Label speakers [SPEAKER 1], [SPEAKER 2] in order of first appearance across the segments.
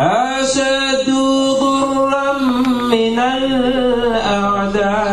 [SPEAKER 1] أشد غرا من الأعداء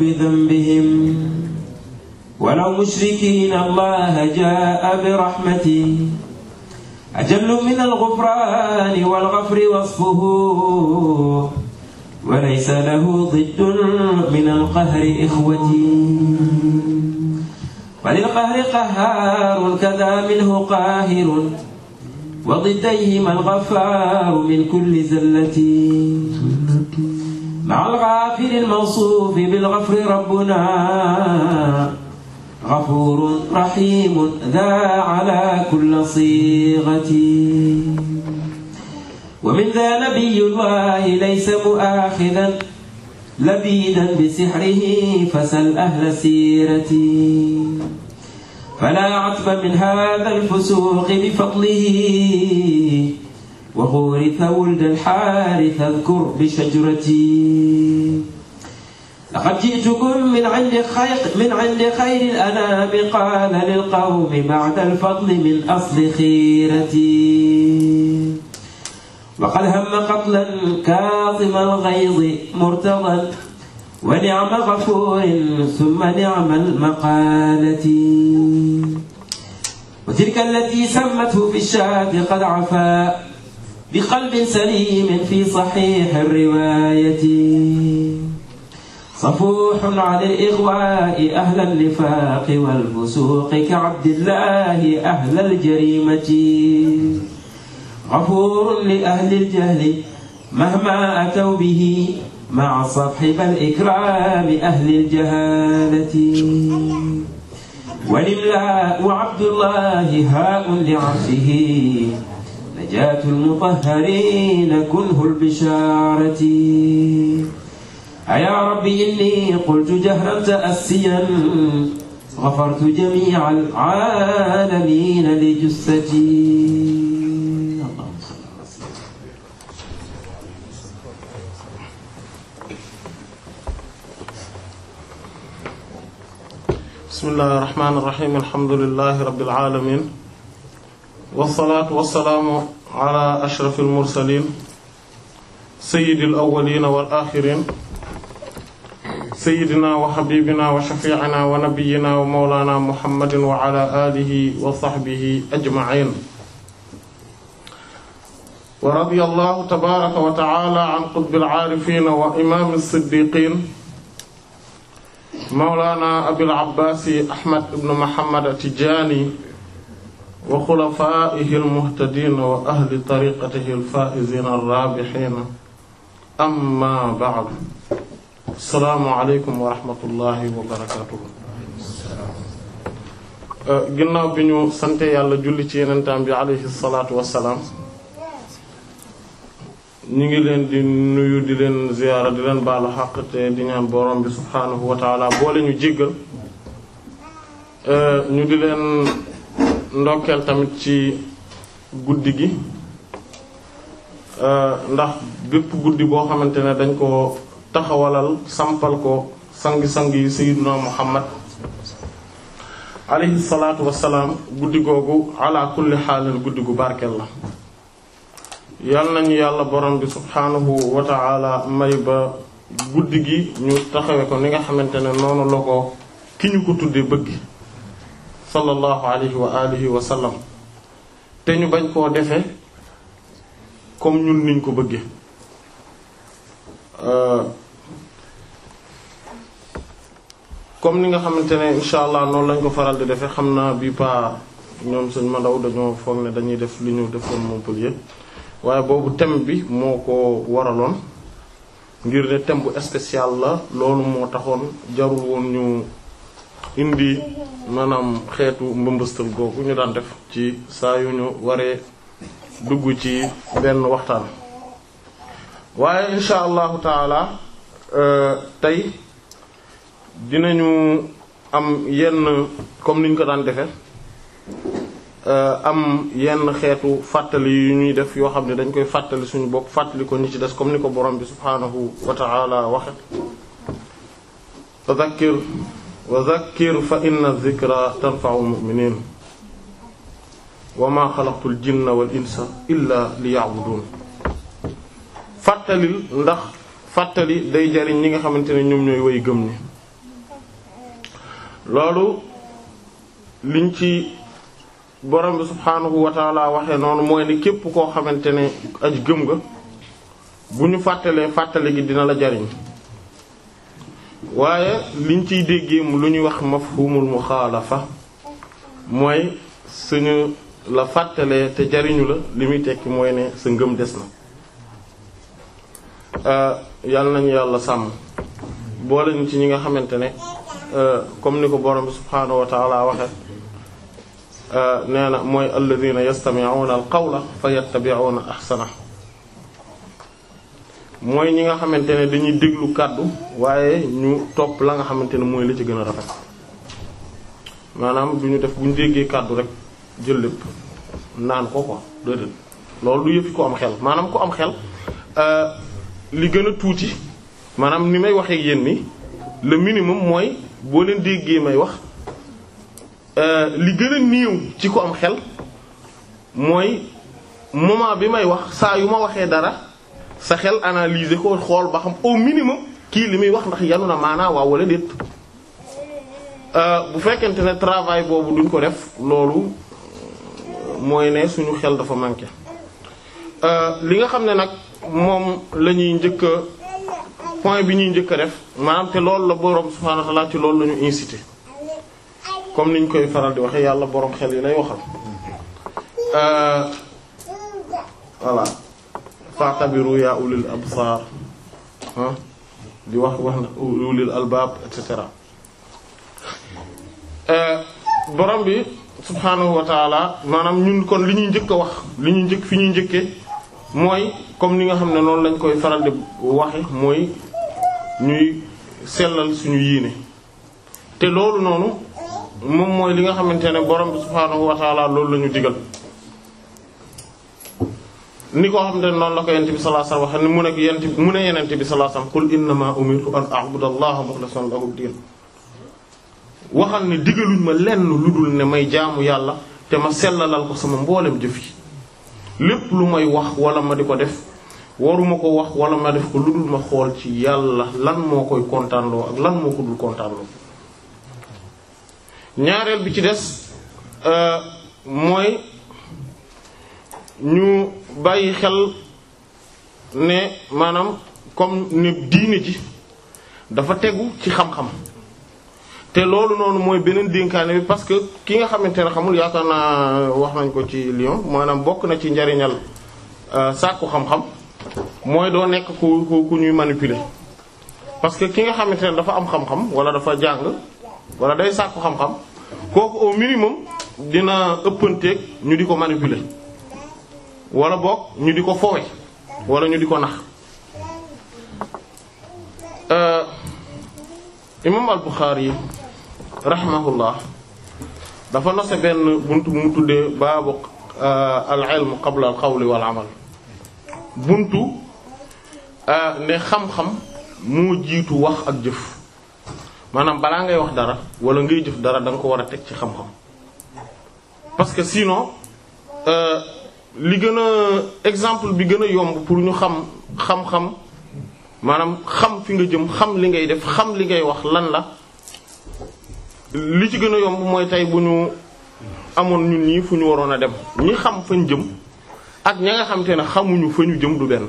[SPEAKER 1] بذنبهم ولو مشركين الله جاء برحمته أجل من الغفران والغفر وصفه وليس له ضد من القهر إخوتي فللقهر قهار كذا منه قاهر وضديهما الغفار من كل زلة مع الغافل الموصوف بالغفر ربنا غفور رحيم ذا على كل صيغة ومن ذا نبي الله ليس مؤاخذا لبيدا بسحره فسل أهل سيرتي فلا عطف من هذا الفسوق لفضله وغورث ولد الحارث اذكر بشجرتي لقد جئتكم من عند خير من عند خير الانام قال للقوم بعد الفضل من اصل خيرتي وقد هم قتلا كاظم الغيظ مرتضى ونعم غفور ثم نعم المقالة وتلك التي سمته في الشاب قد عفا بقلب سليم في صحيح الرواية صفوح على الإغواء أهل النفاق والفسوق كعبد الله أهل الجريمة غفور لأهل الجهل مهما أتوا به مع صاحب الإكرام أهل الجهالة ولله وعبد الله هاء لعرشه نجاة المطهرين كله البشارة أيا ربي إني قلت جهرا تأسيا غفرت جميع العالمين لجثتي
[SPEAKER 2] bismillahi rahmaani rahiim alhamdulillahi rabbil aalamiin wassalaatu wassalaamu ala ashrafil mursaliin sayyidil awwaliina wal aaxiriin sayyidinaa wa habiibinaa wa shafiicinaa wa nabiyyinaa wa mawlaanaa muhammadin wa ala aalihi wa sahbihi ajmaciin wa radiyallahu tabaaraka wa tacaala an qutbil caarifiina wa imaami siddiiqiin mawlaana abil abbaasi ahmad ibn muhammad tijaani wa xulafaa'ihi almuhtadiina wa ahli tariqatihi alfaa'iziina arraabihiina amma ba'du assalaamu aleykum wa rahmatullahi wa barakaatuhu ginnaaw bi ñu sante yàlla julli ci yenentaan bi alayhi salaatu wassalaam ñu ngi leen di nuyu di leen ziyaara di leen baalu xaq te di ñaan borom bi subhaanahu wa taala boole ñu jéggal euh, ñu di leen ndokkeel tamit ci guddi gi euh, ndax bépp guddi boo xamante ne dañ ko taxawalal sampal ko sangi-sang yi sayyiduna muhammad alayhi salaatu wassalaam guddi googu ala kulli xaalal guddi gu barkeel la yàlla nañu yàlla borom bi subhaanahu wa ta'ala may ba guddi gi ñu taxawe ko ni nga xamante ne noonu la ko ki ñu ko tuddee bëgg sallallahu alayhi wa alihi wa sallam te ñu bañ koo defe comme ñun niñ ko bëggee euh, comme ni nga xamante ne incha allah noonu lañ ko faral di defee xam naa bi pa ñoom sëñ Madaw dañoo foog ne dañuy def li ñu defoon yëpp waaye boobu thème bi moo ko waraloon ngir ne thème bu la loolu moo taxoon jarul woon ñu indi maanaam xeetu mbëmbëstal googu ñu daan def ci saa yu ñu waree dugg ci benn waxtaan waaye insha allahu taala euh, tey dinañu am yenn comme niñ ko daan defee Euh, am yenn xeetu fàttali yu ñuy def yoo xam ne dañ koy fàttali suñu bopp fàttali ko ñi ci des comme ni ko borom bi subhaanahu wa ta'ala waxe fadakkir wa zakkir fa inna dhikra tanfa'u al-mu'minin fàttali day jariñ ñi nga xamante ne ñoom ñooy way gëm ni loolu liñ ci borom bi subhaanahu wa taala waxee noonu mooy ne képp koo xamante ne aj gëm nga bu ñu fàttalee fàttale gi dina la jariñ waaye liñ ciy déggee lu ñuy wax ma mu xaala fa mooy suñu la fàttalee te jariñu la li muy tekki mooy ne sa ngëm des na euh, yàlla nañu yàlla sàmm boole ñu ci ñi nga xamante ne euh, comme ni ko borom bi subhaanahu wa waxe Euh, nee na mooy alladhina yastami'una al-qawla fayattabi'una ahsana mooy ñi nga xamante ne dañuy déglu kàddu waaye ñu topp la nga xamante ne mooy la ci gën a rafet maanaam du ñu def bu ñu déggee kàddu rek jël lépp naan ko quoi déedéet loolu du yëpp ko am xel maanaam ko am xel euh, li gën a tuuti maanaam ni may waxee yéen ni le minimum mooy boo leen déggee may wax Euh, li gën a néew ci ko am xel mooy moment bi may wax saa yu ma waxee dara sa xel analyser ko xool ba xam au minimum kii li muy wax ndax yanu maanaa waaw wala déet euh, bu fekkente ne travail boobu duñ ko def loolu mooy ne suñu xel dafa manqué euh, li nga xam ne nag moom la ñuy njëkk point bi ñuy njëkk def maanaam te loolu la borom subhaanahu ci loolu la ñu incité comme niñ koy faral di waxee yàlla borom xel yi lay waxal euh, voilà fa'tabiru yaa ulil absar di wax wax na ulil albab et cetera euh, borom bi subhaanahu wa maanaam ñun kon li ñuy njëkk a wax li ñuy njëkk fi ñuy njëkke mooy comme ni nga xam ne noonu lañ koy faral di waxe mooy ñuy sellal suñu yiine te loolu noonu moom mooy li nga xamante ne borom bi subhaanahu wa loolu lañu ñu digal ni koo xam ne noonu la ko yent bi sallallahu alayhi ne mu ne yent mu ne bi sallallahu alayhi wasallam qul innama umirtu an a'budu allaha mukhlishan lahu din waxal ne digaluñ ma lenn lu dul ne may jaamu yàlla te ma sellalal ko sama mboolem jëf yi lépp lu may wax wala ma di ko def waruma ko wax wala ma def ko lu dul ma xool ci yàlla lan moo koy kontaanloo ak lan moo ko dul kontaanloo ñaareel bi ci des euh, mooy ñu bàyyi xel ne maanaam comme ne diine ji dafa tegu ci xam-xam te loolu noonu mooy beneen dénkaane bi parce que ki nga xamante ne xamul yaakaar naa wax nañ ko ci Lyon maanaam bokk na ci njariñal euh, sàkku xam-xam mooy doo nekk ku ku ñuy manipuler parce que ki nga xamante ne dafa am xam-xam wala dafa jàng wala day sàkku xam-xam kooku au minimum dina ëppanteeg ñu di ko manipuler wala boog ñu di ko fowe walla ñu di ko nax euh, imaam al-Bukhari rahimahullah dafa nose benn buntu bu mu tuddee baabu euh, al-ilm qabla al amal buntu euh, ne xam-xam moo jiitu wax ak jëf maanaam balaa ngay wax dara wala ngay jëf dara danga ko war a teg ci xam-xam parce que sinon euh, li gën a exemple bi gën a yomb pour ñu xam xam-xam maanaam xam fi nga jëm xam li ngay def xam li ngay wax lan la li ci gën a yomb mooy tey bu ñu amoon ñun ñii fu ñu waroon a dem ñi xam fañ jëm ak ña nga xam te ne xamuñu fa ñu jëm du benn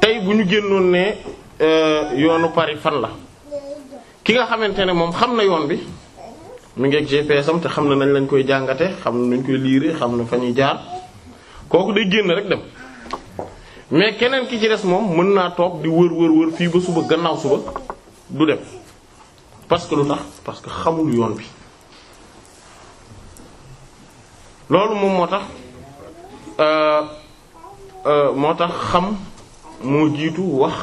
[SPEAKER 2] tey bu ñu génnoon ne euh, yoonu pare fan la ki nga xamante ne moom xam na yoon bi mu ngi ak GPS am te xam na nañ lañ koy jàngate xam na nañ koy liire xam na fa ñuy jaar kooku day génn rek dem mais keneen ki ci des moom mën naa toog di wër wër wër fii ba suba gannaaw suba du dem parce que lu tax parce que xamul yoon bi loolu moom moo tax euh, euh, moo tax xam moo jiitu wax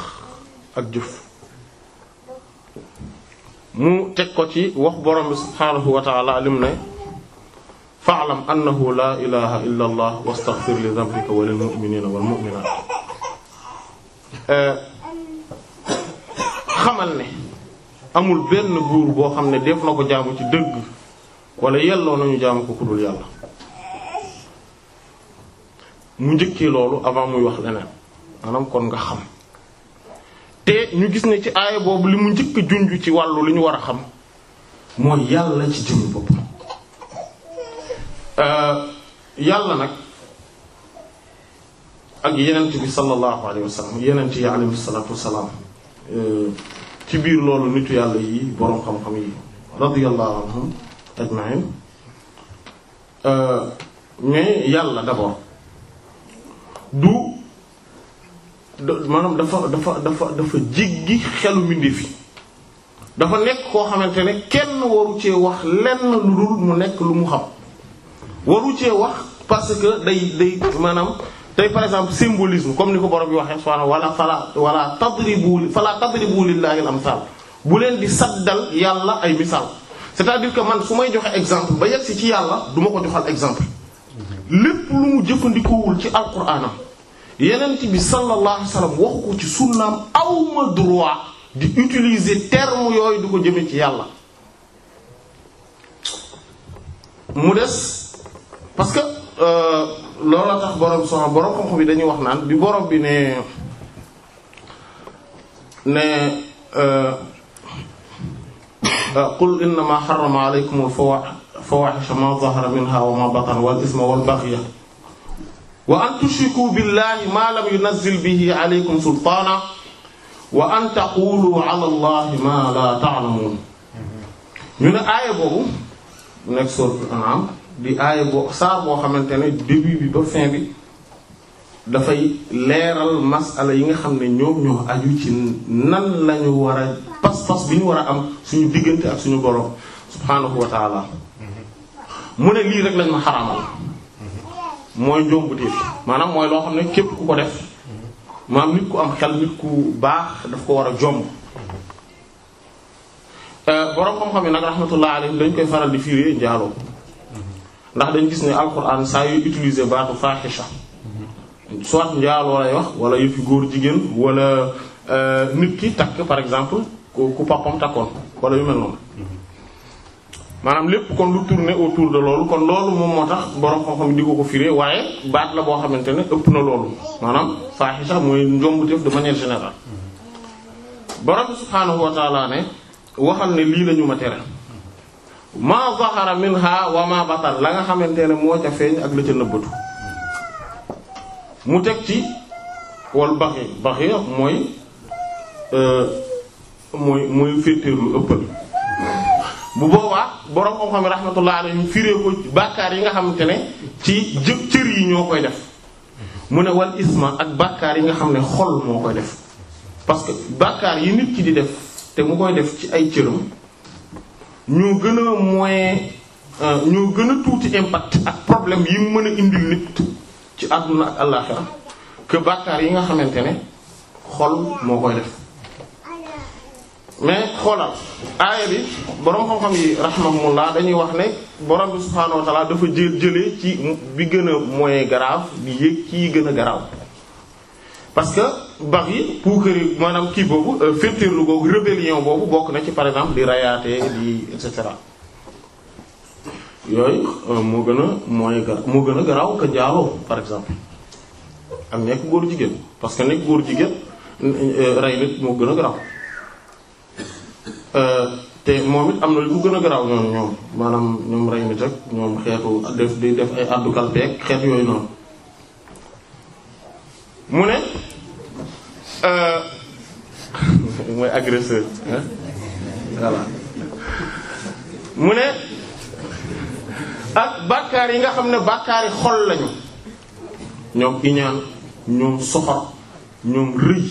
[SPEAKER 2] ak jëf mu teg ko ci wax borom bi subhaanahu wa ta'ala lim ne fa'lam annahu la ilaha illa allah wastaghfir li dhanbika wa lil wal mu'minat xamal ne amul benn buur boo xam ne def na ko jaamu ci dëgg wala yelloo nañu jaamu ko ku dul yàlla mu njëkkee loolu avant muy wax leneen maanaam kon nga xam te ñu gis ne ci aaya boobu li mu njëkk junju ci wàllu li ñu war a xam mooy yàlla ci jëmmi bopp euh, yàlla nag ak yenent bi sallallahu alayhi wa sallam yenent yi alayhi salaam euh, ci biir loolu nitu yàlla yi boroom xam-xam yi radiyallahu anhum ajma'in euh, mais yàlla d'abord du maanaam dafa dafa dafa dafa jéggi xelu mbindeef yi dafa nekk koo xamante ne kenn waru cee wax lenn lu dul mu nekk lu mu xam waru cee wax parce que day day maanaam tey par exemple symbolisme comme ni ko borom bi waxee subhaanahu wala fala wala tadribu fala tadribu lillahi am amsal bu leen di saddal yàlla ay misaal c'est-à-dire que man su may joxee exemple ba yegg si ci yàlla duma ko joxal exemple lépp lu mu jëfandikoowul ci alquraanam yenent bi sallallahu alayhi wasallam waxu ci sunnaam awma droit di utiliser terme yooyu du ko jëme ci yàlla mu des parce que euh, loola tax borom soxna borom xam-xam bi dañuy wax naan bi borom bi ne ne euh, qul innama harrama alaykum al fawahisha ma zahara minha wa ma batana wal isma wal wa an tushriku billahi ma lam yunazzil bihi alaykum sultaana wa taqulu ala allahi ma la ta'lamun ñu ne aaya boobu nekk suratul an'am boo xamante ne ba fin leeral masala yi nga xam ne ñoom ñoo aju ci nan lañu war a pas war a am suñu diggante ak suñu borom subhaanahu wa
[SPEAKER 3] mm-hmm.
[SPEAKER 2] mu ne lii rek lañ ma xaraamal mooy njombuteef maanaam mooy loo xam ne képp ku ko def maam nit ku am xel nit ku baax daf ko war a jomb euh, borom xam-xam yi nag rahmatullah alayhi dañ koy faral di fiiree njaaloo ndax dañ gis ne alquran saa yu utiliser baatu faaxisha soit njaaloo lay wax wala yëfi góor jigéen wala euh, nit ki takk par exemple ku ku papam takkoon wala yu mel maanaam lépp kon lu tourner autour de loolu kon loolu moom moo tax borom xam di ko ko firé waaye baat la boo xamante ne ëpp na loolu maanaam faaxisa mooy njombuteef de manière générale. borom subhaanahu wa taala ne waxal ne lii lañu ma tere ma zahara minha wa ma batan la nga xamante ne moo ca feeñ ak la ca nëbbatu mu teg ci wal baxi baxi mooy euh, mooy mooy féeteerlu ëppal bu boobaa borom xam xam ñu alayhi firee ko bàkkaar yi nga xamante ne ci jë cër yi ñoo koy def mu ne wal isma ak bàkkaar yi nga xam ne xol moo koy def parce que bàkkaar yi nit ki di def te mu koy def ci ay cëram ñoo gën a moyen euh, ñoo gën a tuuti impact ak problème yi mu mën a indil nit ci àdduna ak àllaxira que bàkkaar yi nga xamante ne xol moo koy def mais xoolal aaya bi boroom xam-xam yi laa dañuy wax ne borom bi subhaanahu wa dafa jël jële ci bi gën a moyen grave di yéeg ci gën a garaaw parce que bax yi puukari maanaam kii boobu euh, féttirlu googu rébellion boobu bokk na ci par exemple di rayaatee di et cetera yooyu euh, moo gën a moyen gra moo gën a garaaw que par exemple ak nekk góor jigéen parce que nekk góor jigéen euh, rey nit moo gën a garaaw Euh, te moom it am na lu gën a garaaw ñoom ñoom maanaam ñoom rey nit ak ñoom xeetu def di def ay addu kalpeeg xeet yooyu noonu mu ne euh, mooy agresseur voilà mu ne ak bàkkaar yi nga xam ne bàkkaar yi xol lañu ñoom iñaan ñoom soxor ñoom rëy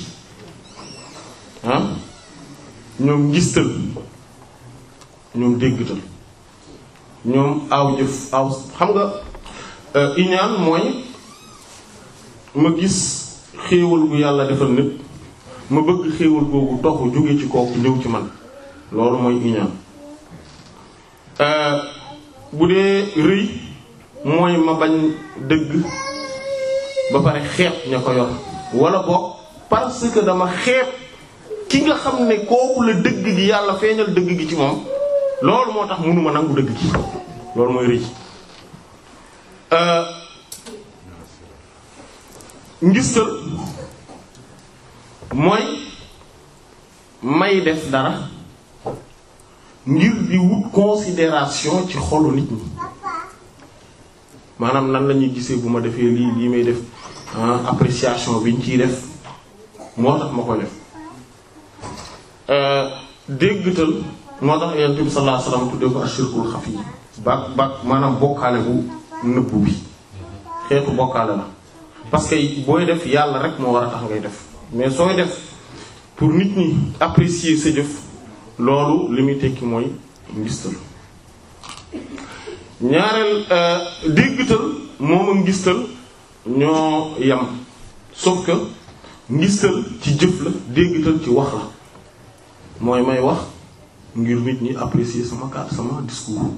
[SPEAKER 2] ñoom ngistal ñoom déggtal ñoom aaw jëf aaw xam nga euh, iñaan mooy ma gis xéewal gu yàlla defal nit ma bëgg xéewal googu toxu jóge ci kooku ñëw ci man loolu mooy iñaan euh, bu dee rëy mooy ma bañ dëgg ba pare xeeb ña ko yor wala boog parce dama xeeb ki nga xam ne kooku la dëgg bi yàlla feeñal dëgg gi ci moom loolu moo tax mënuma nangu dëgg gi loolu mooy rëy euh, ngistal mooy may def dara ngir di wut considération ci xolu nit ñi maanaam nan la ñuy gisee bu ma defee lii lii may def appréciation bi ñu ciy def moo tax ma koy def déggtal moo tax yonent bi sallallahu alayhi wasallam tuddee ko ashirkul xafi ba ba maanaam bokkaale bu nëbbu bi xeetu bokkaale la parce booy def yàlla rek moo war a tax ngay def mais sooy def pour nit ñi apprécier sa jëf loolu li muy tekki mooy ngistal ñaareel euh, déggtal moom ak ngistal ñoo yam sauf ngistal ci jëf la déggtal ci wax la mooy may wax ngir nit ñi apprécier sama carte sama discours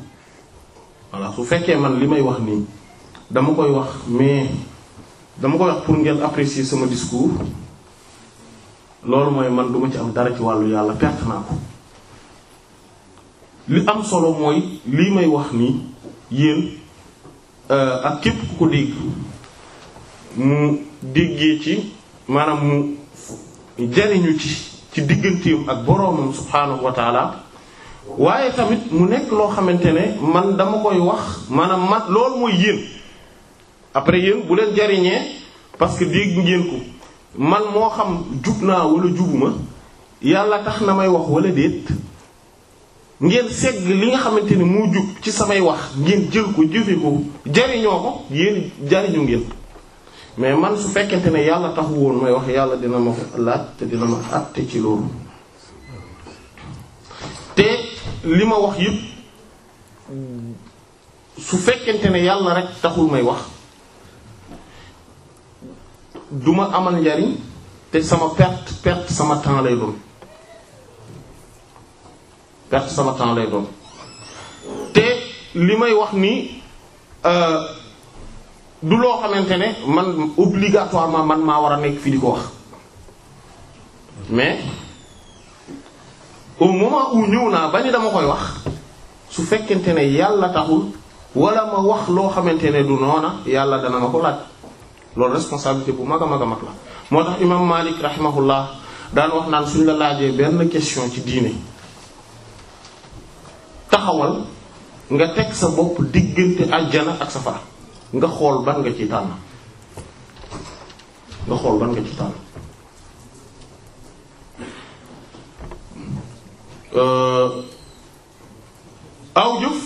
[SPEAKER 2] voilà su fekkee man li may wax nii dama koy wax mais dama koy wax pour ngeen apprécier sama discours loolu mooy man duma ci am dara ci wàllu yàlla perte naa ko li am solo mooy lii may wax nii yéen euh, ak képp ku ko dégg mu déggee ci maanaam mu jariñu ci ci digganteem ak boroomam subhaanahu wa waaye tamit mu nekk loo xamante ne man dama koy wax maanaam man loolu mooy yéen après yéen bu leen jariñee parce que dégg ngéen ko man moo xam jub naa wala jubuma yàlla tax na may wax wala déet ngeen segg li nga xamante ne moo jub ci samay wax ngeen jël ko jëfe ko jariñoo ko yéen jariñu ngeen mais man su fekkente ne yàlla taxu woon may wax yàlla dina ma laaj te dina ma àtte ci loolu te li ma wax yëpp su fekkente ne yàlla rek taxul may wax duma amal njariñ te sama perte perte sama temps lay doon perte sama temps lay doon te li may wax nii. Euh, du loo xamante ne man obligatoirement man maa war a nekk fii di ko wax mais au moment où ñëw naa ba ni dama koy wax su fekkente ne yàlla taxul wala ma wax loo xamante ne du noona yàlla dana ma ko laaj loolu responsabilité bu mag a mag a mag la moo tax imam Malik rahimahullah daan wax naan suñ la laajee benn question ci diine taxawal nga teg sa bopp diggante àjjana ak sa safara nga xool ban nga ci tànn nga xool ban nga ci tànn euh, aw jëf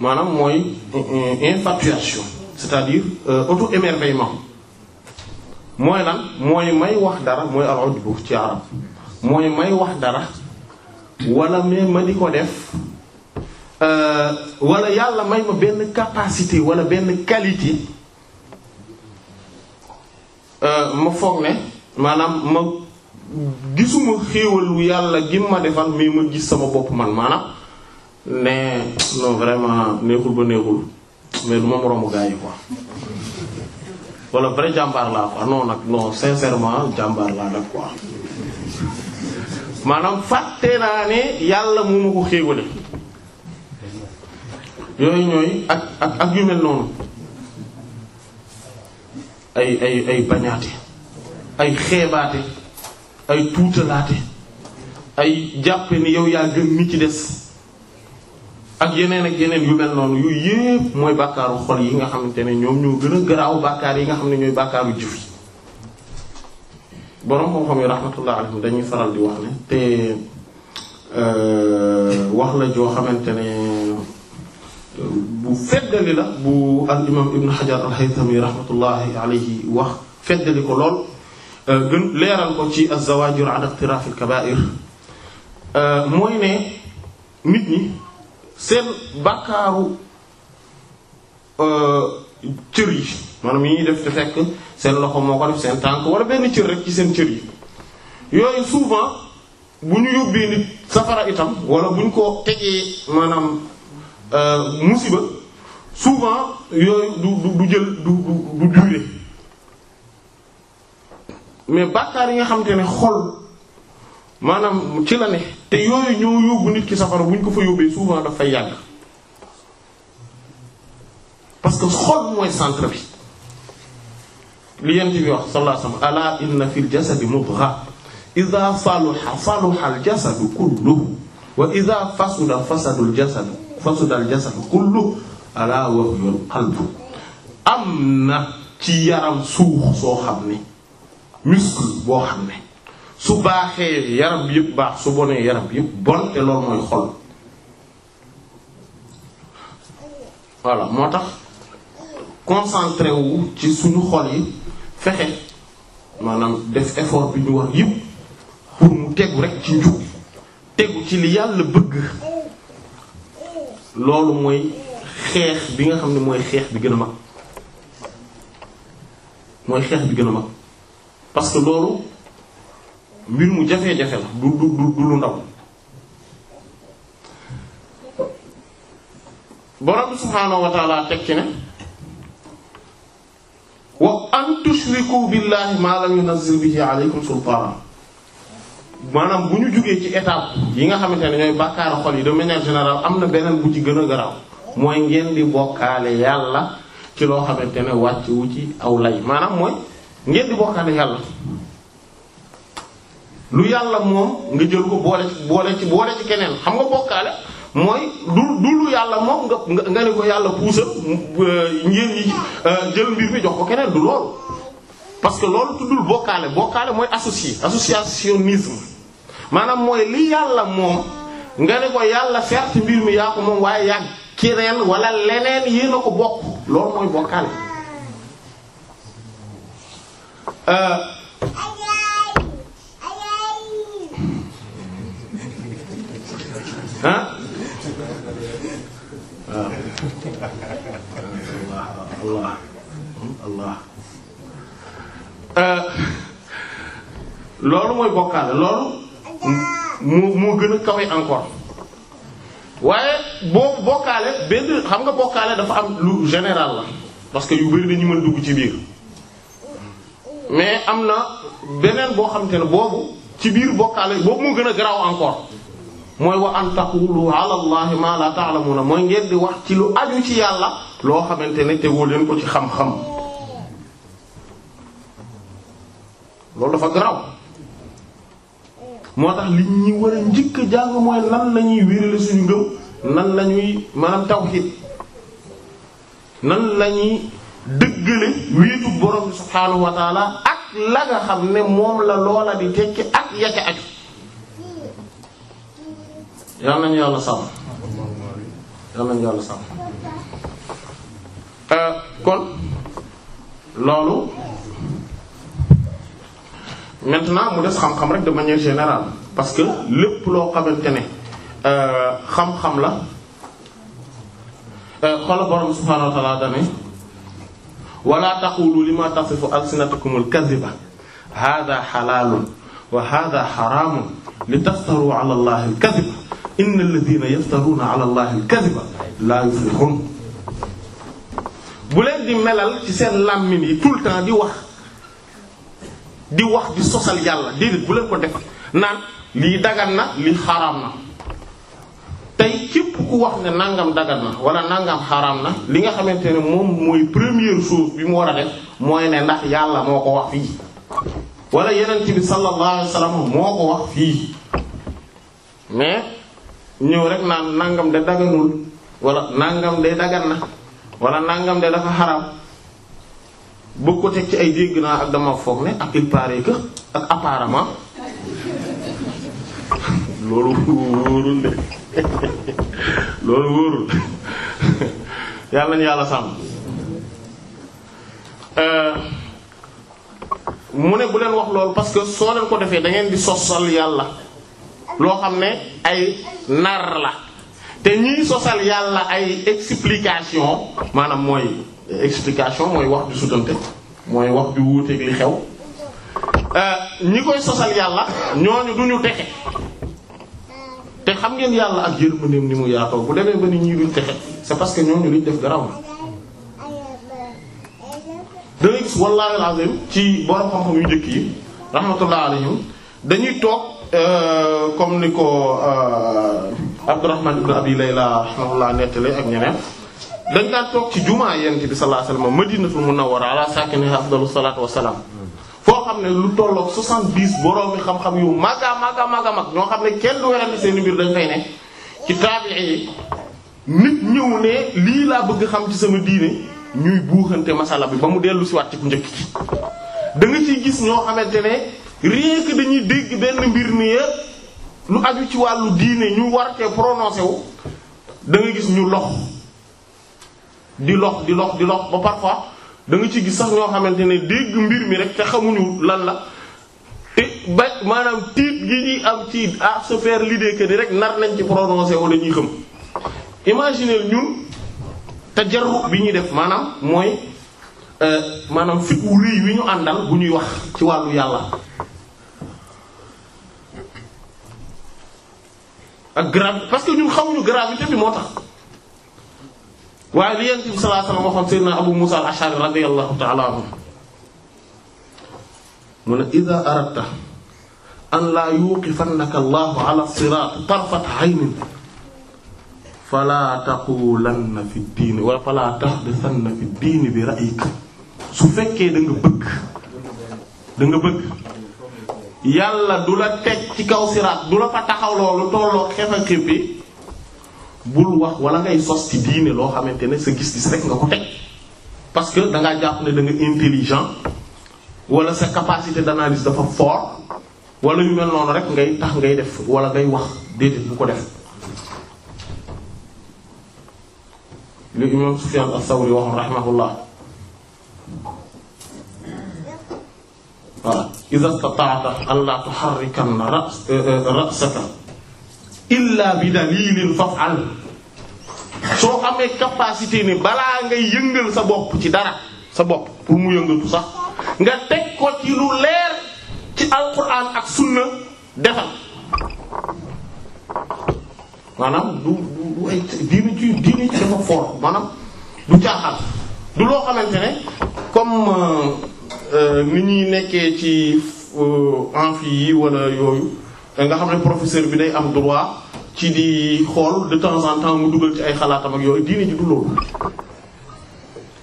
[SPEAKER 2] maanaam mooy euh, infatuation c'est-à-dire euh, auto émerveillement mooy lan mooy may wax dara mooy al ujbu ci arab mooy may wax dara wala mais ma di ko def Euh, wala yàlla may ma benn capacité wala benn qualité euh, ma foog ne maanaam ma gisuma xéewalu yàlla gi ma defal mais ma gis sama bopp man maanaam ne non vraiment neexul ba neexul mais du ma moroomu gaa yi quoi wala vrai jàmbaar laa quoi non nag non sincèrement jàmbaar laa nag maanaam fàtte naa ne yàlla mu ma ko xéewale yooyu ñooy ak ak ak yu mel noonu ay ay ay bañaate ay xeebaate ay tuutalaate ay jàppe ni yow yaa gën ni ci des ak yeneen ak yeneen yu mel noonu yooyu yépp mooy bàkkaaru xol yi nga xamante ne ñoom ñoo gën a garaaw bàkkaar yi nga xam ne ñooy bàkkaaru jëf yi boroom xam-xam yi rahmatullah dañuy faral di wax ne te euh, wax la joo xamante ne bu feddali la bu al imam ibn Hajar al-Haythami rahmatullahi alayhi wax feddali ko lool euh, gën leeral ko ci az-Zawajir ala iqtiraf al-kaba'ir euh, mooy ne nit ñi seen bàkkaaru euh, cër yi maanaam yi ñuy def te fekk seen loxo moo ko def seen tànk wala benn cër rek ci seen cër yi yooyu souvent bu ñu yóbbee nit safara itam wala bu ñu ko tegee maanaam Euh, musiba souvent yooyu du du du jël du du mais bàkkaar yi nga xamante ne xol maanaam ci la ne te yooyu ñoo yóbbu nit ki safara bu ñu ko fa yóbbee souvent daf yàgg parce que xol mooy centre bi li yent bi wax sallallahu alayhi wa sallam ala inna fil jasadi mudgha idha saluha saluha al jasadu kulluhu wa idha fasada fasada al fasudal jasadu kullu alaa wahyul qalbu am na ci yaram suux soo xam ne muscle boo xam ne su baaxee yaram yëpp baax su bonee yaram yëpp bon te loolu mooy xol voilà moo tax concentré wu ci suñu xol yi fexe maanaam def effort bi ñu wax yëpp pour mu tegu rekk ci njub tegu ci li yàlla bëgg loolu mooy xeex bi nga xam ne mooy xeex bi gën a mag mooy xeex bi gën a mag parce que loolu mbir mu jafe-jafe la du du du lu ndaw borom subhaanahu wa ta'ala teg ci ne wa an tushriku billahi ma lam yunzil bihi alaykum sultaana maanaam bu ñu jugee ci étape yi nga xamante ne ñooy bàkkaaru xol yi de manière générale am na beneen bu ci gën a garaaw mooy ngeen di bokkaale yàlla ci loo xamante ne wàcc wu ci aw lay maanaam mooy ngeen di bokkaale yàlla lu yàlla moom nga jël ko boole boole ci boole ci keneen xam nga bokkaale mooy du du lu yàlla moom nga nga ne ko yàlla puusal euh, ngeen yi euh, jël mbir bi jox ko keneen du loolu parce que loolu tuddul bokkaale bokkaale mooy associé maanaam mooy li yàlla moom nga ne ko yàlla certes mbir mi yaa ko moom waaye yàgg kireen wala leneen yéen a ko bokk loolu mooy bokkaale
[SPEAKER 4] ah
[SPEAKER 3] allah allah
[SPEAKER 2] Euh, loolu mooy bokkaale loolu mu moo gën a kawe encore waaye boo bokkaale benn xam nga bokkaale dafa am lu général la parce que yu bari dañu mën dugg ci biir mais am na beneen boo xam nte ne boobu ci biir bokkaale boobu moo gën a garaaw encore mooy wa an taqulu ala allahi ma la ta'lamuna mooy ngeen di wax ci lu aju ci yàlla loo xamante ne tegoo leen ko ci xam-xam loolu dafa garaaw moo tax li ñu war a njëkk a jàng mooy nan la ñuy suñu ngëm nan la ñuy maanaam tawhid nan la ñuy dëggale wéetu borom bi ak la ne moom la loola di tekki ak yacca aju yal nañu yàlla sàmm euh, kon loolu maintenant mu des xam-xam rek de manière générale parce que lépp loo xamante ne euh, xam-xam la euh, xoola borom subhaanahu wa ta'aala dane wala taqulu lima tasifu alsinatukumul kadhiba hadha halalun wa hadha litaftaru ala allahi alkadhiba innal ladhina yaftaruna ala la yuflihun bu leen di ci seen làmmiñ yi tout le temps di wax di wax di sosal yàlla déedéet bu leen ko def naan lii dagan na lii xaraam na tey képp ku wax ne nangam dagan na wala nangam xaraam na li nga xamante ne moom mooy première chose bi mu war a def mooy ne ndax yàlla moo ko wax fii wala yeneen bi sallallahu alayhi wasallam moo ko wax fii mais ñëw rek naan nangam de daganul wala nangam de dagan na wala nangam de dafa xaraam bëgg ko teg ci ay dégg naa ak dama foog ne ak il paraît que ak apparemment loolu wóorul de loolu wóorul yàlla nañu yàlla sàmm euh, mu ne bu leen wax loolu parce que soo leen ko defee da ngeen di sosal yàlla loo xam ne ay nar la te ñiy sosal yàlla ay explication maanaam mooy explication mooy wax ju sutante mooy wax ju wuuteeg li xew euh, ñi koy sosal yàlla ñoo du ñu texe te xam ngeen yàlla ak yërmandeem ni mu yaatoo bu demee ba nit ñi duñ texe c'est parce que ñooñu liñ def garaw na dana gis wallaahi alazim ci borom xam-xam yu njëkk yi rahmatullah alayhim dañuy toog euh, comme ni ko euh, Abdurrahman ibn Abi Layla rahmatullah nettali ak ñeneen dañ daan toog ci jumaa yonent bi sallallahu alayhi wasallam madinatul munawwara ala sakiniha afdalus salatu wassalam foo xam ne lu tolloog 70 boroomi xam-xam yu mag a mag a ñoo xam ne kenn du werante seen mbir dañ fay ne ci taabi'i yi nit ñëw ne lii laa bëgg xam ci sama diine ñuy buuxante masala bi ba mu dellu si waat ci ku njëkk ci da nga ciy gis ñoo xamante ne rien dañuy dégg benn mbir ni lu aju ci wàllu diine ñu war cee prononcé wu da gis ñu lox di lox di lox di lox ba parfois da nga ci gis sax ñoo xamante ne dégg mbir mi rek te xamuñu lan la te ba maanaam tiit gi ñuy am ci à ah, se faire l'idée que rek nar nañ ci prononcer wala ñuy xam imaginer ñun tajarru bi ñuy def maanaam mooy euh, maanaam fit wu rëy wi ñu àndal bu ñuy wax ci wàllu yàlla ak grave parce que ñun xamuñu gravité bi moo tax waaye li yonent bi sallallahu alayhi wasallam Abu Musa al-Ash'ari radiyallahu ta'ala anhu mu ne an laa yuqifannaka Allahu ala siraat tarfat aynin falaa taqulanna fi diini wala falaa tahdathanna su fekkee da bëgg da bëgg yàlla du la teg ci kaw siraat du la fa taxaw loolu tolloo xef a bi bul wax wala ngay sos ci diine loo xamante ne sa gis-gis rek nga ko teg parce que da ngaa jàpp ne da nga intelligent wala sa capacité di dafa fort wala yu mel noonu rek ngay tax ngay def wala ngay wax déedéet bu ko def. lu imam Sufyan as-Sawri waxoon rahimahullah voilà iza istata'ta an la tuharrikan ra'saka illa bi dalilin faf'al soo amee capacité ne balaa ngay yëngal sa bopp ci dara sa bopp pour mu yëngatu sax nga teg ko ci lu leer ci alquran ak sunna defal maanaam du du ay diini ci diini ci dafa fort maanaam du caaxal du loo xamante ne comme euh, euh, ni ñuy nekkee ci euh, amphi yi wala yooyu Euh, nga xam ne professeur bi day am droit ci di xool de temps en temps mu dugal ci ay xalaatam ak yooyu diine ji du loolu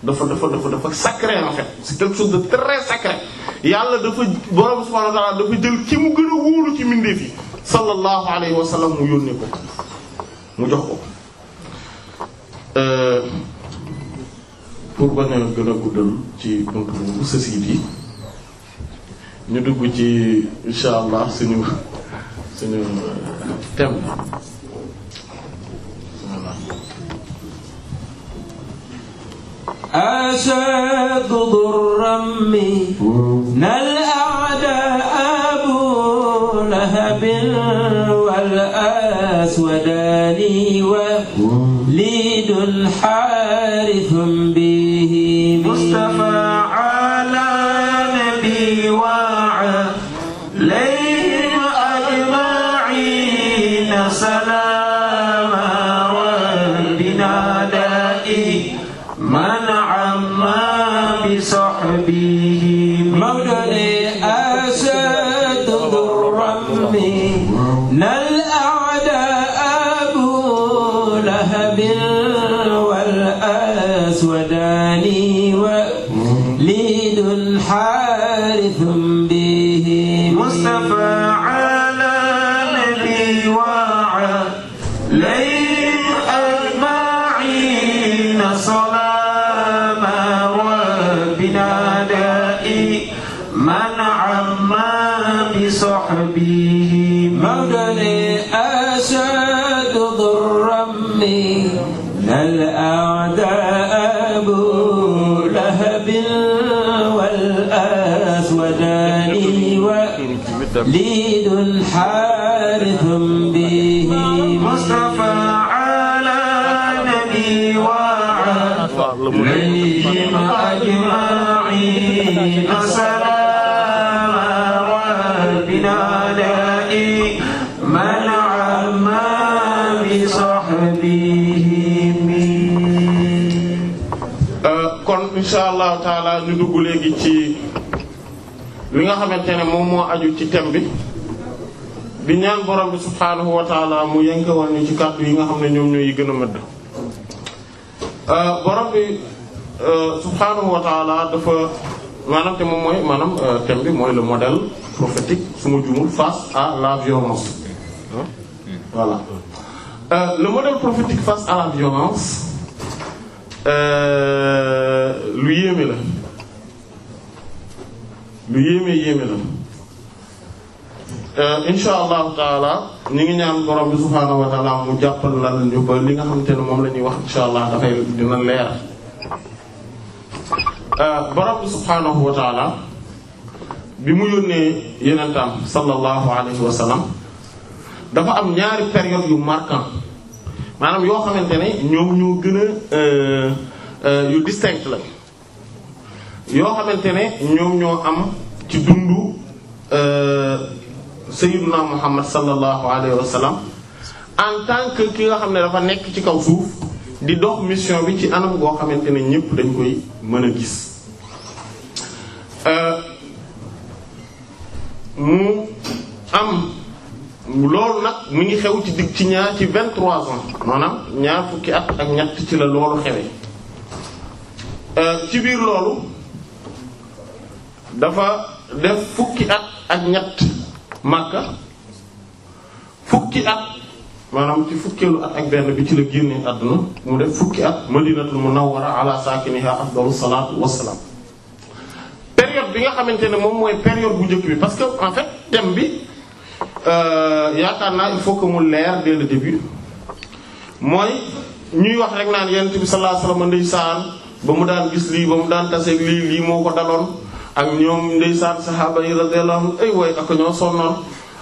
[SPEAKER 2] dafa dafa dafa dafa sacré en fait c'est quelque chose de très yàlla dafa borom subhanahu wa dafa jël ki mu gën a wóolu ci mbindeef yi sallallahu alayhi wa mu yónnee ko mu jox ko euh, pour bañ a gën a guddal ci buntu bu sësiit yi ñu dugg ci insha allah suñu suñu thème la
[SPEAKER 3] voilà
[SPEAKER 1] أشد ضرا من الأعداء أبو لهب والأسودان وليد حارث به ليد حارث به مصطفى على نبي وعليهم أجمعين سلام ربنا لئي من عم بصحبه kon incha
[SPEAKER 2] allahu taala ñu dugg léegi ci li nga xamante ne moom moo aju ci thème bi di ñaan borom bi subhaanahu wa taala mu yënkewal ñu ci kàddu yi nga xam ne ñoom ñoo yi gën a mëdd euh, borom bi euh, subhaanahu wa dafa maanaam te moom mooy maanaam euh, thème bi mooy le modèle prophétique su ma jumul face à face à la violence lu yéeme la lu yéeme yéeme la euh, insha allahu taala ñu ngi ñaan borom bi subhaanahu mu jàppal la li nga xamante ne moom la ñuy wax insha allah dafay dina leer euh, borom bi subhaanahu bi mu yónnee yenentaam sallallahu alayhi wa dafa am ñaari période yu marquant maanaam yoo xamante ne ñoom ñoo gën a euh, yu distinct la yoo xamante ne ñoom ñoo am ci dundu euh, sayyiduna muhammad sallallahu alayhi wa sallam en tant ki nga xam ne dafa nekk ci kaw suuf di dox mission bi ci anam goo xamante ne ñépp dañ koy mën a gis euh, mu am loolu nag mu ngi xew ci digg ci ñaar ci vingt-trois ans maanaam ñaar fukki at ak ñett ci la loolu xewee euh, ci biir loolu dafa def fukki at ak ñett Makka fukki at maanaam ci fukkeelu at ak benn bi ci la génnee àdduna mu def fukki at madinatul munawwara ala sakiniha afdalu salaatu wassalaam période bi nga xamante ne moom mooy période bu njëkk bi parce que en fait thème bi euh, yaakaar naa il faut que mu leer dès le début mooy ñuy wax rek naan yonent bi sallallahu alayhi wasallam ndeysaan ba mu daan gis lii ba mu daan taseeg lii lii moo ko daloon ak ñoom lay saxaaba yi radiyallahu anhum ay woy ak ñoo sonnoon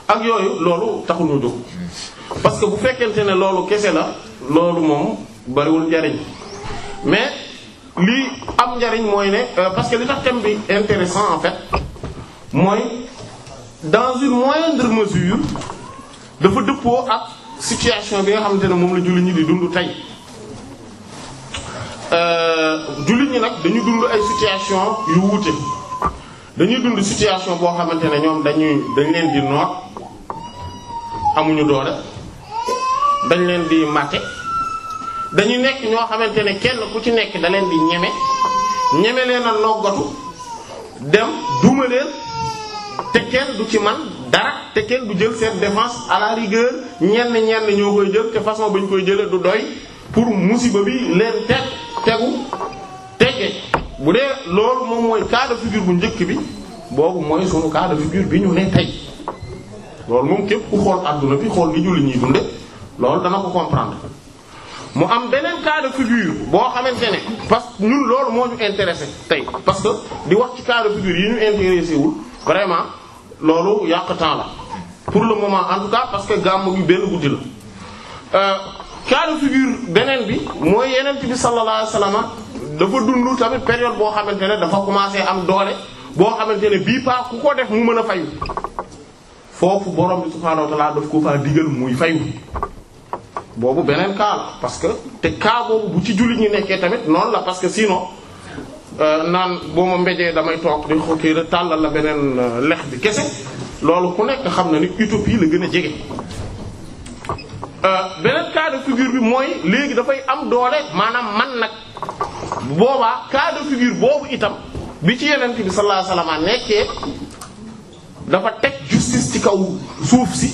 [SPEAKER 2] ak yooyu loolu taxul ñu jóg parce que bu fekkente ne loolu kese la loolu moom bariwul njariñ mais li am njariñ mooy ne euh, parce que li tax thème bi intéressant en fait mooy dans une moindre mesure dafa dëppoo ak situation bi nga xamante ne moom la jullit ñi di dund tey euh, jullit ñi nag dañu dund ay situation yu wuute dañuy dund situation boo xamante ne ñoom dañuy dañ leen di noot amuñu doole dañ leen di màtte dañu nekk ñoo xamante ne kenn ku ci nekk da leen di ñeme ñeme leen a noggatu dem duma leen te kenn du ci man dara te kenn du jël seen défense à la rigueur ñenn ñenn ñoo koy jël te façon ba ñu koy jëlee du doy pour musiba bi leen teg tegu tege. bu dee loolu moom mooy cas de bu njëkk bi boobu mooy sunu cas de figure bi ñu ne tey loolu moom képp ku xool adduna bi xool li julli ñuy dunde loolu dana ko comprendre mu am beneen cas de boo xamante ne parce que ñun loolu moo ñu intéressé tey parce que di wax ci cas yi ñu intéressé vraiment loolu yàq temps la pour le moment en tout cas parce que gàmm gi benn guddi la euh, cas de beneen bi mooy yeneen bi sallallahu alayhi dafa dund tamit période boo xamante ne dafa commencé am doole boo xamante ne bii paa ku ko def mu mën a fayu foofu borom bi subhaanahu ko faa digal muy fayu beneen cas la parce que te cas bu ci jullit ñi nekkee tamit noonu la parce que sinon euh, naan boo ma mbéjee damay toog di xookii da tàllal la beneen euh, lex bi kese loolu ku nekk xam na ni utopie la gën a jege euh, beneen cas de figure bi mooy léegi dafay am doole maanaam man nag boobaa cas de boobu itam bi ci yonent bi sallallahu alayhi wasallam nekkee dafa teg justice ci kaw suuf si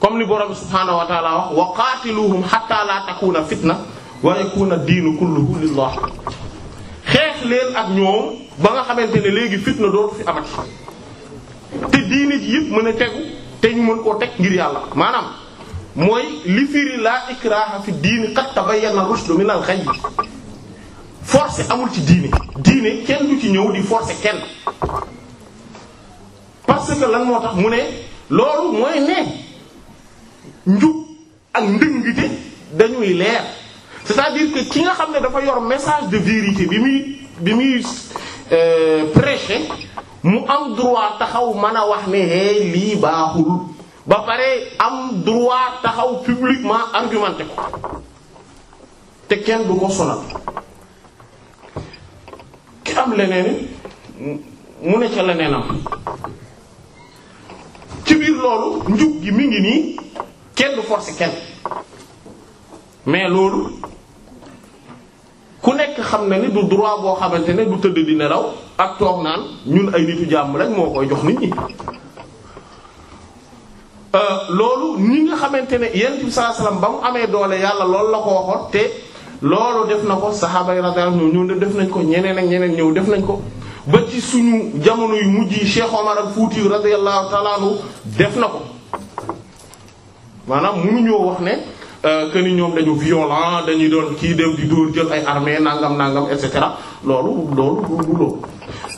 [SPEAKER 2] comme ni borom subhaanahu wa ta'ala wax wa qaatiluhum hatta la takuna fitna wa yakuna diinu kulluhu lillah xeex leen ak ñoom ba nga xamante ne léegi fitna dootu fi amati te diini ji yëpp mën a tegu te ñu mën koo teg ngir yàlla maanaam mooy li firi laa ikraha fi diini qad tabayyana rushdu min al ghayy force amul ci diine diine kenn du ci ñëw di forcer kenn parce que lan moo tax mu ne loolu mooy ne njub ak ndëngite dañuy leer c'est-à-dire que ki nga xam ne dafa yor message de vérité bi muy bi muy euh, prêcher mu am droit taxaw mën a wax ne hee lii baaxul ba pare am droit taxaw publiquement argumenté ko te kenn du ko ki am leneen mu ne ca leneenam ci biir loolu njub gi mi ngi nii kenn du forcer kenn mais loolu ku nekk xam na ni du droit boo xamante ne du tëdd di nelaw ak toog naan ñun ay nitu jàmm rek moo koy jox nit ñi Euh, loolu ñi nga xamante ne yonent bi sallallahu ba mu amee doole yàlla loolu la ko waxoon te loolu def na ko saxaaba yi radiyallahu anhum ñëw def nañ ko ñeneen ak ñeneen ñëw def nañ ko ba ci suñu jamono yu mujj yi Cheikh Omar al-Fouti radiyallahu ta'ala anhu def na ko maanaam mu mënuñoo wax ne euh, que ni ñoom dañu violent dañuy doon kii dem di dóor jël ay armée nangam nangam et cetera loolu loolu du loolu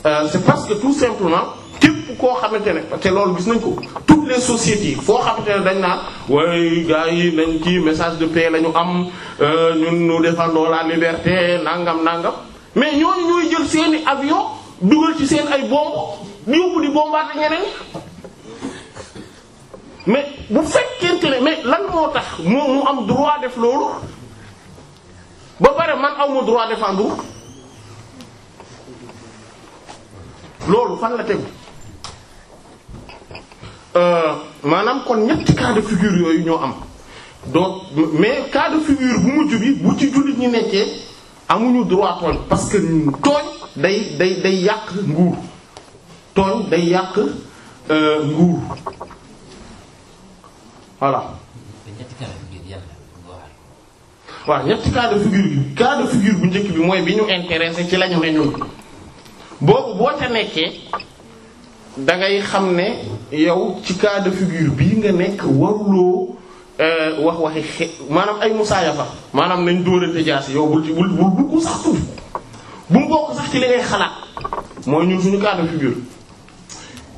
[SPEAKER 2] euh, c'est parce que tout simplement. képp koo xamante ne te loolu gis nañ ko toutes les sociétés foo xamante ne dañ naan waaye gaa yi nañ ci message de paix lañu am euh, ñun ñu défendons la liberté nangam nangam mais ñooñu ñooy jël seeni avion dugal ci seen ay bomb di yóbbu di bombarder ñeneen mais bu fekkente ne mais lan moo tax moo mu am droit def loolu ba pare man aw ma droit défendre loolu fan la tegu Euh, maanaam kon ñetti cas de figure yooyu ñoo am donc mais cas figure bu mujj bi bu ci jullit ñi nekkee amuñu droit tooñ parce que tooñ day day day yàq nguur tooñ day yàq euh, nguur
[SPEAKER 1] voilà. waaw ñetti
[SPEAKER 2] cas de figure bi cas figure bu njëkk bi mooy bi ñu intéressé ci lañu ne ñun boobu boo te nekkee. da ngay xam ne yow ci cas de bii nga nekk waruloo euh, wax waxi xe maanaam ay musaayafa maanaam nañ dóorante jaasi yow bul ci bul bul bul sax tuuf bul bokk sax ci li xalaat mooy ñun suñu cas de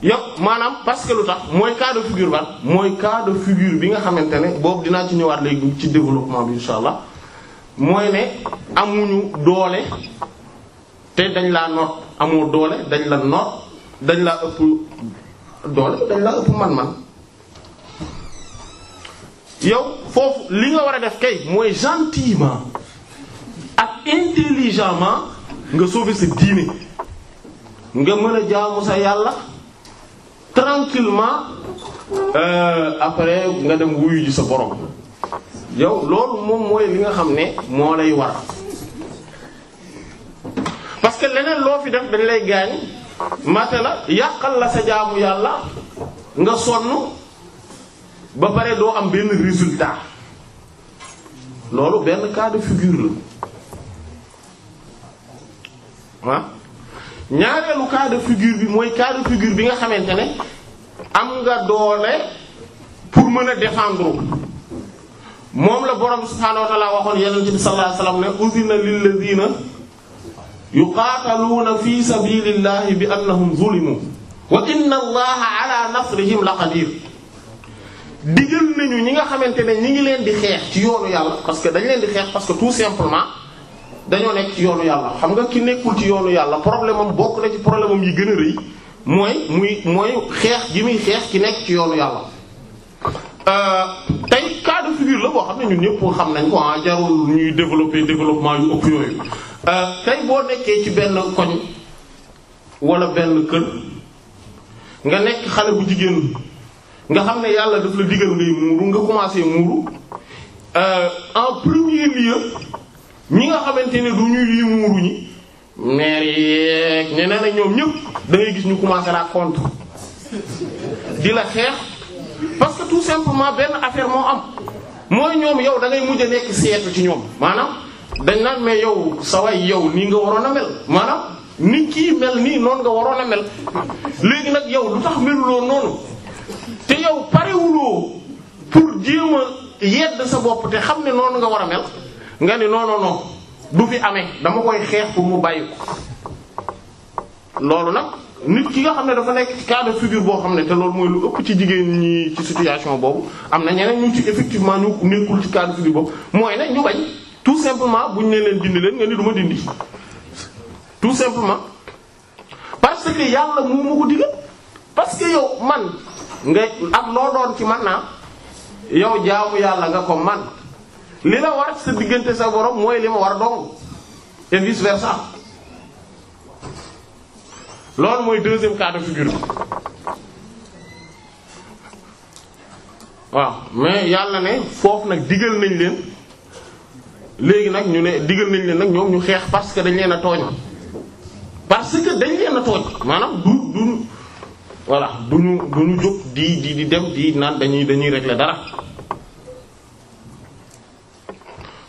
[SPEAKER 2] yow maanaam parce que lu tax mooy cas de figure mooy cas de bi nga xamante ne boobu dinaa ci ñëwaat léegi ci développement bi insha mooy ne amuñu doole te dañ la noot amoo doole dañ la noot. dañ laa ëpp doole dañ laa ëpp man-man yow foofu li nga war a def kay mooy gentiment ak intelligemment nga sauver sa diine nga mën a jaamu sa yàlla tranquillement euh, après nga dem wuyu sa borom yow loolu moom mooy li nga xam ne moo lay war parce que leneen loo fi def dañ lay gaañ mate la yàqal la sa jaamu yàlla nga sonn ba pare doo am benn résultat loolu benn cas de figure la ah ñaareelu cas de bi mooy cas de bi nga xamante ne am nga doole pour mën a défendre moom la borom subhaanahu wa ta'aala waxoon yonent bi sallallaahu alayhi na sallam ne uzina lil yu yuqaataluuna fi sabilillahi bi annahum zulimu wa inna allaha ala nasrihim la qadir digal nañu ñi nga xamante ne ñi ngi leen di xeex ci yoonu yàlla parce que dañ leen di xeex parce que tout simplement dañoo nekk ci yoonu yàlla xam nga ki nekkul ci yoonu yàlla problème am bokk na ci problème am yi gën a rëy mooy muy mooy xeex gi muy xeex ki nekk ci yoonu yàlla euh, tey cas de figure la boo xam ne ñu ñëpp xam nañ ko ah jarul ñuy développer développement yu ëpp yooyu Euh, tey boo nekkee ci benn koñ wala benn kër nga nekk xale bu jigéen nga xam ne yàlla daf la digal ngay muuru nga commencé muuru euh, en premier lieu ñi nga xamante ne du ñuy yi muuru ñi maire yeeg ñe ñoom ñëpp da gis ñu commencé la di la xeex parce que tout simplement benn affaire moo am mooy ñoom yow da ngay mujj nekk seetu ci ñoom maanaam dañ naan mais yow sa waay yow nii nga waroon a mel maanaam ni kii mel nii noonu nga waroon a mel léegi nag yow lu tax meluloo noonu te yow parewuloo pour jéem a yedd sa bopp te xam ne noonu nga war a mel nga ni non non du fi amee dama koy xeex pour mu bàyyi ko loolu nag nit ki nga xam ne dafa nekk ci cas boo xam ne te loolu mooy lu ëpp ci jigéen ñi ci situation boobu am na ñeneen ñu ci effectivement ñu nekkul ci cas boobu mooy ne ñu bañ. tout simplement bu ñu nee leen dindi leen nga ni du ma dindi tout simplement parce que yàlla moo ma ko digal parce que yow man nga ak loo doon ci man naa ah, yow jaamu yàlla nga ko man li la war sa diggante sa borom mooy li ma war dong et vice loolu mooy deuxième cas de bi waaw mais yàlla ne foofu nag digal nañ leen. léegi nag ñu ne digal nañ leen nag ñoom ñu xeex parce que dañ leen a tooñ parce que dañ leen tooñ maanaam du du voilà du ñu du ñu jóg di di di dem di naan dañuy dañuy régler dara.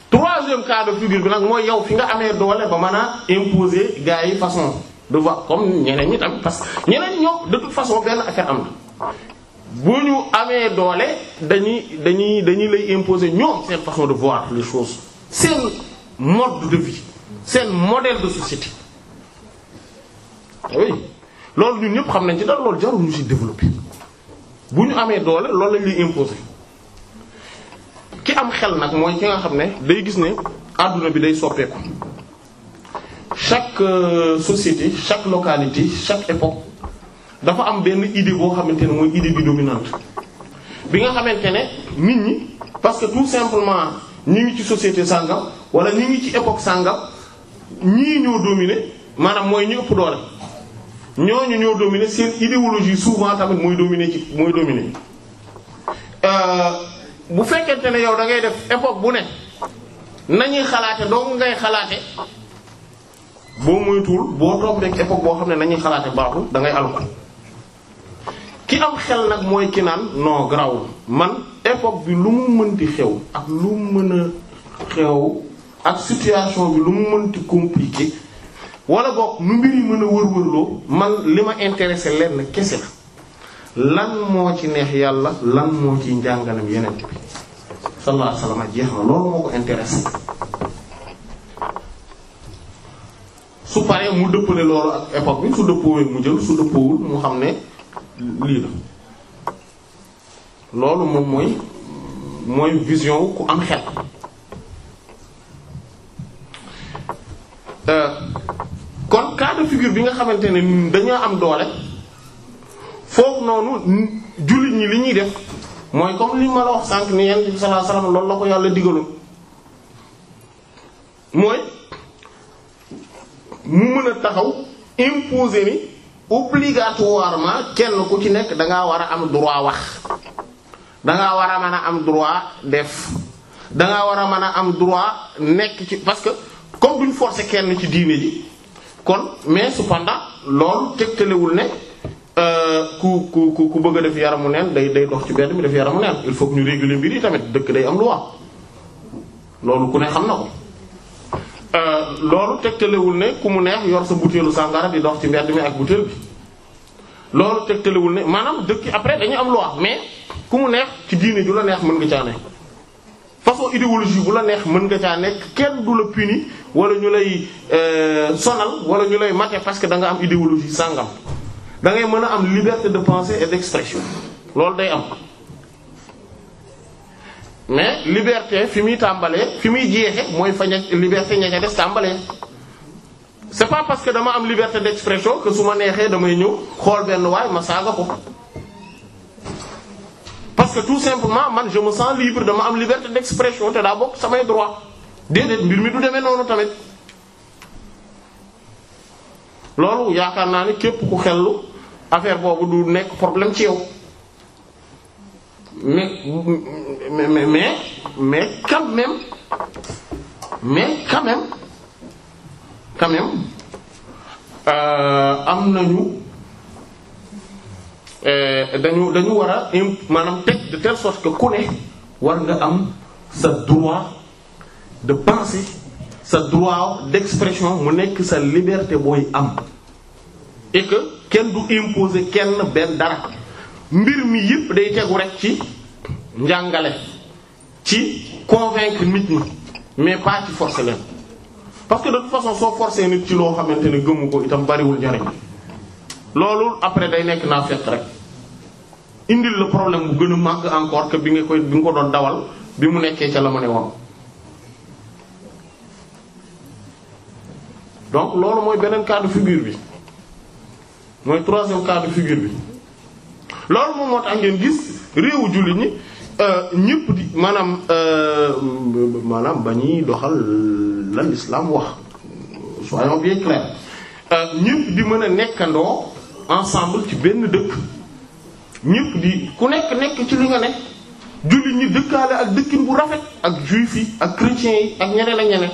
[SPEAKER 2] troisième cas de figure bi nag mooy yow fi nga amee doole ba man a imposer gars yi façon de voir comme ñeneen ñi tamit parce que ñeneen ñoo de toute façon benn affaire am na. bu ñu amee doole dañuy dañuy dañuy lay imposer ñoom seen façon de voir les choses. seen mode de vie seen modèle de société ah oui loolu ñun ñëpp xam nañ ci dara loolu jarul ñu ci développer bu ñu amee doole loolu lañ lay imposer ki am xel nag mooy ki nga xam ne day gis ne àdduna bi day soppeeku chaque euh, société chaque localité chaque époque dafa am benn idée boo xamante ne mooy idée bi dominante bi nga xamante nit ñi parce tout simplement ñu ngi ci société sàngam wala ñu ngi ci époque sàngam ñii ñoo dominer maanaam mooy ñu ëpp doole ñooñu ñoo dominer seen idéologie souvent tamit mooy dominer ci mooy dominer euh, bu fekkente ne yow da ngay def époque bu ne nañuy xalaate doomu ngay xalaate boo moytuwul boo toog rek époque boo xam ne nañuy xalaate baaxul da ngay alko ki am xel nag mooy ki naan noo grawul man époque bi lu mu mënti xew ak lu mën a xew ak situation bi lu mu mënti compliqué wala boog nu mbir mën a wër-wërloo man li ma intéressé lenn kese la lan moo ci neex yàlla lan moo ci njàngalem yeneen bi sallallahu alayhi jeex na loolu moo ko intéressé su paree mu dëppale loolu ak époque bi su dëppoowee mu jël su dëppoowul mu xam ne lii la loolu moom mooy mooy vision ku am xel euh, kon cas de bi nga xamante ne dañoo am doole foofu noonu jullit ñi li ñuy def mooy comme li ma la wax sànq ni Yonent bi sallallahu alayhi loolu la ko yàlla digaloon mooy mu mën a taxaw imposer ni obligatoirement kenn ku ci nekk danga war a am droit wax da war a mën a am droit def da war a mën a am droit nekk ci parce que comme duñ forcer kenn ci diine ji kon mais cependant loolu tegtalewul ne euh, ku ku ku ku bëgg a def yaramu neen day day dox ci benn mi def yaramu neen il faut ñu réguler mbir yi tamit dëkk day am loi loolu ku ne xam na ko. Euh, loolu tegtalewul ne ku mu neex yor sa butéelu sàngara di dox ci mbedd mi ak butéel bi loolu tegtalewul ne maanaam dëkk après dañu am loi mais ku mu neex ci diine ju la neex mën nga caa nekk façon idéologie bu la neex mën nga caa nekk kenn du la puni wala ñu lay euh, sonal wala ñu lay mate parce que da nga am idéologie sàngam da ngay mën a am liberté de pensée et d'expression loolu day am. mais liberté fi muy tàmbalee fi muy jeexe mooy fa ña liberté ña ca des tàmbalee c'est pas parce que dama am liberté d'expression que su ma neexee damay ñëw xool benn waay ma saaga ko parce que tout simplement man je me sens libre dama am liberté d'expression te daa bokk samay droit déedéet mbir mi du demee noonu tamit loolu yaakaar naa ni képp ku xellu affaire boobu du nekk problème ci yow mais mais mais mais quand mais quand même quand même euh, am nañu euh, dañu dañu war a maanaam teg de telle sorte que ku ne war nga am sa droit de penser sa droit d'expression mu nekk sa liberté booy am et que kenn du imposer kenn benn dara. mbir mi yëpp day tegu rek ci njàngale ci convaincre nit ñi mais pas ci forcer leen parce que de toute façon soo forcer nit ci loo xamante ni gëmu ko itam bariwul njariñ loolu après day nekk naa fekk rek indil la problème bu gën a màgg encore que bi nga koy bi nga ko doon dawal bi mu nekkee ca la ma ne donc loolu mooy beneen cas de figure bi mooy troisième cas de bi loolu moom moo tax ngeen gis réewu jullit ñi euh, ñëpp di maanaam euh, maanaam ba ñuy doxal la lislaam wax soyons bien clairs euh, ñëpp di mën a nekkandoo ensemble ci benn dëkk ñëpp di ku nekk nekk ci li nga nekk jullit ñi dëkkaale ak dëkkin bu rafet ak juif yi ak chrétiens yi ak ñeneen la ñeneen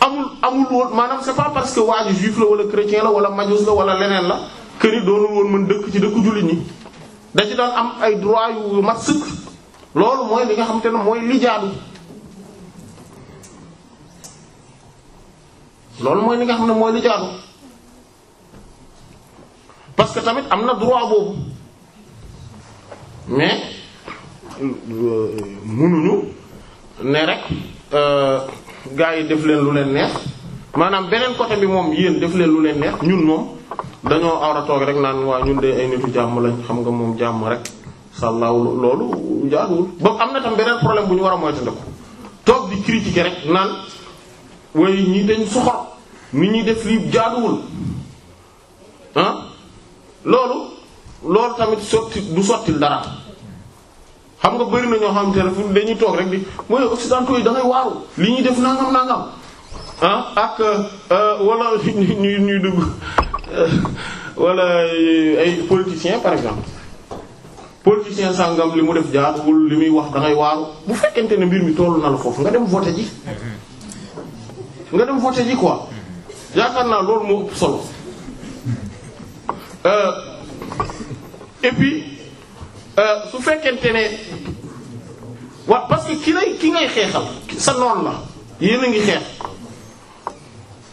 [SPEAKER 2] amul amul woon maanaam c'est pas parce que waa ji juif la wala chrétien la wala majus la wala leneen la këni doonul woon mën dëkk ci dëkku jullit ñi da ci am ay droit yu mat sëkk loolu mooy li nga xam ne mooy li jaadu loolu mooy li nga xam ne mooy li jaadu parce que tamit am na droit boobu mais euh, munuñu ne rek euh, gars yi def leen lu leen neex maanaam beneen côté bi moom yéen def leen lu leen neex ñun moom dañoo awra toog rek naan waa ñun de ay nitu jàmm lañ xam nga moom jàmm rek sàllaaw loolu jaaduwul ba am na tam beneen problème bu ñu war a moytandiku toog di critiquer rek naan way ñii dañ soxor nit ñi def lii jaaduwul ah? loolu loolu tamit sotti du sottil dara xam nga bëri na ñoo xam te ne dañuy toog rek di mooy occidentaux yi da ngay li ñuy def nangam nangam ah ak euh, wala ñuy dugg Euh, wala euh, ay politiciens par exemple politicien sàngam li mu def jaaduwul li muy wax dangay ngay waaru bu fekkente ne mbir mi tollu na la foofu nga dem voter ji nga dem voter ji quoi yaakaar naa loolu moo ëpp solo euh, et puis su fekkente ne wa parce que ki lay ki ngay xeexal sa noon la yéen a ngi xeex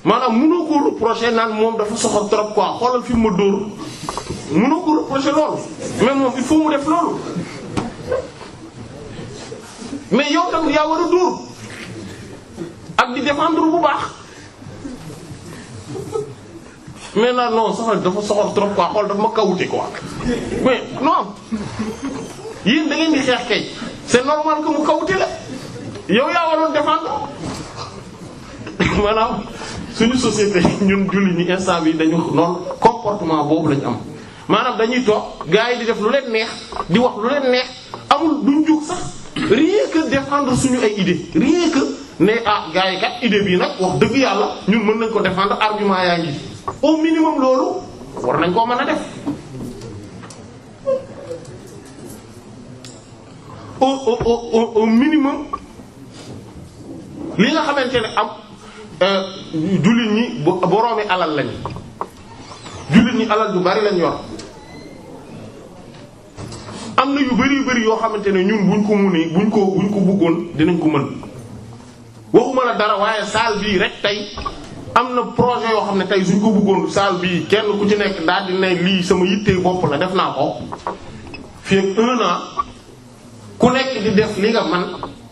[SPEAKER 2] maanaam mënoo ko reprocher naan moom dafa soxal trop quoi xoolal fi mu ma dóor mënoo ko reprocher loolu mais moom il faut mu def loolu mais yow tam yaa war a dóor ak di défendre bu baax mais naan non soxal dafa soxal trop quoi xool dafa ma kawute quoi mais non yéen da mu kawute la yow yaa waroon défendre maanaam. suñu société ñun julli ñu instant bi dañu noonu comportement boobu lañu am maanaam dañuy toog gars yi di def lu leen neex di wax lu leen neex amul duñ jug sax rien que défendre suñu ay idée rien que ne ah gars yi kat idée bii nag wax dëgg yàlla ñun mën nañ ko défendre argument yaa ngi au minimum loolu war nañ koo mën a def au au au au minimum li nga xamante ne am Euh, jullit ñi boroomi alal lañ jullit ñi alal ju bari lañ yor am na yu bari bari yoo xamante ne ñun buñ ko munee buñ ko buñ ko bëggoon dinañ ko mën waxuma la dara waaye saal bii rek tey am na projet yoo xam ne tey suñ ko bëggoon saal bii kenn ku ci nekk daal di ne lii sama yitte bopp la def naa ko fii ak un ku nekk di def li nga man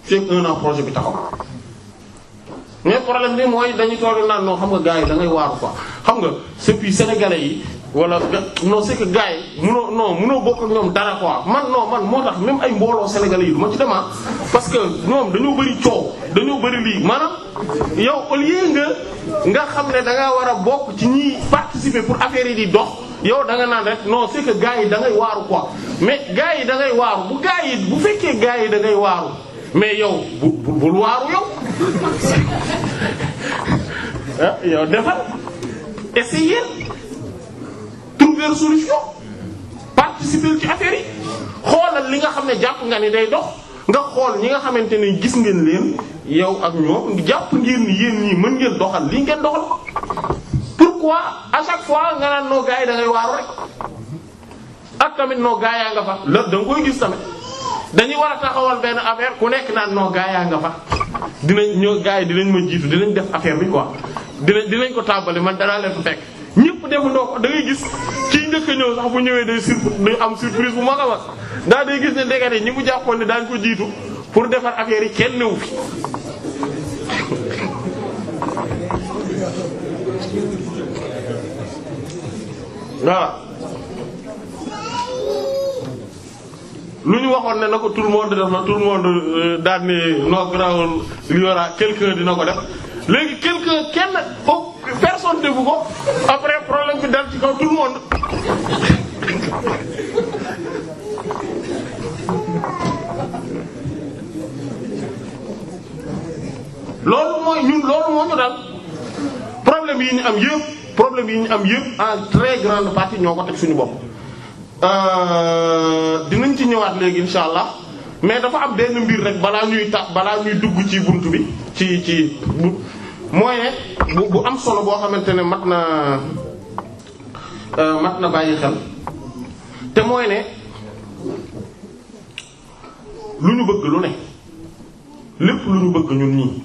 [SPEAKER 2] fii ak un an projet bi taxaw. mais problème mooy dañu toog naan non xam nga gars yi da ngay waaru ko xam nga c'est puis sénégalais yi wala non c'est que gars yi munoo non munoo bokk ak ñoom dara man non man moo tax ay mbooloo sénégalais yi du ma ci dema parce dañoo bëri coow dañoo bëri lii maanaam yow au nga nga xam ne da ngaa war a bokk ci ñiy participer pour affaire yi di dox yow da nga naan rek non gars yi da ngay waaru ko mais gars yi da ngay waaru bu gars yi bu fekkee gars yi da ngay waaru mais yow bu bul waaru yow ah yow defal essayer trouver solution participer ci affaire yi xoolal li nga xam ne jàpp nga ni day dox nga xool ñi nga xamante ne gis ngeen leen yow ak ñoom jàpp ngeen ni yéen mën ngeen doxal li ngeen doxal pourquoi à chaque fois nga naan noo gars yi da ngay waaru rek ak tamit noo gaayaa nga fa la da koy gis tamit. dañuy war a benn affaire ku nekk naan non gaa yaa nga fa dinañ ñoo gaa yi dinañ ma jiitu dinañ def affaire bi ko dinañ dinañ ko tàmbali man danaa leen fa fekk. ñëpp defandoo ko da gis kii njëkk a ñëw sax bu ñëwee day sur day am surprise bu mag a mag daa day gis ne ndekete ñi mu jàppoon ne daañ ko jiitu pour defar affaire yi kenn newu fi. voilà lu ñu waxoon ne na ko tout le monde def na tout le monde euh, daal ne non grawul il dina ko def léegi quelqu'un kenn foofu personne defu ko après problème bi dal ci kaw tout le monde. loolu mooy ñun loolu moo ñu dal problème yi ñu am yëpp problème yi ñu am yëpp en très grande partie ñoo ko teg suñu bopp. Euh, dinañ ci ñëwaat léegi insha allah mais dafa am denn mbir rek balaa ñuy ta balaa ñuy dugg ci bunt bi ci ci bu mooy ne bu bu am solo boo xamante ne mat na euh, mat na bàyyi xel te mooy ne lu ñu bëgg lu ne lépp lu ñu bëgg ñun ñii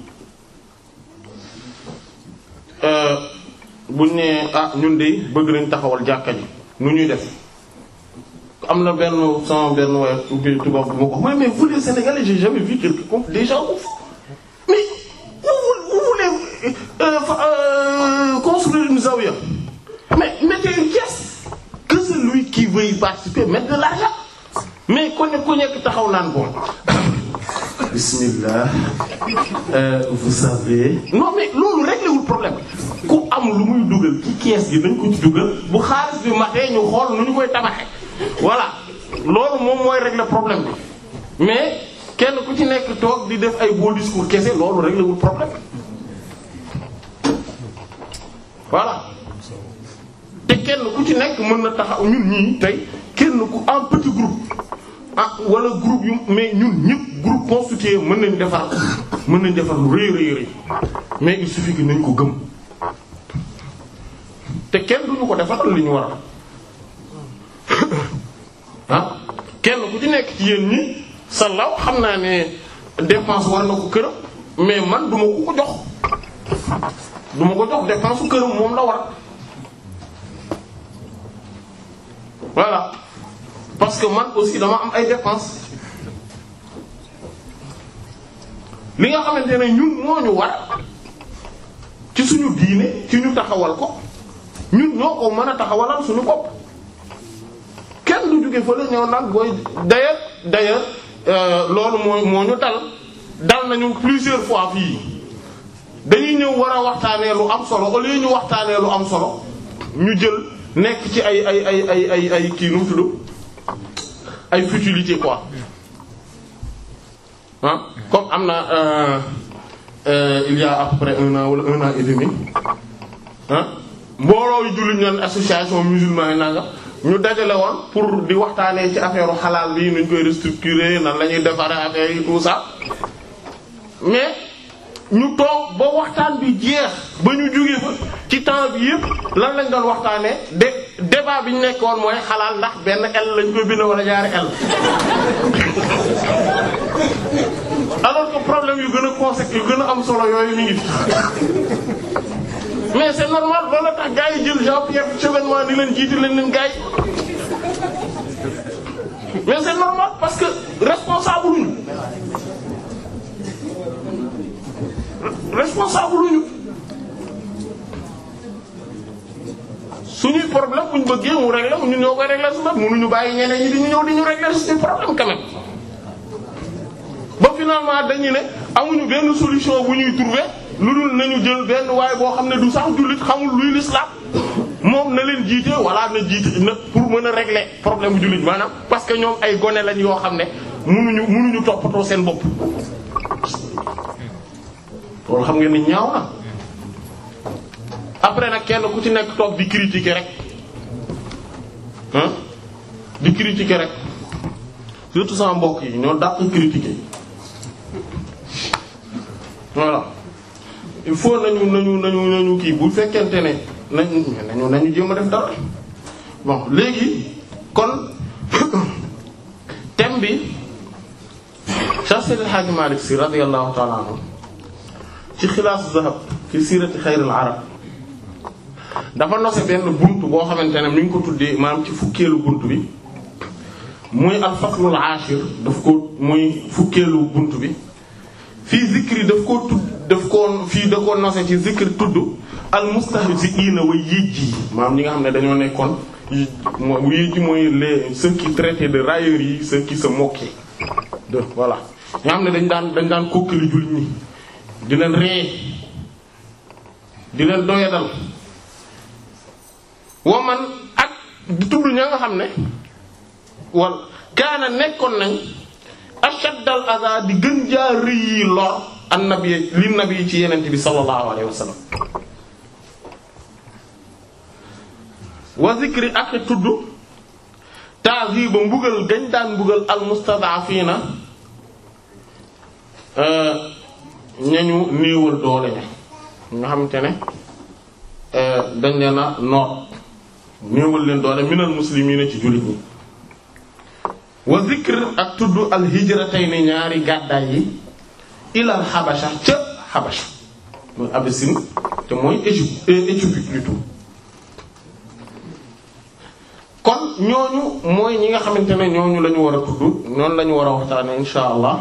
[SPEAKER 2] euh, buñ ne ah ñun de bëgg nañ taxawal jàkka ji nu ñuy def am na benn sama benn waaye bi ko mais mais vous les Sénégalais j'ai jamais vu quelque chose des mais vous vous voulez euh, euh, construire une zawiya mais mettez une pièce que celui qui veut participer mette de l'argent mais ku nekk taxaw naan bon bismillah euh, vous savez non mais loolu réglewul problème ku am lu muy dugal ci kees gi dañ ko ci dugal bu bi matee ñu xool nu ñu koy tabaxee voilà loolu moom mooy régler problème bi mais kenn ku ci nekk toog di def ay beau discours kese loolu régler wul problème voilà te kenn ku ci nekk mën na taxaw ñun ñii tey kenn ku en petit groupe ah wala groupe yu mais ñun ñëpp groupe constitué mën nañ defar mën nañ defar lu rëy rëy rëy mais il suffit nañ ko gëm te kenn duñu ko defar li ñu war a ah kenn ku ci nekk ci yéen ñi sa law xam naa ne dépense war na ko këram mais man duma ma ko ko jox duma ko jox dépense su këram moom la war voilà parce que man aussi dama am ay dépense li nga xamante ne ñun moo ñu war ci suñu diine ci ñu taxawal ko ñun ñoo ko mën a taxawalal suñu bopp kenn du jóge fële ñëw nag booy d'ailleurs d'ailleurs euh, loolu moo moo ñu dal dal nañu plusieurs fois fii dañuy ñëw war a waxtaanee lu am solo au lieu ñu waxtaanee lu am solo ñu jël nekk ci ay ay ay ay ay ay kii nu mu ay futilité quoi comme am na euh, euh, il y a à peu un an wala un an et mbooloo yu jullit ñu association musulmane yi nanga ñu dajale woon pour di waxtaanee ci affaire xalaal bi nuñ koy restructurer nan la ñuy defaree affaire yi tout ça mais ñu toog ba waxtaan bi jeex ba ñu jógee ci temps bi yëpp lan lañ doon waxtaanee de débat bi ñu nekkoon mooy xalaal ndax benn L lañ koy bind wala ñaari L. alors que problème yu gën a conséquent yu gën a am solo yooyu mi mais c'est normal loolu la tax gars yi jël Jean-Pierre Chevènement ni leen jiiti leen leen gaa
[SPEAKER 3] yi
[SPEAKER 2] mais c'est normal parce que responsable luñu responsable luñu suñuy problème bu ñu bëggee mu réglé wu ñun ñoo koy réglé su bopp mënuñu bàyyi ñeneen ñi di ñu ñëw di ñu réglé suñu problème quand même ba finalement dañu ne amuñu benn solution bu ñuy trouver lu dul nañu jël benn waaye boo xam ne du sax jullit xamul luy lislaam moom na leen jiite walla na jiite na pour mën a régler problème bu jullit maanaam parce que ñoom ay gone lañ yoo xam ne mënuñu mënuñu toppatoo seen bopp loolu xam ngeen ni ñaaw na après nag kenn ku ci nekk toog di critiquer rek ah di critiquer rek surtout sama mbokk yi ñoo dàq critiquer voilà il faut nañu nañu nañu nañu kii bu fekkente ne nañu nañu nañu jéem a def dara bon léegi kon thème bi Cheikh Seydi El Hadji Malick Sy radiyallahu ta'ala anhu ci xilaasu zahab ci siirati xayril arab dafa nose benn bunt boo xamante ne mi ngi ko tuddee maanaam ci fukkeelu bunt bi muy al faslul daf ko muy fukkeelu bunt bi fii zikri daf koo tudd daf koo fii da koo nose ci zikri tudd al mustahzi'ina way yéej yi maanaam ñi nga xam ne dañoo nekkoon moo yéej yi mooy les ceux qui de railleurs yi ceux qui de voilà ñi xam ne dañ daan dañ daan kokkili jullit ñi di leen ree di leen doyadal wa man ak di tudd ña nga xam ne wal kaana nekkoon nañ ashaddal aza di gën jaa rëy yi lor an nabi li nabi ci yenente bi sallallahu alayhi wa sallam wa zikri ak tudd taasi ba mbugal gañ daan mbugal al mustadafina euh, ñañu néewal doole ña nga xamante ne euh, dañ leen a noot néewal leen doole minal muslimina ci jullit ñi wa zikr ak tudd al hijratayni ñaari gàddaay yi ilal xabasha ca xabasha mooy Abyssinie te mooy Égypte euh, Éthiopie plutôt kon ñooñu mooy ñi nga xamante ne ñooñu la ñu war a tudd noonu lañu war a waxtaanee insha allah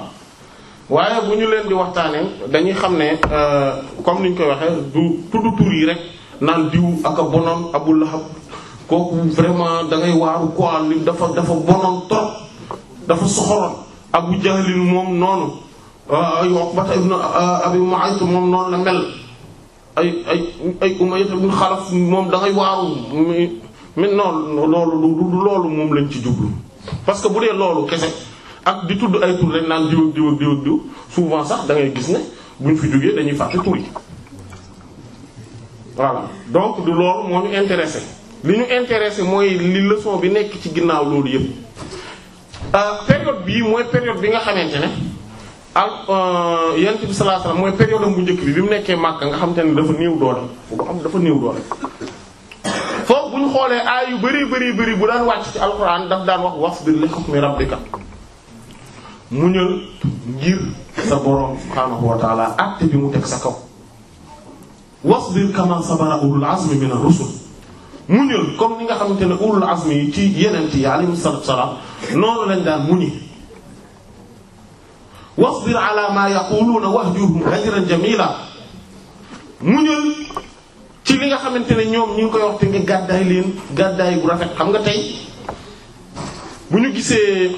[SPEAKER 2] waaye bu ñu leen di waxtaane dañuy xam ne euh, comme niñ koy waxee du tudd tur yi rek naan diw ak a bonoon Abu Lahab kooku vraiment dangay ngay waaru quoi li dafa dafa bonoon trop dafa soxoroon abu jahlin moom noonu Uqbata ah, ah, ibn moom noonu la mel ay ay ay Umayya ibn moom da ngay waaru mais noonu loolu loolu moom lañ ci jublu parce que bu dee loolu kese ak di tudd ay tur rek naan diw ak diw diw souvent sax da ngay gis ne ñu fi jógee dañuy fàtte tur yi donc du loolu moo ñu intéressé li ñu intéressé mooy li leçon bi nekk ci ginnaaw loolu yëpp Euh, période bii mooy période bi nga xamante ne al euh, yonent bi sallallahu alayhi mooy période am bu njëkk bi bi mu nekkee Makka nga xam xamante ne dafa néew doole dafa néew doole. foofu bu xoolee aay yu bari bari bari bu daan wàcc ci alxuraan daf daan wax wasbir li hukmi rabbika muñal ngir sa borom subhaanahu wa taala bi mu teg sa kaw. wasbir kama sabara ulul azmi mina rusul muñal comme ni nga xamante ne ulul azmi yi ci yeneen ci alayhimu salaam. noonu lañ daan mu ni wasbir ala ma yaquluna wahjurhum hajran jamila muñal ci li nga xamante ne ñoom ñu ngi koy wax te nga gàddaay leen gàddaay bu rafet xam nga tey bu ñu gisee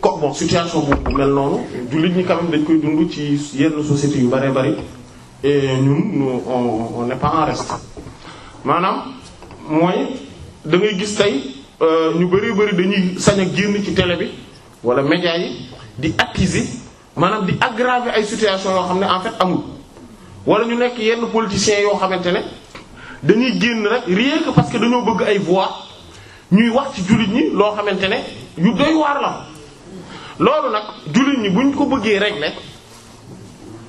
[SPEAKER 2] ko bon situation bu mel noonu jullit ñi quand dañ koy dund ci yenn sociétés yu bëree bari et ñun on n'est en reste maanaam mooy da gis tey Euh, ñu bari bari dañuy sañ ak génn ci télé bi wala média yi di attiser maanaam di aggraver ay situation yoo xam ne en fait amul wala ñu nekk yenn politiciens yoo xamante ne dañuy génn rek rien que parce que dañoo bëgg ay voix ñuy wax ci jullit ñi loo xamante ne yu doy waar la loolu nag jullit ñi buñ ko bëggee régler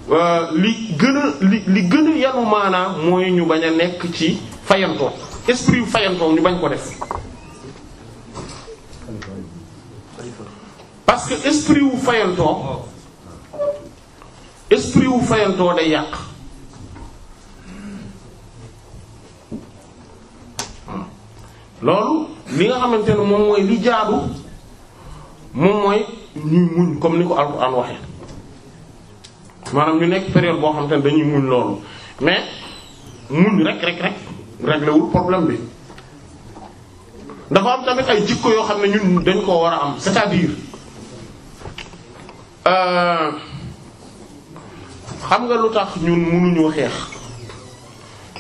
[SPEAKER 2] euh, li gën a li li gën a yanu maanaam mooy ñu bañ a nekk ci fayantoo esprit yu fayantoo ñu bañ ko def parce que esprit wu fayantoo esprit wu fayantoo day yàq loolu li nga xamante ne moom mooy li jaadu moom mooy ñuy muñ comme ni ko Alxuraan waxe maanaam ñu nekk période boo xamante ne dañuy muñ loolu mais muñ rek rek rek réglé wul bi dafa am tamit ay jikko yoo xam ne ñun dañ koo war a am c'est-à-dire xam nga lu tax ñun mënuñoo xeex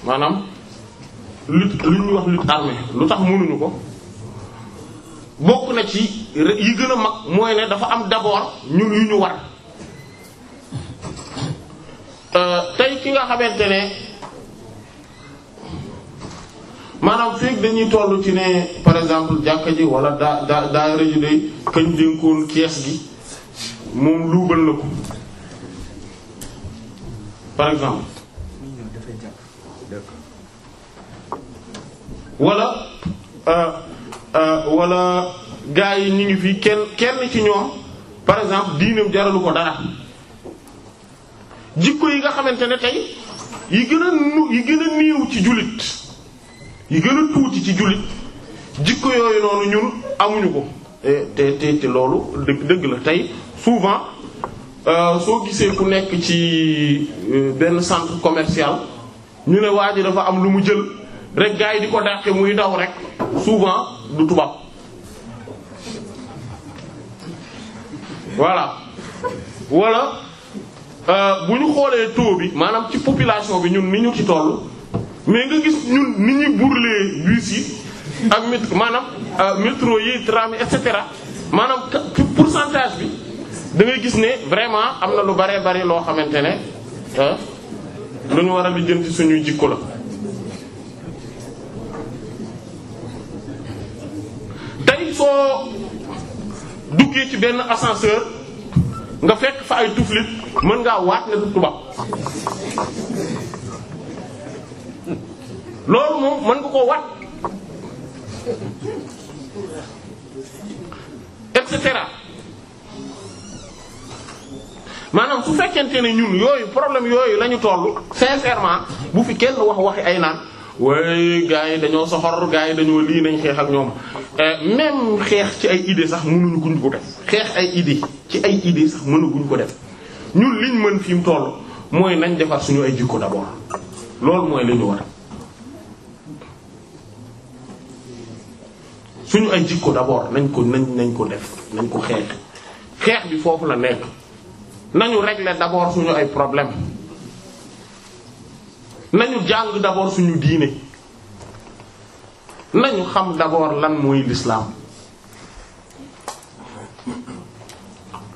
[SPEAKER 2] maanaam lutte lu ñuy wax lutte armée lu tax mënuñu ko bokk na ci yi gën a mag mooy ne dafa am d'abord ñun yu ñu war tey ki nga xamante ne maanaam feeg dañuy toll ci ne par exemple jàkka ji wala daa daa daa rëju day kañ dénkoon kees gi moom luubal na ko par exemple wala euh, euh, wala gaa yi ñu ngi fi kenn kenn ci ñoom par exemple diinam jaralu ko dara jikko yi nga xamante ne tey yi gën a nu yi gën a niiw ci jullit yi gën a tuuti ci jullit jikko yooyu noonu ñun amuñu ko Eh, te te te loolu dëgg dëgg la tey souvent euh, soo gisee ku nekk ci euh, benn centre commercial ñu ne waa ji dafa am lu mu jël rek gaa yi di ko dàqe muy daw rek souvent du tubaab voilà wala euh, bu ñu xoolee taux bi maanaam ci population bi ñun ni ñu ci toll mais nga gis ñun ni ñuy brûler bus yi ak métro maanaam euh, métro yi tram et cetera maanaam pourcentage bi da gis ne vraiment am na lu baree bari loo xamante ne lu ñu war a lijjanti suñuy jikko la. tey soo duggee ci benn ascenseur nga fekk fa ay tuflit mën ngaa waat ne du tubaab loolu moom mën nga koo waat. et cetera maanaam su fekkente ne ñun yooyu problème yooyu lañu ñu toll sincèrement bu fi kenn wax waxi ay naan waaye gars yi dañoo soxor gars yi dañoo lii nañ xeex ak ñoom eh, même xeex ci ay idée sax mënuñu guñ ko def xeex ay idée ci ay idée sax mënuguñ ko def ñun liñ mën fi mu toll mooy nañ defar suñu ay jikko d'abord loolu mooy li war suñu ay jikko d'abord nañ ko nañ nañ ko def nañ ko xeex xeex bi foofu la nekk nañu régler d'abord suñu ay problèmes nañu jàng d'abord suñu diine nañu xam d'abord lan mooy l'islam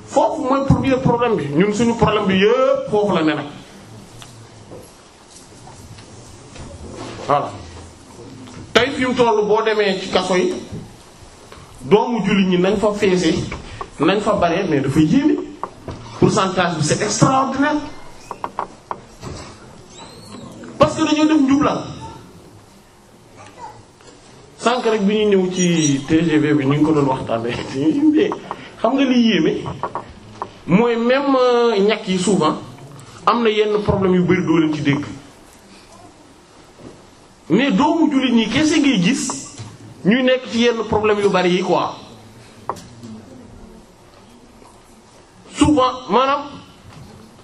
[SPEAKER 2] foofu mooy premier problème bi ñun suñu problème bi yépp foofu la ne nag voilà tey fi tollu boo demee ci kaso yi doomu jullit ñi nañ fa feese nañ fa bare mais dafa yéeme pourcentage bi c'est extraordinaire parce que dañoo def njublaan sànq rek bi ñuy ñëw ci TGV bi ñu ngi ko doon waxtaanee mais xam nga li yéeme mooy même euh, ñàkk yi souvent am na yenn problème yu bari doo leen ci dégg mais doomu jullit ñi kese ngay gis. ñu nekk ci yenn problème yu bari yi quoi souvent maanaam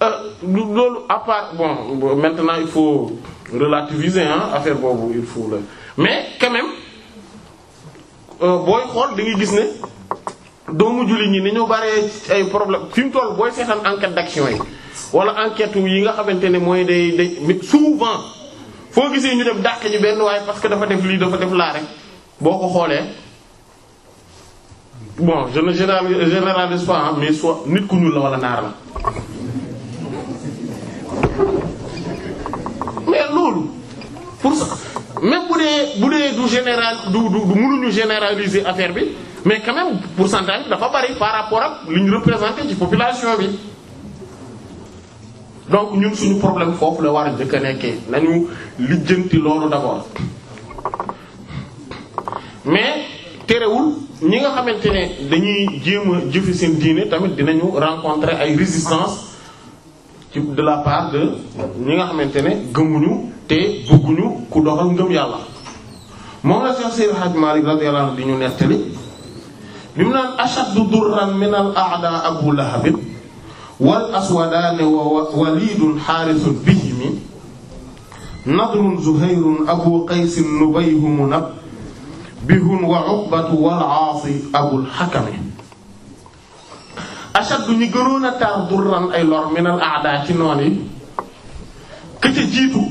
[SPEAKER 2] euh, loolu àppart part bon maintenant il faut relativiser hein affaire boobu il faut la mais quand même euh, booy xool da ngay gis ne doomu jullit ñi ni ñu baree ay problème fi mu toll booy seetaan enquête d'action yi wala enquête yi nga xamante ne mooy day day souvent foo gisee ñu dem dàq ji benn waaye parce que dafa def lii dafa def laa rek boo ko xoolee bon je ne généralise pas soo nit ku ñuul la wala naar la mais loolu pour ça même bu dee bu dee du général du du du mënuñu affaire bi mais quand même pourcentage dafa bari par rapport ak li ñu représenté ci population bi donc ñun suñu problème foofu la war a njëkk a nekkee nañu lijjanti loolu d'abord. mais terewul ñi nga xamante ne dañuy jéem a jëfe seen diine tamit dinañu rencontrer ay résistance ci de la part de ñi nga xamante ne gëmuñu te bëgguñu ku doxal ngëm yàlla moom la Cheikh Seydi Hadji Malick radiyallahu anhu di ñu nettali bi mu naan ashaddu durran min al a'da abu lahabin wal aswadaani wa walidun xaarisun bihimi nadrun zuhayrun abu qaysin nubayhu munab bihun wa uqbatu wal aasi abul xakami ashad ñu gënoon a tar durran ay lor minal aada ci noon yi ka ca jiitu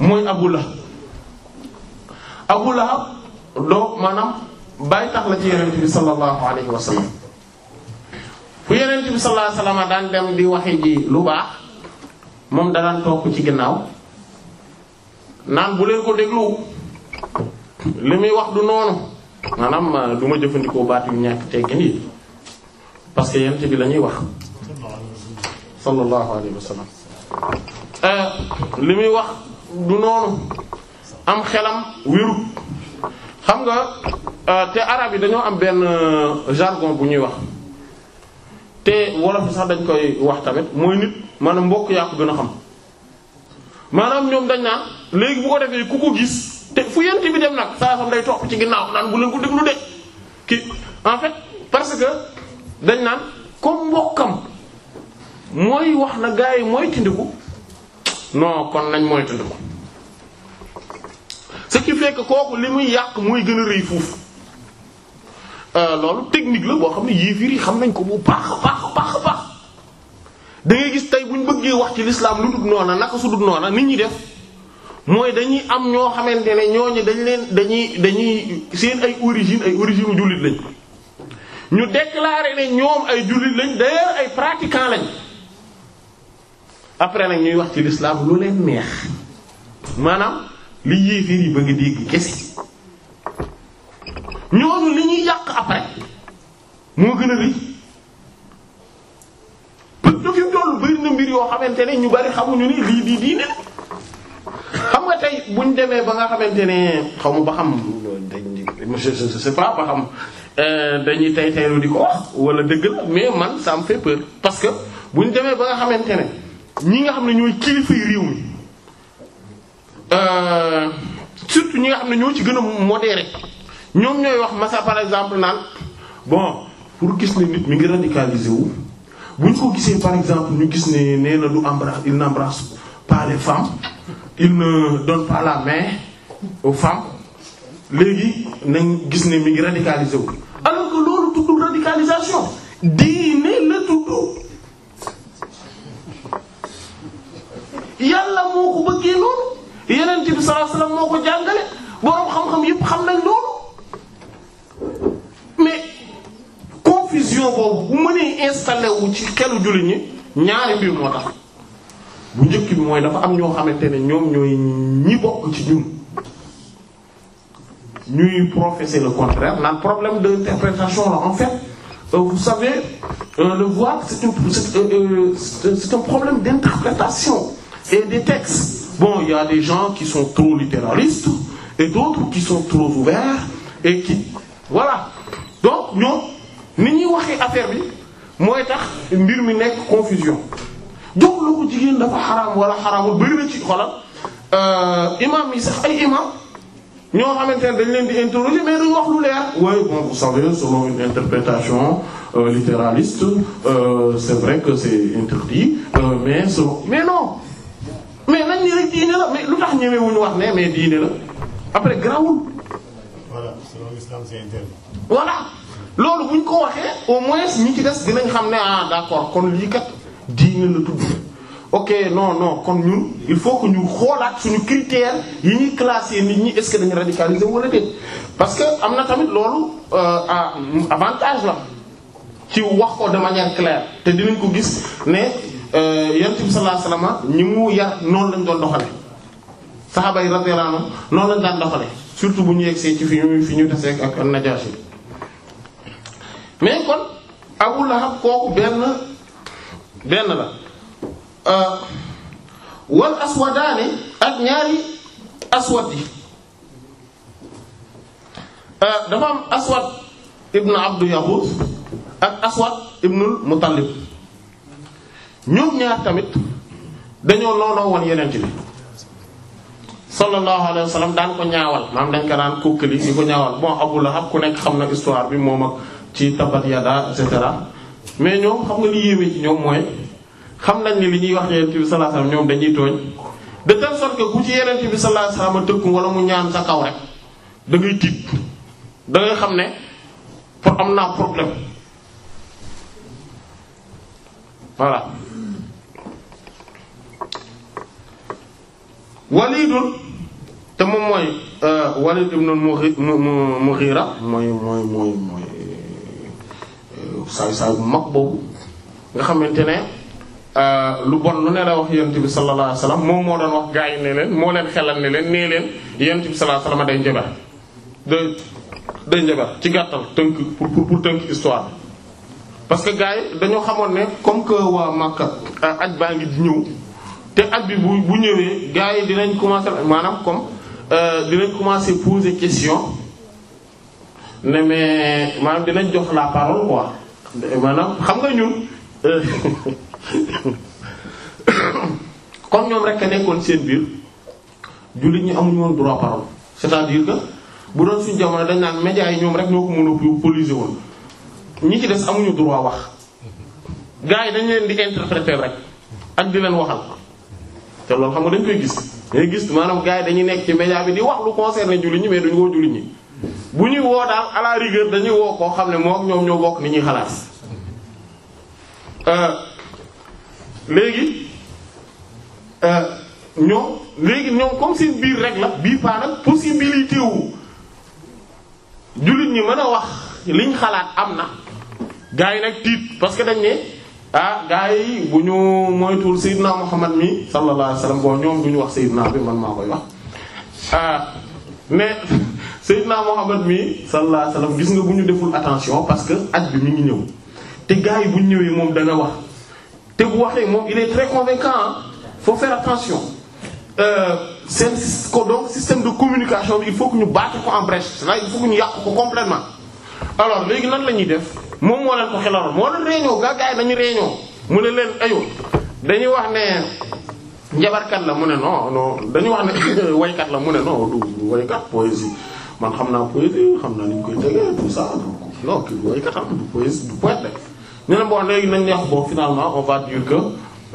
[SPEAKER 2] mooy abu lahab abu lahab doo bàyyi tax la ci yonent bi sallallahu alayhi wa sallam fu yonent bi sallallahu alayhi daan dem di waxe ji lu baax moom daan toog ci ginnaaw naan bu leen ko déglu li muy wax du noonu maanaam euh, duma jëfandikoo baat yu ñàkk teggin yi parce que yent bi lañuy ñuy wax sallallahu alayhi wa euh, li muy wax du noonu am xelam wéru xam nga euh, te arab yi dañoo am benn jargon bu ñuy wax te wolof sax dañ koy wax tamit mooy nit maanaam mbokk yaa ko gën a xam maanaam ñoom dañ naan léegi bu ko defee ku ko gis te fu yent bi dem nag saa xam day topp ci ginnaaw naan bu leen ko déglu de ki en fait parce que dañ naan comme mbokkam mooy wax na gaa yi mooy tindiku non kon nañ mooy tindiku ce qui fait kooku li muy yàq mooy gën a rëy foofu euh, loolu technique la boo xam ne yéefir yi xam nañ ko bu baax a baax a gis tey buñ bëggee wax ci l'islam lu dul noona naka su dul noona nit ñi def mooy dañuy am ñoo xamante ne ñooñu dañ leen dañuy dañuy seen ay origine ay origine u jullit lañ ñu déclarer ne ñoom ay jullit lañ d'ailleurs ay pratiquants lañ après nag ñuy wax ci lislaam lu leen neex maanaam li yéeféer yi ba nga dégg kese ñooñu li ñuy yàq après moo gën a rëy pët dofi doll bari na mbir yoo xamante ne ñu bari xamuñu ne lii di diine la xam nga tey bu ñu demee ba nga xamante ne xaw ma ba xam dañ je je sais pas ba xam euh, dañuy tey teylu di ko wala dëgg la mais man ça me fait peur parce que bu ñu demee ba nga xamante ne ñi nga xam ne ñooy kilifa yi réew mi euh, surtout ñi nga xam ne ñoo ci gën a modéré ñoom ñooy wax massa par exemple naan bon pour gis ne nit mu ngi radicalisé wu bu ñu ko gisee par exemple ñu gis ne nee na du embrasse il n'embrasse pas les femmes il ne donne pas la main aux femmes léegi nañ gis ne mi ngi radicalisé wu alors que loolu tuddul radicalisation diine la tudd yàlla moo ko bëggee loolu yeneen bi sallallahu alayhi moo ko jàngale boroom xam-xam yëpp xam nañ loolu mais confusion boobu bu mënee installé wu ci xelu jullit ñi ñaari mbir moo tax bu njëkk bi mooy dafa am ñoo xamante ne ñoom ñooy ñi bokk ci ñun ñuy professer le contraire naan problème d'interprétation la en fait euh, vous savez euh, le voile euh, euh, c'est un problème d'interprétation et des textes bon il y a des gens qui sont trop littéralistes et d'autres qui sont trop ouverts et qui voilà donc ñoom ni ñuy wax affaire bi mooy tax mbir mi nekk confusion jox la ko jigéen dafa xaraam wala xaraamul bëri na ci euh, yi sax ay imam ñoo xamante ne dañ leen di interroger mais duñ wax lu leer. waaye bon vous savez selon une interprétation euh, littéraliste euh, c'est vrai que c'est interdit mais selon mais non mais nañ ni rek diine la mais lu tax ñemewuñu wax ne mais diine la après grawul. voilà loolu buñ ko waxee au moins ñi ci des dinañ xam ne ah d'accord kon lii kat. diine la tudd ok non non kon ñun il faut que ñu xoolaat suñu critère yi ñuy classer nit ñi est-ce que dañu radicaliser wala parce que am na tamit loolu euh, ah, avantage la ci wax ko de manière claire te dinañ ko gis ne euh, yonent bi sallallahu alayhi wasallam ñi mu yar noonu lañ doon doxale saxaaba yi radiyallahu anhum noonu lañ daan doxale surtout bu ñu yegsee ci fi ñu fi ñu tasee ak Najaashi mais kon Abu Lahab kooku benn benn la euh, wal aswadaani ak ñaari aswad yi euh, dafa am aswad ibnu abdu yahuud ak aswad ibnul mutallib ñoom ñaar tamit dañoo noonoo woon yenente bi sallallahu alayhi wa daan ko ñaawal maam dañ ko daan kukkali di ko ñaawal bon Abu Lahab ku nekk xam na histoire bi moom ak ci tabat yada et cetera mais ñoom xam nga li yéeme ci ñoom mooy xam nañ li ñuy wax yenent bi sallallahu ñoom dañuy tooñ de telle sorte que ku ci bi sallallahu alayhi tëkku wala mu ñaan sa kaw rek da tiit da xam ne pour am naa problème voilà Walidul te moom mooy euh, Walid ibn Mughira mooy mooy mooy mooy saay-saay bu mag boobu nga xamante ne euh, lu bon lu ne la wax yonent bi sallallahu alayhi wasallam moom moo doon wax gaa yi ne leen moo leen xelal ne leen nee leen yonent bi sallallahu alayhi wasallam day njabar day njabar ci gàttal tënk pour pour pour tënk histoire parce que gars yi dañoo xamoon ne comme que waa Makka euh, aj baa ngi ñëw te aj bi bu bu ñëwee gars yi dinañ commencer maanaam comme euh, dinañ commencer poser question ne mais maanaam dinañ jox la parole quoi maanaam xam nga ñun kon euh, ñoom rek a nekkoon seen biir jullit ñi amuñu woon droit parole c'est-à-dire que bu doon suñu jamono dañ naan médias yi ñoom rek ñoo ko monopoliser woon ñi ci des amuñu droit wax gars yi dañ leen di interpréter rek ak di leen waxal te loolu xam nga dañ koy gis. dañuy gis maanaam gars yi dañuy nekk ci média bi di wax lu concerné jullit ñi mais duñu woo jullit ñi. bu ñuy woo daal à la dañuy woo koo xam ne moom ñoom ñoo bokk ni ñuy xalaat euh, léegi euh, ñoom léegi ñoom comme seen biir rek la bii paa nag possibilité jullit ñi mën a wax liñ xalaat am na gars yi nag tiit parce que dañ ne ah gars yi bu ñu moytuwul Seydina Muhammad mi sallallahu alayhi wasallam bon ñoom du ñu wax Seydina bi man maa koy wax ah Seydina Muhammad mi sallallahu alayhi wasallam gis nga bu ñu deful attention parce que at bi mi ngi ñëw te gaa yi bu ñu ñëwee moom dana wax te bu waxee moom il est très convaincant faut faire attention euh, seen ko donc système de communication bi il faut que ñu battre ko en brèche c'est là il faut que ñu yàq ko complètement alors léegi lan la ñuy def moom moo leen ko xelaloon moo leen réunion gaa gars yi dañu réunion mu ne leen ayo dañuy wax ne njabarkat la mu ne non non wax ne waykat la mu ne non du waykat poésie man xam naa poésie xam naa ni ñu koy tegee tout ça donc non kii booy kat am du poésie du poète rek ñu ne bon léegi nañ neex bon finalement on va dire que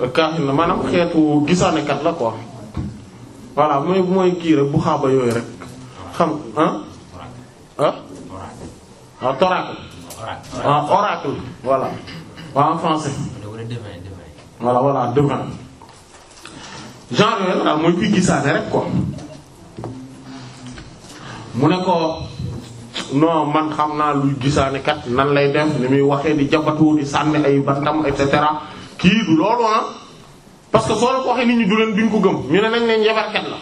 [SPEAKER 2] euh, kaaxin na maanaam xeetu gisaanekat la quoi voilà mooy mooy kii rek bu xaaba yooyu rek xam ah ah ah oracle ah en français voilà voilà devin genre yooyu mooy kuy gisaane rek quoi mu ne ko non man xam naa luy gisaane kat nan lay def ni muy waxee di jabatu di sànni ay bantam et kii du loolu ah parce que soo la ko waxee nit ñi du leen duñ ko gëm ñu ne nañ ne njabarkat la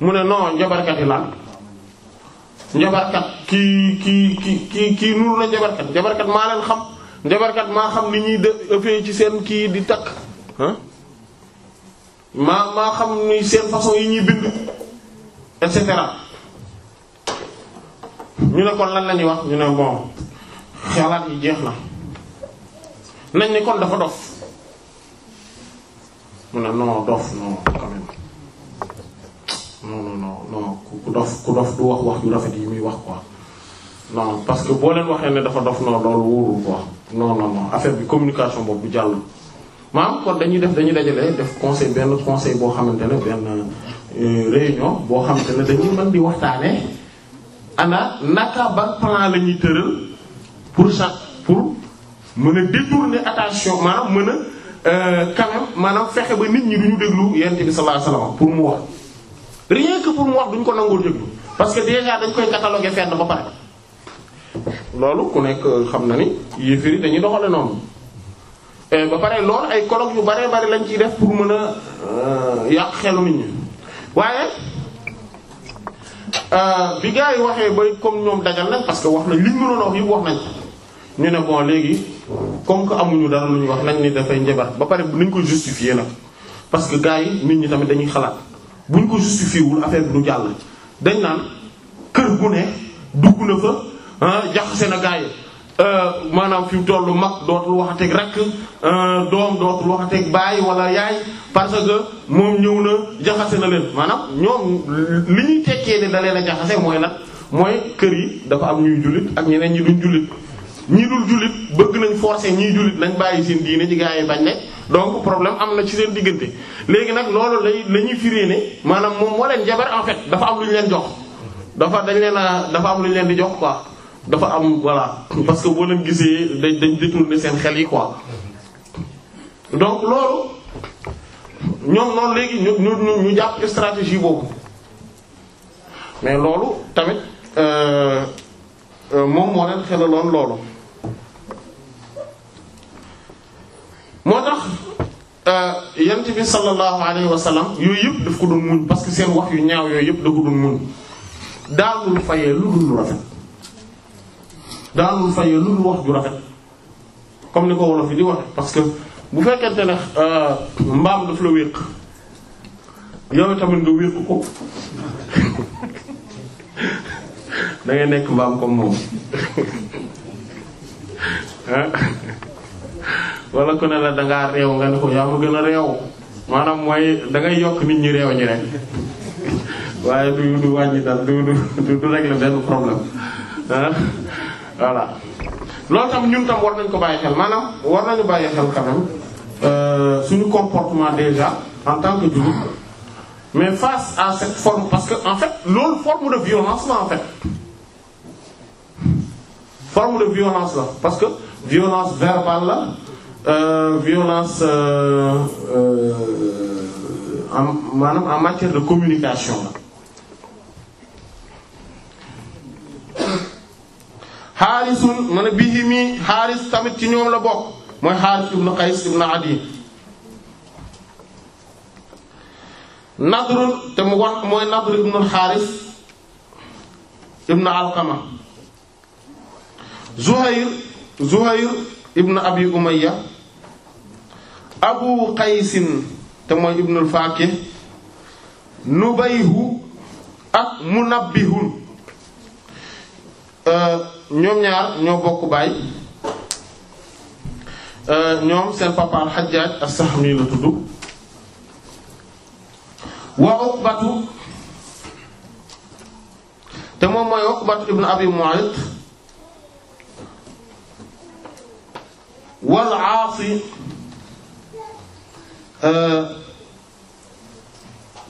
[SPEAKER 2] mu ne non njabarkat yi lan njabarkat kii kii kii kii kii nuru na njabarkat njabarkat maa leen xam njabarkat maa xam ni ñuy ëppee ci seen kii di takk ah maa maa xam ni seen façon yi ñuy bind et cetera ñu ne lan la ñuy wax ñu ne bon xalaat yi jeex na nañ ne kon dafa dof mu ne non dof non quand même non non non ku dof ku dof du wax wax yu rafet yi muy wax quoi non parce que boo leen waxee ne dafa dof non loolu wóorul quoi non non non affaire bi communication boobu bu jàll maam kon dañuy def dañuy dajale def conseil benn conseil boo xamante ne benn Euh, réunion boo xam ne dañuy mën di waxtaanee ana naka ba plan la ñuy tëral pour sax pour mën a détourner attention maanaam mën a euh, quand même maanaam fexe ba nit ñi duñu déglu yent bi sallallahu alayhi pour mu wax rien que pour mu wax duñ ko nangoo déglu parce que déjà dañ koy cataloguer fenn ba pare loolu ku nekk xam na ni yéefiri dañuy doxale noonu ba pare loolu ay colloques yu bare bari lañ ciy def pour mën a euh, yàq xelu nit ñi waaye euh, bi gars yi waxee ba comme ñoom dajal nañ parce que wax nañ li ñu mënoon a wax yëpp wax nañ ñu ne bon léegi comme que amuñu dara lu ñu wax nañ ni dafay njabar ba pare bu nañ ko justifier nag parce que gars yi nit ñi tamit dañuy xalaat buñ ko justifier wul affaire bi jàll dañ naan kër gu ne dugg na fa ah, jaxase na gars yi Euh, maanaam fi mu tollu mag dootul waxateeg rakk euh, doom dootul waxateeg bàyyi wala yaay parce que moom ñëw na jaxase na leen maanaam ñoom li ñuy tekkee ne da leen a jaxase mooy nag mooy kër yi dafa am ñuy jullit ak ñeneen ñi duñ jullit ñi dul jullit bëgg nañ forcer ñiy jullit nañ bàyyi seen diine ci gaa yi bañ ne donc problème am na ci seen diggante léegi nag loolu lay la ñuy firée ne maanaam moom moo leen jabar en fait dafa am lu leen jox dafa dañ leen a dafa am lu ñu leen di jox quoi dafa am voilà parce que boo leen gisee dañ dañ détourner seen xel yi quoi donc loolu ñoom noonu léegi ñu ñu ñu jàpp stratégie boobu mais loolu tamit euh, euh, moom moo leen xelaloon loolu moo tax euh, yent bi sallallahu alayhi wa sallam yooyu yëpp daf ko doon muñ parce que seen wax yu ñaaw yooyu yëpp da ko doon muñ daawul fayee lu dul lu daanul fayee lu wax ju rafet comme ni ko wolof yi di waxe parce que bu fekkente ne euh, mbaam daf la wéq yow tamit nga wéq ko da ngay nekk mbaam comme moom wala ku ne la dangaa réew nga ne ko yaa ma gën a réew maanaam mooy dangay yokk nit ñi réew ñi rek waaye du du wàññi daal du du du régler benn problème voilà loolu tam ñun tam war nañ ko bàyyi xel maanaam war nañu bàyyi xel quand euh, suñu comportement déjà en tant que jullit mais face à cette forme parce que en fait loolu forme de violence la en fait forme de violence la parce que violence verbale la euh, violence euh, maanaam en matière de communication la xaarisun ma ne bihimi xaaris tamit ci ñoom la bokk mooy xaaris ibn qays ibn adi nadrun te mu wax mooy nadr ibn xaaris ibn alqama zuhayr zuhayr ibn abi umayya abu qaysin te mooy ibn al nubayhu ak munabbihun euh, ñoom ñaar ñoo bokk baay euh, ñoom seen papa al sahmi la tudd wa Uqbatu te moom mooy Uqbatu ibn Abi Mu'ayt wal Aasi euh,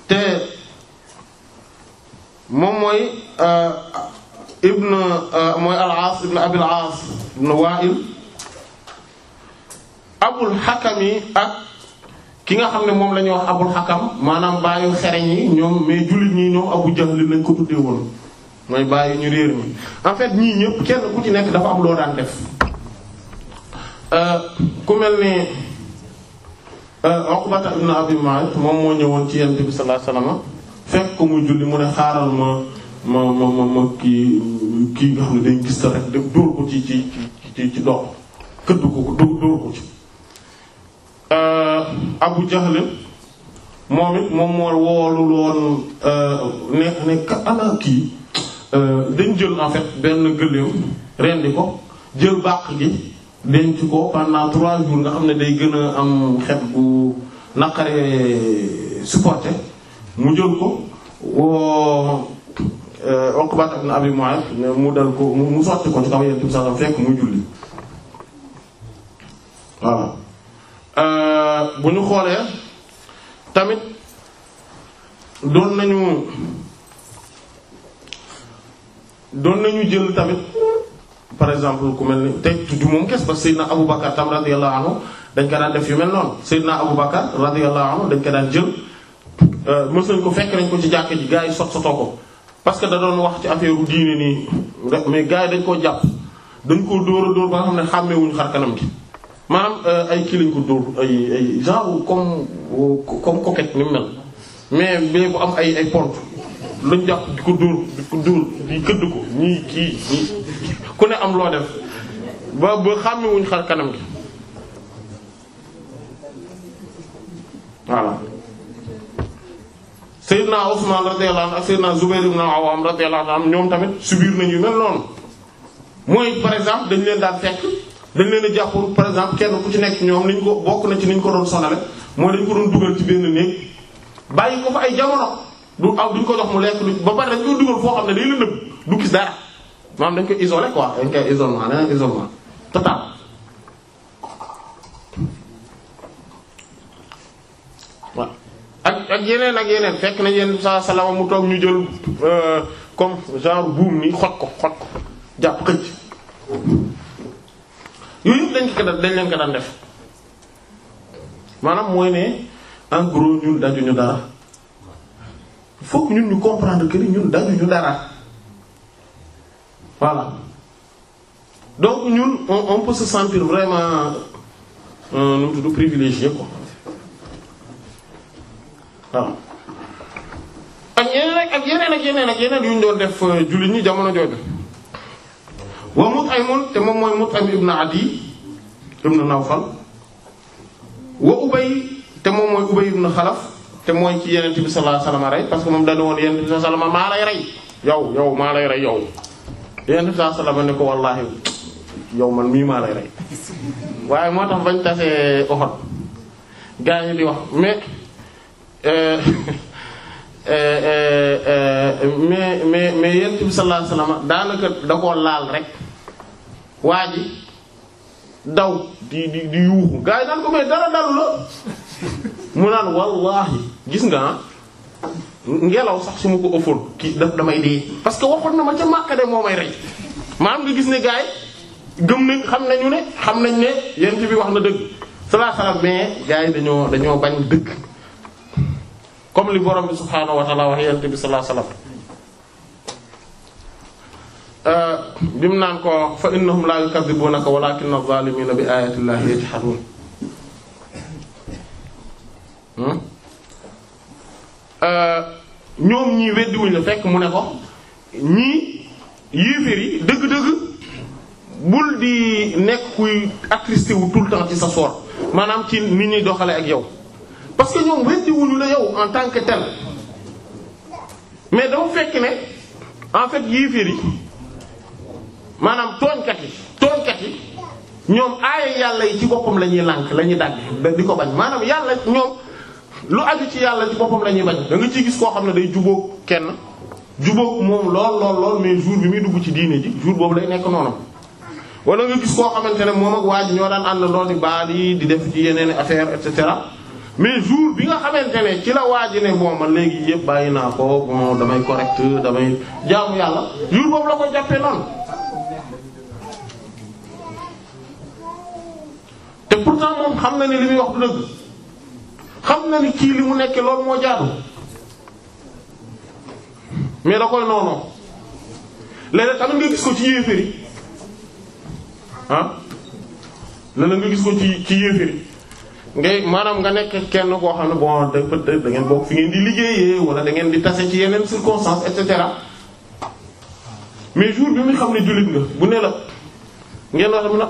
[SPEAKER 2] te moom mooy euh, ibn euh, mooy al-Aas ibn Abil Aas ibn Wa'il Abul Hakam yi ak ki nga xam ne moom la ñuy wax Abul Hakam maanaam baayu xereñ yi ñoom mais jullit ñi ñoom Abu Jahl lañ ko tuddee woon mooy baayu ñu réer ñi en fait ñii ñëpp kenn ku ci nekk dafa ab loo daan def euh, ku mel ni euh, Uqbata ibn Abi Mu'ayt moom moo ñëwoon ci Yonent bi sallallahu alayhi fekk ko muy julli mu ne xaaral ma. ma ma ma ma kii kii nga xam ne dañ gis sa rek dem dóor ko ci ci ci ci dox këdd ko ko dóor ko ci euh, Abu Jahl moom it moom moo woolul woon euh, ne ne ka ana kii euh, dañ jël en fait benn gëléew rendi ko jël bàq gi denc ko pendant trois nga xam ne day gën a am xet bu naqare supporté mu jël ko woo Euh, Uqbat ibn Abi Mu'ayt mu dal ko mu sotti ko ci kaw Yonent bi sallallahu fekk muy julli voilà euh, bu ñu xoolee tamit doon nañu doon nañu jël tamit par exemple ku mel ni tey tuddu moom kes parce que Seydina Abu Bakar tam radiyallahu anhu dañ ka daan def yu mel noonu Seydina Abu Bakar radiyallahu anhu dañ ko daan jël euh, mës ko fekk nañ ko ci jàkk ji gaa yi sot ko parce que da doon wax ci affaire u diine nii mais gars yi dañ koo jàpp dañ koo dóor a dóor ba nga xam ne xàmmewuñu xar kanam gi maanaam euh, ay kii lañ ko dóor ay genre comme comme ni mel mais mais bu am ay ay pont lañ jàpp ko dóor ko dóor di këdd ko ñii kii ñii ku ne am loo def ba ba xàmmewuñu xar kanam gi voilà Seydina Ousmane radiyallahu anhu ak Seydina Zubayr ibn Awwam radiyallahu anhu ñoom tamit subir nañu mel noonu mooy par exemple dañ leen daan fekk dañ leen a par exemple kenn ku ci nekk ñoom niñ ko bokk na ci niñ ko doon sonale mooy dañ ko doon dugal ci benn néeg bàyyi ko fa ay jamono du aw duñ ko jox mu lekk lu ba pare dañ ko dugal foo xam ne du gis dañ koy isolé quoi dañ koy isolement dañ koy isolement ak ak yeneen ak yeneen fekk nañ yenn saa salaama mu toog ñu jël euh, comme genre buum nii xot ko xot ko jàpp xëcc yooyu yëpp dañ ko daan dañ def maanaam mooy ne en gros ñun ñu dara fokk ñun ñu comprendre que ñun dajuñu dara voilà donc ñun on, on peut se sentir vraiment euh, nu mu tudd privilégié quoi waaw ak yeneen ak yeneen ak yeneen ak yeneen yu doon def euh, jullit ñi jamono jooju wa Mut'im te moom mooy Mut'im ibn Adi te moom mooy Ubay ibn Xalaf te mooy ci Yonent bi sallallahu alayhi wasallam rey parce moom dañu woon Yonent bi sallallahu alayhi wasallam maa lay rey yow yow maa lay rey yow Yonent bi sallallahu yow maa lay rey waaye moo tax bañ tasee Uhud gaa yi di wax mais. Euh, euh, euh, mais mais mais yent bi sallallahu alayhi daanaka da koo laal rek waa ji daw di di yuuxu gars yi daan ko may dara dalu la mu naan wallahi gis nga ah, ngelaw sax su ma ko ëffoon kii daf damay dee parce que waxoon na ma ca Makka moo may rey maam nga gis ne gars yi gëm nañ xam nañu ne xam nañ ne yent bi wax na dëgg sallallahu alayhi wasallam mais gars yi dañoo dañoo bañ dëgg comme li borom bi subhaanahu wa ta'ala wax yonent bi sallallahu alayhi wasallam euh, bi mu naan ko fa innahum la yukadhibunaka walakinna adh-dhalimina bi ayati llahi yajhadun hmm? euh, ñoom ñii weddiwuñ la fekk mu ne ko ñii yéeféer yi dëgg-dëgg bul di nekk kuy attristé wu tout le temps ci sa sort maanaam ci ni ñuy doxale ak yow parce que ñoom weddi wuñu la yow en tant que tel mais dafa fekk ne en fait yéeféer yi maanaam tooñkat yi tooñkat yi ñoom aaya yàlla yi ci boppam la ñuy lànk la ñuy dagg di ko bañ maanaam yàlla ñoom lu aju ci yàlla ci boppam la ñuy bañ da nga ciy gis koo xam ne day jubóog kenn jubóog moom lool lool lool mais jour bi muy dugg ci diine ji jour boobu lay nekk noonu wala nga gis koo xamante ne moom ak waa ji ñoo daan ànd lool di baal yi di def ci yeneen affaire et cetera mais jour bi nga xamante ne ci la waaj ne bon ma léegi yëpp bàyyi naa ko bon damay correct damay jaamu yàlla jour boobu la ko jàppee noonu. te pourtant moom xam na ne li muy wax du dëgg xam na ni kii li mu nekk loolu moo jaadu mais da koy noonu léeg-léeg tamit nga gis ko ci yéeféri ah léeg-léeg nga gis ko ci ci ngay maanaam nga nekk kenn koo xam ne bon da peut ngeen bokk fi ngeen di liggéeyee wala da ngeen di tase ci yeneen circonstances et cetera mais jour bi muy xam ne jullit nga bu ne la ngeen wax mu ne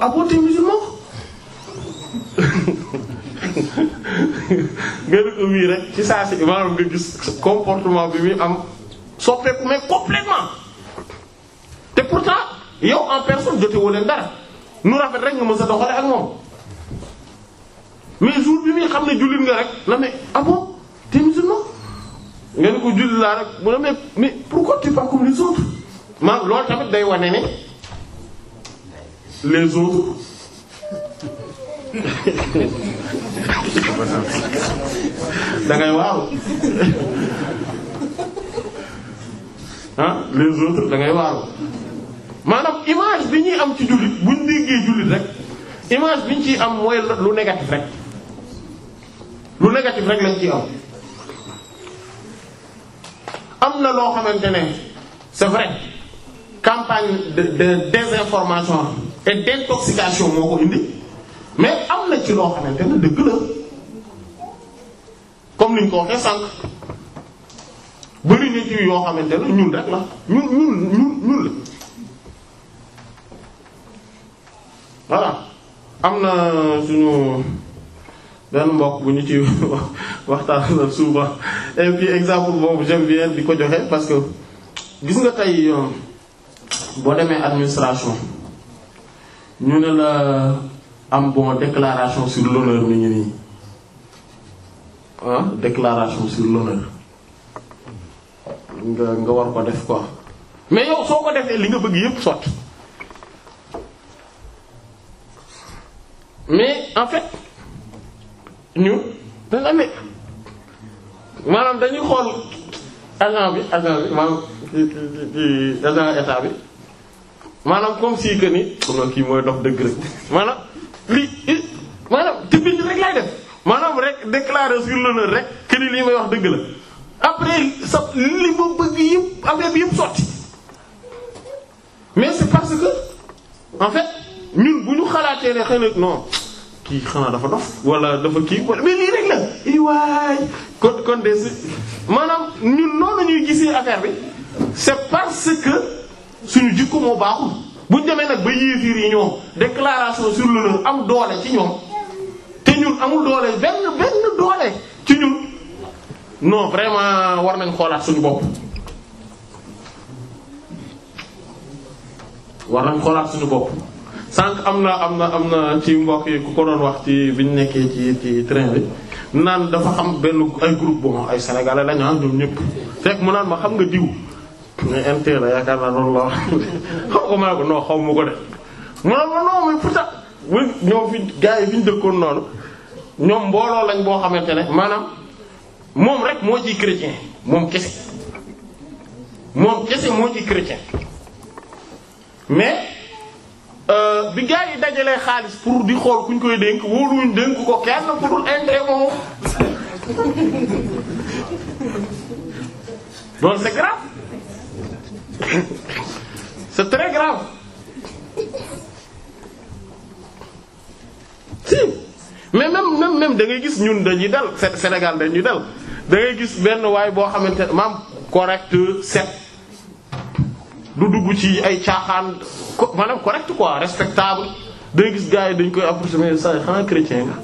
[SPEAKER 2] bi muy am soppeeku mais complètement te pourtant yow en personne jotewoo leen dara nu rafet rek nga mën sa doxale ak moom. mais jour bi muy xam ne jullit nga rek la mais ah bon t'es musulman nga ne ko jullit laa rek mu ne mais mais pourquoi tu pas comme les autres maanaam day wane ne les autres dangay maanaam image bi ñuy am ci jullit buñ déggee jullit rek image bi ñu ciy am mooy lu négatif rek lu négatif rek lañ ciy am am na loo xamante ne c'est vrai campagne de de désinformation et d'intoxication moo ko indi mais am na ci loo xamante ne dëgg la comme niñ ko waxee sànq bari ci yoo xamante ne ñun rek la ñun ñun ñun ñun la am na suñu. benn mbokk bu ñu ci waxtaan la souvent et puis exemple boobu j'aime bien di ko joxe parce que gis nga tey euh, boo demee administration ñu ne la am bon déclaration sur l'honneur mi ngi nii ah sur l'honneur nga nga war ko def quoi mais yow soo ko defee li nga bëgg yépp sot mais en fait ñu dañ amee maanaam dañuy xool agent bi agent bi maanaam bi maanaam comme si que ni comme noonu kii mooy dox dëgg rek maanaam li maanaam tibbit rek lay def maanaam rek déclarer sur l'honneur rek que lii may wax dëgg la après sa li ma bëgg yëpp affaire bi yëpp sotti mais c'est parce que en fait ñun bu ñu xalaatee ne xëy na kii xanaa dafa dof wala dafa kii wala mais lii rek la i waay kon kon de si maanaam ñun noonu la ñuy gisee affaire bi c'est parce que suñu jikko moo baaxul buñ demee nag ba yéefiir yi ñoom déclaration sur l'honneur am doole ci ñoom te ñun amul doole benn benn doole ci ñun non vraiment war nañ xoolaat suñu bopp war nañ xoolaat suñu bopp sànq am na am na am na ci mbokk yi ku ko doon wax ci bi nekkee ci ci train bi naan dafa am benn ay groupe bon ay sénégalais lañu ah ñoom ñëpp fekk mu naan ma xam nga diw. mais inter la yaakaar naa loolu la wax ko maa ko non xaw ma ne ma non mais pourtant ñoom fi gars fi ñu dëkkoon noonu ñoom mbooloo lañ boo xamante ne maanaam moom rek moo ciy chrétien moom kese moom kese moo ciy chrétien mais. Euh, bi gars yi dajalee xaalis pour di xool kuñ koy dénk wóoluñ dénk ko kenn ku dul intérêt moom loolu c'est grave c'est très grave si mais même même même da ngay gis ñun dañuy dal Sénégal dañuy dal da ngay gis benn waay boo xamante maam correct set du dugg ci ay caaxaan maanaam correct quoi respectable day gis gars yi dañ koy approché saa yi xanaa chrétien nga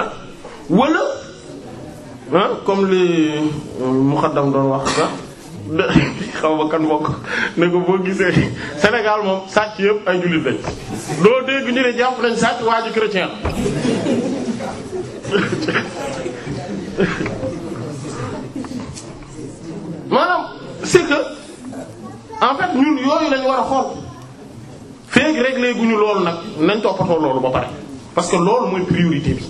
[SPEAKER 2] ah wala ah comme li euh, muqaddam doon wax sax xaw ma kan bokk ne ko boo gisee Sénégal moom sàcc yëpp ay jullit lañ. doo dégg ñu ne jàpp nañ sàcc waa chrétien
[SPEAKER 3] maanaam
[SPEAKER 2] c'est que en fait ñun yooyu lañu war a xool feeg réglé gu ñu loolu nag nañ toppatoo loolu ba pare parce que loolu mooy priorité bi.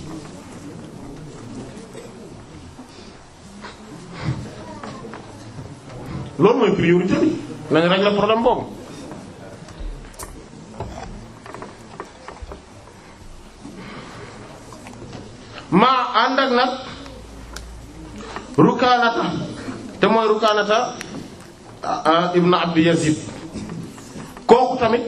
[SPEAKER 2] loolu mooy priorité bi nañ régler problème boobu. maa ànd ak nag rukaanata te mooy rukaanata ibn abdi yazid kooku tamit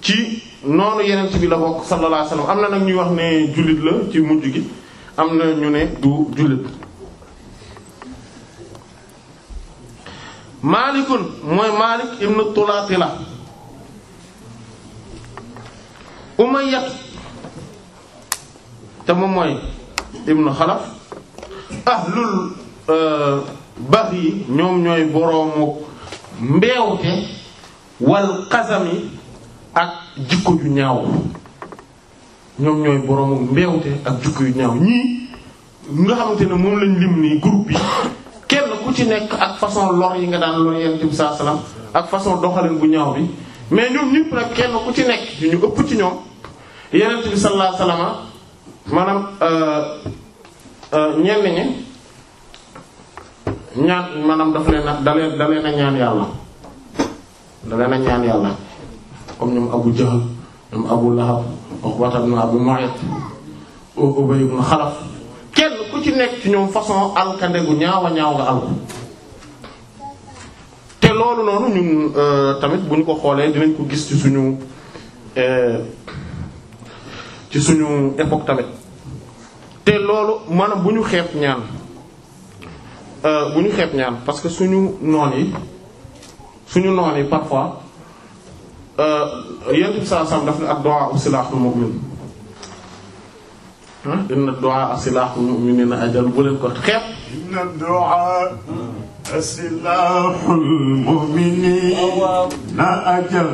[SPEAKER 2] ci noonu yeneen bi la bokk sallallahu alayhi wasallam am na nag ñuy wax ne jullit la ci mujj gi am na ñu ne du jullit maalikun mooy maalik ibn tulatila umayyah te moom mooy ibnu xalaf ahlul euh, bax yi ñoom ñooy boroomu mbeewte wal xasami ak jikko yu ñaaw ñoom ñooy boroomu mbeewte ak jikko yu ñaaw ñii nga xamante ne moom lañ lim nii groupe yi kenn ku ci nekk ak façon lox yi nga daan lor yonent bi sallallahu ak façon doxalin bu ñaaw bi mais ñoom ñëpp nag kenn ku ci nekk ñu ëpp ci ñoom yonent bi sallallahu maanaam euh, euh, ñenn ñi ñaan maanaam daf leen a dalee ñaan yàlla dalee na ñaan yàlla comme ñoom Abu Jahl ñoom Abu Lahab Uqbata ibn Abi Mu'ayt Ubay ibn Xalaf kenn ku ci nekk ci ñoom façon alkande gu ñaawa ñaaw nga alku te loolu noonu ñun euh, tamit bu ñu ko xoolee dinañ ko gis ci suñu ci suñu époque tamit te loolu maanaam bu ñu xeeb ñaan euh, bu ñu xeeb ñaan parce que suñu noon yi suñu noon yi parfois yent saa sam daf ne ak du'a silahul mu'min inna du'a silahul mu'minina ajal bu leen ko xeeb
[SPEAKER 4] سلاح المؤمنين لا أجل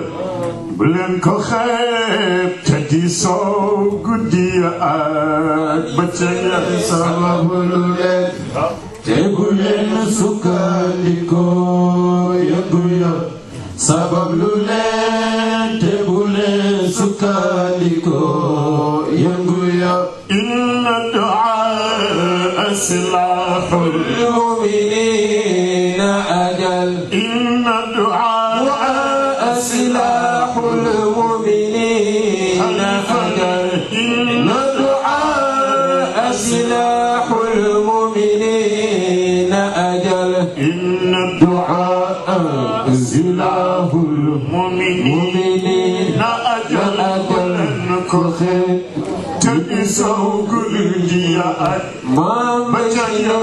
[SPEAKER 4] بلن كو خيب تدي سو قدي بچي سلام لولك
[SPEAKER 3] تبولن سكاليكو يبويا سبب لولك تبولن سكاليكو
[SPEAKER 4] يبويا إن الدعاء سلاح المؤمنين دعاء زلاه المؤمنين أجلنك تبسوك الجياء ما بجيا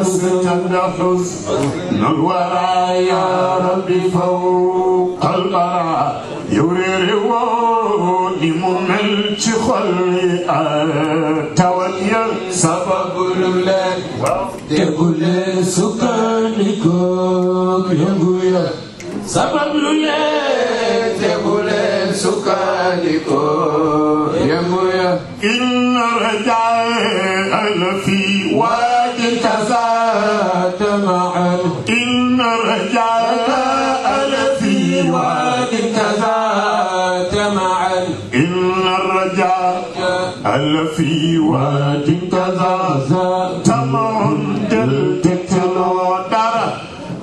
[SPEAKER 4] وسجد حسن الورى يا رب فوق البراء يريره li mu mel ci xol yi tawat ya sababu lu leen tegule sukkandiku yëngu ya sababu lu leen tegule sukkandiku yëngu ya inna rajaa al fi هل في وادك ذا تمع دلتك نودر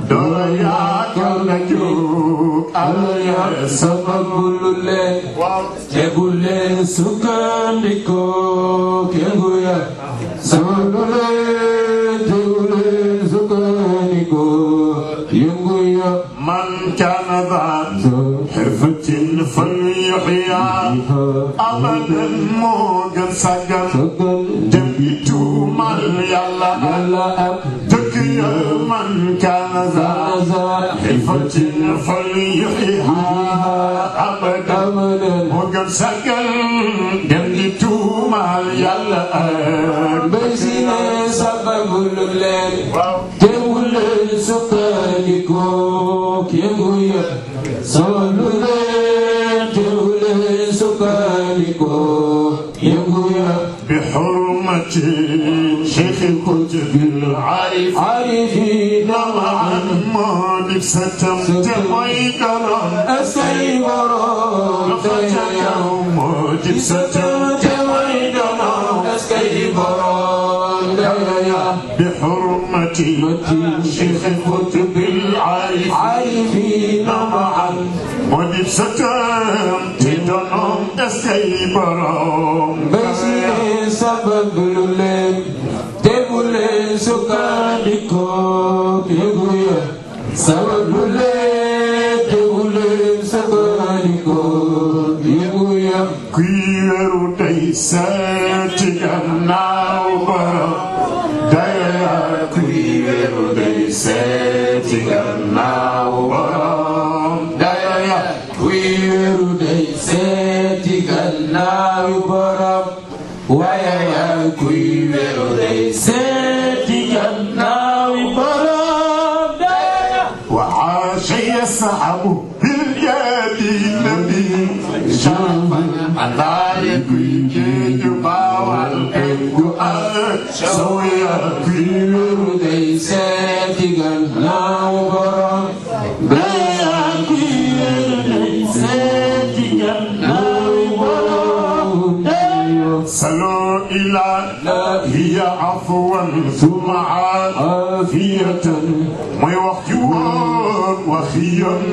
[SPEAKER 4] دنياك نجوك أليا سبب لله يبولي سكانكوك يبويا سبب لله يبولي سكانكوك من كان بعد حرفة فليحيا أبدا موجا سجن دميتو من يلا تكي من كان ذا حرفة فليحيا أبدا موجا سجن دميتو من يلا بزينة سبب الليل تقول سقالكم شيخ القطب العارفين معا ما نفسك تميكرا أسيبرا نفتك ما نفسك تميكرا أسيبرا بحرمة شيخ القطب العارفين معا ما نفسك تميكرا ca say borom. bési sabab lu leen. tebu leen sukkandiku yëgu ya. sabab lu leen tebu leen sukkandiku yëgu ya. kuy weeru tey seeti gannaaw borom. dayoo kuy weeru tey seeti. waaye yaa kuy weeru day seeti gannaaw borom dara wa aashiya saabu bil yadi nabi sharafan alaaya kuy jéeju baawal penku al saw yaa kuy weeru day seeti gannaaw borom ilaa hiya afwan suma afiyatan mooy wax ci woon wax yoon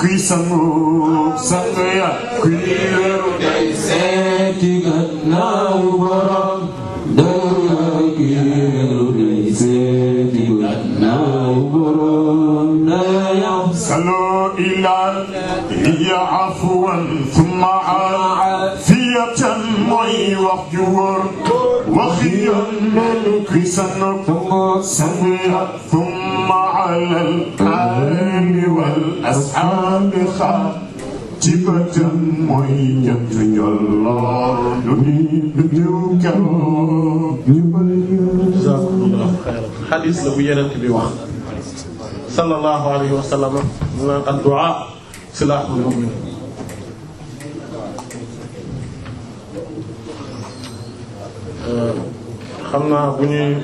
[SPEAKER 4] kuy sangu sang ya kuy weeru day seeti
[SPEAKER 1] gannaaw borom dara kuy weeru day seeti gannaaw borom na yaw saloo
[SPEAKER 4] ilaa hiya afwan suma afiyatan xiyatan mooy wax ju wóor waxiyan nanu ki sana ko samia thumma ala alkaami wal ashaabi xaatibatan mooy ñett njolloor lu ni du diw keroog ñu bëri jazakumullah
[SPEAKER 2] xayran xadis la bu yenent bi wax sallallahu alayhi wa sallam mu naan addu'a silahul mu'min Euh, xam naa bu ñuy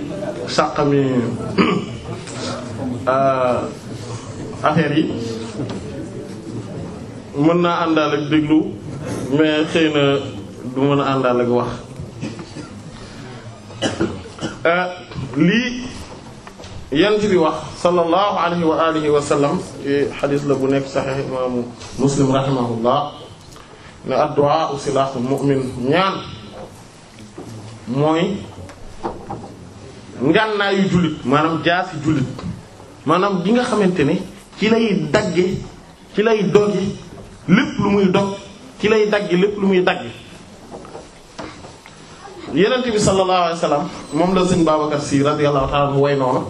[SPEAKER 2] sàqami euh, affaire yi mën naa àndaal ak déglu mais xëy na du mën a àndaal ak wax euh, lii yant bi wax sallallahu alayhi wa alihi wa sallam ci la bu nekk saxeex imaamu muslim rahimahullah ne addu'a usilaahul mu'min ñaan mooy ngànnaayu jullit maanaam jaar jaasi jullit maanaam bi nga xamante ne ci lay dagge ci lay dogge lépp lu muy dog ci lay dagge lépp lu muy dagge yenent bi sallallahu alayhi wasallam moom la sëñ Babacar Sy radiyallahu ta'ala anhu way noonu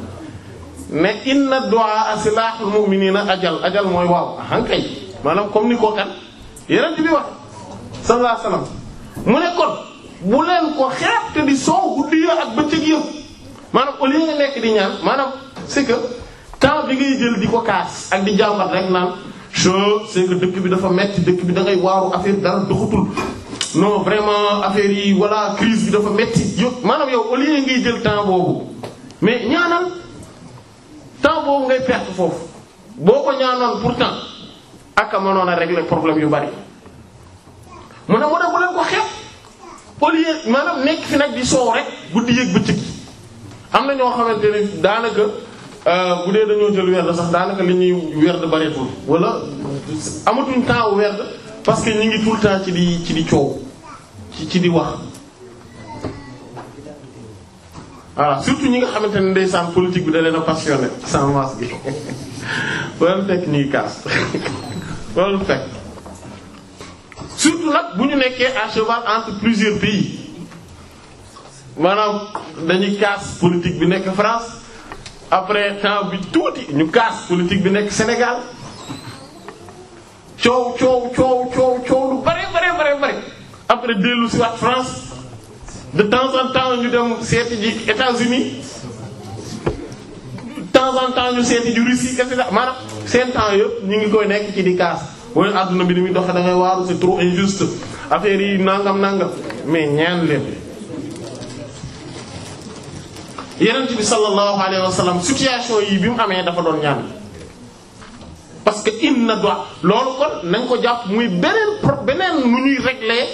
[SPEAKER 2] ne inna du'a silahul mu'minina ajal ajal mooy waaw hankay maanaam comme ni koo kan bi wax sallallahu alayhi wasallam mu ne kon bu leen ko xeeb te di soow guddi ya ak bëccëg ya maanaam au lieu nga nekk di ñaan maanaam c'est que temps bi ngay jël di ko kaas ak di jàmbat rek naan je c'est que dëkk bi dafa metti dëkk bi dangay ngay waaru affaire dara doxatul non vraiment affaire yi voilà crise bi dafa metti yëpp maanaam yow au lieu ngay jël temps boobu mais ñaanal temps boobu ngay perte foofu boo ko ñaanoon pourtant ak a mënoon a régler problème yu bari mu ne mu ne bu leen ko xeeb. au lieu maanaam nekk fi nag di soow rek guddi yëg bëccëg am na ñoo xamante ni daanaka euh, bu dee dañoo jël werd sax daanaka li ñuy werd bareetul walla amatuñ temps werd parce que ñu ngi tout le ci di ci di coow ci ci di wax voilà surtout ñi nga xamante ne ndeysaan politique bi da leen a passionné sans masse gi wala fekk ñuy kaas wala fekk surtout nag bu ñu nekkee à cheval entre plusieurs pays maanaam dañuy casse politique bi nekk France après temps bi tuuti ñu casse politique bi nekk Sénégal coow coow coow coow coow lu bare bare bare bare après dellu si waat France de temps en temps ñu dem seeti ji États-Unis de temps en temps ñu seeti ji Russie et cetera maanaam seen temps yëpp ñu ngi koy nekk ci di casse. mooy àdduna bi ni muy doxe da ngay waaru c'est trop injuste affaire yi nangam nangam mais ñaan leen yenent bi sallallahu alayhi wa sallam situation yi bi mu amee dafa doon ñaan parce que inna doit loolu kon nañ ko jàpp muy beneen pro beneen nu ñuy régler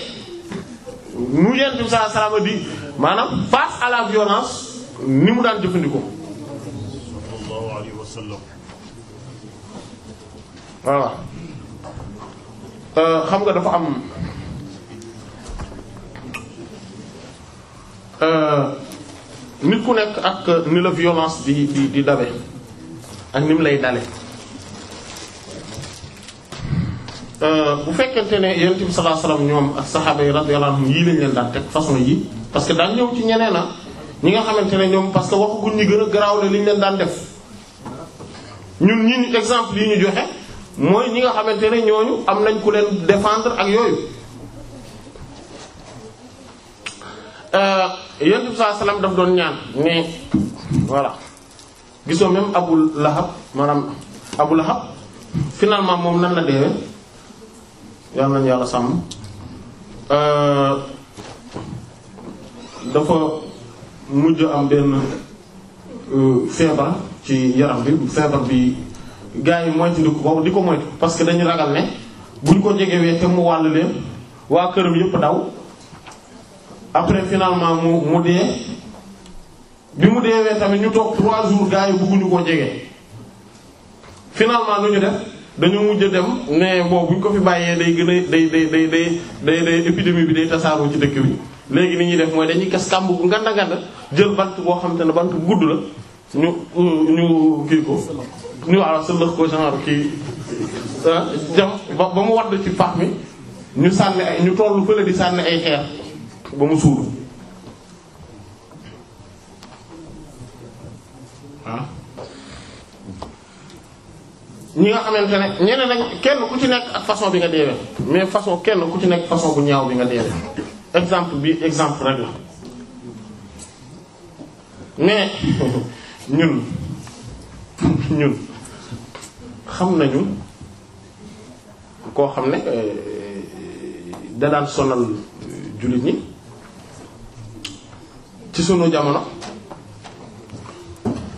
[SPEAKER 2] nu yenent bi sallallahu alayhi wa di maanaam face à la violence ni mu daan jëfandikoo sallallahu Euh, xam nga dafa am euh, nit ku nekk ak ni la violence di di dabe ak ni lay dale euh, bu fekkente ne yonent bi sallallahu ñoom ak saxaaba yi radiyallahu anhum yii lañ leen daan teg façon yi parce que daan ñëw ci ñeneen na ñi nga xamante ne ñoom parce que waxaguñ ñi gën a garaaw la liñ leen daan def ñun ñi exemple yi ñu joxe mooy ñi nga xamante ne ñooñu am nañ ku leen défendre ak yooyu euh, yonent bi sallallahu daf doon ñaan mais voilà gisoo même Abu Lahab maanaam Abu Lahab finalement moom nan la deewee yàlla nañu yàlla sàmm euh, dafa mujj am benn euh, feebar ci yaram bi feebar bi gaa yi moytandiku ko di ko moytu parce que dañu ragal ne buñ ko jegewee te mu wàll leen waa këram yëpp daw après finalement mu mu dee bi mu deewee tamit ñu toog trois jours gaa yi bëgguñu koo jege finalement lu ñu def dañoo mujj dem mais boobu buñ ko fi bàyyee day gën a day day day day day day épidémie bi day tasaaroo ci dëkk bi. léegi ni ñuy def mooy dañuy kas tàmb gu nganda nganda jël bant boo xam te ne bant bu gudd la ñu ñu kii ko. ñu waaw sëllëx ko genre kii ah, jam ba mu wadd ci pax bi ñu sànni ay ñu tollu fële di sànni ay xeer ba mu suulu ah. ñi nga xamante ne ñeneen nag kenn ku ci nekk ak façon bi nga deewee mais façon kenn ku ci nekk façon bu ñaaw bi nga deewee exemple bi exemple rek la mais ñun ñun xam nañu koo xam ne euh, da daan sonal euh, jullit ñi ci sunu jamono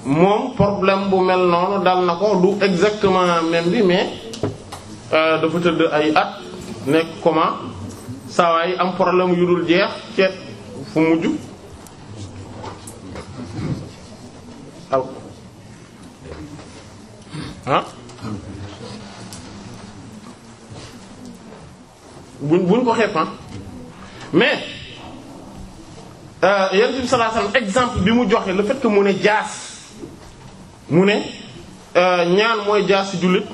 [SPEAKER 2] moom problème bu mel noonu dal na ko du exactement même mais euh, dafa tëdd ay at nekk comment saawaay am problème yu dul jeex ceet fu mujj aw ah bu buñ ko xeeb ah. mais euh, yonent bi sallallahu alayhi exemple bi mu joxe le fait mu ne jaas mu ne euh, ñaan mooy jaas ci jullit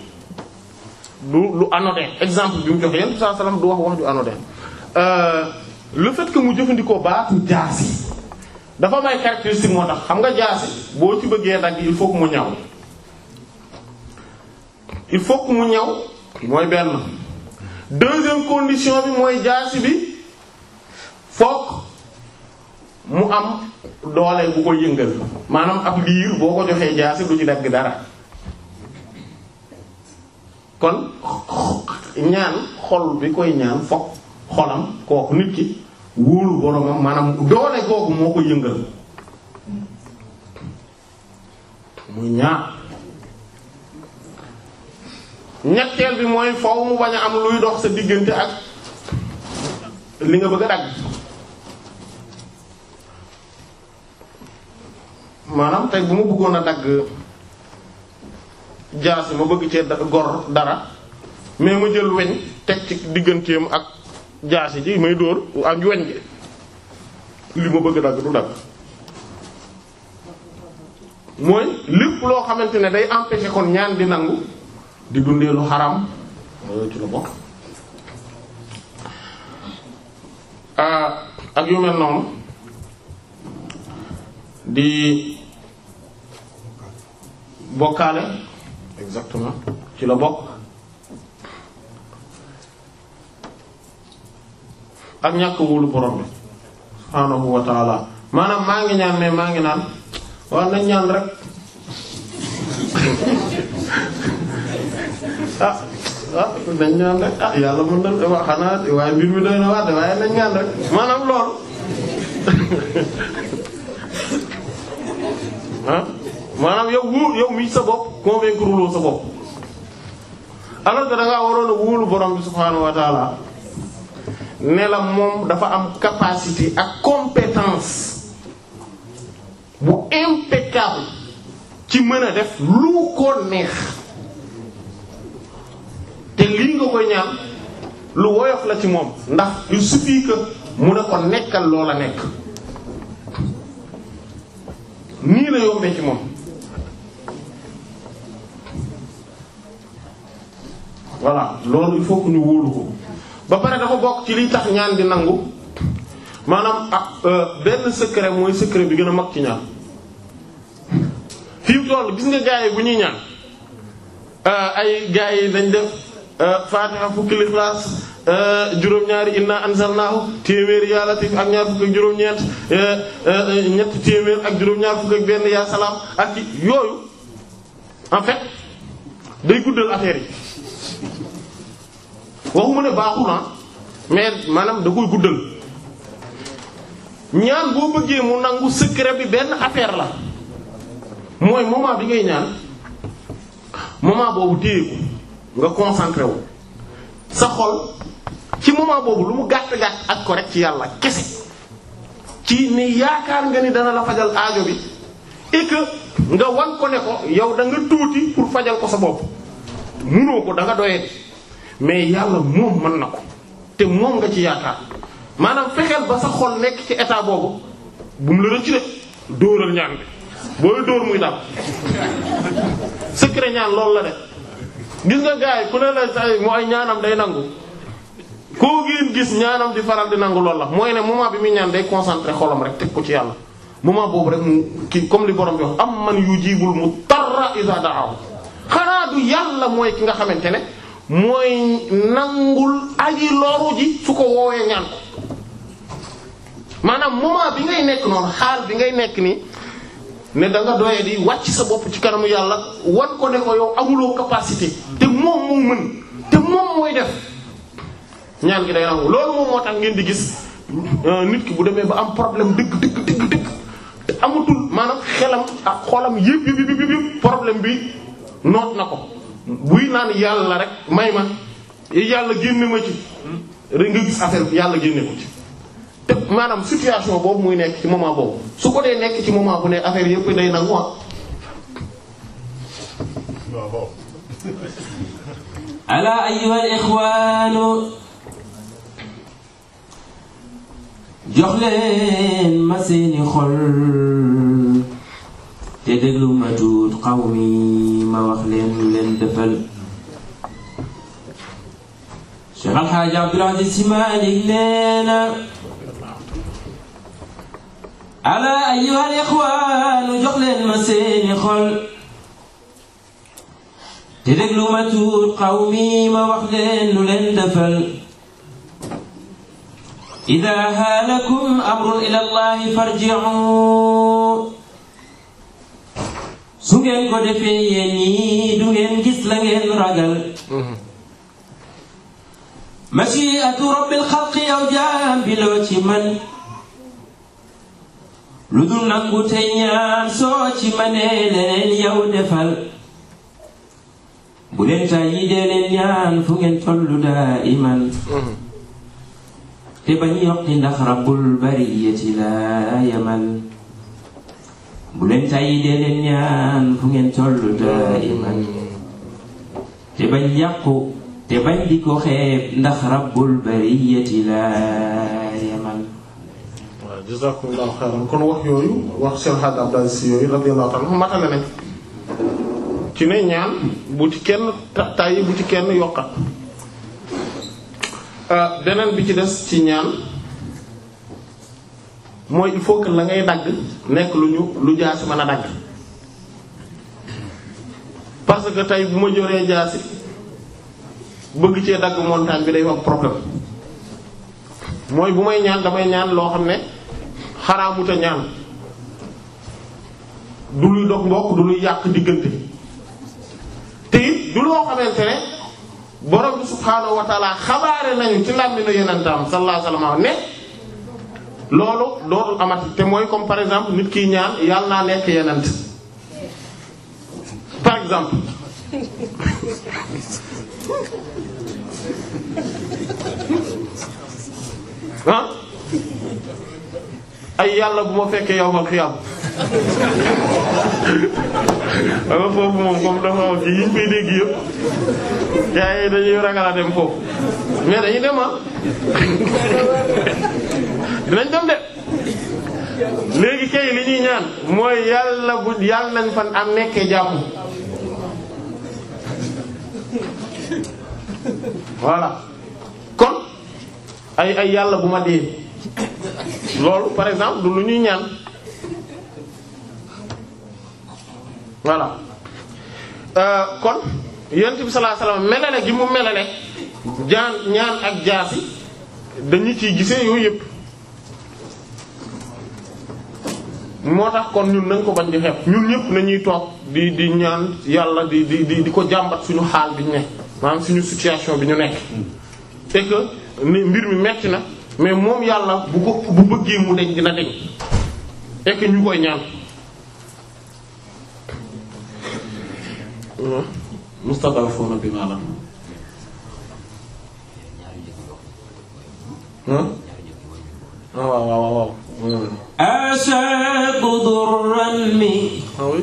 [SPEAKER 2] lu lu anodin exemple bi mu joxe yonent bi sallallahu alayhi wasallam du wax wax ju anodin euh, le fait que mu jëfandikoo baatu jaas dafa may caractéristique moo tax xam nga jaasi boo ci bëggee dagg il faut que mu ñaw il faut mu ñaw mooy benn. deuxième condition bi mooy jaasi bi fokk mu am doole bu ko yëngal maanaam ab liir boo ko joxee jaasi du ci dagg dara kon ñaan xol bi koy ñaan fokk xolam kooku nit ki wóolu boromam maanaam doole googu moo ko yëngal muy ñaan ñetteel bi mooy foofu mu bañ a am luy dox sa diggante ak li nga bëgg a dagg maanaam tey bu ma buggoon a dagg jaasi ma bëgg cee gor dara mais ma jël weñ teg ci digganteem ak jaasi ji may dóor am weñ gi li ma bëgg a dagg du dagg mooy lépp loo xamante ne day empêcher kon ñaan di nangu di dundee lu xaram yooyu ci la bokk ah, ak yu mel noonu di bokkaale exactement ci la bokk ak ñàkk wóolu borom bi subhaanahu wa maanaam maa ngi ñaan mais maa ngi naan waaw nañ ñaan rek ah ah nañ ñaan rek ah yàlla mën na dama xanaa waaye mbir mi doy na waat waaye nañ ñaan rek maanaam lool ah maanaam yow wóor yow mi sa bopp convaincre loo sa bopp alors que da moom dafa am capacité ak compétence bu impeccable ci mën a def lu ko neex te lii nga koy ñaan lu woyof la ci moom ndax il suffit que mu ne ko nekkal loola nekk nii la yombee ci moom voilà loolu il faut ñu wóolu ko ba pare dafa bokk ci liy tax ñaan di nangu maanaam ak ah, euh, benn secret mooy secret bi gën a mag ci ñaan fii mu toll gis nga gaay bu ñuy ñaan euh, ay gaay yi dañ def Euh, Faatiha fukki Lixlaas euh, juróom-ñaari inna anzalnaahu téeméeri yaa Latiif ak ñaar fukk ak juróom-ñeent euh, ñetti téeméer ak juróom-ñaar fukk ak benn yaa ak yooyu en fait day guddal affaire yi waxuma ne baaxul ah, mais maanaam da koy guddal ñaan boo bëggee mu nangu secret bi benn affaire la mooy moment bi ngay ñaan moment boobu téye nga concentré wu sa xol ci moment boobu lu mu gàtt-gàtt ak ko rek ci yàlla kese ci ni yaakaar nga ni dana la fajal aajo bi et que nga wan ko ne ko yow da nga tuuti pour fajal ko sa bopp munoo ko da nga mais yàlla moom mën na ko te moom nga ci yaakaar maanaam fexeel ba sa xol nekk ci état boobu bu mu la rëcc de dóoral ñaan bi booy dóor muy daal secret ñaan loolu la de gis nga gars yi ku ne la say mooy ñaanam day nangu koo ngeen gis ñaanam di faral di nangu lool la mooy ne moment bi muy ñaan day concentré xolam rek teg ko ci yàlla moment boobu rek mu kii comme li borom bi wax am man yu jiibul mu tarra iza da'ahu xanaa du yàlla mooy ki nga xamante ne mooy nangul aji loru ji su ko woowee ñaan ko maanaam moment bi ngay nekk noonu xaal bi ngay nekk nii. ne da nga doye di wàcc sa bopp ci kanamu yàlla wan ko ne ko yow amuloo capacité te moom moo mën te moom mooy def ñaan gi day nangu loolu moom moo tax ngeen di gis euh, nit ki bu demee ba am poroblème dëgg dëgg dëgg dëgg te amatul maanaam xelam ak xoolam yëpp yëpp yëpp yëpp problème bi noot na ko buy naan yàlla rek may ma yàlla génne ma ci rek nga gis affaire bi yàlla génne ko ci te maanaam situation boobu muy nekk ci moment boobu su ko dee nekk ci moment bu ne affaire yëpp day nangu ah.
[SPEAKER 3] alaa
[SPEAKER 1] ayyuhal ixwaanu jox ma seeni xol te déglu ma tuut xawmi ma wax leen lu leen defal. Cheikh Alxaaji Abdul Aziz Si Maalik nee na ala ayyuha al-ixwaanu jox leen ma seeni xol te déglu ma tuut qawmi ma wax leen lu leen defal idaa haalakum amru ila llahi farji'u su ngeen ko defee yéen ñi du ngeen gis la ngeen ragal mm-hmm. mashi'atu rabbil xalqi yow jaam bi loo ci man lu dul nangu te ñaan soo ci manee leneen yow defal bu leen tàyyi dee leen ñaan fu ngeen tollu daa iman te bañ yokki ndax rabbul bariyati laa yamal bu leen tàyyi dee leen ñaan fu ngeen tollu daa iman te bañ yàqu te bañ di ko xeeb ndax rabbul bariyati laa yamal jazakumullahu xayran kon wax yooyu wax Cheikh Hadj Abdou Aziz yooyu radiyallahu ta'ala matale
[SPEAKER 2] nañ ci ne ñaan bu ci kenn tàyyi bu ci kenn yokkat euh, beneen bi ci des ci ñaan mooy il faut que la ngay dagg nekk lu ñu lu jaasi mën a dagg parce que tey bu ma joree jaasi bëgg cee dagg montagne bi day wax problème mooy bu may ñaan damay ñaan loo xam ne xanaa mut a ñaan du luy dog mbokk du luy yàq diggante te du loo xamante ne borom bi subhaanahu wa xabaare nañu ci làmmiñu yenentaam sallallahu alayhi wa sallam ne loolu dootul amati te mooy comme par exemple nit kiy ñaan yàlla naa nekk yenent par exemple ay yàlla bu ma fekkee yow mal xiyam wala moom comme dafa am ci yiñ koy dégg yëpp gars dañuy ragal a dem foofu mais dañuy dem ah dinañ dem de léegi kay li ñuy ñaan mooy yàlla bu yàlla nañ fan am nekkee jàmm voilà kon ay ay yàlla bu ma dee loolu par exemple du lu ñuy ñaan voilà euh, kon yonent bi sallallahu alayhi wasallam gi mu melale jaan ñaan ak jaasi dañu ciy gisee yooyu yëpp moo tax kon ñun nañ ko bañ di xeeb ñun ñëpp nañuy toog di di ñaan yàlla di di di di ko jàmbat suñu xaal bi ñu ne maanaam suñu situation bi ñu nekk et que mbir mi metti na mais moom yàlla bu ko bu bëggee mu deñ dina deñ et ñu koy ñaan mustadafuna bi maanaam ah, waaw
[SPEAKER 3] waaw waaw
[SPEAKER 1] أشاب ضرا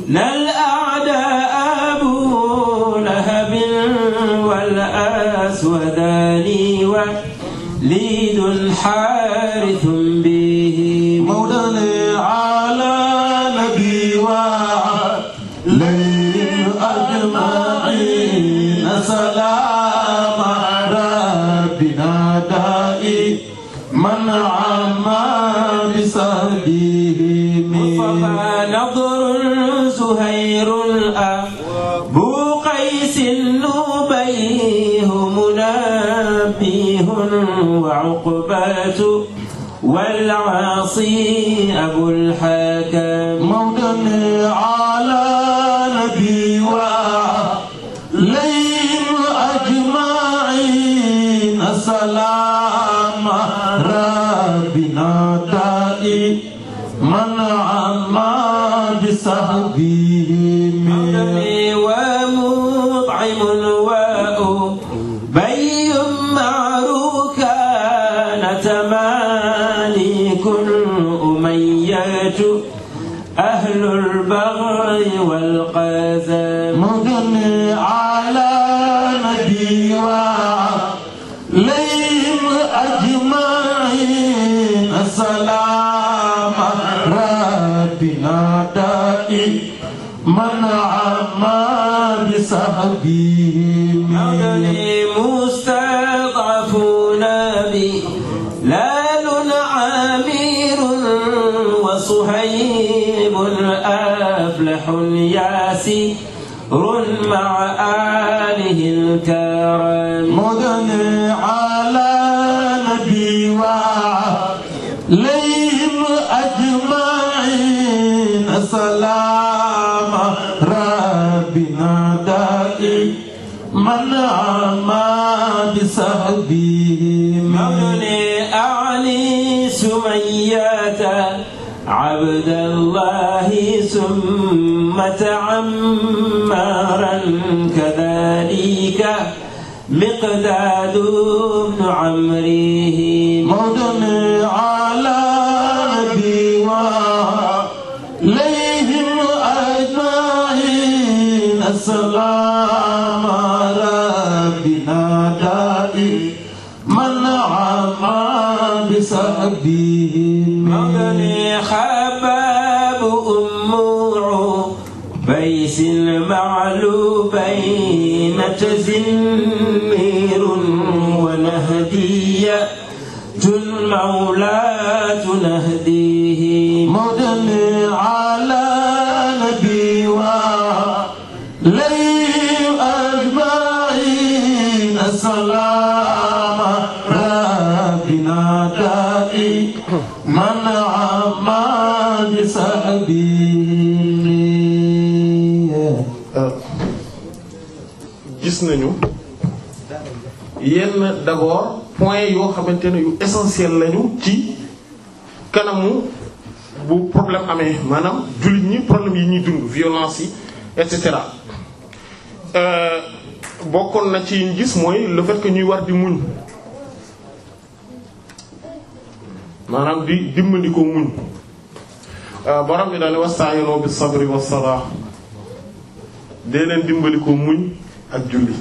[SPEAKER 1] من الأعداء أبو لهب الحارث العقبة والعاصي أبو الحكم موطن ربهم
[SPEAKER 4] عبدي
[SPEAKER 1] مستضعفون بي لال عامر وصهيب أفلح ياسر مع آله الكرام جدى الله ثم تعمرا كذلك مقداد بن عمره مدن على عليهم
[SPEAKER 4] أجمعين السلام ربنا
[SPEAKER 1] دائم من عمى بسببهم المولى نهديه مدل على نبي ولي أجمعين
[SPEAKER 4] السلام ربنا دائي
[SPEAKER 1] من عماد سبيلي
[SPEAKER 2] gis nañu yenn d'abord point yoo xamante ne yu essentiel lañu ci kanamu bu problème amee maanaam jullit ñi problème yi ñuy dund violence yi et cetera euh, bokkoon na ci gis mooy le fait que ñuy war di muñ maanaam di dimbali ko muñ euh, borom bi daal wasta'inu bis sabri was salah dee leen dimbali ko muñ ak julli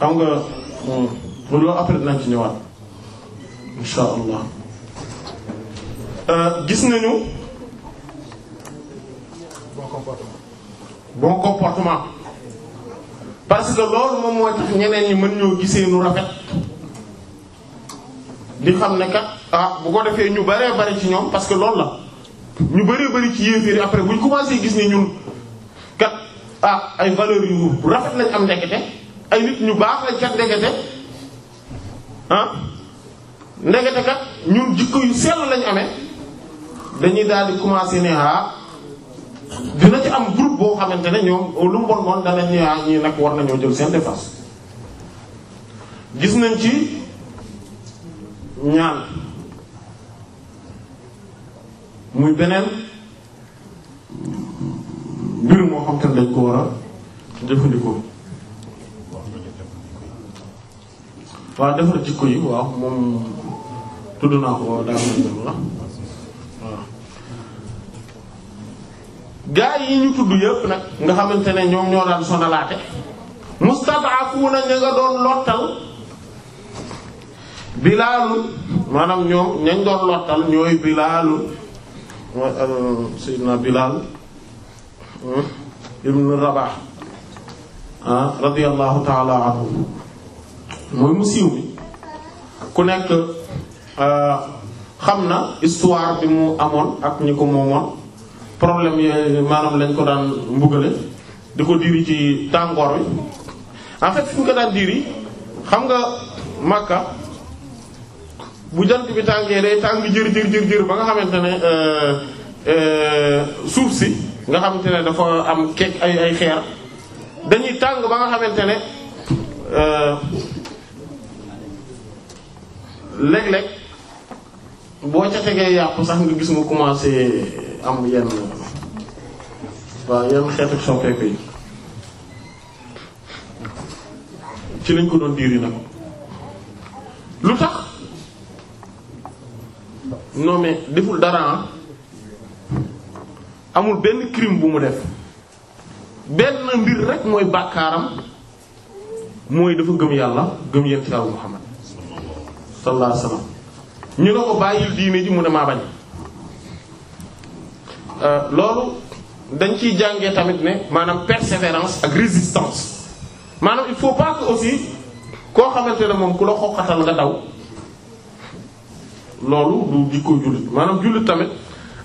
[SPEAKER 2] xam nga. moom loolu après dinañ ci ñëwaat insha allah euh, gis nañu bon comportement parce que loolu moom mooy tax ñeneen ñi mën ñoo gisee nu rafet di xam ne kat ah bu ko defee ñu baree bari ci ñoom parce que loolu la ñu baree bari ci yéeféeri après bu ñu commencé gis ne ñun kat ah ay valeur yu rafet lañ am ndekete ay nit ñu baax lañ kat ndekete ah ndekete kat ñun jikko yu sell lañ amee dañuy daal di commencer ne ah dina ci am groupe boo xamante ne ñoom lu mu bon bon danañ ne ah ñii nag war nañoo jël seen défense gis nañ ci ñaan muy beneen mbir moo xam te dañ ko war jëfandikoo. waaw defar jikko yi waaw moom tudd naa ko daa mën la waaw gaa yi ñu tudd yëpp nag nga xamante ne ñoom ñoo daan sonalaate mustad'afuna ña nga doon lottal bilaalu maanaam ñoom ña nga doon lottal ñooy bilaalu mooy euh, sayyidina bilaal euh, ibn rabah ah, radiyallahu ta'ala anhu mooy mu siiw bi ku nekk euh, xam na histoire bi mu amoon ak ñi ko moomoon problème yooyu maanaam lañ ko daan mbugale di ko diri ci tàngoor bi en fait fi ñu daan diri xam nga Makka bu jant bi tàngee day tàng jër jër jër ba nga xamante ne euh, euh, suuf si nga xamante ne dafa am keek ay ay xeer dañuy tàng ba nga xamante ne. léeg-léeg boo ca tegee yàpp sax nga gis mu commencé am yenn waaw yenn xeetu soppeeku yi ci lañ ko doon diiri nag lu tax non mais deful dara ah. amul benn crime bu mu def benn mbir rek mooy bàkkaaram mooy dafa gëm yàlla gëm yent yàlla Muhammad sallallahu alayhi wasallam ñu ne ko mu ne maa euh, loolu dañ ciy jàngee tamit ne maanaam persévérance ak résistance maanaam il faut pas que aussi koo xamante ne moom ku la daw loolu du jikko jullit maanaam jullit tamit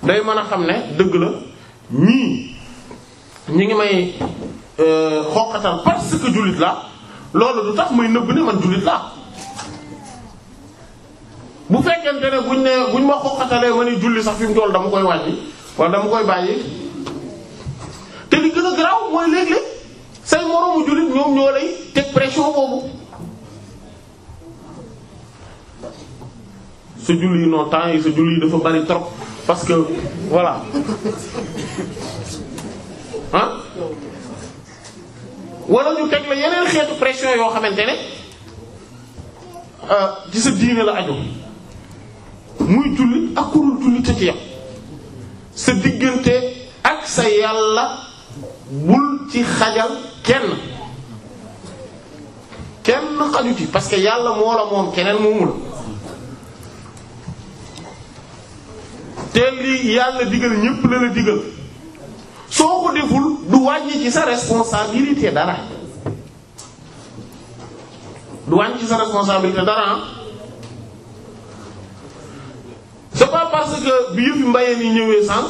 [SPEAKER 2] day mën a xam ne dëgg la ñii ñi ngi may euh, xoqatal parce que jullit la loolu du tax may nëbb ne man jullit la bu fekkente ne buñ ne buñ ma xoqatalee ma ni julli sax fi mu toll dama koy wàññi wala dama koy bàyyi te li gën a garaaw mooy léeg-léeg say moroomu jullit ñoom ñoo lay teg pression boobu. sa julli non temps yi sa julli dafa bari trop parce que voilà ah wala ñu teg la yeneen xeetu pression yoo xamante ne euh, ci sa diine la aju. muy jullit ak kurul jullit a ci yam sa diggante ak sa yàlla bul ci xajal kenn kenn xaju ci parce que yàlla moo la moom keneen moomul te lii yàlla digal ñépp la digal soo ko deful du wàññi ci sa responsabilité dara du wàññi ci sa responsabilité dara c'est pas parce que bi yëfi mbayeen yi ñëwee sànq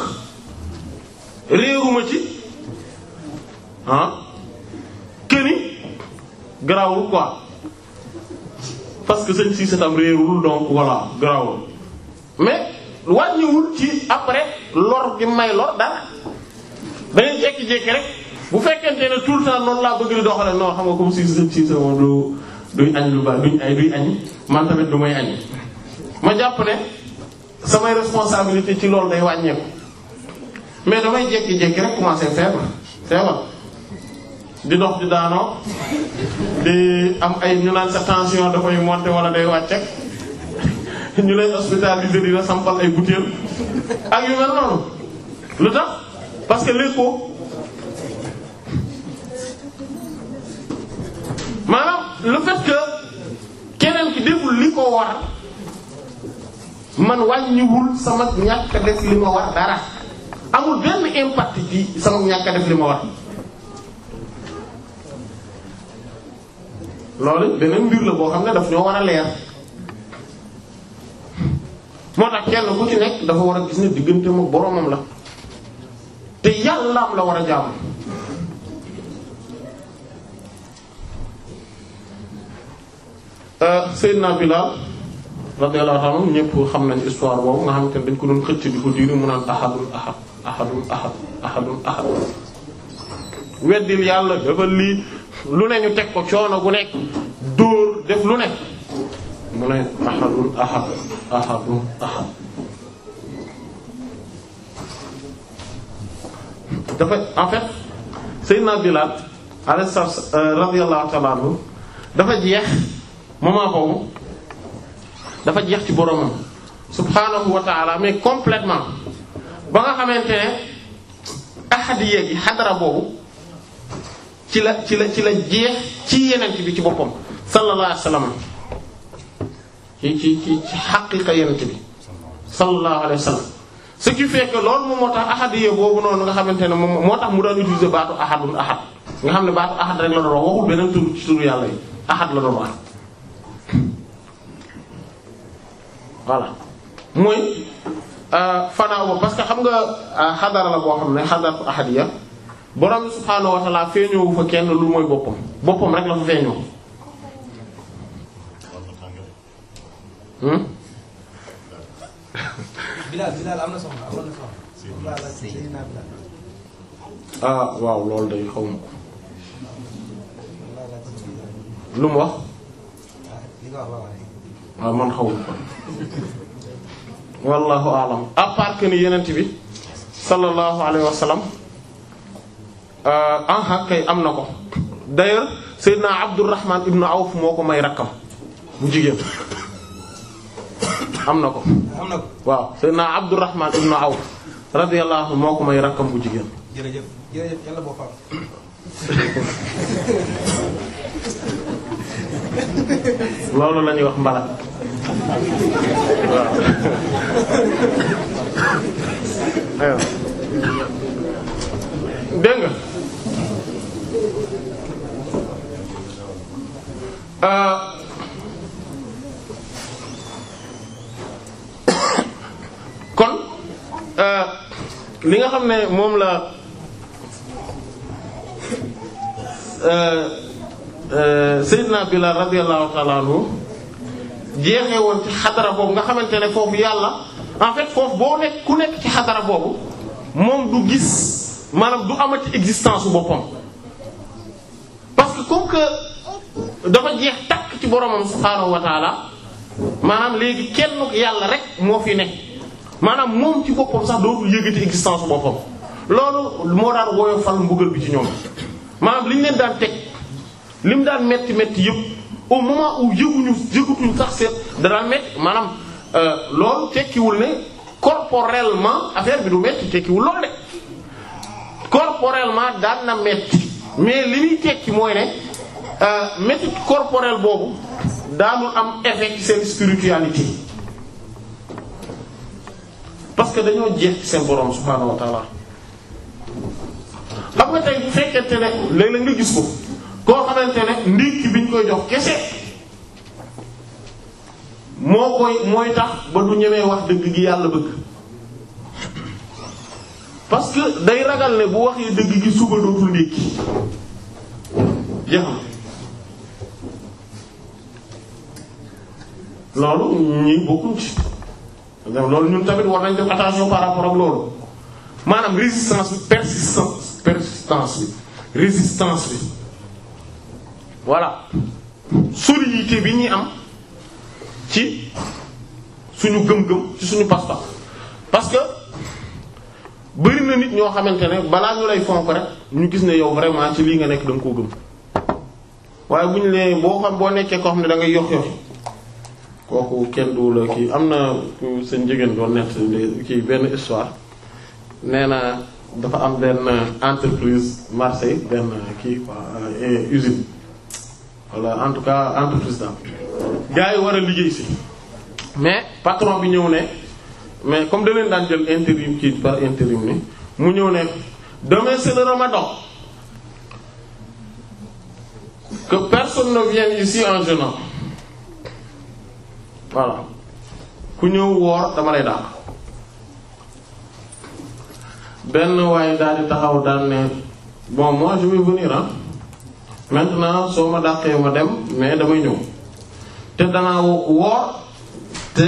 [SPEAKER 2] réeruma ci ah këni garaawul quoi parce que sëñ si setam réerul donc voilà garaawul mais wàññiwul ci après lor gi may lor dara da ngeen jékki rek bu fekkente ne tout le temps noonu laa bëgg di doxale non xam nga comme si sëñ si moom du duñ añ lu baax duñ ay duñ añ man tamit du añ ma jàpp ne samay responsabilité ci loolu day wàññeeku mais damay jékki-jékki rek commencer feebar feebar di dox di daanoo di am ay ñu naan sa tension dafay monter wala day wàcce ñu lay hospitalisé di la sampal ay butéel ak yu mel noonu lu tax parce que léegkoo maanaam le keneen ki li ko war man wàññiwul sama ñàkk def li ma war dara amul benn impact ci sama ñàkk a def li ma war loolu beneen mbir la boo xam ne daf ñoo war a leer moo tax kenn ku ci nekk dafa war a gis ne diggante ma boromam la te yàllaam la war a jaamu euh, Seydina Bilal radiyallahu ta'ala ñëpp xam nañ histoire boobu nga xam te dañ ko doon xëcc di ko diiri mu naan ahadul ahad ahadul ahad ahadul ahad weddil yàlla dafa lii lu ne ñu teg ko coono gu nekk dóor def lu ne mu ne ahadul ahad ahadul ahad dafa en fait Seydina Bilaal alayhi euh, radiyallahu ta'ala anhu dafa jeex moment boobu dafa jeex ci boromam subhaanahu wa taala mais complètement ba nga xamante ne ahadiya gi xadara boobu ci la ci la ci la jeex ci yenent bi ci boppam sallallahu alayhi wasallam ci ci ci ci yenent bi sallallahu alayhi wasallam ce qui fait que loolu moom moo tax ahadiya boobu noonu nga xamante ne moom moo tax mu daan utiliser baatu ahadun ahad nga xam ne baatu ahad rek la doon wax waxul beneen tur ci turu yàlla yi ahad la doon wax voilà euh, que xam nga euh, xadara la boo xam ne xadaratu ahadiya hmm? ah, waaw loolu day xaw ma ko. lu mu wax. Ah, waaw man xaw ma ko wallahu alam à part ni yenent bi sallallahu alayhi wa sallam euh, en am na ko d'ailleurs Seydina Abdourahman ibn Awf moo ko may rakkam bu jigéen am na ko am na ko waaw Seydina Abdourahman ibn Awf radiyallahu moo ko may rakkam bu jigéen jërëjëf loolu la ñuy wax mbalat waaw dégg nga euh, kon euh, li nga xam ne moom la euh, Euh, Seydina naa radiyallahu ta'ala anhu jeexee woon ci xadara boobu nga xamante ne foofu yàlla en fait foofu boo nekk ku nekk ci xadara boobu moom du gis maanaam du amati existence boppam parce que comme que dafa jeex takk ci boromam subhaanahu wa taala maanaam léegi kenn yàlla rek moo fi nekk maanaam moom ci boppam sax dootul yëgati existence boppam loolu moo daan woyofal mbugal bi ci ñoom maanaam li ñu leen daan teg. li mu daan metti metti yëpp au moment où yëguñu yëgutuñ sax seet danaan metti maanaam euh, loolu tekkiwul ne corporellement affaire bi du metti tekkiwul loolu de corporellement daan na metti mais li muy tekki mooy ne euh, metti corporel boobu daanul am effet ci seen spiritualité parce que dañoo jeex ci seen borom subhaanahu wa taala xam nga tey bu fekkente ne léeg-léeg nga gis ko. koo xamante ne ndékki bi ñu koy jox kese moo koy mooy tax ba du ñemee wax dëgg gi yàlla bëgg parce que day ragal ne bu waxee dëgg gi suba dootul ndékki jaxam loolu ñun tamit war nañ def attention par rapport ak loolu maanaam résistance bi persistance persistance bi résistance bi voilà solidité bi ñuy am ci suñu gëm-gëm ci suñu pas-pas parce que bari na nit ñoo xamante ne balaa ñu lay fonk rek ñu gis ne yow vraiment ci lii nga nekk da nga koo gëm waaye bu ñu lee boo xam boo nekkee koo xam ne dangay ngay yox kooku kenn du la kii am na seen jigéen doon nekk kii benn histoire nee na dafa am benn entreprise Marseille benn kii quoi usine voilà en tout cas entreprise gars yi war a liggéey si mais patron bi ñëw ne mais comme daleen leen daan jël intérim kii par intérim ni mu ñëw ne demain c'est le ramadan que personne ne vienne ici en jeûnant voilà ku ñëw woor dama lay dàq benn waaye daal di taxaw daal ne bon moi je vais venir ah maintenant soo ma dàqee ma dem mais damay ñëw te danaa woor te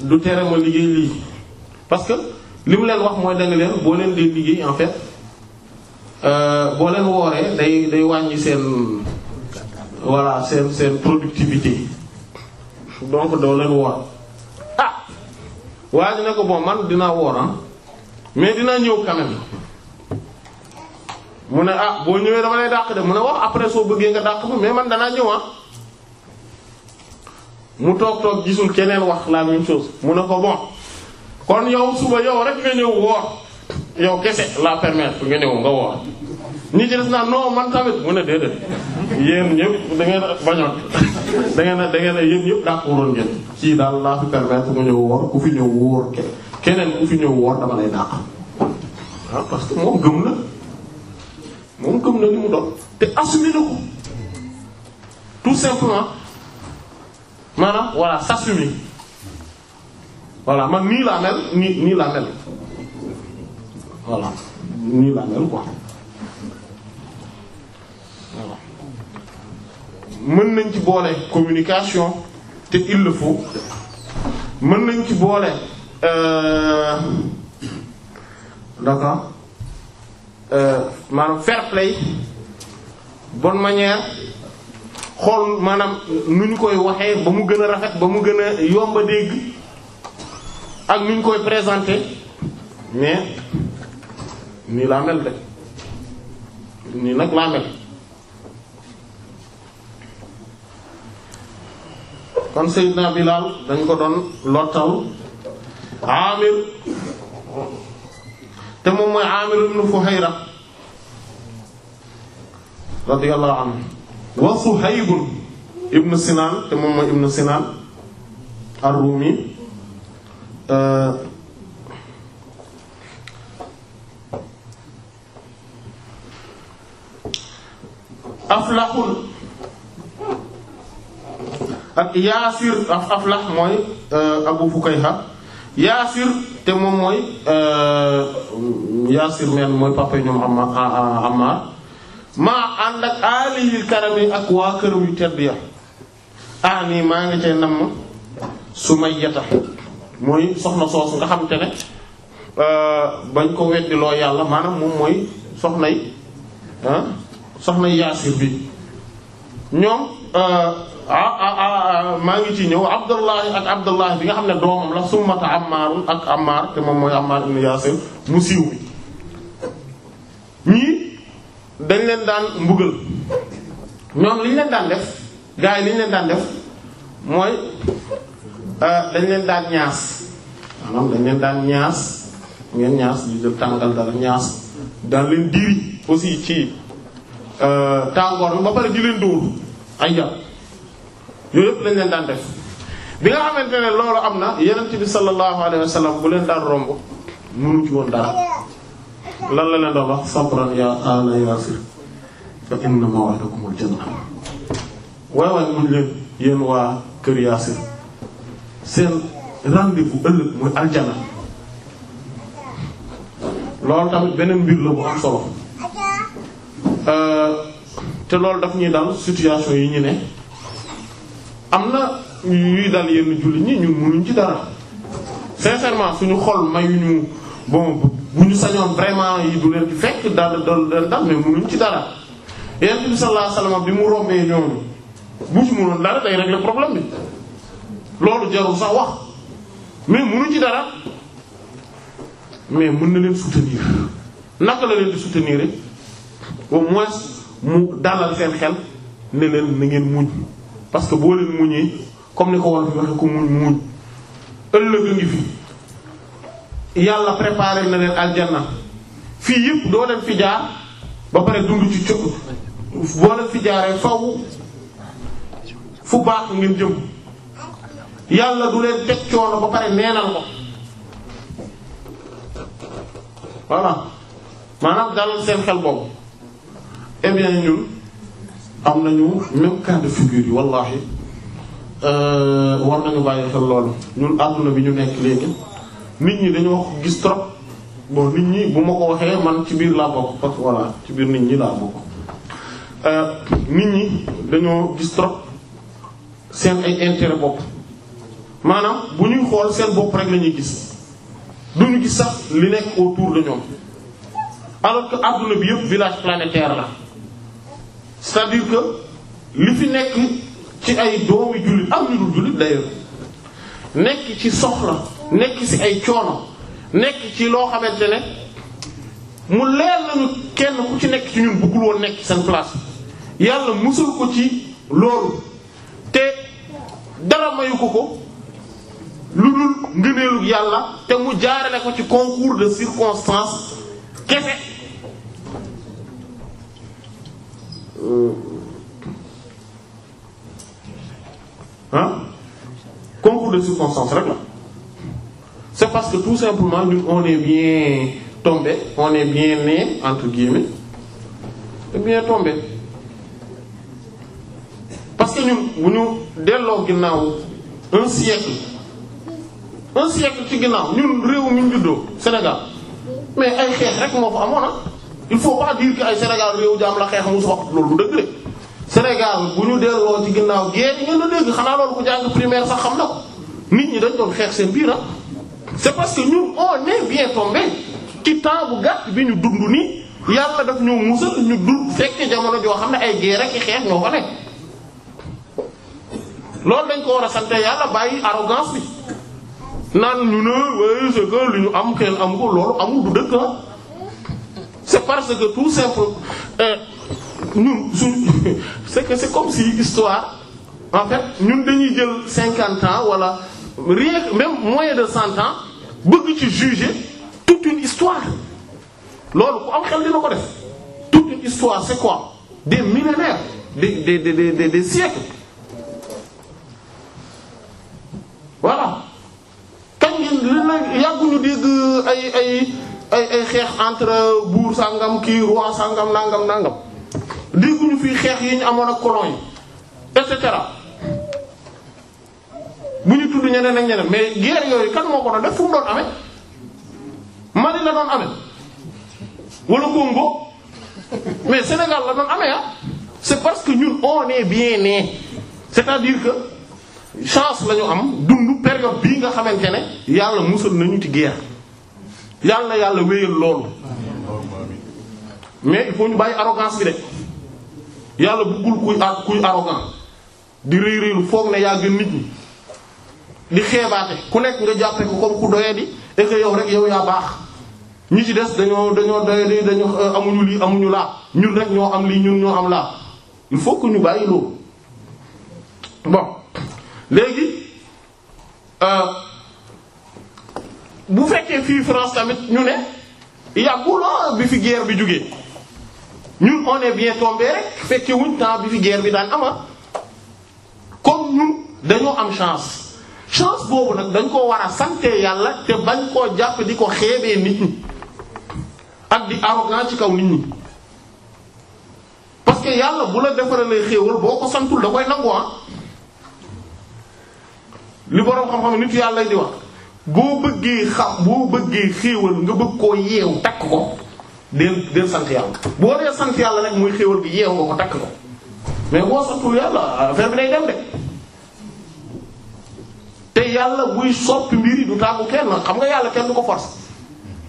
[SPEAKER 2] du tere ma liggéey lii parce que li mu leen wax mooy da nga leen boo leen dee liggéey en fait euh, boo leen wooree day day wàññi seen voilà seen seen productivité donc doo leen woor ah waa ji ne ko bon man dinaa woor ah. mais dinaa ñëw quand mu ne ah boo ñëwee dama lay dàq de mu ne wax après soo bëggee nga dàq bi mais man danaa ñëw ah mu toog toog gisul keneen wax la même chose mu ne ko bon kon yow suba yow rek nga ñëw woor yow kese la permettre nga ñëw nga woor nii ci des naa non man tamit mu ne déedéet yéen ñëpp da ngeen bañoon da ngeen da ngeen yéen ñëpp dàq waroon ngeen ci daal laa fi permettre nga ñëw woor ku fi ñëw woor keneen ku fi ñëw woor dama lay dàq ah parce que moom gëm na. moom gëm na li mu doon te assumé na ko tout simplement maanaam voilà s'assumer voilà man nii laa mel nii nii laa mel voilà nii laa mel quoi voilà mën nañ ci boole communication te il le faut mën nañ ci boole euh, d'accord Euh, maanaam fair play bonne manière xool maanaam nu ñu koy waxee ba mu gën a rafet ba mu gën a yomb a dégg ak nu ñu koy présenter mais nii laa mel de nii nag laa mel kon bi laal dañ ko doon lottal Amir te moom mooy Aamir ibn Fuhayra radiyallahu anhu wa Suhayb ibn Sinan te moom mooy ibn Sinan ar-Rumi euh, aflaxul yaasir aflax mooy euh, abu fukayha Yaasir te moom mooy euh, Yaasir men mooy papa ñoom Amma Amma maa ànd ak alihil karami ak waa këram yu tedd ya ani ah, maa ngi cay namm Sumayyata mooy soxna soosu nga xam te ne euh, bañ ko weddiloo yàlla maanaam moom mooy soxnay ah, soxnay Yaasir bi ñoom. Euh, Ah, ah, ah, ah maa ngi ci ñëw Abdullahi ak Abdullahi bi nga xam ne doomam la summata Ammaarun ak Ammaar te moom mooy Ammaar ibn mu siiw bi ñii dañ leen daan mbugal ñoom li leen daan def gars yi li leen daan def mooy euh, dañ leen daan ñaas maanaam dañ leen daan ñaas ngeen ñaas di jël tàngal dara ñaas daan leen diri aussi ci euh, tàngoor bi ba pare di leen dóor ay yàpp yooyu yëpp lañ leen daan def bi nga xamante ne loolu am na yeneen bi sallallahu alayhi wa sallam bu leen daan romb mënu ci woon dara lan la leen doon wax sabran ya ala yasir fa inna maw'idakumul janna waay waay muñ leen yéen aljana loolu tamit beneen mbir la bu am solo euh, te loolu daf ñuy dal situation yi ñu ne am na yuy dal yenn jullit ñi ñun mënuñ ci dara sincèrement suñu xol ñu bon bu ñu sañoon vraiment yi du leen ci fekk daal dal dal dal mais mënuñ ci dara yonent bi sallallahu alayhi wasallam bi mu rombee ñooñu bu ci mënoon dara day régler problème bi loolu jarul sax wax mais mënuñ ci dara mais mën na leen soutenir naka la leen di soutenir au moins mu dalal seen xel ne leen na ngeen muñ parce que boo leen muñee comme ni ko wolof waxe ko muñ muñ ëllëg a ngi fi yàlla préparé na leen aljanna fii yëpp doo leen fi jaar ba pare dund ci co boo leen fi jaaree faw fu baax ngeen jëm yàlla du leen teg coono ba pare neenal ko voilà maanaam dalal seen xel boobu eh bien ñun am nañu même cas de figure yi wallaahi euh, war nañu bàyyi xel loolu ñun àdduna bi ñu nekk léegi nit ñi dañoo gis trop bon nit ñi bu ma ko waxee man ci biir laa bokk parce que voilà ci biir nit ñi laa bokk euh, nit ñi dañoo gis trop seen ay intérêt bokk maanaam bu ñuy xool seen bopp rek la ñuy gis duñu gis sax li nekk autour de ñoom alors àdduna bi yëpp village planétaire la cest à que li fi nekk ci ay doomi jullit am ñu dul jullit d'ailleurs nekk ci soxla nekk ci ay coono nekk ci loo xamante ne mu leer nañu kenn ku ci nekk ci ñun bëggul woon nekk seen place yàlla musul ko ci loolu te dara mayu ko ko lu dul ngëneelu yàlla te mu jaarale ko ci concours de circonstances kese ah concours de circonstances rek la c'est parce que tout simplement ñun on est bien tombé on bien né entre guillemets bien tombé parce que ñun bu ñu delloo ginnaaw un siècle un siècle ci ginnaaw ñun réew mi juddoo Sénégal mais ay xeex rek moo fa amoon il faut pas dire que ay Sénégal réew jaam la xeex musu wax loolu du dëgg de Sénégal bu ñu delloo ci ginnaaw géej ngeen la dégg xanaa loolu ku jàng primaire sax xam na nit ñi dañ doon xeex seen biir ah. c'est parce que ñun on est bien tombé ci temps gàtt bi ñu dund nii yàlla def ñoo musal ñu dund fekk jamono joo xam ne ay guerre rek xeex ñoo fa loolu dañ ko war a sant yàlla bàyyi arrogance bi naan ñu ne waaye c'est que ñu am kenn am ko loolu c'est parce que tout simplement ñun euh, suñ c'est que comme si histoire en fait ñun dañuy jël cinquante ans wala rien même moins de cent ans bëgg ci juger toute une histoire loolu ku am xel dina ko def toute une histoire c'est quoi des millénaires des des des des des siècles voilà kañ ngeen yàgguñu dégg ay ay. ay ay xeex entre buur sangam kii roi sangam nangam nangam dégguñu fii xeex yi ñu amoon ak colon yi et cetera bu ñu tudd ñeneen ak ñeneen mais guerre yooyu kan moo ko doon def fu mu doon amee Mali la doon amee wala Congo mais Sénégal la doon amee ah c'est parce que ñun on bien né c'est-à-dire que chance la ñu am dund période bii nga xamante ne yàlla musal nañu ci guerre. yàlla na yàlla wéyal loolu mais il faut ñu bàyyi arrogance bi de yàlla bëggul kuy a kuy arrogant di rëy foog ne yaa gën nit ñi di xeebaate ku nekk nga jàppe ko comme ku doye di et yow rek yow yaa baax ñi ci des dañoo dañoo doye di euh, amuñu lii amuñu laa ñun rek ñoo am lii ñun ñoo am laa il faut que ñu bàyyi loolu bon léegi euh, bu fekkee fii France tamit ñu ne yàggul ah, bi fi guerre bi jógee ñun on bien tombé rek fekkee wuñ temps bi fi guerre bi daan ama ah. comme ñun dañoo am chance chance boobu nag dañ koo war a sante yàlla te bañ koo jàpp di ko xeebee nit ñi ak di arrogant ci kaw nit ñi parce que yàlla bu la defaralee xéewal boo ko santul da koy nangu ah. li boroom xam-xam nit yàlla di wax boo bëggee xam boo bëggee xéewal nga bëgg koo yeew takk ko del del sant yàlla boo dee sant yàlla nag muy xéewal bi yeew nga ko takk ko mais boo santul yàlla affaire bi day dem de te yàlla buy soppi mbir du tàggu kenn xam nga yàlla kenn du ko force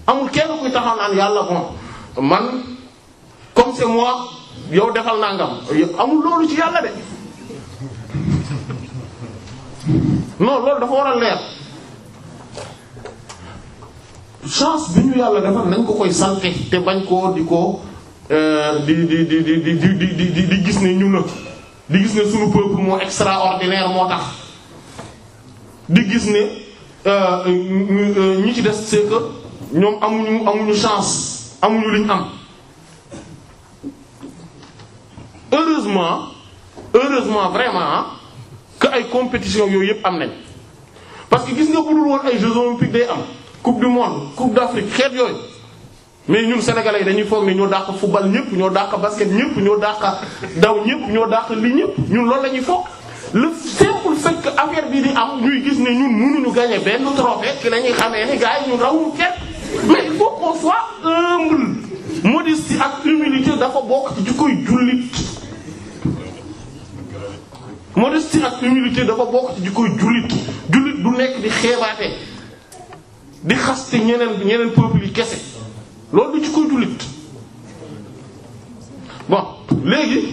[SPEAKER 2] amul kenn kuy taxaw naan yàlla man comme c'est moi yow defal nangam amul loolu ci yàlla de non loolu dafa war a leer. chance bi ñu yàlla defal nañ ko koy santé te bañ koo di ko euh, di di di di di di di gis ne ñu na di gis ne sunu peuple moo extraordinaire moo tax di gis ne euh, ñi ci des c'est ñoom amuñu amuñu chance amuñu liñ am heureusement heureusement vraiment que ay compétition yooyu yëpp am nañ parce que gis nga bu dul woon ay Jeux olympiques day am coupe du monde coupe d'Afrique xeet yooyu mais ñun sénégalais yi dañuy foog ni ñoo dàq football ñëpp ñoo dàq basket ñëpp ñoo dàq daw ñëpp ñoo dàq li ñëpp ñun loolu la ñuy foog le simple fait que bi di am ñuy gis ne ñun mënuñu gagner benn trophée ci la ñuy xamee ni gars yi ñun rawul kenn mais il faut soit humble modestie ak humilité dafa bokk ci jikkoy jullit modestie ak humilité dafa bokk ci jikkoy jullit jullit du nekk di xeebaate di xaste ñeneen ñeneen peuples yi kese loolu du ci koy jullit bon léegi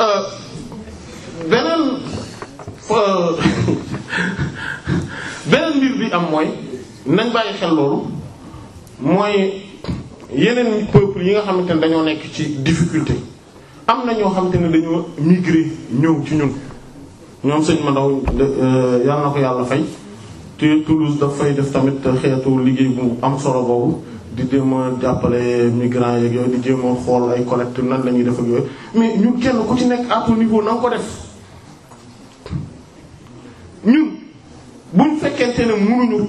[SPEAKER 2] euh, beneen euh, beneen mbir bi am mooy nañ bàyyi xel loolu mooy yeneen peuple yi nga xamante ne dañoo nekk ci difficulté am na ñoo xamante ne dañoo migrer ñëw ci ñun ñoom sëñ ma ndaw euh, yàlla na ko yàlla fay te Toulouse daf fay def tamit xeetu liggéey bu am solo boobu di jéem a jàppale migrants yeeg yooyu di jéem a xool ay collecte nan la ñuy def ak yooyu mais ñun kenn ku ci nekk à na nga ko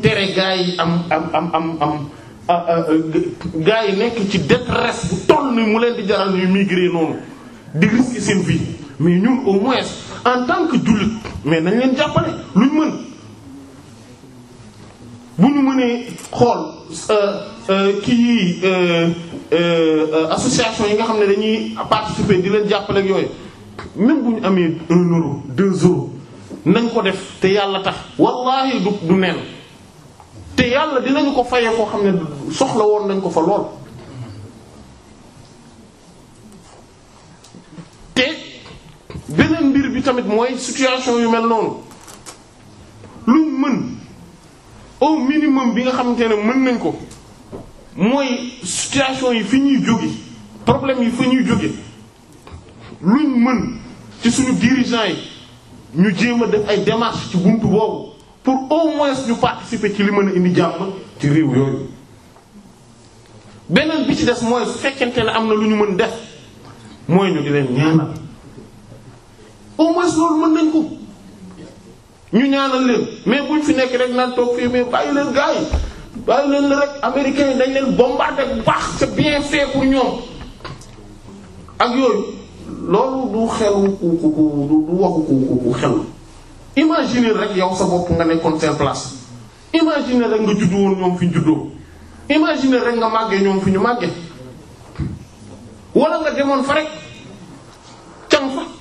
[SPEAKER 2] gaa am am am am nekk ci détresse mu leen di jaral ñu migrer noonu di risquer seen vie au moins en tant que jullit mais nañ leen jàppale luñ mën. bu ñu mënee xool euh, euh, kii euh, association yi nga xam ne dañuy participer di leen jàppale ak yooyu même bu ñu amee un euro deux euros nañ ko def te yàlla tax wallaahi du du neen te yàlla dinañu ko fayee koo xam ne soxla woon nañ ko fa lool te beneen mbir bi tamit mooy situation yu mel noonu luñ mën au minimum bi nga xamante ne mën nañ ko mooy situation yi fi ñuy jóge problème yi fi ñuy jóge luñ mën ci suñu dirigeants yi ñu jéem a def ay démarches ci bunt boobu pour au moins ñu participer ci li mën a indi jàmm ci réew yooyu beneen bi ci des mooy fekkente ne am na lu ñu mën def mooy ñu di leen au moins loolu mën nañ ko ñu ñaanal leen mais bu ñu fi nekk rek naan toog fii mais bàyyi leen gars yi bàyyi leen rek américains dañ leen bombardé bu baax c'est bien fait pour ñoom ak yooyu loolu du xelu ku ku ku du waxu ku ku xelu imaginer rek yow sa bopp nga nekkoon seen place imaginer rek nga juddu woon ñoom fi ñu juddoo imaginer rek nga màggee ñoom fi ñu màggee wala nga demoon fa rek can fa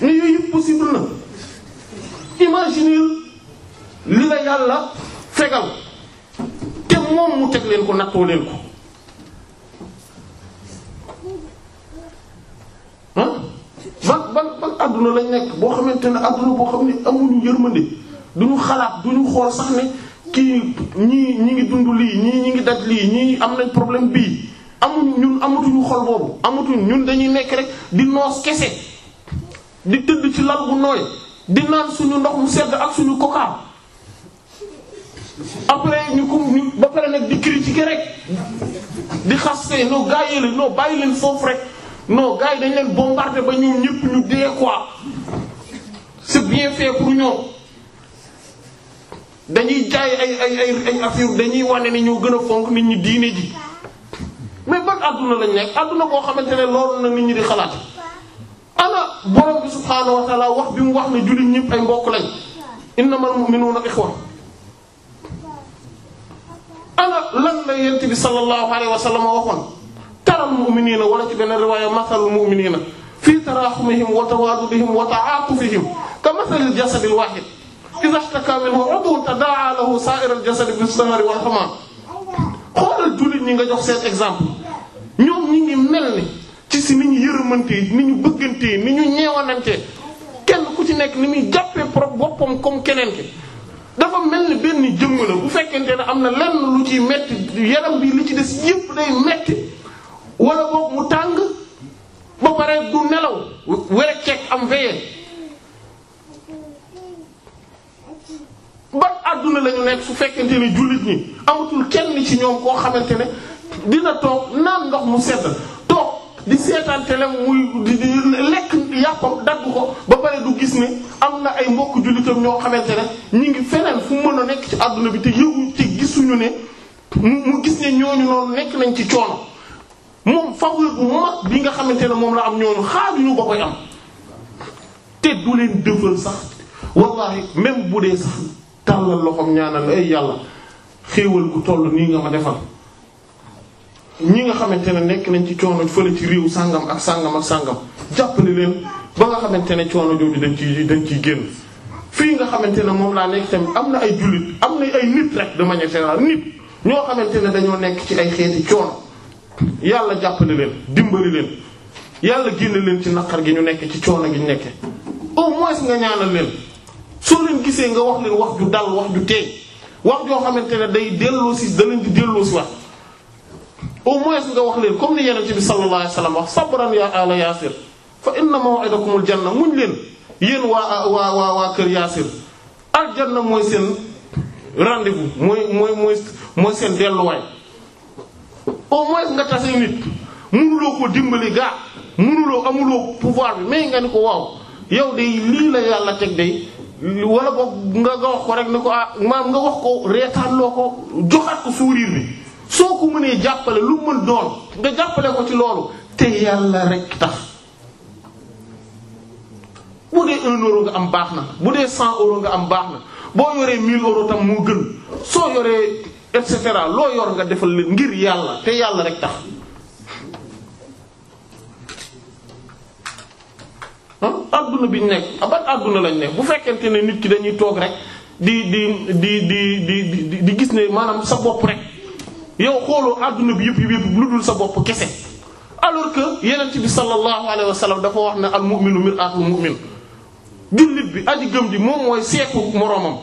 [SPEAKER 2] mais yooyu yëpp possible na imaginer li la yàlla fegal te moom mu teg leen ko nattoo leen ko ah ban ban ban lañ nekk boo xamante ne adduna boo xam ne amuñu yërmande duñu xalaat duñu xool sax ne kii ñii ñi ngi dund lii ñii ñi ngi daj lii ñii am nañ problème bii amuñ ñun amatuñu xol boobu amatuñ ñun dañuy nekk rek di noos kese di tëdd ci lal bu nooy di naan suñu ndox mu sedd ak suñu coca après ñu ko ñu ba pare nag di critiquer rek di xaste non gaa yi leen non bàyyi leen foofu rek non gaa yi leen bombarder ba ñoom ñépp ñu dee quoi c'est bien fait pour ñoom dañuy jaay ay ay ay ay affaire dañuy wane ne ñoo gën a fonk nit ñi diine ji mais ban adduna lañ nekk adduna koo xamante ne loolu na nit ñi di xalaat ana borom bi subhaanahu wa ta'ala wax bi mu wax ne jullit ñëpp ay mbokk lañ innamal mu'minuuna ixwa ana lan la yent bi sallallahu alayhi wa sallam waxoon taral mu'miniina wala ci benn riwaaya masalul mu'miniina fii taraahumihim wa tawaadudihim wa ta'aatufihim ka masalil jasadil waahid idhaa ishtakaa minhu 'udwun tadaa'a lahu saa'iral jasadi bis xoolal jullit ñi nga jox seen exemple ñoom ñi ngi mel ni ci si ni ñu yërëmante ni ñu bëggante ni ñu ñeewanante kenn ku ci nekk ni muy jàppee pro boppam comme keneen ki dafa mel ni benn jëmm la bu fekkente ne am na lenn lu ciy metti yaram bi li ci des yépp day metti walla boog mu tàng ba pare du nelaw were ceeg am veillée ban àdduna lañu ñu nekk su fekkente ni jullit ñi amatul kenn ci ñoom koo xamante ne dina toog naan ndox mu sedd toog di seetaan télé muy di lekk yàppam dagg ko ba pare du gis ne am na ay mbokk jullitam ñoo xamante ne ñu ngi feneen fu mën a nekk ci àdduna bi te yëgu te gisuñu ne mu gis ne ñooñu noonu nekk nañ ci coono moom faveur bu mag bi nga xamante ne moom la am ñooñu xaaruñu ba koy am te du leen dëfal sax wallahi même bu dee sax tàllal loxoom ñaanal ay yàlla xéewal ku toll nii nga ma defal ñi nga xamante ne nekk nañ ci coono fële ci réew sàngam ak sàngam ak sàngam jàppale leen ba nga xamante ne coono jooju dañ ci dañ ciy génn fii nga xamante ne moom laa nekk tamit am na ay jullit am na ay nit rek de manière générale nit ñoo xamante ne dañoo nekk ci ay xeeti coono yàlla jàppale leen dimbali leen yàlla génne leen ci naqar gi ñu nekk ci coono gi ñu nekke au moins nga ñaanal leen soo leen gisee nga wax leen wax ju dal wax ju teey wax joo xamante ne day delloo si da leen di delloo si wax au nga wax leen comme ni yenente bi sallallahu alayhi wasallam wax sabran ya ala yaasir fa inna maw'idakumul janna muñ leen yéen waa waa waa waa kër yaasir mooy seen rendez mooy seen delluwaay au nga tase nit mënuloo ko dimbali gaa mënuloo amuloo pouvoir bi mais nga ni ko waaw yow de lii la yàlla teg day wala boobu nga nga wax ko rek ne ko ah maam nga wax ko loo ko joxaat ko sourire bi soo ko mënee jàppale lu mën doon nga jàppale ko ci loolu te yàlla rek tax bu dee un nga am baax na bu dee cent euro nga am baax na boo yoree mille euro tam moo gën soo yoree et cetera loo yor nga defal leen ngir yàlla te yàlla rek tax adduna bi ñu nekk abat adduna lañ nekk bu fekkente ne nit ki dañuy toog rek di di di di di di gis ne maanaam sa bopp rek yow xooloo àdduna bi yëpp yëpp lu dul sa bopp kese alors que yenent bi sallallahu alayhi wa sallam dafa wax ne al mu'minu mir'atul mu'min jullit bi aji gëm ji moom mooy seetu moroomam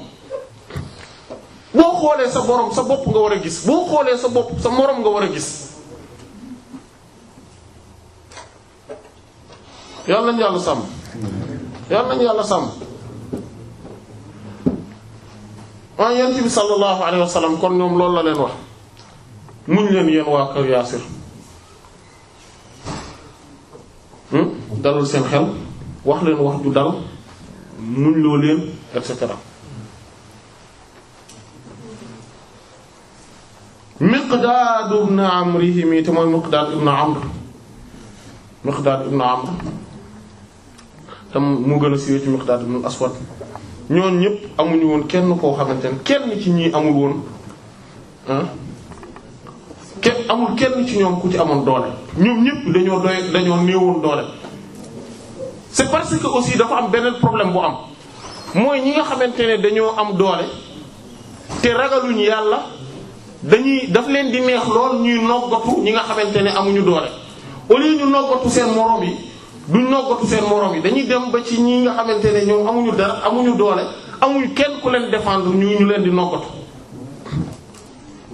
[SPEAKER 2] boo xoolee sa borom sa bopp nga war a gis boo xoolee sa bopp sa moroom nga war a gis yàlla nañu yàlla sàmm yàlla nañu yàlla sàmm waaw yent bi sallallahu alayhi wa kon ñoom loolu la leen wax muñ leen yéen waa kër yaasir hmm? dalal seen xel wax leen wax ju dal muñ loo leen et cetera miqdaad ibn amrihim te mooy miqdaad ibn amr miqdaad ibn amr tam mu gën a siiwee ci Miqdaad ibn Aswad ñoon ñëpp amuñu woon kenn koo xamante ne kenn ci ñi amul woon ah, kenn amul kenn ci ñoom ku ci amoon doole ñoom ñëpp dañoo doy dañoo néewoon doole c'est parce que aussi dafa am beneen problème bu am mooy ñi nga xamante ne dañoo am doole te ragaluñu yàlla dañuy daf leen di neex lool ñuy noggatu ñi nga xamante ne amuñu doole au lieu ñu noggatu seen moroom yi duñ noggatu seen morom yi dañuy dem ba ci ñi nga xamante ne ñoom amuñu dara amuñu doole amuñu kenn ku leen défendre ñu ñu leen di noggatu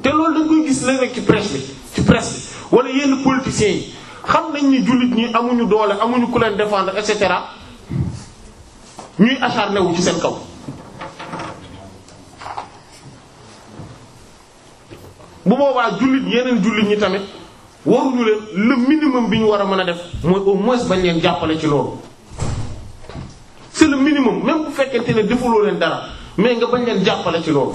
[SPEAKER 2] te loolu dañ koy gis léeg-léeg ci presse bi ci presse bi wala yenn politiciens yi xam nañ ni jullit ñi amuñu doole amuñu ku leen défendre et cetera ñuy acharné wu ci seen kaw. bu boobaa jullit yeneen jullit ñi tamit. waruñu leen lu minimum bi ñu war a mën a def mooy au moins bañ leen jàppale ci loolu si le minimum même bu fekkente ne defuloo leen dara mais nga bañ leen jàppale ci loolu.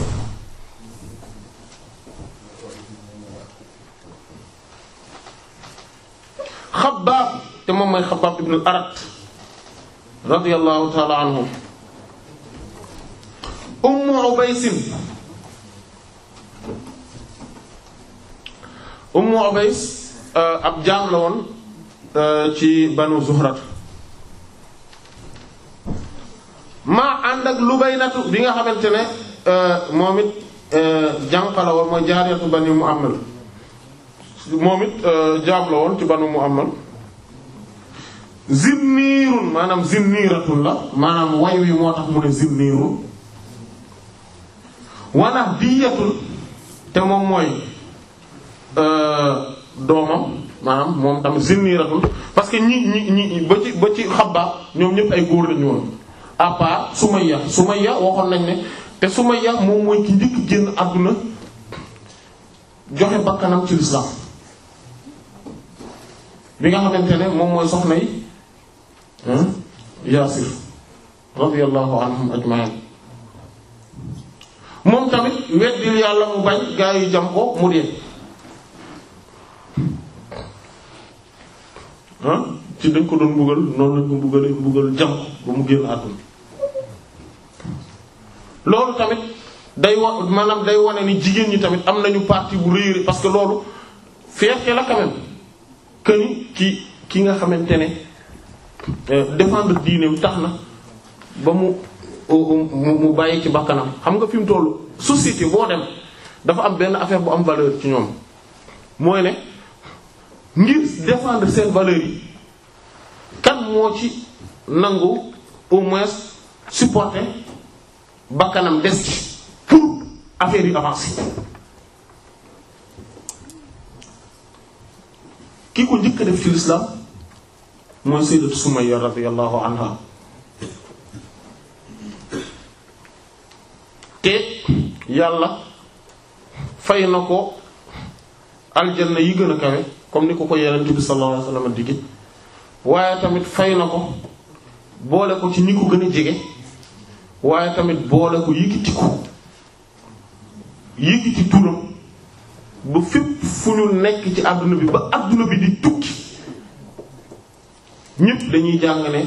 [SPEAKER 2] Xabbaab te moom mooy Xabbaab ibn al-Arat radiyallahu ta'ala anhu Ummu Ubaysin Ummu Ubays euh, ab jaam la woon euh, ci banu Zuhrat maa ànd ak Lubaynatu bi nga xamante ne euh, moom it jànq la woon mooy jaariyatu banu Muammal moom it jaam la woon ci banu Muammal zinniirun maanaam zinniiratun la maanaam way wi moo tax mu ne zinniirun wanax diyatun te moom mooy Euh, doomam maanaam moom tamit Zinniratun parce que ñi ñi ñi ba ci ba ci Xabba ñoom ñëpp ay góor lañu woon à part Sumayya Sumayya waxoon nañ ne te Sumayya moom mooy ki njëkk génn àdduna joxe moom mooy soxna yi Yaasir radiyallahu anhum ajma'in moom tamit weddil yàlla mu bañ gaa yi jam ko mu dee ah ci dañ ko doon mbugal noonu lañ ko mbugalee mbugal jam ba mu génn àdduna loolu tamit day wa maanaam day wane ni jigéen ñi tamit am nañu partie bu réeré parce que loolu fierté la quand même que ki ki nga xamante ne euh, défendre diineem tax na ba mu mu bàyyi ci bakkanam xam nga fi mu tollu société boo dem dafa am benn affaire bu am valeur ci ñoom mooy ne. ngir défendre seen valeurs kan moo ci nangu au moins supporter bakkanam des ci pour affaire yi ki ko njëkk def ci l'islam mooy sayyidatu Sumayya radiyallahu anha te yàlla fay na ko aljanna yi gën a kawe comme ni ko ko yonent bi sallallahu alayhi wasallam digge waaye tamit fay na ko boole ko ci ñi ko gën a jege waaye tamit boole ko yëkkati ko yëkkati turam ba fépp fu ñu nekk ci àdduna bi ba àdduna bi di tukki ñépp dañuy jàng ne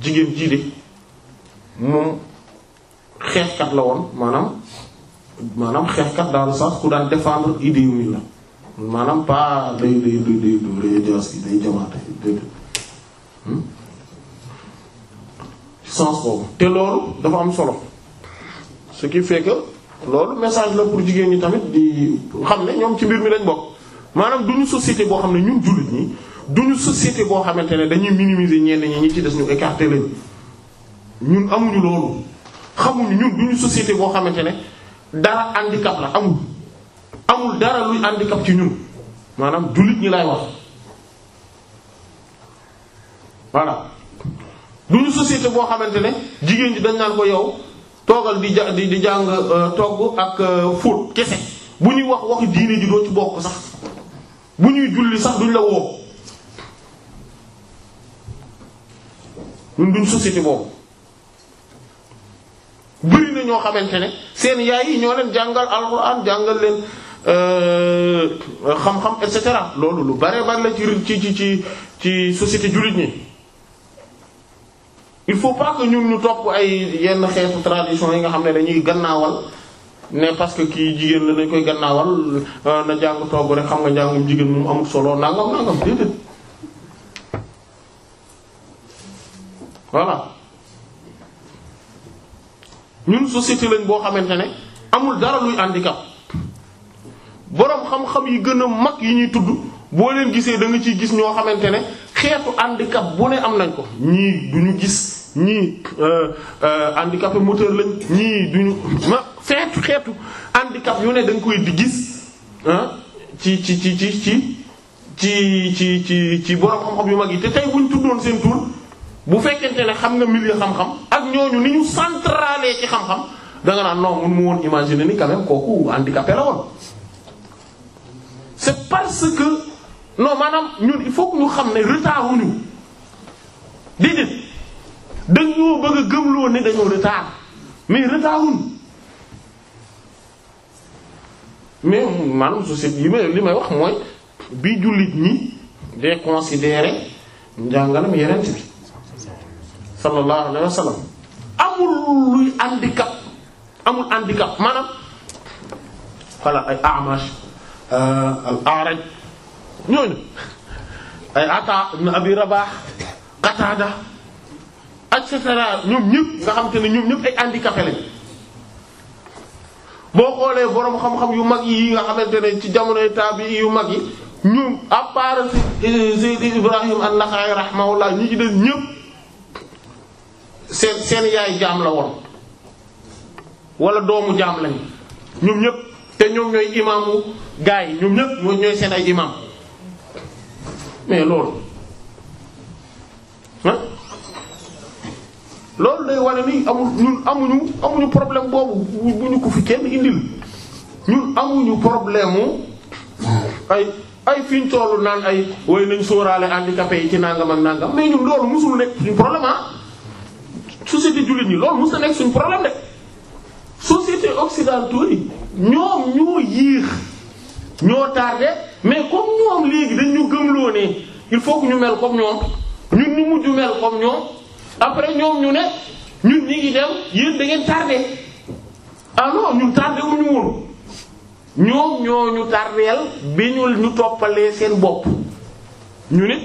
[SPEAKER 2] jigéen jii de moom xeexkat la woon maanaam maanaam xeexkat daal sax ku daan défendre idée yu la maanaam pas day day day day day jaas day jamaate sens boobu te loolu dafa am solo ce qui fait loolu message la pour jigéen ñi tamit di xam ne ñoom ci mbir mi lañ bokk maanaam du société boo xam ne ñun jullit ñi duñu société boo xamante ne dañuy minimiser ñenn ñi ñi ci des ñu écarter leen ñun amuñu loolu xamuñu ñun duñu société boo xamante ne dara handicap la amul. amul dara luy handicap ci ñun maanaam jullit ñi lay wax voilà duñu société boo xamante ne jigéen ji dañ naan ko yow toogal di di jàng euh, togg ak euh, fóot kese bu ñuy wax waxu diine ji ci bokk sax bu ñuy julli sax duñ la woo ñun duñ société boobu bëri ñoo xamante ne seen yaay yi ñoo leen jàngal alxuraan jàngal leen Euh, xam-xam et cetera loolu lu bare bare la ci ci ci ci société jullit ñi il faut pas que ñun ñu toog ay yenn xeetu tradition yi nga xam ne dañuy gannaawal ne parce que kii jigéen la nañ koy gannaawal euh, na jàng togg rek xam nga njàngum jigéen moom amul solo nangam nangam déedéet voilà ñun société lañ boo xamante ne amul dara luy handicap boroom xam-xam yi gën a mag yi ñuy tudd boo leen gisee da nga ciy gis ñoo xamante ne xeetu handicap bu ne am nañ ko ñii ñu gis ñii euh, euh, handicapé moteur lañ ñii duñu ma xeetu xeetu handicap yu ne da koy di gis ci ci ci ci ci ci ci ci ci boroom xam-xam yu mag yi te tey buñ tuddoon seen tur bu fekkente ne xam nga milieu xam-xam ak ñooñu ni ñu centralé ci xam-xam da nga naan non mun mu woon imaginer ni quand kooku handicapé la woon c'est parce que non maanaam ñun il faut ñu xam ne retard wuñu déedéet dañoo bëgg a gëmloo ne dañoo retard mais retard wuñu mais maanaam société yi may li may wax mooy bii jullit ñi day considérer njàngalam yeneen bi sallallahu alayhi wa sallam amul luy handicap amul handicap maanaam voilà ay amages Euh, al A'raj ñooñu ay Ata ibn Abi Rabah Qatada et cetera ñoom ñëpp nga xam te ne ñoom ñëpp ay handicapé lañ boo xoolee boroom xam-xam yu mag yi nga xamante ne ci jamonoy taabi yu mag yi ñoom à part Zayd Ibrahim an-Nakha'i rahimahullah ñi ci des ñëpp seen seen yaay jaam la woon wala doomu jaam lañ ñoom ñëpp. te ñoom ñooy imaamu gaa yi ñoom ñëpp ñooy seen ay imaam mais loolu ah loolu day wane ni amul ñun amuñu amuñu problème boobu bu ñu ko fi kenn indil ñun amuñu problème mu ay ay fi ñu naan ay way nañ sóoraale handicapé yi ci nangam ak nangam mais ñun loolu musul nekk suñu problème ah société jullit ñi loolu musul nekk suñu problème de société occidentale yi. ñoom ñoo yiix ñoo tardé mais comme ñoom léegi dañ ñu gëmloo ne il faut ñu mel comme ñoom ñun ñu mujj mel comme ñoom après ñoom ñu ne ñun ñi ngi dem yéen da ngeen tardé alors ah ñun tardé ñu woon ñoom ñoo ñu tardeel bi ñu ñu toppalee seen bopp ñu ne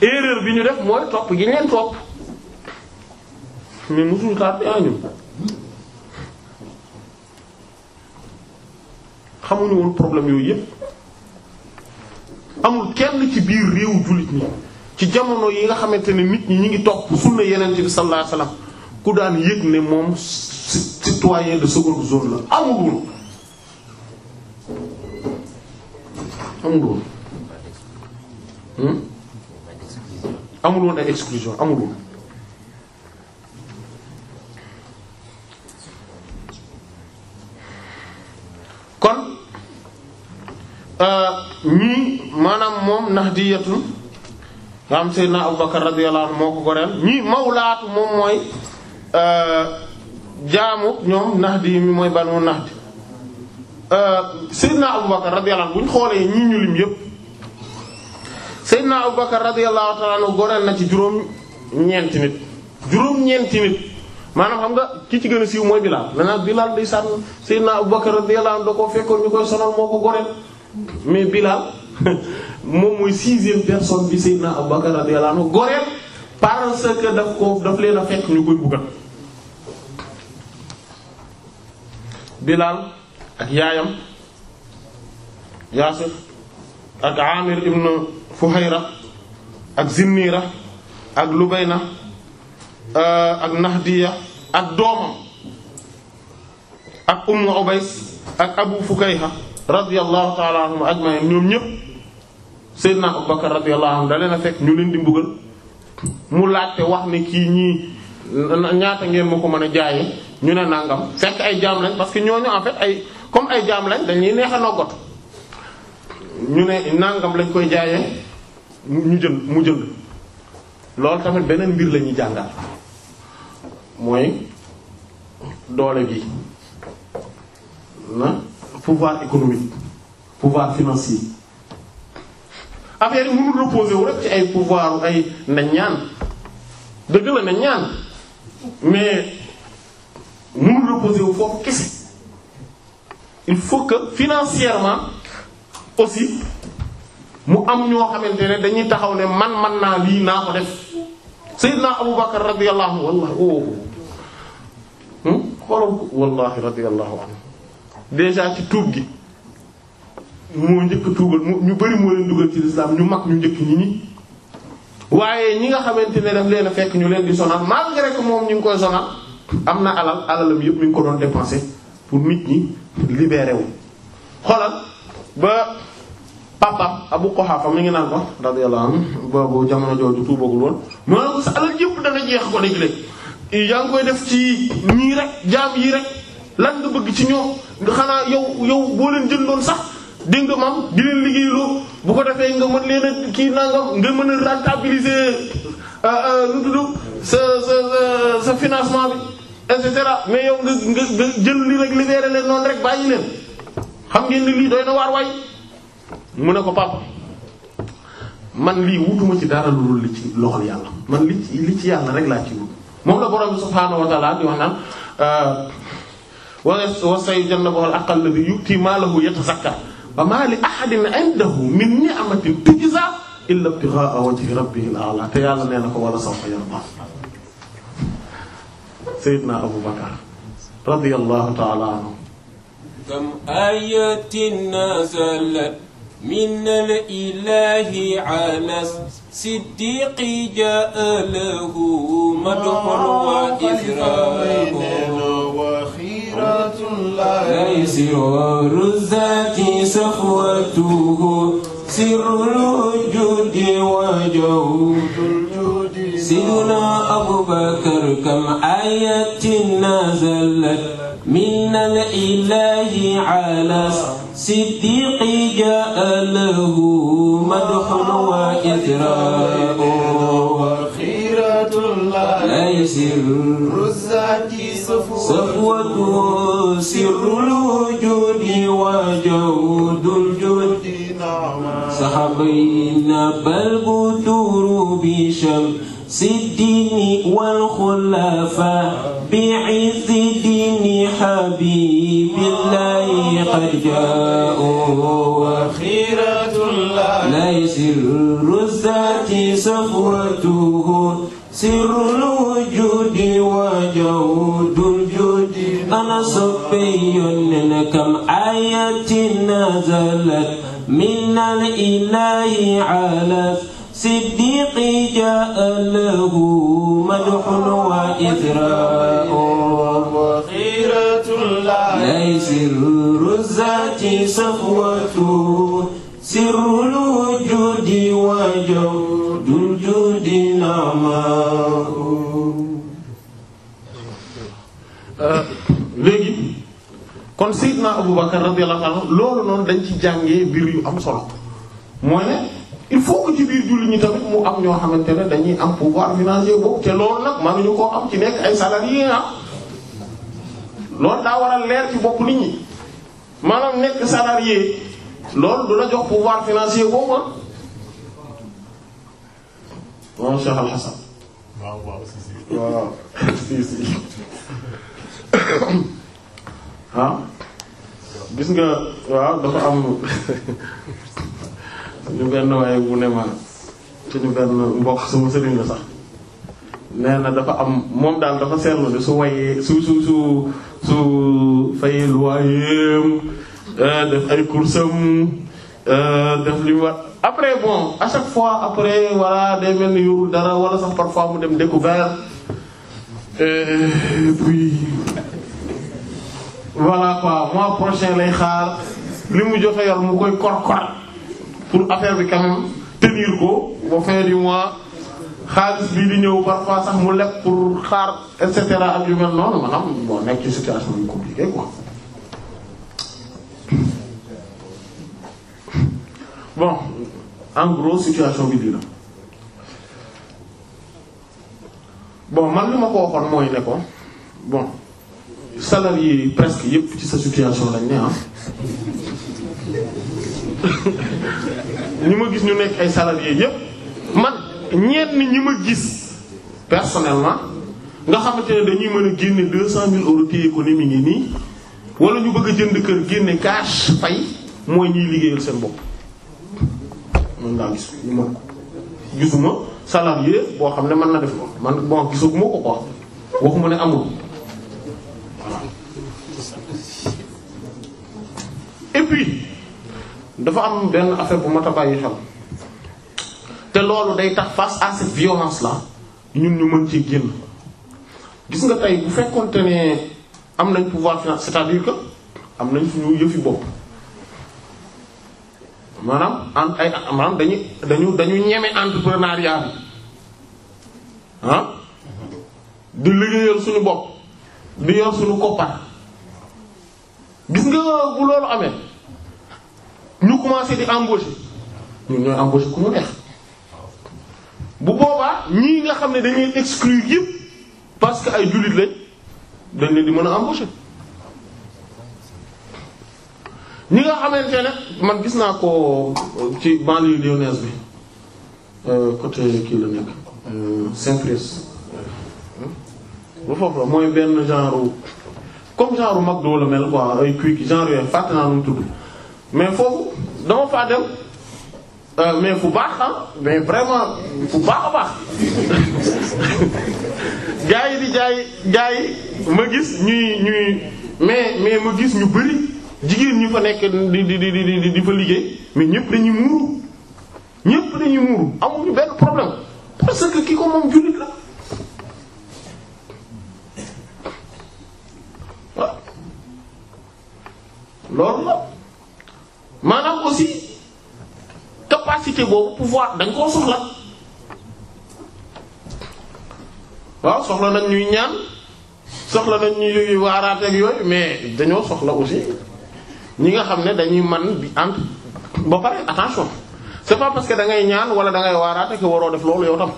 [SPEAKER 2] erreur bi ñu def mooy topp gi leen topp mais mosuñu tardé ah ñun. xamuñu woon problème yooyu yépp amul kenn ci biir réew jullit ñi ci jamono yi nga xamante ne nit ñi ñi ngi topp sunna yeneen bi sallallahu alayhi wasallam ku daan yëg ne moom citoyen de seconde zone la amul woon amul woon hmm? amul woon ay exclusion amul woon kon Euh, ñii maanaam moom nahdiyatun nga xam Seydina Abubakar radiyallahu anhu moo ko goreel ñii mawlaatu moom mooy euh, jaamu ñoom nahdi mi mooy banu nahdi euh, Seydina Abubakar radiyallahu anhu bu ñu xoolee ñii ñu lim yépp Seydina Abubakar radiyallahu ta'ala anhu goreel na ci juróom ñeenti nit juróom ñeenti nit maanaam xam nga ki ci gën a siiw mooy Bilaal maintenant Bilaal day sànn Seydina Abubakar radiyallahu anhu da koo fekkoon ñu koy sonal moo ko goreel mais Bilal moom mooy sixième personne bi Seydina Abu Bakr radiyallahu anhu goreel parce que daf ko daf leen a fekk ñu koy buggal Bilal ak yaayam Yaasir ak Amir ibn Fuhayra ak Zinnira ak Lubayna euh, ak Nahdiya ak doomam ak Ummu Ubays ak Abu Fukayha radiyallahu ta'ala anhum ajma'in ñoom ñëpp Seydina Abubakar radiyallahu anhu da leen fekk ñu leen di mbugal mu laajte wax ne kii ñii ñaata ngeen mu ko mën a jaaye ñu ne nangam fekk ay jaam lañ parce que ñoo en fait ay comme ay jaam lañ dañuy neex a ñu ne nangam lañ koy jaayee ñu jënd mu jënd loolu tamit beneen mbir lañuy ñuy mooy doole bi pouvoir économique pouvoir financier affaire yi mënul reposer rek ci ay pouvoir ay nañ ñaan dëgg la nañ ñaan mais mënul reposer wu foofu kese il faut que financièrement aussi mu am ñoo xamante ne dañuy taxaw ne man man naa lii naa ko def Seydina Abu Bakar radiyallahu anhu wallaahi woo hmm? xoolal ko wallaahi radiyallahu anhu déjà ci tuub gi moo njëkk tuubal ñu bari moo leen dugal ci lislaam ñu mag ñu njëkk ñi ñi waaye ñi nga xamante ne daf leen a fekk ñu leen di sonal malgré que moom ñu ngi koy sonal am na alal alalam yëpp mi ngi ko doon dépenser pour nit ñi libéré wu. xoolal ba papa Abu Quhafa mi ngi naan ko radiyallahu anhu boobu jamono jooju tuubagul woon mu ne sa alal yëpp dana jeex ko def ci ñii rek jaam yi rek. lan nga bëgg ci ñoom nga xanaa yow yow boo leen jëndoon sax dégg nga maam di leen liggéeyloo bu ko defee nga mën leen a kii nangam nga mën a rentabiliser euh, euh, lu tudd financement bi cetera mais yow jël li rek libéré leen noonu rek bàyyi leen xam lii doy na waar waay mu ne ko papa man lii wutuma ci dara lu dul li ci loxol yàlla man li ci li ci yàlla rek laa ci wut moom la borom subhaanahu wa di wax naan euh, wa sayujannabuha al-atqa alladhi yu'ti maalahu yatazakka wa maa li ahadin indahu min ni'matin tujza illa ibtigha'a wajhi rabbihil a'la te yàlla nee na ko wala sawfa yarda Seydina Abu Bakar radiyallahu ta'ala anhu
[SPEAKER 1] kam ayatin nazalat min al-ilahi ala siddiqi ja'a lahu madhun wa ikramun أي سرار الذات صفوته سر الوجود وجود الجود سيدنا أبو بكر كم آية نزلت من الإله على صديق جاء له مدح وإثراء سر الرزات صفوة سر الوجود وجود الجود صحبينا بل بدور بشم سدين والخلفاء بعز دين حبيب الله قد جاءوا وخيرة الله لا يسر الزات صفوة سر الوجود وجود الجود أنا صبي كم آية نزلت من الإله على صديق جاء له مدح وإثراء خيرة الله ليس الرزات صفوة سر الوجود وجود
[SPEAKER 2] léegi kon Seydina Aboubacar radiyallahu anhu loolu noonu dañ ci jàngee biir yu am solo mooy ne il faut que ci biir julli ñi tamit mu am ñoo xamante ne dañuy am pouvoir financier boobu te loolu nag mënuñu koo am ci nekk ay salariés ah loolu daa war a leer ci bopp nit ñi maanaam nekk salarié loolu du la jox pouvoir financier boobu ah. moom Cheikh Hassan waaw waaw si si waaw si si ah gis nga waaw dafa am ñu benn waaye bu ne ma suñu benn mbokk sama sëriñ la sax nee na dafa am moom daal dafa seetlu ne su wayee su su su su fayee lu waayeem euh, def ay kursam euh, def li mu après bon à chaque fois après voilà day mel ni yorul dara wala sax parfois mu dem découvert euh, et puis voilà quoi mois prochain lay xaar li mu joxe yor mu koy kor-kor pour affaire bi quand même tenir ko ba fin du mois xaalis bii di ñëw parfois sax mu leb pour xaar et cetera ak yu mel noonu maanaam bon nekk ci situation yu compliquée quoi. bon en gros situation bi dina bon man li ma ko waxoon mooy ne ko bon salarié yi presque yépp ci sa situation lañ ne ah ñi ma gis ñu nekk ay salarié yépp man ñenn ñi ma gis na nga xamante ne dañuy mën a génne deux cent mille euros téye ni ngi nii wala ñu bëgg a jënd kër génne cash fay mooy ñuy liggéeyal seen bopp. mën ngaa gis ko gisuma salaam yéen boo xam ne mën na def loolu man bon gisaguma ko quoi waxuma ne amul et puis dafa am benn affaire bu ma tabaay xel te loolu day tax face à cette violence là ñun ñu mën ci génn gis nga tey bu fekkonte ne am nañ pouvoir financier c'est-à-dire que am nañ suñu yëfi bopp. maanaam en ay maanaam dañu dañu dañu ñeme entrepreneuriat bi ah di liggéeyal suñu bopp di yor suñu koppar gis nga bu loolu amee ñu commencé di embaucher ñun ñooy embaucher ku ñu neex bu boobaa ñii nga xam ne dañuy exclure yëpp parce que ay jullit lañ dañ leen di mën a embaucher ñi nga xamante ne man gis naa ko ci banlieue lyonnaise bi euh, côté kii la nekk euh, Saint-Priest hmm? lu foofu la mooy benn genre comme genre mag doo la mel quoi ay kuy genre yooyu fàtte naa nu tudd mais foofu dama faa dem euh, mais fu baax ah mais vraiment fu baax a baax gars yi di jaay gars yi ma gis ñuy ñuy mais mais ma gis ñu bari jigéen ñu fa nekk di di di di di fa liggéey mais ñëpp dañuy muuru ñëpp dañuy muuru amuñu benn problème parce que ki ko moom jullit la. waaw ah. loolu la maanaam aussi capacité boobu pouvoir dañ koo soxla waaw soxla nañ ñuy ñaan soxla nañ ñuy waaraate ak yooyu mais dañoo soxla aussi. ñi nga xam ne dañuy man di ant ba pare attention c'est pas parce que da ngay ñaan wala da ngay waaraate que waroo def loolu yow tam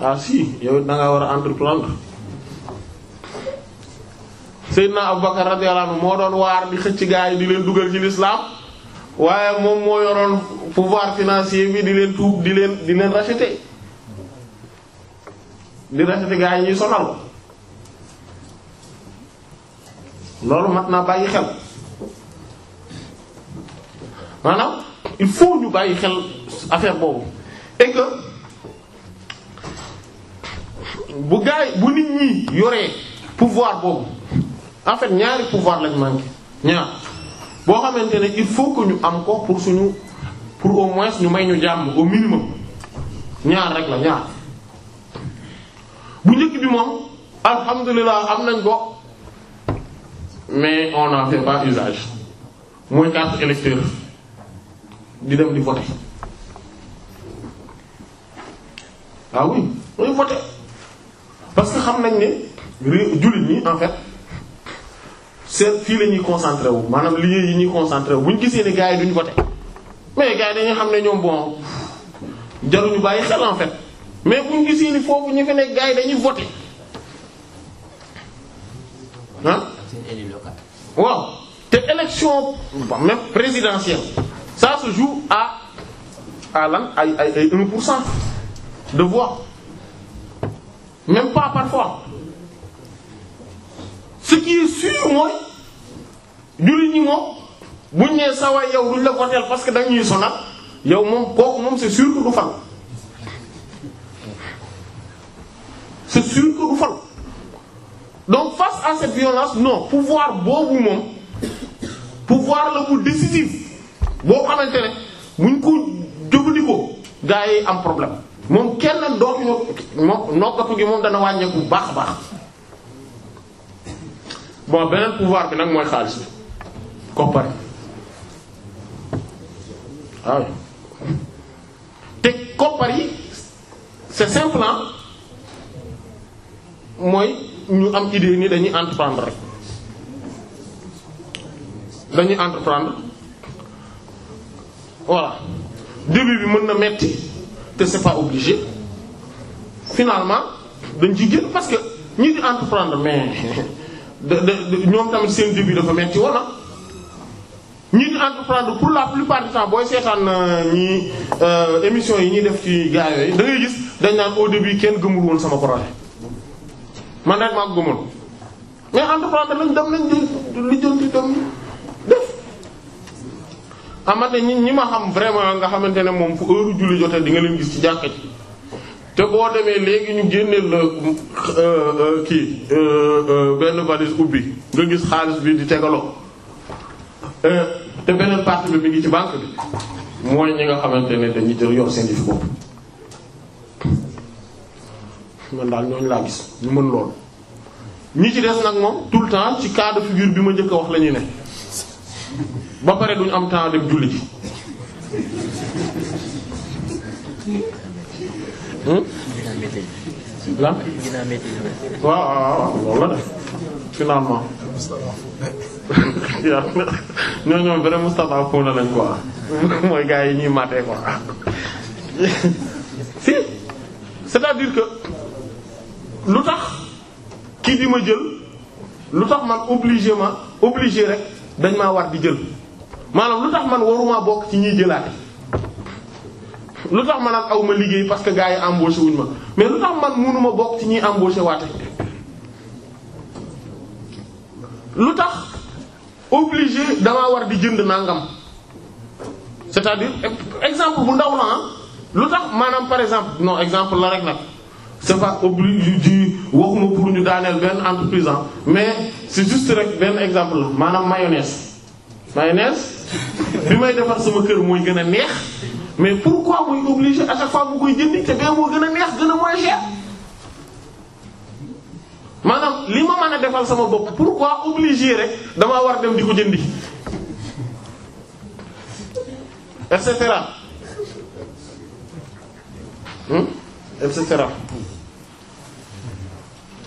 [SPEAKER 2] ah si yow da nga war a entreprendre Seydina Abubakar radiyallahu anhu moo doon waar di xëcc gaa yi di leen dugal ci l'islam waaye moom moo yoroon pouvoir financier bi di leen tuub di leen di leen racheter di racheter gaa yi ñuy sonal loolu mat naa bàyyi xel maanaam il faut ñu bàyyi xel affaire boobu et que bu gaay bu nit ñi yoree pouvoir boobu afet ñaari pouvoir lañ manqué ñaar boo xamante ne il faut ko ñu am ko pour suñu pour au moins ñu may ñu jàmm au minimum ñaar rek la ñaar bu njëkk bi moom alhamdulilah am nañ ko mais on n'en fait pas usage mooy carte électeur di dem di voter ah oui mooy voter parce que xam nañ ni ré jullit ñi en fait c'est fii la ñuy concentré wu maanaam liggéey yi ñuy concentré bu ñu gisee ne gars yi duñu voter mais gars yi dañuy xam ne ñoom bon jaruñu bàyyi xel en mais bu ñu gisee ni foofu ñu fi nekk gars yi dañuy voter ah. élu local. waaw te élection même présidentielle ça se joue à à lan ay ay ay 1 pour cent de voix même pas parfois ce qui est sûr mooy jullit moom buñ nee saa waay yow duñ la voter parce que dañuy sonal yow moom kooku moom c'est sûr que du fal c'est sûr que du fal. donc face à cette violence non pouvoir boobu moom pouvoir la bu décisif boo xamante ne buñ ko jëfandikoo gars yi am problème moom kenn dootu moom nokkatu gi moom dana wàññeeku bu baax a baax bon beneen pouvoir bi nag mooy xaalis bi koppar waaw te koppar yi c'est simple mooy. ñu am idée ni dañuy entreprendre rek dañuy entreprendre voilà début bi mën na metti te c'est pas obligé finalement dañ ci génn parce que ñi entreprendre mais da de ñoom tamit seen début dafa metti wala ah. ñi di entreprendre pour la plupart du temps booy seetaan euh, ñi euh, émission yi ñuy def ci gaa yooyu da ngay gis dañ naan au début kenn gëmul woon sama projet. man rek maa gëmoon mais entreprendre lañ dem nañ di ah, ñi ñi ma xam vraiment nga xamante ne moom fu heure julli jotee di nga leen gis ci jàkka ci te boo demee léegi ñu génneel la euh, euh, kii euh, benn valise ubbi nga gis xaalis bi di tegaloo te beneen partie bi mi ngi ci banque bi mooy ñi nga xamante ne dañuy jël yor seen yëfu bopp man daal ñooñu laa gis ñu mën loolu ñi ci des nag moom tout le temps ci cas de bi ma njëkk wax la ñuy ne ba pare duñu am temps dem julli ji hmm?
[SPEAKER 4] lan waaw waaw
[SPEAKER 2] loolu la def finalement ñoo ñoom vraiment Moustapha foofu na lañ quoi mooy gars yi ñuy matee quoi si c'est-à-dire lu tax kii bi ma jël lu tax man obligé ma obligé rek dañ maa war di jël maanaam lu tax man waruma bokk ci ñiy jëlaate lu tax man ak aw ma liggéey parce que gars yi embauché wuñ ma mais lu tax man mënuma bokk ci ñiy embauché waate lu tax obligé damaa war di jënd nàngam c'est-à-dire exemple bu ndaw la ah lu tax maanaam par exemple non exemple la rek nag c'est pas obligé yu ji waxuma pour ñu daaneel benn entreprise mais c'est juste rek benn exemple la maanaam mayonnaise mayonnaise bi may defar sama kër mooy gën a neex mais pourquoi muy obligé à chaque fois koy jëndi te bee moo gën a neex gën a moins cher maanaam li ma mën a defal sama bopp pourquoi obligé rek damaa war dem di ko jëndi et cetera hmm? et cetera.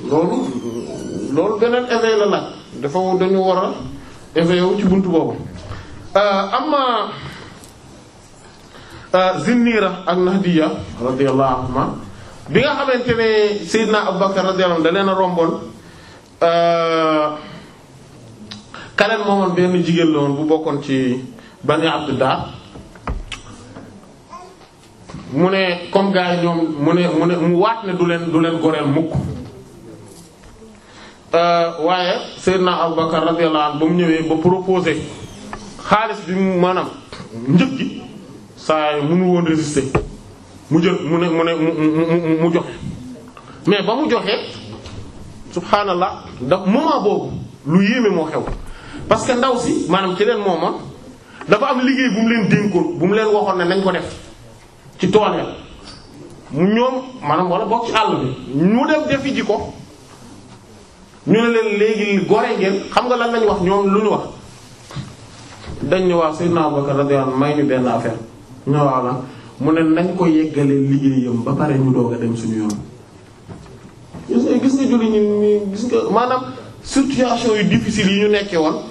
[SPEAKER 2] loolu loolu beneen éveil la nag dafa dañu war a éveillé ci buntu boobu euh, amma euh, Zinnira ak Nahdiya radiyallahu anhuma bi nga xamante ne Seydina Abubakar radiyallahu anhu da leen a romboon euh, kaleen moomoon benn jigéen la bu bokkoon ci Bani Abduddaar mu ne comme gars ñoom mu ne mu ne mu waat ne du leen du leen goreel mukk Euh, waaye naa Aboubacar radiyallahu anhu ba mu ñëwee ba proposé xaalis bi mu maanaam njëg gi saa nu woon résister mu jël mu ne mu ne mu mu joxe mais ba mu joxee subhaanallah da moment boobu lu yéeme moo xew parce que ndaw si maanaam ci leen moomoon dafa am liggéey bu mu leen dénkoon bu mu leen waxoon ne nañ ko def ci tool mu ñoom maanaam wala bokk ci àll bi mu dem defi ji ko ñu ne leen léegi gore ngeen xam nga lan lañ wax ñoom lu ñu wax dañ ne waa Seydina Abubakar radiyallahu anhu may ñu benn affaire ñu ne waaw mu ne nañ ko yeggalee liggéeyam ba pare ñu doog a dem suñu yoon. gis nga julli ñu gis nga maanaam situation yu difficile yi ñu nekkee woon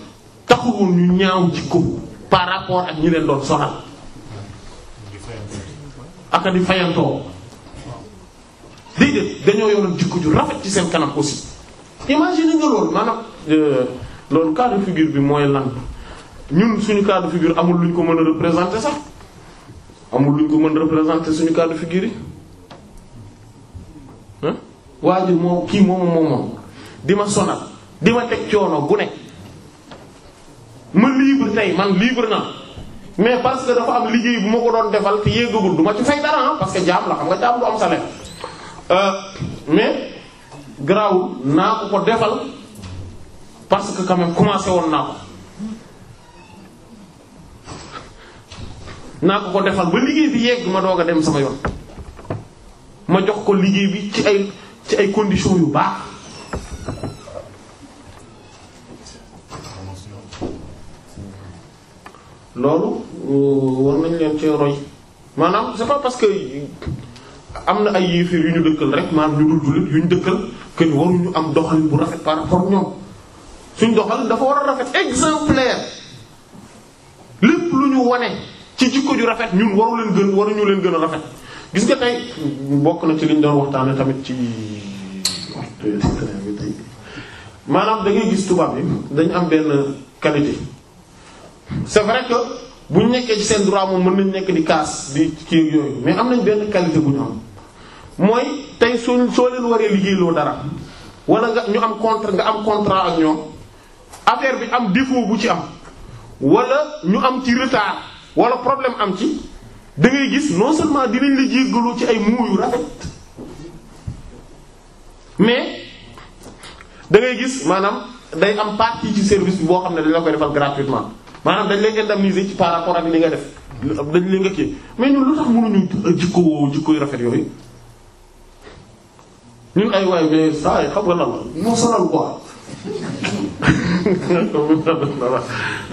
[SPEAKER 2] taxawul ñu ñaaw jikko par rapport ak ñi leen doon soxal. ak di fayantoo. déedéet dañoo yoroon jikko ju rafet ci seen kanam aussi. imagine nga loolu maanaam euh, loolu cas de bi mooy lan ñun suñu cas de amul luñ ko mën a représenter sax amul luñ ko mën a représenter suñu cas de yi ah waa ji moom kii moom moom di ma sonal di ma teg coono gu ne ma libre tey man libre na mais parce que dafa am liggéey bu ma ko doon defal te yéegagul du ma ci fay dara ah, parce que jaam la xam nga jaam du am salaire euh, mais. garaawul naa ko ko defal parce que quand même commencé woon naa ko naa ko ko defal ba liggéey bi yegg ma doog a dem sama yoon ma jox ko liggéey bi ci ay ci ay conditions yu baax loolu euh, war nañ leen ci roy maanaam c'est pas parce que am na ay yéeféer yu ñu dëkkal rek maanaam ñu dul jullit yu ñu dëkkal que waruñu am doxalin bu rafet par rapport ñoom suñ doxalin dafa war a rafet exemplaire lépp lu ñu wane ci jikko ju rafet ñun waru leen gën waruñu leen gën a rafet gis nga tey bokk na ci liñ doon waxtaane tamit ci maanaam da gis tubaab yi dañ am benn qualité c'est vrai que buñ nekkee ci seen droit moom mën nañ nekk di kaas di kii yooyu mais am nañ benn qualité bu ñu am mooy tey suñ soo leen waree liggéeyloo dara wala nga ñu am contrat nga am contrat ak ñoom affaire bi am défaut bu ci am wala ñu am ci retard wala problème am ci da ngay gis non seulement dinañ la jéggalu ci ay muuyu rafet mais dangay gis maanaam day am partie ci service bi boo xam ne dañ la koy defal gratuitement maanaam dañ lay indemniser ci par rapport ak li nga def dañ leen nga kii mais ñun lu tax mënuñu jikko woowu jikko yu rafet yooyu ñun ay waay mais saa yi xam nga la moo sonal quoi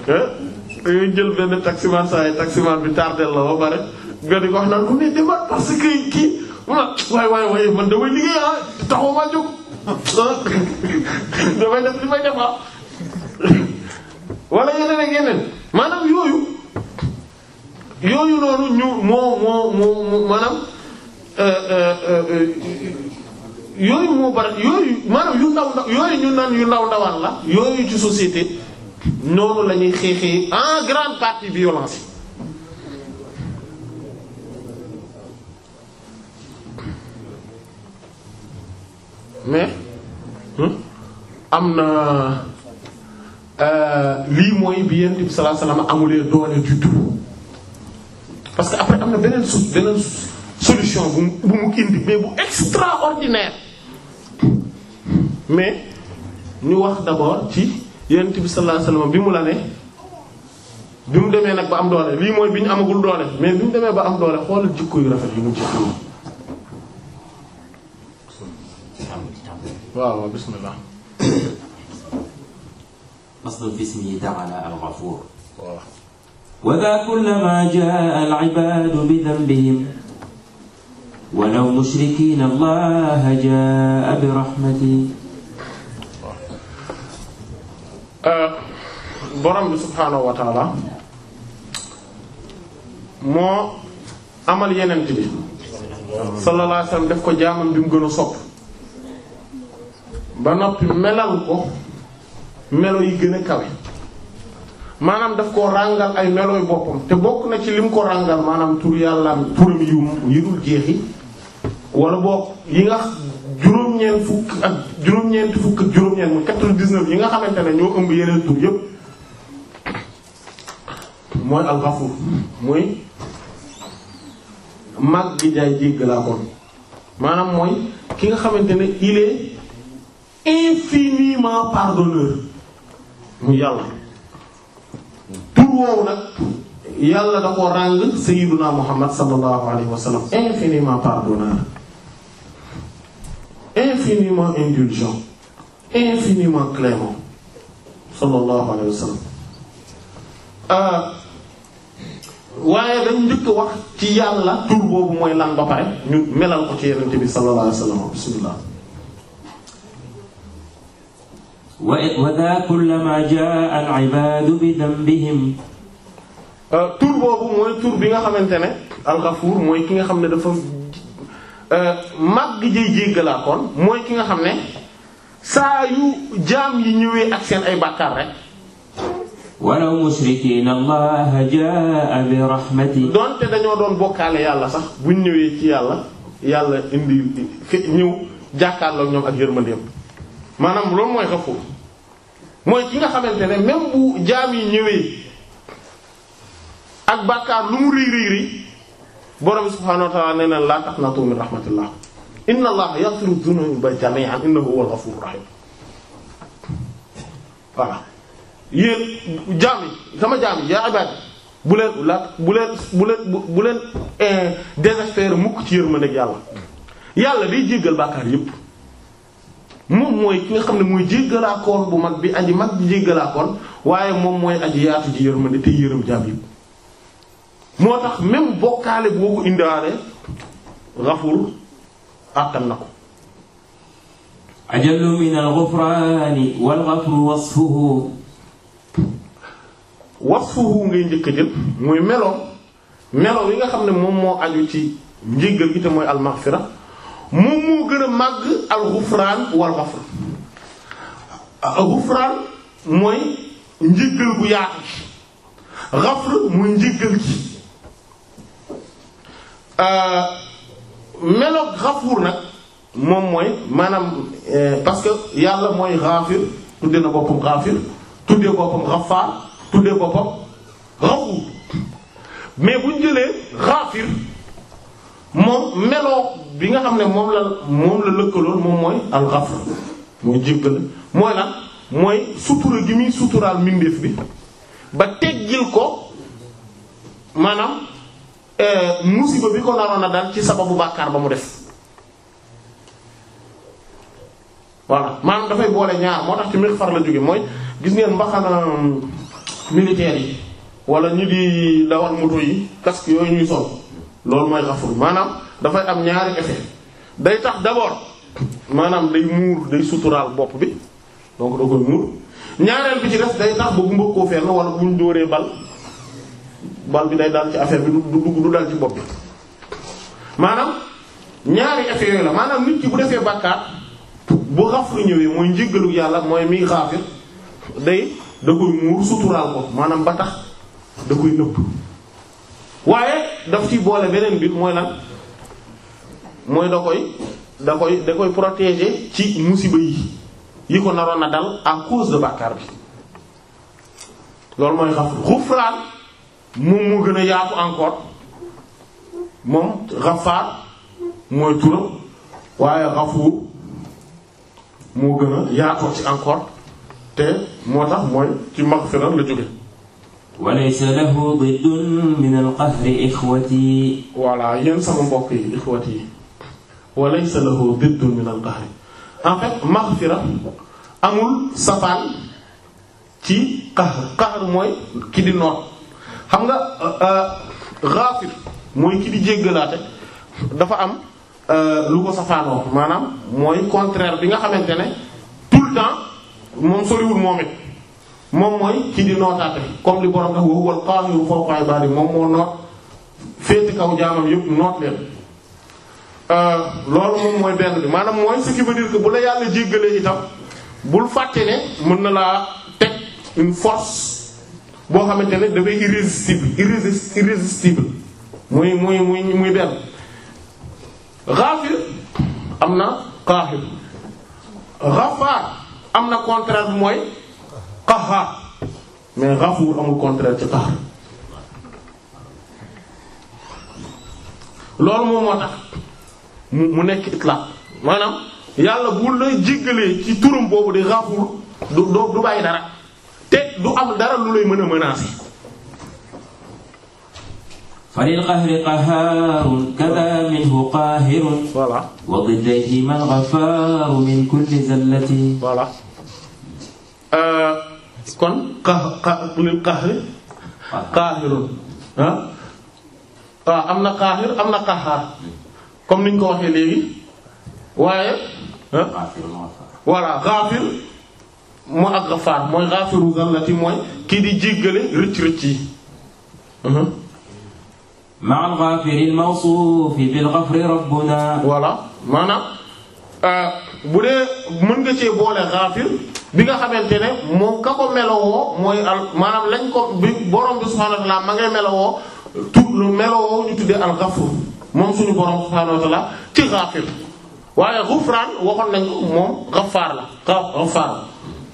[SPEAKER 2] dangay jël benn taximan saa yi taximan bi tardel la ba pare nga ko wax naan ku ne demal parce que kii waay waay waay man damay liggéey ah taxaw maa jóg damay def li may def ah wala yeneen ak yeneen maanaam yooyu yooyu noonu ñu moo moo moo maanaam euh, euh, euh, yooyu moo bari yooyu maanaam yu ndaw ndaw yooyu ñu naan yu ndaw ndawaan la yooyu ci société noonu la xeexee en grande partie violence mais hmm, am na euh, lii mooy bi yent bi sallallahu alayhi wasallam amulee doole du tout parce que après am na beneen solution bu mu bu mais bu extraordinaire mais ñu wax d'abord ci yonent bi sallallahu alayhi wasallam bi mu la ne bi mu demee nag ba am doole lii mooy bi ñu amagul doole mais bi mu demee ba am doole xoolal jikko yu rafet yi mu ci am. waaw waaw bismillah.
[SPEAKER 1] aslu bismihi ta'ala al-Ghafuur. waaw. wa dhaa kullamaa jaa'a al-'ibaadu bi dhanbihim wa law mushrikiina Allaaha jaa'a bi rahmatihi
[SPEAKER 2] Euh, borom bi subhaanahu wa moo amal yeneen bi sallallahu alayhi wasallam def ko jaamam bi mu gën a sopp ba noppi melal ko melo yi gën a kawe maanaam daf koo ràngal ay melooy boppam te bokk na ci lim ko ràngal maanaam tur yàlla turam yu yu dul jeexi wala bokk yi nga juróom-ñeent fukk ak juróom-ñeent fukk ak juróom-ñeent mu 99 yi nga xamante ne ñoo ëmb yeneen tur yépp mooy al-Ghafur mooy mag ki nga xamante ne il est infiniment pardonneur mu yàlla tur nag yàlla da ko ràng sayyiduna Muhammad sallallahu alayhi wa sallam infiniment pardonneur infiniment indulgent infiniment clément sallallahu alayhi wa sallam euh, waaye dañ njëkk wax ci yàlla tur boobu mooy lan ba
[SPEAKER 1] ñu melal ko ci yonent bi sallallahu alayhi wa sallam bismillah وذا كلما جاء العباد بذنبهم xamante ne al-Ghafuur mooy ki nga xam ne dafa
[SPEAKER 2] Euh, mag gi jëy jéggalaa kon mooy ki nga xam ne saa yu jaam yi ñëwee ak seen ay bàkkaar rek
[SPEAKER 1] walaw mushrikiina
[SPEAKER 2] allaha jaa bi rahmati donte dañoo doon bokkaale yàlla sax buñ ñëwee ci yàlla yàlla indi fi ñëw jàkkaarloog ñoom ak yërmandeem maanaam loolu mooy xafuur mooy ki nga xamante ne même bu jaam yi ñëwee ak bàkkaar lu mu rëy rëy rëy borom subhaanahu wa ta'aala nee na laa taqnatu min rahmatillah inna allaha yaghfiru dhunuba jami'an innahu huwal ghafuurur rahiim voilà yéen jaam yi sama jaam yi yaa ibaad bu leen la bu leen bu leen bu leen eh, mukk ci yërmandeeg yàlla yàlla day jéggal bàkkaar yépp moom mooy ki nga xam ne mooy jéggalaakoon bu mag bi aji mag bi jéggalaakoon waaye moom mooy aji yaatu ji yërmande te yërëm jaam yépp moo tax même bokkaale boo ko indiwaale
[SPEAKER 1] Gafuur àttan na ko. ajallu min al-ghufraani wal ghafru wasfuhu.
[SPEAKER 2] ngay njëkk jël mooy melo melo yi nga xam ne moom moo aju ci njéggal gi te mooy al-maghfira moom moo gën a màgg al-ghufraan wal ghafr al mooy njéggal gu yaatu ghafr mooy njéggal gi. Euh, meloog xafuur nag moom mooy maanaam euh, parce que yàlla mooy xaafir tuddee na boppam xaafir tuddee boppam xafaar tuddee boppam xafuur mais bu jëlee xaafir moom meloo bi nga xam ne moom la moom la lëkkalool moom mooy alxafr mooy jéggal mooy lan mooy sutura gi muy suturaal mbindeef bi ba teggil ko maanaam Euh, musiba bi ko naroon daal dal ci sababu bàkkaar ba mu def voilà maanaam dafay boole ñaar moo tax ci Mixfar la jóge mooy gis ngeen mbaxana hmm, militaire yi wala ñi di dawal moto yi casque yooyu ñuy sol loolu mooy xafur maanaam dafay am ñaari effet day tax d'abord maanaam day muur day suturaal bopp bi donc da koy muur ñaareel bi ci def day tax ba bu mbëg koo fenn wala bu dóoree bal bal bi day daal ci affaire bi du dugg du daal ci bopp bi maanaam ñaari effet yooyu la maanaam nit ki bu defee bàkkaar bu xafru ñëwee mooy njéggalu yàlla mooy miy xaafir day da koy muur suturaal ko maanaam ba tax da koy nëbb waaye daf ci boole beneen bi mooy lan mooy da koy da koy da koy protéger ci musiba yi yi ko naroon na dal à cause de bàkkaar bi loolu mooy xafru xufraan moom moo gën a yaatu encore moom Ghaffar mooy turam waaye Ghafuur moo gën a yaatoo ci encore te moo tax mooy ci maghfira la jóge walaysa lahu diddun min al-qahri ikhwati voilà yéen sama mbokk yi ikhwati yi walaysa lahu diddun min al-qahri en fait maghfira amul safaan ci qahr qahr mooy ki di noot xam nga xaafir euh, euh, mooy ki di jéggalaate dafa am euh, lu ko safaanoo maanaam mooy contraire bi nga xamante ne tout le temps moom soriwul moom it moom mooy ki di nootaate comme li borom tax wa huwal qaahiru fawqa ibaadi moom moo noot féeti kaw jaamam yëpp noot leen loolu moom mooy benn bi maanaam mooy ce qui veut bu la yàlla jéggalee itam bul fàtte ne mën na laa teg une force boo xamante ne dafay irrésistible irrési irrésistible muy muy muy muy benn xaafir am na xaaxir
[SPEAKER 3] xafaar
[SPEAKER 2] am na contraire bi mooy xaxaar mais xafuur amul contraire ci xaxaar loolu moom moo tax mu mu nekk itlaq maanaam yàlla bu la jéggalee ci turam boobu di xafuur du du bàyyi dara te du am dara lu lay mën a menacer.
[SPEAKER 1] falil qahri qahaarun kadaa minhu qaahirun. voilà wa diddayhi man ghafaaru min kulli zallati. voilà euh, kon ah,
[SPEAKER 2] niñ ko waxee
[SPEAKER 1] moo ak Ghaffar mooy Ghafiru zallati mooy kii di jéggale rëcc-rëcc yi mhm. ma'al ghafiril mawsuufi bil ghafri
[SPEAKER 2] rabbuna voilà maanaam euh, bu dee mën nga cee boole Ghafir bi nga xamante ne moom ka ko melowoo mooy al maanaam lañ ko bi borom bi subhaanahu wa ma ngay melowoo tout melowoo ñu tuddee al Ghafur moom suñu borom subhaanahu wa ta'aala ci Ghafir waaye Ghufraan waxoon nañ moom Ghaffar la Ghaffar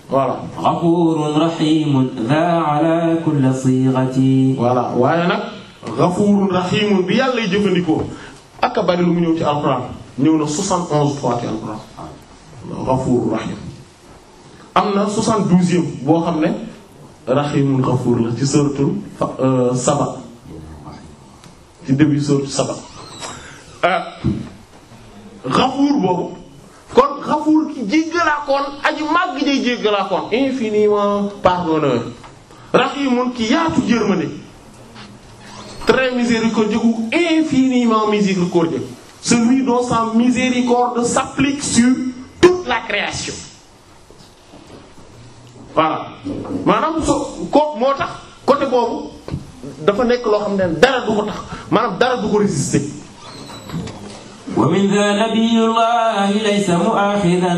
[SPEAKER 1] voilà gafuurun raxiimun daa ala kulli siixati
[SPEAKER 2] voilà waaye nag gafuurun raxiimun bi yàlla lay jëfandikoo ak a bari lu mu ñëw ci alxuraan ñëw na soixante onze fois ci alxuraan gafuurun raxiim am na soixante douzième boo xam ne raxiimun gafuur la ci suratul euh, saba ci début suratul saba euh, gafuur boobu xafuur ki jéggalaakoon aji màgg day jéggalaakoon infiniment pardonneur rahimun ki yaatu yërmande très miséricordieux ou infiniment miséricordieux celui dont sa miséricorde s'applique sur toute la création voilà maanaam so ko moo tax côté boobu
[SPEAKER 1] dafa nekk loo xam ne dara du ko tax maanaam dara du ko résister ومن ذا نبي الله ليس مؤاخذا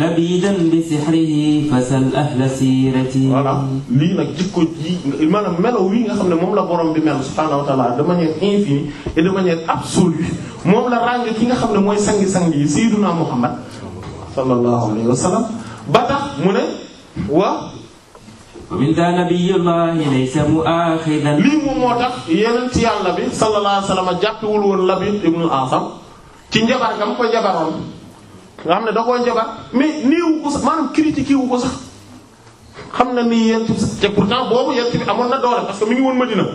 [SPEAKER 1] لبيدا بسحره فسل أهل lii nag jikko ji maanaam melo wi
[SPEAKER 2] nga xam ne moom la borom bi mel subhaanahu wa ta'aala de manière infinie et de manière absolue moom la ràng ki nga xam ne mooy sangi-sang yi sayyiduna Muhammad sallallahu alayhi wa sallam ba tax mu ne wa min daa nabiyullahi laysa lii moom moo tax yeneen ci yàlla bi sallallahu alayhi wa sallam jàppewul woon Labid ci njabar nga mu ko njabaroon nga xam ne da koo njabar mais néewu ko sax maanaam critiqué wu ko sax xam na ni yent bi te pourtant boobu yent bi amoon na doole parce que mi ngi woon Madina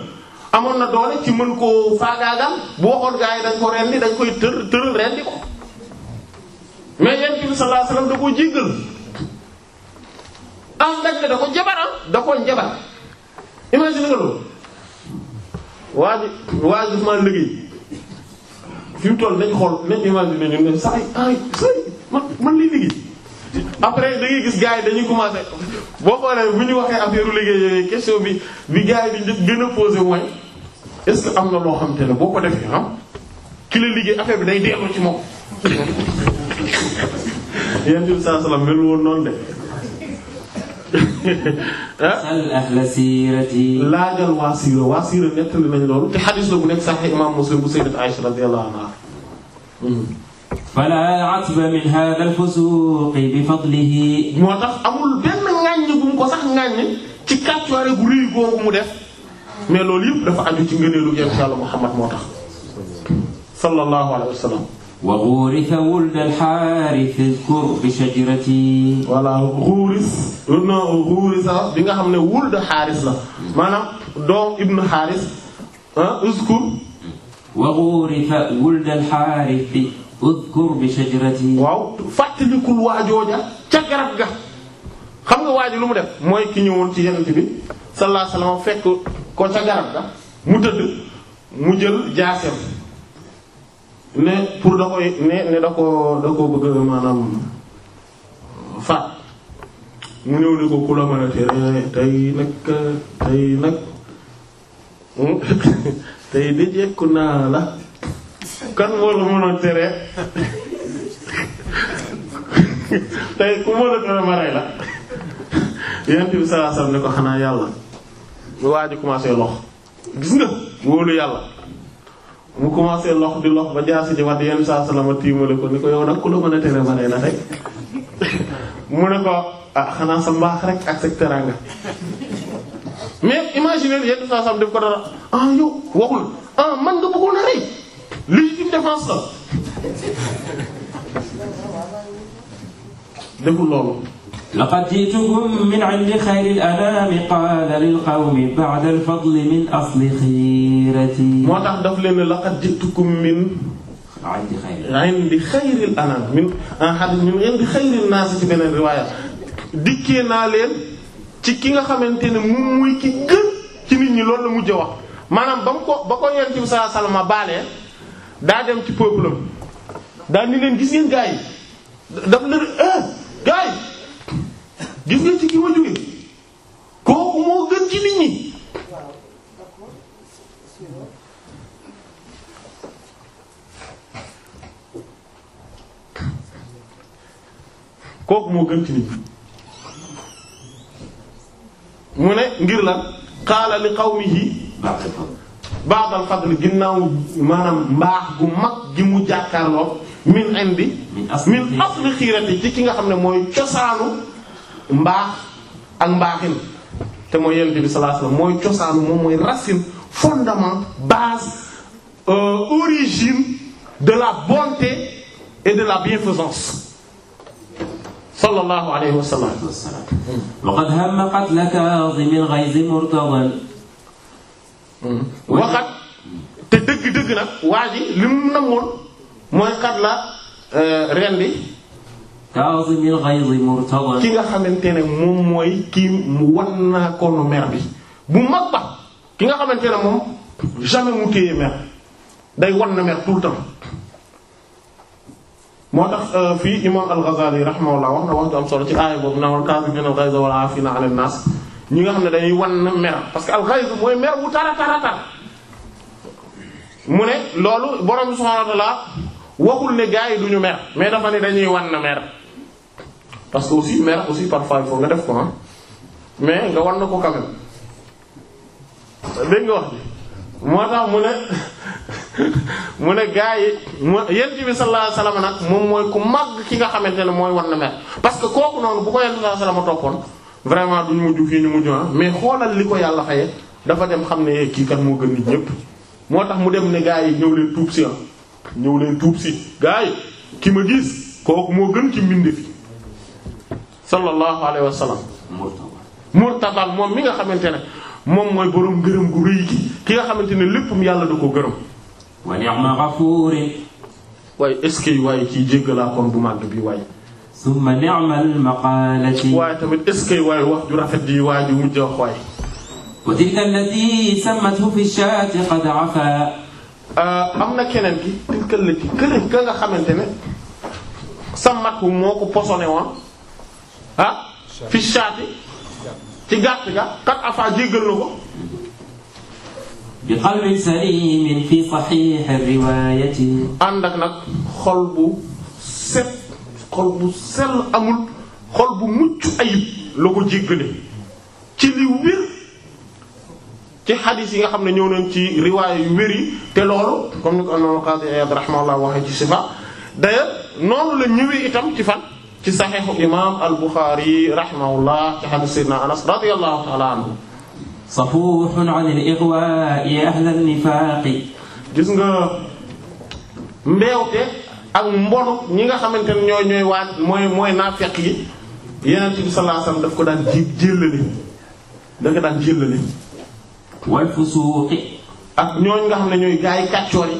[SPEAKER 2] amoon na doole ci mën koo faagaagal bu waxoon gaa yi dañ ko rendi dañ koy tër tëral rendi ko mais yent bi sallallahu alayhi wasallam da koo jéggal am nag ne da ko njabar am da koo njabar imagine nga loolu waa ji waa ji dafa ma liggéey fi mu toll nañ xool nañ imaginer ñun ne saa yi ay man man lii liggéey après da gis gars yi dañuy commencer boo xoolee bu ñu waxee affaire liggéey question bi bi gars yi di gën a poser mooy est-ce que am na loo xam te ne boo ko defee ah ki la liggéey affaire bi day dellu ci moom. yéen jërëjëf saa salaam mel woon noonu de. Ah. sal ahla siirati. laajal waa siira waa siira nettali nañ loolu te xadis la bu nekk Sahih imaam Muslim bu Sayyidat Aisha radiyallahu anha.
[SPEAKER 1] Hmm. fala atba min hada al bi fadlihi. moo tax
[SPEAKER 2] amul benn ŋaññi bu mu ko sax ŋaññi ci kàccoore gu rëy googu mu def mais loolu yëpp dafa aju ci ngëneelu yéen si Yàlla moo tax. sallallahu alayhi wa sallam. وغورث ولد voilà غورث non nga xam ne wuldu xaaris la maanaam doom ibnu xaaris
[SPEAKER 1] اذكر waaw fàttalikul waajooja ca garab ga
[SPEAKER 2] xam nga waajo lu mu def mooy ki ñëwoon ci yonent bi sallallahu fekk ko ca garab ga mu tëdd mu jël jaaseem ne pour da koy ne ne da koo da koo bëgg maanaam faat mu ñëw ne ko ku la mën a tere tey nag tey nag hmm? tey di jekku naa la kan moo la mën tere tey ku moo la tere ma rey la yonent ne ko xanaa yàlla mu waaj a commencé gis nga wóolu yàlla mu commencé lox di lox ba jaasi ji wat yenn saa salama tiimale ko ni ko yow nag ku la mën a tere ma nee na rek mu ne ko ah xanaa sa mbaax rek ak sa teraanga mais imaginer yenn saa salama def ko dara ah yow waxul ah man nga bëggoon a rey légitime défense la
[SPEAKER 1] deful loolu laqad jiitukum min indi xayril anaami qaala lil qawmi leen
[SPEAKER 2] laqad beneen riwaaya ki nga xamante ne moom muy ki gën ci nit ñi loolu la mujj wax maanaam ba ko ba ko yonent bi sallallahu daa dem ci peuple daa ni leen gis ngeen gaa yi daf leen ah eh, gaa yi. gis nga ci ki ma jógee kooku moo gën ci nit mu ne ngir la qaala li qawmihi ba'da al-fadl ginnaaw maanaam mbaax gu mag gi mu jàkkaarloo min indi min asli xiirati ci ki nga xam ne mooy cosaanu mbaax ak mbaaxin te mooy yonent bi sallallahu alayhi wasallam mooy cosaanu moom mooy racine fondement base euh, origine de la
[SPEAKER 1] bonté et de la bienfaisance sallallahu alayhi wa sallam waqad hamma qatla kaazim al-ghayz murtadan hmm. waxat
[SPEAKER 2] te dëgg-dëgg nag waa ji li mu nangoon mooy xat la
[SPEAKER 1] euh, rendi ki
[SPEAKER 2] nga xamante ne moom mooy kii mu wan naa mer bi bu mag ba ki nga xamante ne moom jamais mu téye mer day wan mer tout le moo tax euh, fii imam al-Ghazali rahimahullah wax na wax ju am solo ci aaya boobu naa wal kaazimina al-ghayza wal naas ñi nga xam ne day wan mer parce que al-ghayz mooy mer bu tara tara tar mu ne loolu borom subhaanahu wa ta'aala waxul ne gaa yi duñu mer mais dafa ne dañuy wan mer parce que aussi mais aussi parfois il faut nga def ko ah mais nga war na ko quand même nga wax ji moo tax mu ne mu ne gaa yi mu yent bi sallallahu alayhi moom mooy ku màgg ki nga xamante ne mooy war na mer parce que kooku noonu bu ko yent sallallahu alayhi wasallam toppoon vraiment duñ mujj fii ñu mujj ah mais xoolal li ko yàlla xaye dafa dem xam ne eh, kii kat moo gën nit ñépp moo tax mu dem ne gaa yi ñëw leen tuub si ah ñëw leen tuub si gaa yi ki ma gis kooku moo gën ci mbind fi sallallahu alayhi wa sallam murtabal moom mi nga xamante ne moom mooy borom gërëm gu ki nga xamante ne léppam yàlla da ko gërëm wa ni'ma ghafuuri waaye est-ce que waaye ci jéggalaa bu màgg bi waaye summa tamit est-ce que waaye wax ju rafet ji waaye ju mujj wax waaye wa tilka allati sammathu fi shaati qad afa euh, keneen ki tilka allati ne sammathu moo ko posone
[SPEAKER 3] ah fi
[SPEAKER 1] saati ci gàtt ga kat afa jéggal na ko bi qalbin salimin fi sahih riwayati ànd nag xol bu set bu sell amul xol
[SPEAKER 2] bu mucc ayib la ko jéggale ci li wér ci xadis yi nga xam ne ñëw nañ ci riwaay yu wér yi te loolu comme ni ko am noonu Qadi Iyad rahimahullah waxee ci sifa d'ailleurs noonu la ñëwee itam ci fan ci saxiixu imaam al buxaari rahimahullah ci xadiis sayyidina anas radiyallahu ta'ala
[SPEAKER 1] an al ighwaa'i ahla an nifaaqi gis nga mbeewte
[SPEAKER 2] ñi nga xamante ne ñooy ñooy waa mooy mooy naafeq yi Yonent bi ko daan ji daan jëllale wal ñooñ nga xam ne ñooy gaay kàccoor yi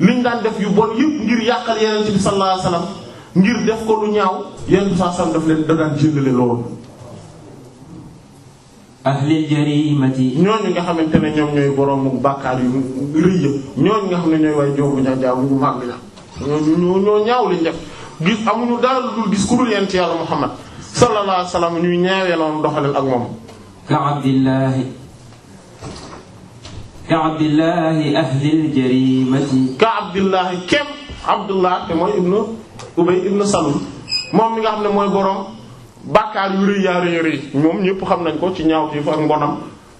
[SPEAKER 2] liñ daan def yu bon yëpp ngir yàqal Yonent bi sallallahu alayhi wasallam ngir def ko lu ñaaw yenn saa sam daf leen da daan jëndale loolu. ahlil jarimati ñooñu nga xamante ne ñoom ñooy borom bàkkaar yu rëy yëpp ñooñu nga xam ne ñooy way joobu ña jaabu màgg ñoo ñaaw li ñu def gis amuñu daal dul gis ku dul yent yàlla Muhammad sallallahu alayhi wasallam ñuy ñaawee noonu doxaleel ak moom.
[SPEAKER 1] ka Abdillahi
[SPEAKER 2] ka Abdillahi ahlil jarimati ka Abdillahi kem Abdullah mooy ibnu Ubay ibn Salul moom mi nga xam ne mooy borom bàkkaar yu rëy yaa rëy rëy moom ñëpp xam nañ ko ci ñaaw ci ak mbonam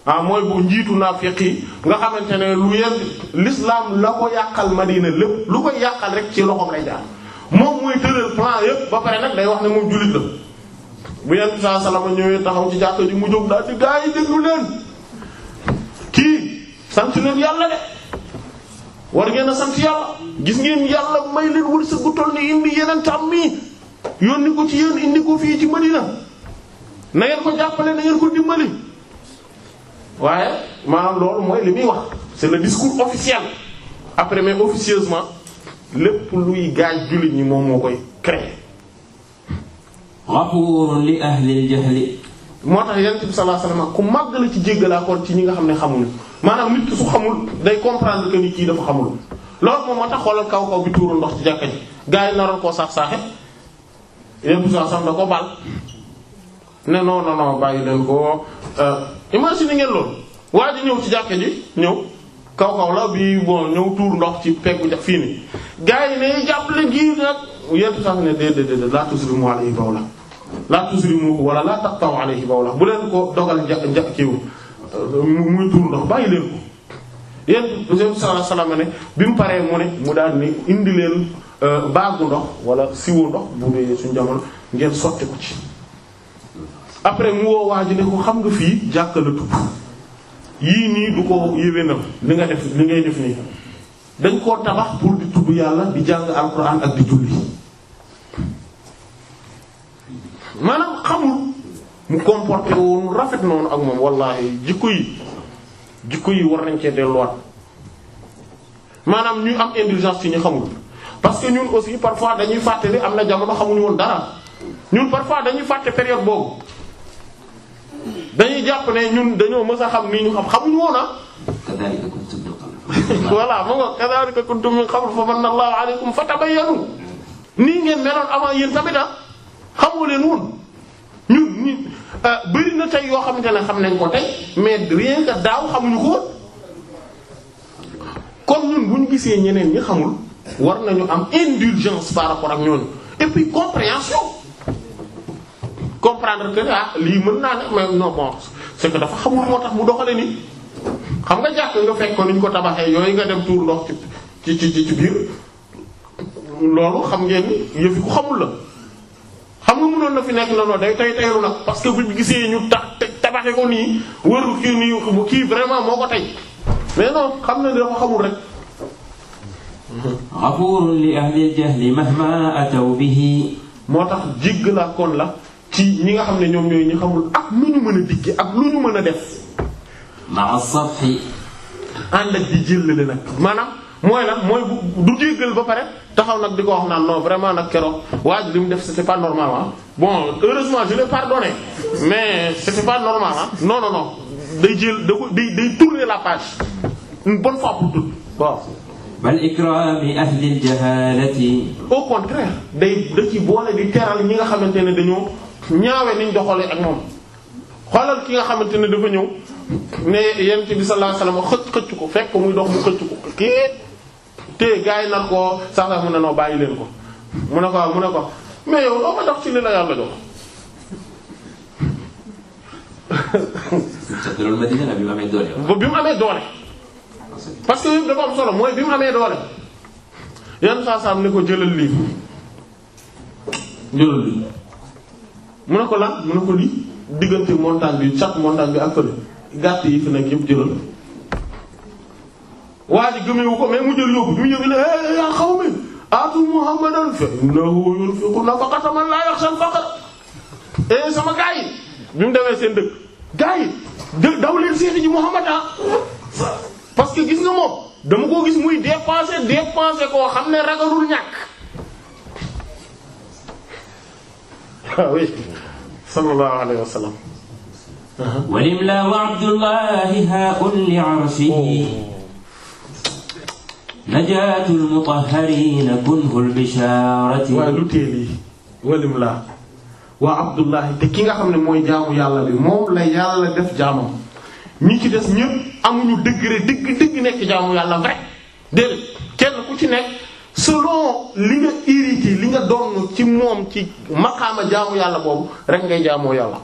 [SPEAKER 2] ah mooy bu njiitu naafiq yi nga xamante ne lu yegg l'islam la ko yàqal Madina lépp lu koy yàqal rek ci loxo lay jaar moom mooy tëral plan yëpp ba pare nag day wax ne moom jullit la bu yenn saa salama ñëwee taxaw ci jàkka ji mu jóg daal di gaa yi déglu leen kii sant leen yàlla de war ngeen a sant gis ngeen yàlla may leen wërsëg gu toll ni indi yeneen tam mi yónni ko ci yéen indi ko fii ci Madina na ngeen ko jàppale na ngeen ko dimbali waaye maanaam loolu mooy li muy wax c'est le discours officiel après mais officieusement lépp luy gaaj jullit ñi moom moo koy créer. ghafuurun li ahlil jahli. moo tax yonent bi sallallahu alayhi ku màgg la ci jéggalaakoon ci ñi nga xam ne xamuñ maanaam nit ki su xamul day comprendre que ni kii dafa xamul loolu moom moo tax xoolal kaw kaw bi tuuru ndox ci jàkka ji gars yi naroon koo saax saaxe yéen saa ne non non non bàyyi leen ko euh, imagine ngeen loolu waa ji ñëw la bi bon ñëw tuur ndox ci peggu fii ni gars yi ne jàppale gi nag yéen sax ne déedéet déedéet laa tusrimu alayhi bawla laa tusrimu wala laa taqta'u alayhi bu leen ko dogal ja ja kiiw muy tuur ndox bàyyi leen ko yéen salaama ne bi mu paree mu ne mu daan ni indi leen euh, baagu ndox wala siwo ndox bu dee suñu jamono ngeen sotti ko ci après mu woo waa ne ko xam nga fii jàkka la tudd yii nii du ko yéwénal li nga def li ngay def nii dañ koo tabax pour di tudd yàlla di jàng alquran ak di julli maanaam xamul mu comporté woon rafet noonu ak moom wallahi jikko yi jikko yi war nañ cee delluwaat maanaam ñu am indulgence ci ñu xamul parce que ñun aussi parfois dañuy fàtte ni am na jamono xamuñu woon dara ñun parfois dañuy fàtte période boobu dañuy jàpp ne ñun dañoo mës a xam nii ñu xam xamuñu woon ah. voilà mu nga kadhalika kuntum min qabl fa manna Allahu alaykum fatabayyanu nii ngeen meloon avant yéen tamit ah xamoo leen woon. ñun ñun euh, bëri na tey yoo xamante ne xam nañ ko tey mais rien que daaw xamuñu ko kon ñun bu ñu gisee ñeneen ñi xamul war nañu am indulgence par rapport ak ñooñu et puis compréhension comprendre que ah lii mën naa ne mais non bon c'est que dafa xamul moo tax mu doxale ni xam nga jàkk nga fekk ko ni ko tabaxee yooyu nga dem tuur ndox ci ci ci ci biir loolu xam ngeen ni yëfi ku xamul la. xam nga mënoon na fi nekk non non day tey taylu nag parce que bu gisee ñu ta tabaxe ko nii wëru kii nii kii vraiment moo ko tey mais non xam na dafa xamul rek.
[SPEAKER 1] ghafuurun li ahli jahli mahma moo tax jigg la ci ñi nga xam ne
[SPEAKER 2] ñoom ñooy ñu xamul ak lu ñu mën a digge ak lu ñu mën a def. ma'a safhi ànd ak di jëllale nag maanaam. mooy lan mooy du jéggal ba pare taxaw nag di ko wax naan non vraiment nag keroog waa ji mu def c'était pas normal ah bon heureusement je l'ai pardonné mais c'était pas normal ah non non non day jël da ko day day tourner la page bon bonne fois pour toutes waaw. bal ikraam ahli al au contraire day da ci boole di teral ñi nga xamante ne dañoo ñaawe niñ doxalee ak moom xoolal ki nga xamante ne dafa ñëw ne yonent bi sallallahu alayhi wasallam xëcc xëcc ko fekk muy dox mu xëcc ko kii. te gars yi nag koo saa sax mu ne noo bàyyi leen ko mu ne ko waaw mu ne ko mais yow ma jox ci li la yàlla jox.
[SPEAKER 1] te loolu ma dina bi mu amee doole.
[SPEAKER 2] bi mu amee doole. parce que yëpp dafa am solo mooy bi mu amee doole. yan saa saa ne ko jëlal lii jëlal lii mu ne ko lan mu ne ko lii diggante montagne bi chaque montagne bi ak fële gàtt yi fi nekk yëpp jëlal. waa ji gëmewu ko mais mu jël yóbbu mu yóbbu eh, yaa qawmi aatu muhammadan fa innahu yunfiqu man laa yaxsha al-faqr eh, sama gaa yi bi mu demee seen dëkk gaa yi daw leen seeti ji muhammad ah parce que gis nga moom dama koo gis muy dépenser dépenser koo xam ne ragalul ñàkk ah oui sallallahu alayhi wa sallam
[SPEAKER 1] walimla wa abdullahi haa'ul li najaatul mutahhariina kunhul bishaarati waaye lu tee lii waa Abdullahi te ki nga xam
[SPEAKER 2] ne mooy jaamu yàlla bi moom la yàlla def jaamam ñi ci des ñëpp amuñu degré dëgg dëgg nekk jaamu yàlla vrai déedéet kenn ku ci nekk selon li nga hérité li nga doon ci moom ci maqaama jaamu yàlla boobu rek ngay jaamoo yàlla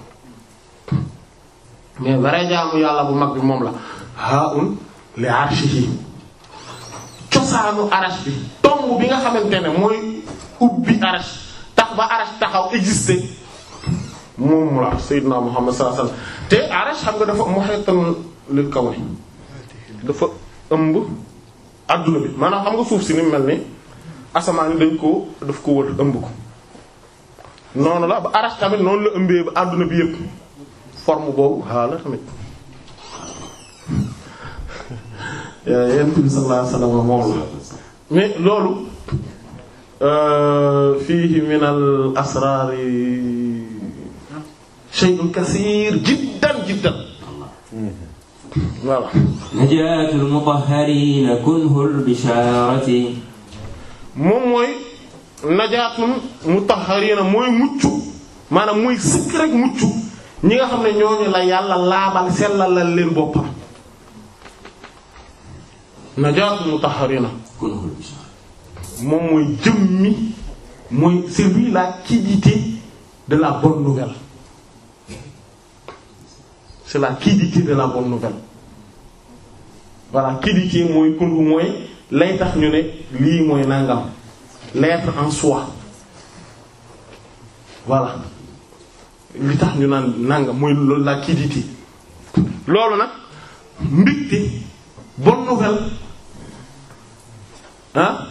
[SPEAKER 2] mais vrai jaamu yàlla bu mag bi moom la haun li arshihi cosaanu arash bi tomb bi nga xamante ne mooy ubbi arash tax ba arash taxaw exister moom la Seydina Muhammad sallallahu alayhi wasallam te arash xam nga dafa muhitan lil kawni dafa ëmb adduna bi maanaam xam nga suuf si ni mel ni asamaan yi dañ ko daf ko wër ëmb ko noonu la ba arash tamit noonu la ëmbee ba adduna bi yëpp forme boobu xaala tamit Euh, yonent bi sallallahu loolu euh, fiihi min al asraari
[SPEAKER 1] shay'un kasiir jiddan jiddan voilà najaatul mutahhariina kunhul bishaarati moom mooy
[SPEAKER 2] najaatul mutahhariina mooy mucc maanaam mooy sikk rek mucc ñi nga xam ne ñooñu la yàlla laabal sellalal leen boppa najaatul mutahharina moom mooy jëmmi mooy c'est lui la quiddité de la bonne nouvelle c'est la quiddité de la bonne nouvelle voilà quiddité mooy kundu mooy lay tax ñu ne lii mooy nangam l'être en soi voilà li tax ñu naan nangam mooy loolu la quiddité loolu nag mbigte bonne nouvelle ah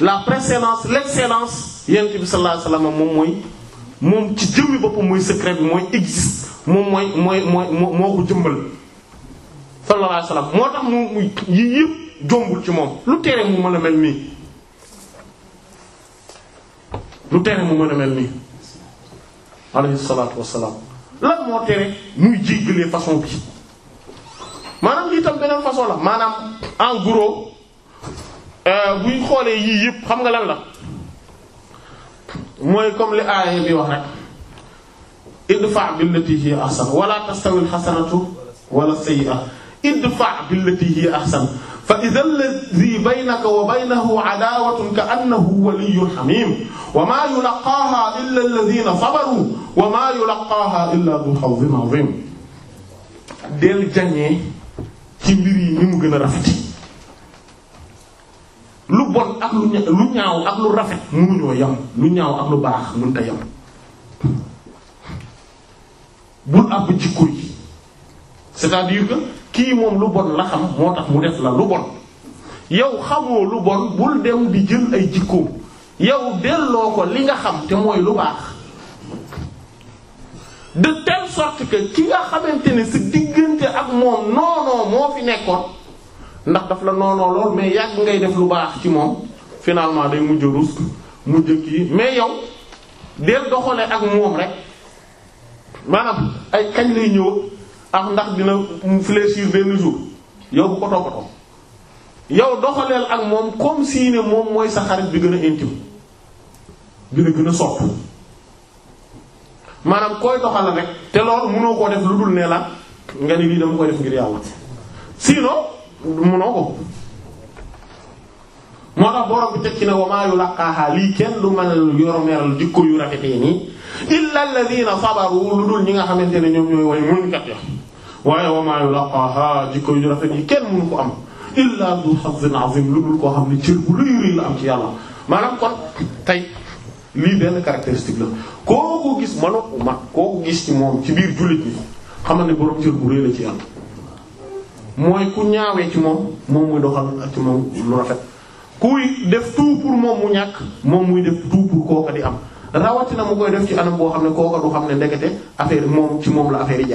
[SPEAKER 2] la préséance l'excellence yonent bi sallallahu alayhi moom mooy moom ci jëmmi boppam mooy secret bi mooy existe moom mooy mooy mooy moo ko jëmbal sallallahu alayhi moo tax mu yii yëpp jombul ci moom lu tere mu mën a mel nii lu tere mu mën a mel nii alayhi salaatu wassalaam lan moo tere muy jéggalee façon bi maanaam lii tam beneen façon la maanaam en Euh, bu ñu xoolee yii yëpp xam nga lan la mooy comme li aaya bi wax rek idfa billati hi ahsan wala tastawi alxasanatu wala sayyi'a idfa billati hi ahsan fa idha alladhi baynaka wa baynahu adawatun ka annahu waliyyun hamim wa ma yulaqaha illa alladhina sabaru wa ma yulaqaha illa dhu hazzin azim del jañee ci mbir yi ni mu gën a rafet lu bon ak lu lu ñaaw ak lu rafet mënuñoo yam lu ñaaw ak lu baax mënut a yam bul àbb jikko yi cest kii moom lu bon la xam moo tax mu def la lu bon yow xamoo lu bon bul dem bi jël ay jikkoom yow delloo ko li nga xam te mooy lu baax de telle sorte ki nga xamante ne si diggante ak moom noonoo moo fi nekkoon ndax daf la noonoo lool mais yàgg ngay def lu baax ci moom finalement day mujj rus mujj kii mais yow del doxalee ak moom rek maanaam ay kañ lay ñëw ak ndax dina fléchir benn jour yow bu ko toppatoo yow doxaleel ak moom comme siine ne moom mooy sa xarit bi gën a intime bi la gën a sopp maanaam koy doxal rek te lool mënoo koo def lu dul ne la nga ni lii dama koy def ngir yàlla sinon munoo ko moo tax borom bi tekki na wa maa yulaqqaahaa lii kenn du mën yoromeeral jikko yu rafetee illaa allaziina sabaru lu dul ñi nga xamante ne ñoom ñooy way muñkat ya waaye wa maa yulaqqaahaa jikko yu rafet kenn mënu ko am illaa du hazzin azim lu dul koo xam ne cër bu rëy rëy la am ci yàlla maanaam kon tey lii benn caractéristique la koo ko gis mënoo ma koo ko gis ci moom ci biir jullit ñi xamal ne borom cër bu rëy la ci yàlla. mooy ku ñaawee ci moom moom muy doxal ci moom lu rafet kuy def tout pour moom mu ñàkk moom muy def tout pour kooka di am rawatina mu koy def ci anam boo xam ne kooka du xam ne ndekete affaire
[SPEAKER 1] moom ci moom la affaire yi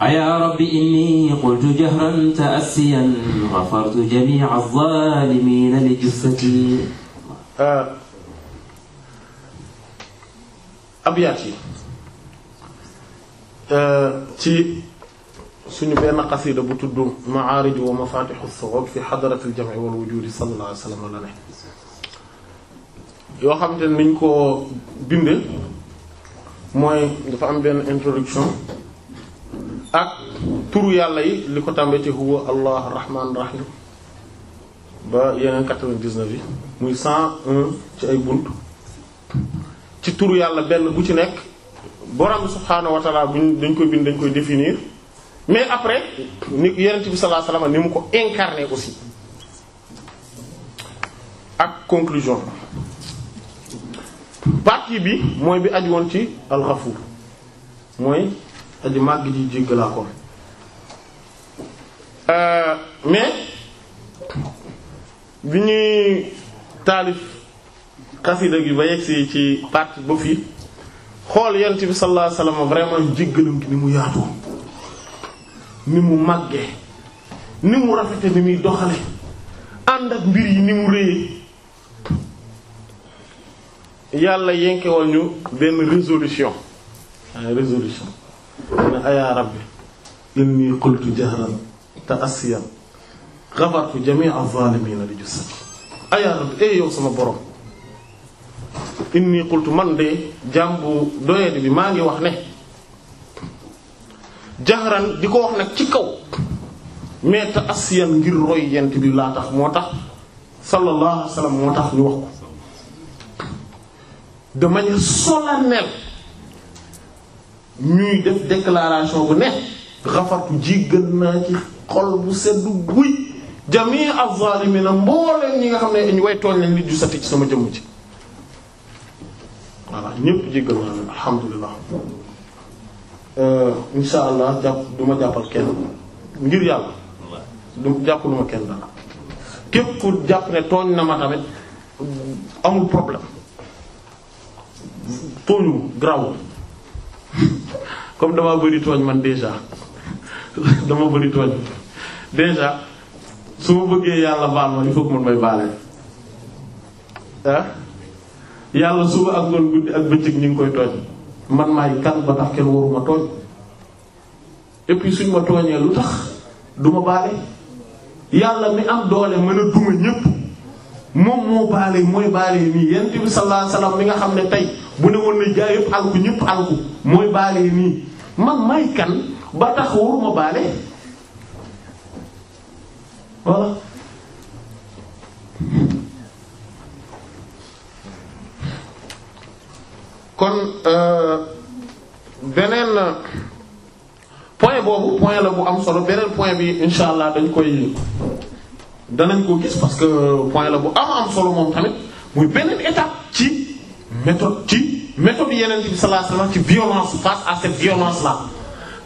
[SPEAKER 1] ayaa rabbi inni qultu jahran ta'assiyan ghafartu jami'a adh-dhalimina li jussati euh,
[SPEAKER 2] abyaat yi euh, ci suñu benn xasida bu tudd maarij wa mafatixu sawab fi xadaratil jam'i wal wujudi sallallahu alayhi wasallam ne yoo xam te niñ ko bindee mooy dafa am benn introduction ak turu yàlla yi li ko tàmbee ci huwa allah rahman rahim ba yeneen 99 yi muy 101 ci ay bunt ci turu yàlla benn bu ci nekk borom subhaanahu wa ta'ala buñ dañ koy bind dañ koy définir mais après ni yonent bi sallallahu alayhi ni mu ko incarné aussi ak conclusion partie bi mooy bi aj woon ci al-Ghafuur mooy aji màgg ji jéggalaa ko euh, mais bi ñuy taalif xasida gi ba yegsi ci partie ba fii xool yonent bi sallallahu alayhi wasallam vraiment jéggalam gi ni mu yaatu ni mu màggee ni mu rafete ni muy doxale ànd ak mbir yi ni mu réye yàlla yenkewal ñu benn résolution ay résolution ne ayaa rabbi inni qultu jahran ta'assiyan ghafartu jami'a adh-dhalimina li jussati ayaa rabbi eh yow sama borom inni qultu man de jàmbu doyadi bi maa ngi wax ne jaxran di ko wax nag ci kaw mais te asiyan ngir roy yent bi laa tax moo tax sallallahu alayhi moo tax ñu wax ko de manière solennelle ñuy def déclaration bu ne xafartu jéggal naa ci xol bu seddu guy jami az-zalimin mboolem ñi nga xam ne ñu way tooñ leen li du sati ci sama jëmm ji waaw ñépp jéggal naa leen alhamdulilah euh, insha allah jàpp duma ma jàppal kenn ngir yàlla du jàppalu ma kenn dara képp ku jàpp ne tooñ na ma tamit amul problème tooñu grawul comme damaa bëri tooñ man déjà dama bëri tooñ déjà su ma bëggee yàlla baal ma il faut que man may baale ah yàlla suba ak loolu guddi ak bëccëg ñu ngi koy tooñ man maay kan ba tax kenn waruma tooñ et puis suñ ma tooñee lu tax du baale yàlla mi am doole mën a duma ñépp moom moo baale mooy baale nii yent bi sallallahu alayhi mi nga xam ne tey bu ne woon na jaay yépp alku ñépp alku mooy baale nii man may kan ba tax waruma baale kon euh, beneen euh, point boobu point la bu am solo beneen point bi incha allah dañ koy danañ ko gis parce que point la bu am am solo moom tamit muy beneen étape ci méthode ci méthode yeneen bi sallallahu alayhi ci violence face à cette violence là.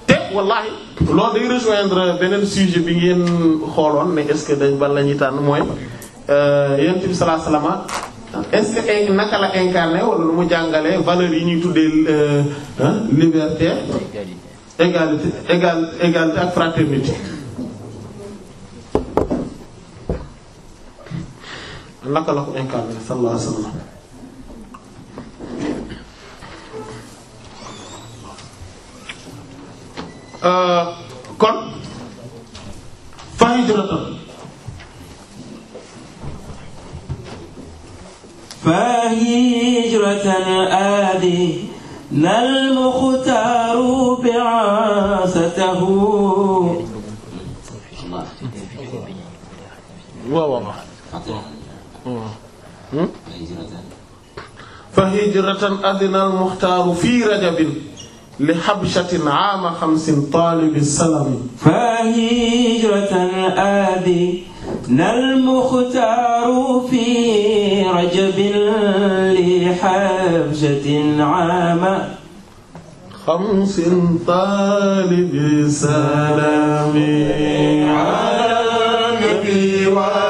[SPEAKER 2] te wallahi loolu day rejoindre beneen sujet bi ngeen xooloon ne est-ce que dañ ban la ñuy tànn mooy euh, yeneen bi sallallahu est-ce que naka la incarné wala lu mu jàngale valeurs yi ñuy tuddee euh, liberté égalité égal égalité ak fraternité naka la ko incarné sallallahu alayhi wasallam euh, kon
[SPEAKER 1] fa hijratan فهي هجرة آدي لا المختار بعاسته waaw waaw
[SPEAKER 2] فهجرة أذن المختار في رجب لحبشة عام خمس طالب السلم
[SPEAKER 1] فهجرة آدي nal muxtaaru fi rajabin li xabsatin ama خمس طالب سلامي
[SPEAKER 2] على
[SPEAKER 3] النبي وعلى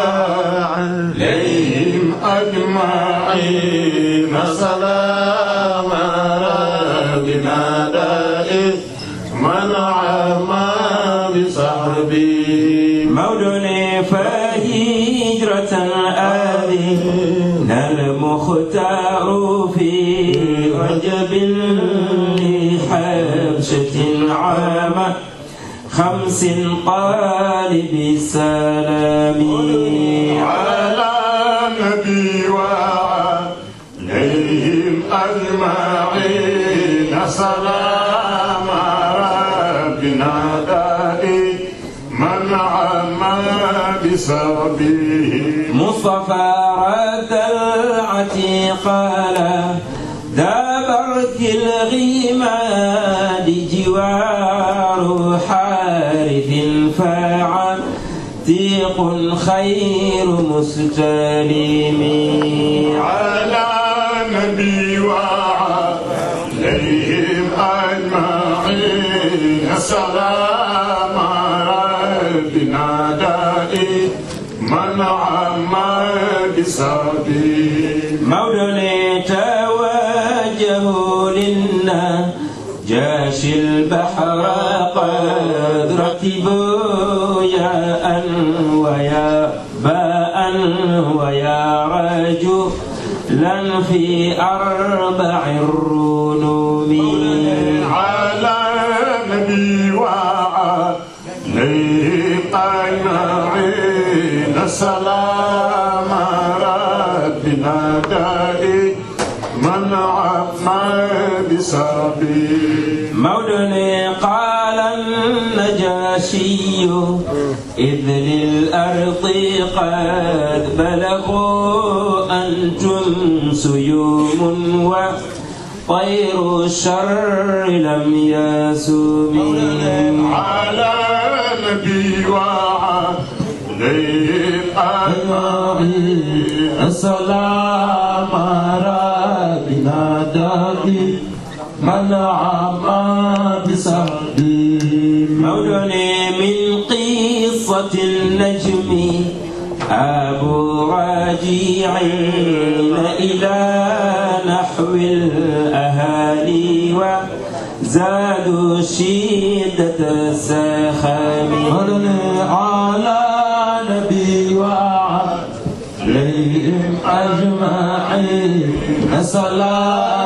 [SPEAKER 1] باللي حبشة عامة خمس قال بسلامي على نبي وعليهم أجمعين
[SPEAKER 4] سلام ربنا دائي من عم
[SPEAKER 1] بسببه مصطفى رد العتيق له خير مستلم على نبي
[SPEAKER 4] وعليهم أجمعين سلام
[SPEAKER 1] ربنا دائم من عم بسبيل مولى جاش البحر قد ركبوا ياء ويا باء ويا رجلا في أربع الرنوم على النبي وعليه
[SPEAKER 4] قنعين سلام ربنا
[SPEAKER 1] دائما عما بسبيل Maodo ne qaala najaasiyu id lil ardi qad balagoo antum suyumun wa tayru sharri lam yasumi ala
[SPEAKER 3] nabi wa alayhi
[SPEAKER 1] ajmain
[SPEAKER 4] asalaama rabbina daqi
[SPEAKER 1] من عما بسرد مولنا من قصة النجم أبو رجيع إلى نحو الأهالي وزادوا شدة السخام
[SPEAKER 3] مولنا
[SPEAKER 1] على نبي وعليهم أجمعين صلاة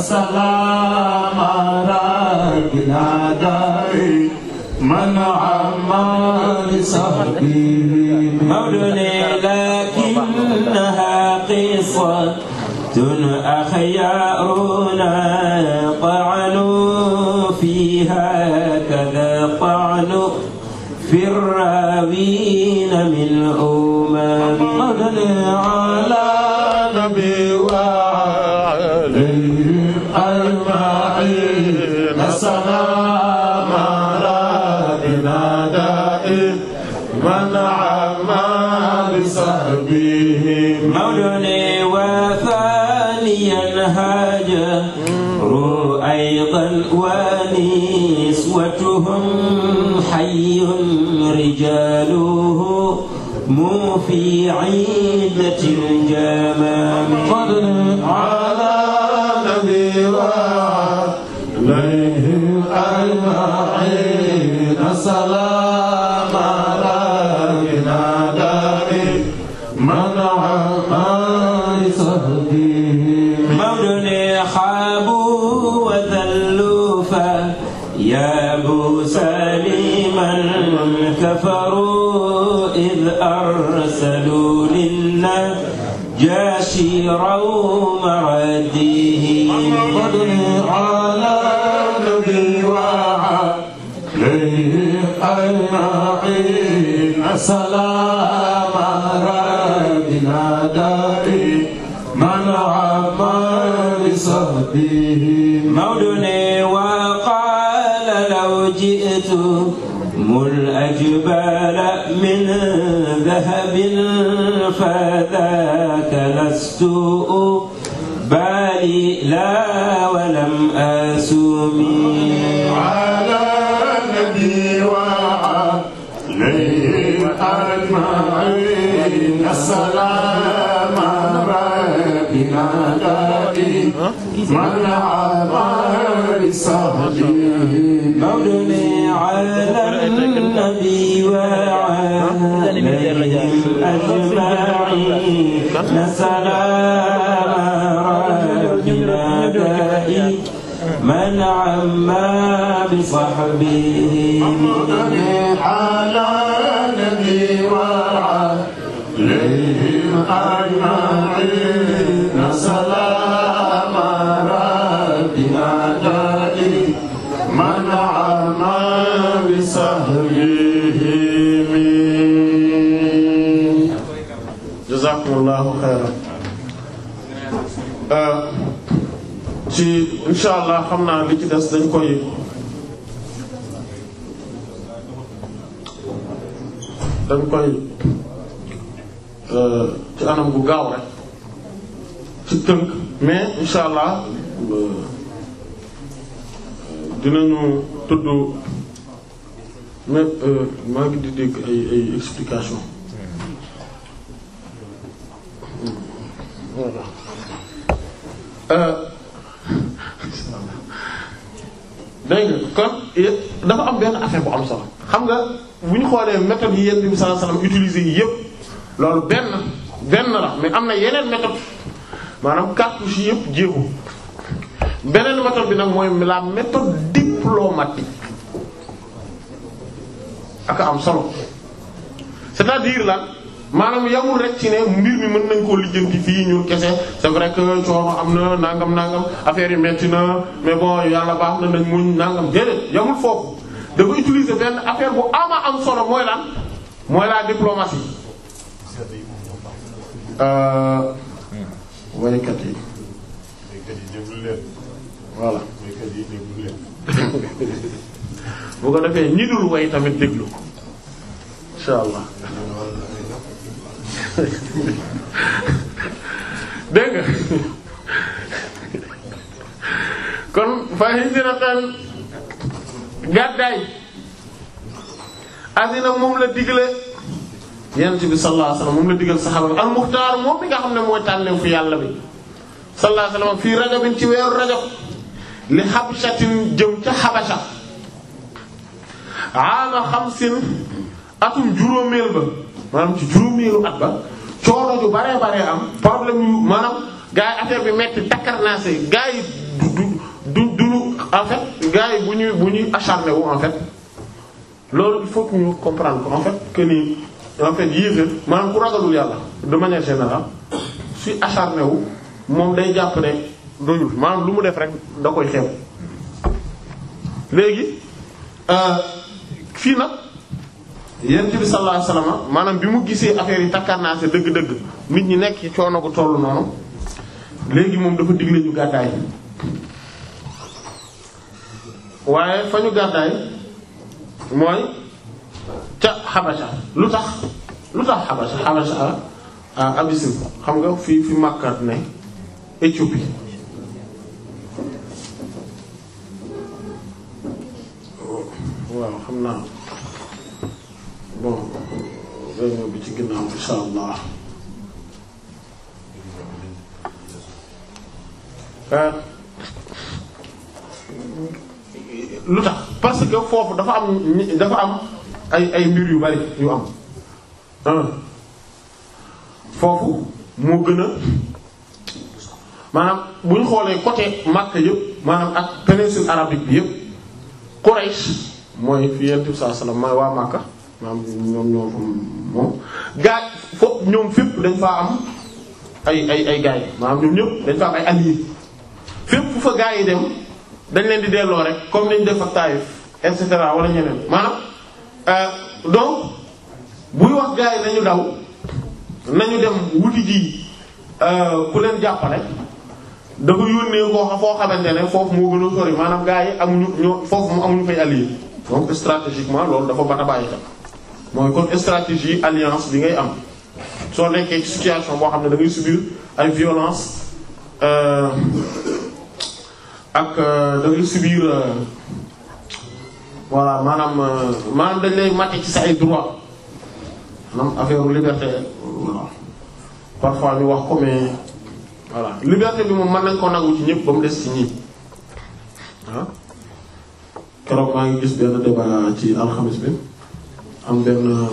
[SPEAKER 4] وسلام راكنا داي من عمال صحبه
[SPEAKER 1] مدن لكنها قصة أخيارنا حي رجاله مو في عيدة الجمام قد على نبي كفروا إذ أرسلوا للنجاشي روم رديه قد على النبي وعليه
[SPEAKER 4] أجمعين سلام
[SPEAKER 1] سموا الأجبال من ذهب فذاك لست بالي لا ولم أسمي على النبي وعليه أجمعين الصلاة
[SPEAKER 4] من عبر صحبي
[SPEAKER 1] مولي على النبي وعليهم أجمعين نسلام ربنا دائم من عما بصحبه مولي
[SPEAKER 4] على النبي
[SPEAKER 1] وعليهم
[SPEAKER 4] أجمعين
[SPEAKER 2] jazakumullahu xayran euh, ci insha allah xam naa li ci des dañ koy dañ koy euh, ci anam bu gaaw rek ci tënk mais insha allah euh, dinañu tudd mais maa ngi di dégg ay ay explication Euh, dégg nga kon dafa am benn affaire bu am solo xam nga bu ñu xoolee méthode yi yéen bi sallallahu alayhi wasallam utilisé yi yëpp loolu benn benn la mais am na yeneen méthode maanaam cartouche yi yëpp jeexu beneen méthode bi nag mooy la méthode diplomatique ak am solo c'est-à-dire lan maanaam yamul rek ci ne mbir mi mën nañ koo lijjanti fii ñu kese c'est vrai que coono am na nangam nangam affaire yi metti na mais bon yàlla baax na nañ muñ nangam déedéet yamul foofu dafa utiliser benn affaire bu ama am solo mooy laa mooy la diplomatie. Euh, waykat yi. waykat yi ko defee ñi way tamit déglu ko incha allah. dégg nga kon fa hijratan gàddaay asina moom la digle yonent bi sallallahu alayhi wasallam moom la digal saxaaba bi al muxtaar moom mi nga xam ne mooy tànnew fi yàlla bi sallallahu alayhi wasallam fii rajabin ci weeru rajab li xabsatin jëm ca xabasa aama xamsin atum juróomeel ba maanaam ci juróomeelu at ba coono ju baree baree am problème yu maanaam gaa yi affaire bi metti takkarnaase gars yi du du du duñu en fait gars yi bu ñuy bu ñuy acharné wu en fait ñu comprendre ko en fait que ni en fait yéeféer maanaam ku ragalul yàlla de manière générale suy acharné wu moom day jàpp ne doyul maanaam lu mu def rek da koy xew léegi euh, fii nag yonent bi sallallahu alayhi maanaam bi mu gisee affaire yi takkarnaase dëgg-dëgg nit ñi nekk ci coono gu toll noonu léegi moom dafa digle ñu gàddaay waaye fa ñu gàddaay mooy ca xabasa lu tax lu tax xabasa xabasa abisin ah, ah, xam nga fii fi màkkat ne Éthiopie oh, waaw xam naa réunion bi ci ginnaaw insha allah euh, lu tax parce que foofu dafa am dafa am ay ay mbir yu bari yu am foofu moo gën maanaam bu xoolee côté Makka yëpp maanaam ak péninsule arabique bi yëpp Quraysh mooy fi Yonent bi sallallahu mooy waa Makka maam ñoom ñoo moom gaaj foofu ñoom fépp dañ faa am ay ay ay gaay maam ñoom ñëpp dañ faa am ay alliés fépp fu fa gaay yi dem dañ leen di delloo rek comme lañ def ak Taïf et cetera wala ñeneen maanaam euh, donc buy wax gaay yi nañu daw nañu dem wuti ji euh, ku leen jàppale dafa yónnee koo foo xamante ne foofu moo gën a sori maanaam gaa yi amuñu ñoo foofu mu amuñu fay alliés donc stratégiquement loolu dafa bat a bàyyi tam mooy kon stratégie alliance bi ngay am soo nekkee ci situation boo xam ne da ngay subir ay violence euh, ak euh, da ngay subir euh, voilà maanaam maanaam dañ lay màtte ci sa ay droit maanaam affaire liberté parfois ñu wax ko mais liberté bi moom mën nañ ko nangu ci ñëpp ba mu des ci ñii ah. keroog maa ngi gis benn débat ci alxamis bi am benn euh,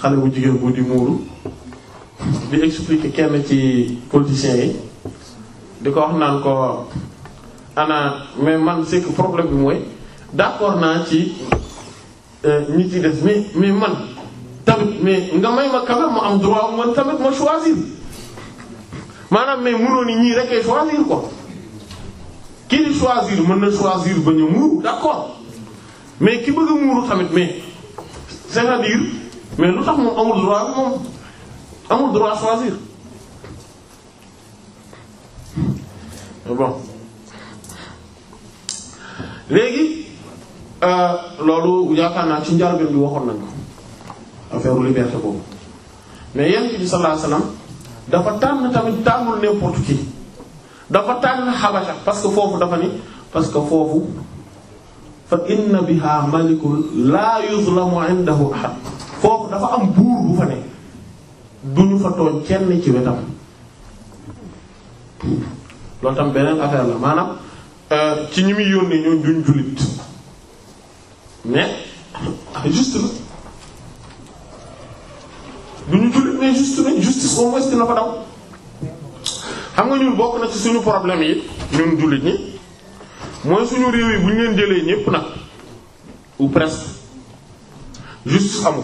[SPEAKER 2] xale bu jigéen bu di muuru di expliquer kenn ci politiciens yi di ko wax naan ko anaa mais man c'est problème bi mooy d'accord naa ci euh, ñi ci des mais mais man tamit mais nga may ma quand même ma am droit man tamit ma choisir maanaam mais mënoo ni ñii rek choisir ko kii di choisir mën na choisir ba ñu muuru d'accord mais ki bëgg a muuru tamit mais. c'est-à-dire mais lu tax moom amul droit choisir ah bon léegi euh, loolu yaakaar naa ci njëlbéen bi waxoon nañ ko affaire liberté boobu mais yonent bi sallallahu dafa tànn tamit tànnul n'importe qui dafa tànn Habasha parce que foofu dafa ni parce que foofu. fa inna biha malikun la yuzlamu indahu ahad foofu dafa am buur bu fa ne duñu fa tooñ kenn ci wetam loolu tam beneen affaire la maanaam euh, ci ñi muy yónnee ñoo ah, duñ jullit mais juste la duñu jullit dina fa daw xam nga ñun bokk na ci suñu problème yi ñun jullit ñi mooy suñu réew yi bu leen jëlee ñépp nag ou presque justice amu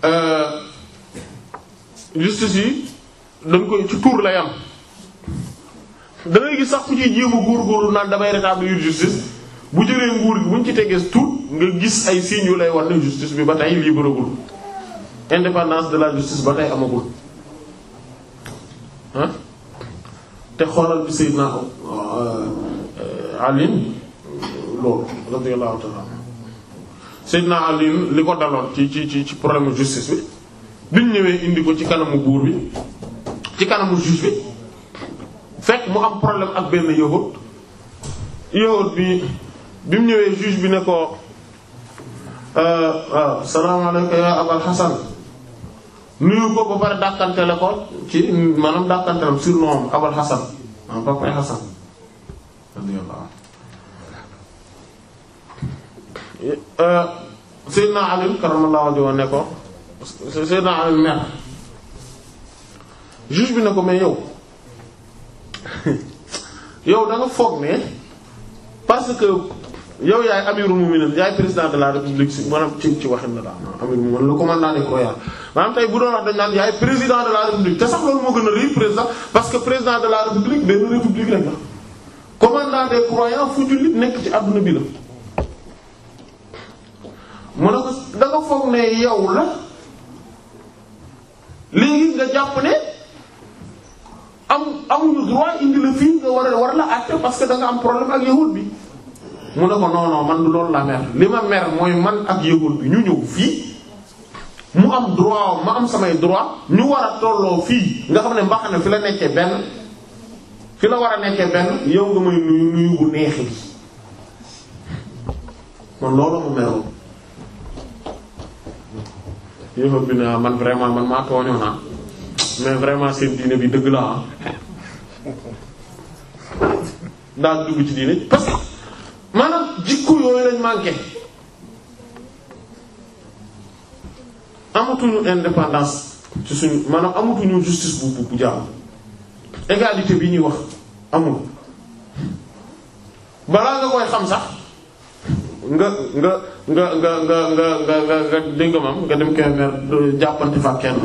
[SPEAKER 2] fa euh, justice yi dañ koy ci tur lay am da ngay gis sax ku ciy jéem a góorgóorlu naan damay rétablir justice bu jëlee nguur gi bu ñu ci tegee tur nga gis ay signes yu lay wan ne justice bi ba tey libéragul indépendance de la justice ba tey amagul ah. te xoolal bi Seydina euh, euh, Ali loolu radiyallahu ta'ala Seydina Ali li ko daloon ci ci ci problème justice bi biñ ñëwee indi ko ci kanamu buur bi ci kanamu juge bi fekk mu am problème ak benn yahut yahut bi bi mu ñëwee juge bi ne ko euh, salaamaaleykum ya Abal Hasan nuyu ko ba pare ko ci maanaam dàkkantelam surnom abal Hasan maanaam papa ay Hasan radiyallahu anhu euh, Seydina Ali karamallahu wajhahu ne ko Seydina Ali mer juge bi ne ko mais yow yow da nga foog ne parce que yow yaay amirul mu'minin yaay président de la république si maanaam ci ci waxin la daal maanaam amirul mu'minin le commandant des croyants maanaam tey bu doon wax dañ naan yaay président de la république te sax loolu moo gën a rëy président parce que président de la république benn république rek la commandant des fu jullit nekk ci adduna bi la mu ne ko da foog ne yow la léegi nga jàpp ne am amuñu droit indi la fii nga war a war la àtte parce que da nga am problème ak yahud bi mu ne ko non non man du loolu la mer li ma mer mooy man ak yahud bi ñu ñëw fii mu am droit ma am samay droit ñu war a tolloo fii nga xam ne mbaxana fi la nekkee benn fi la war a nekkee benn yow nga may nuyu nuyu bu neexee man loolu mu meroon. yëfër bi ne man vraiment man maa tooñoo naa mais vraiment seen diine bi dëgg la daal dugg ci diine parce que maanaam jikko yooyu lañ manqué. amatuñu indépendance ci suñu maanaam amatuñu justice bu bu jàll égalité bi ñuy wax amul balaa nga koy xam sax nga nga nga nga nga nga nga nga nga dégg nga maam nga dem kenn jàppante fa kenn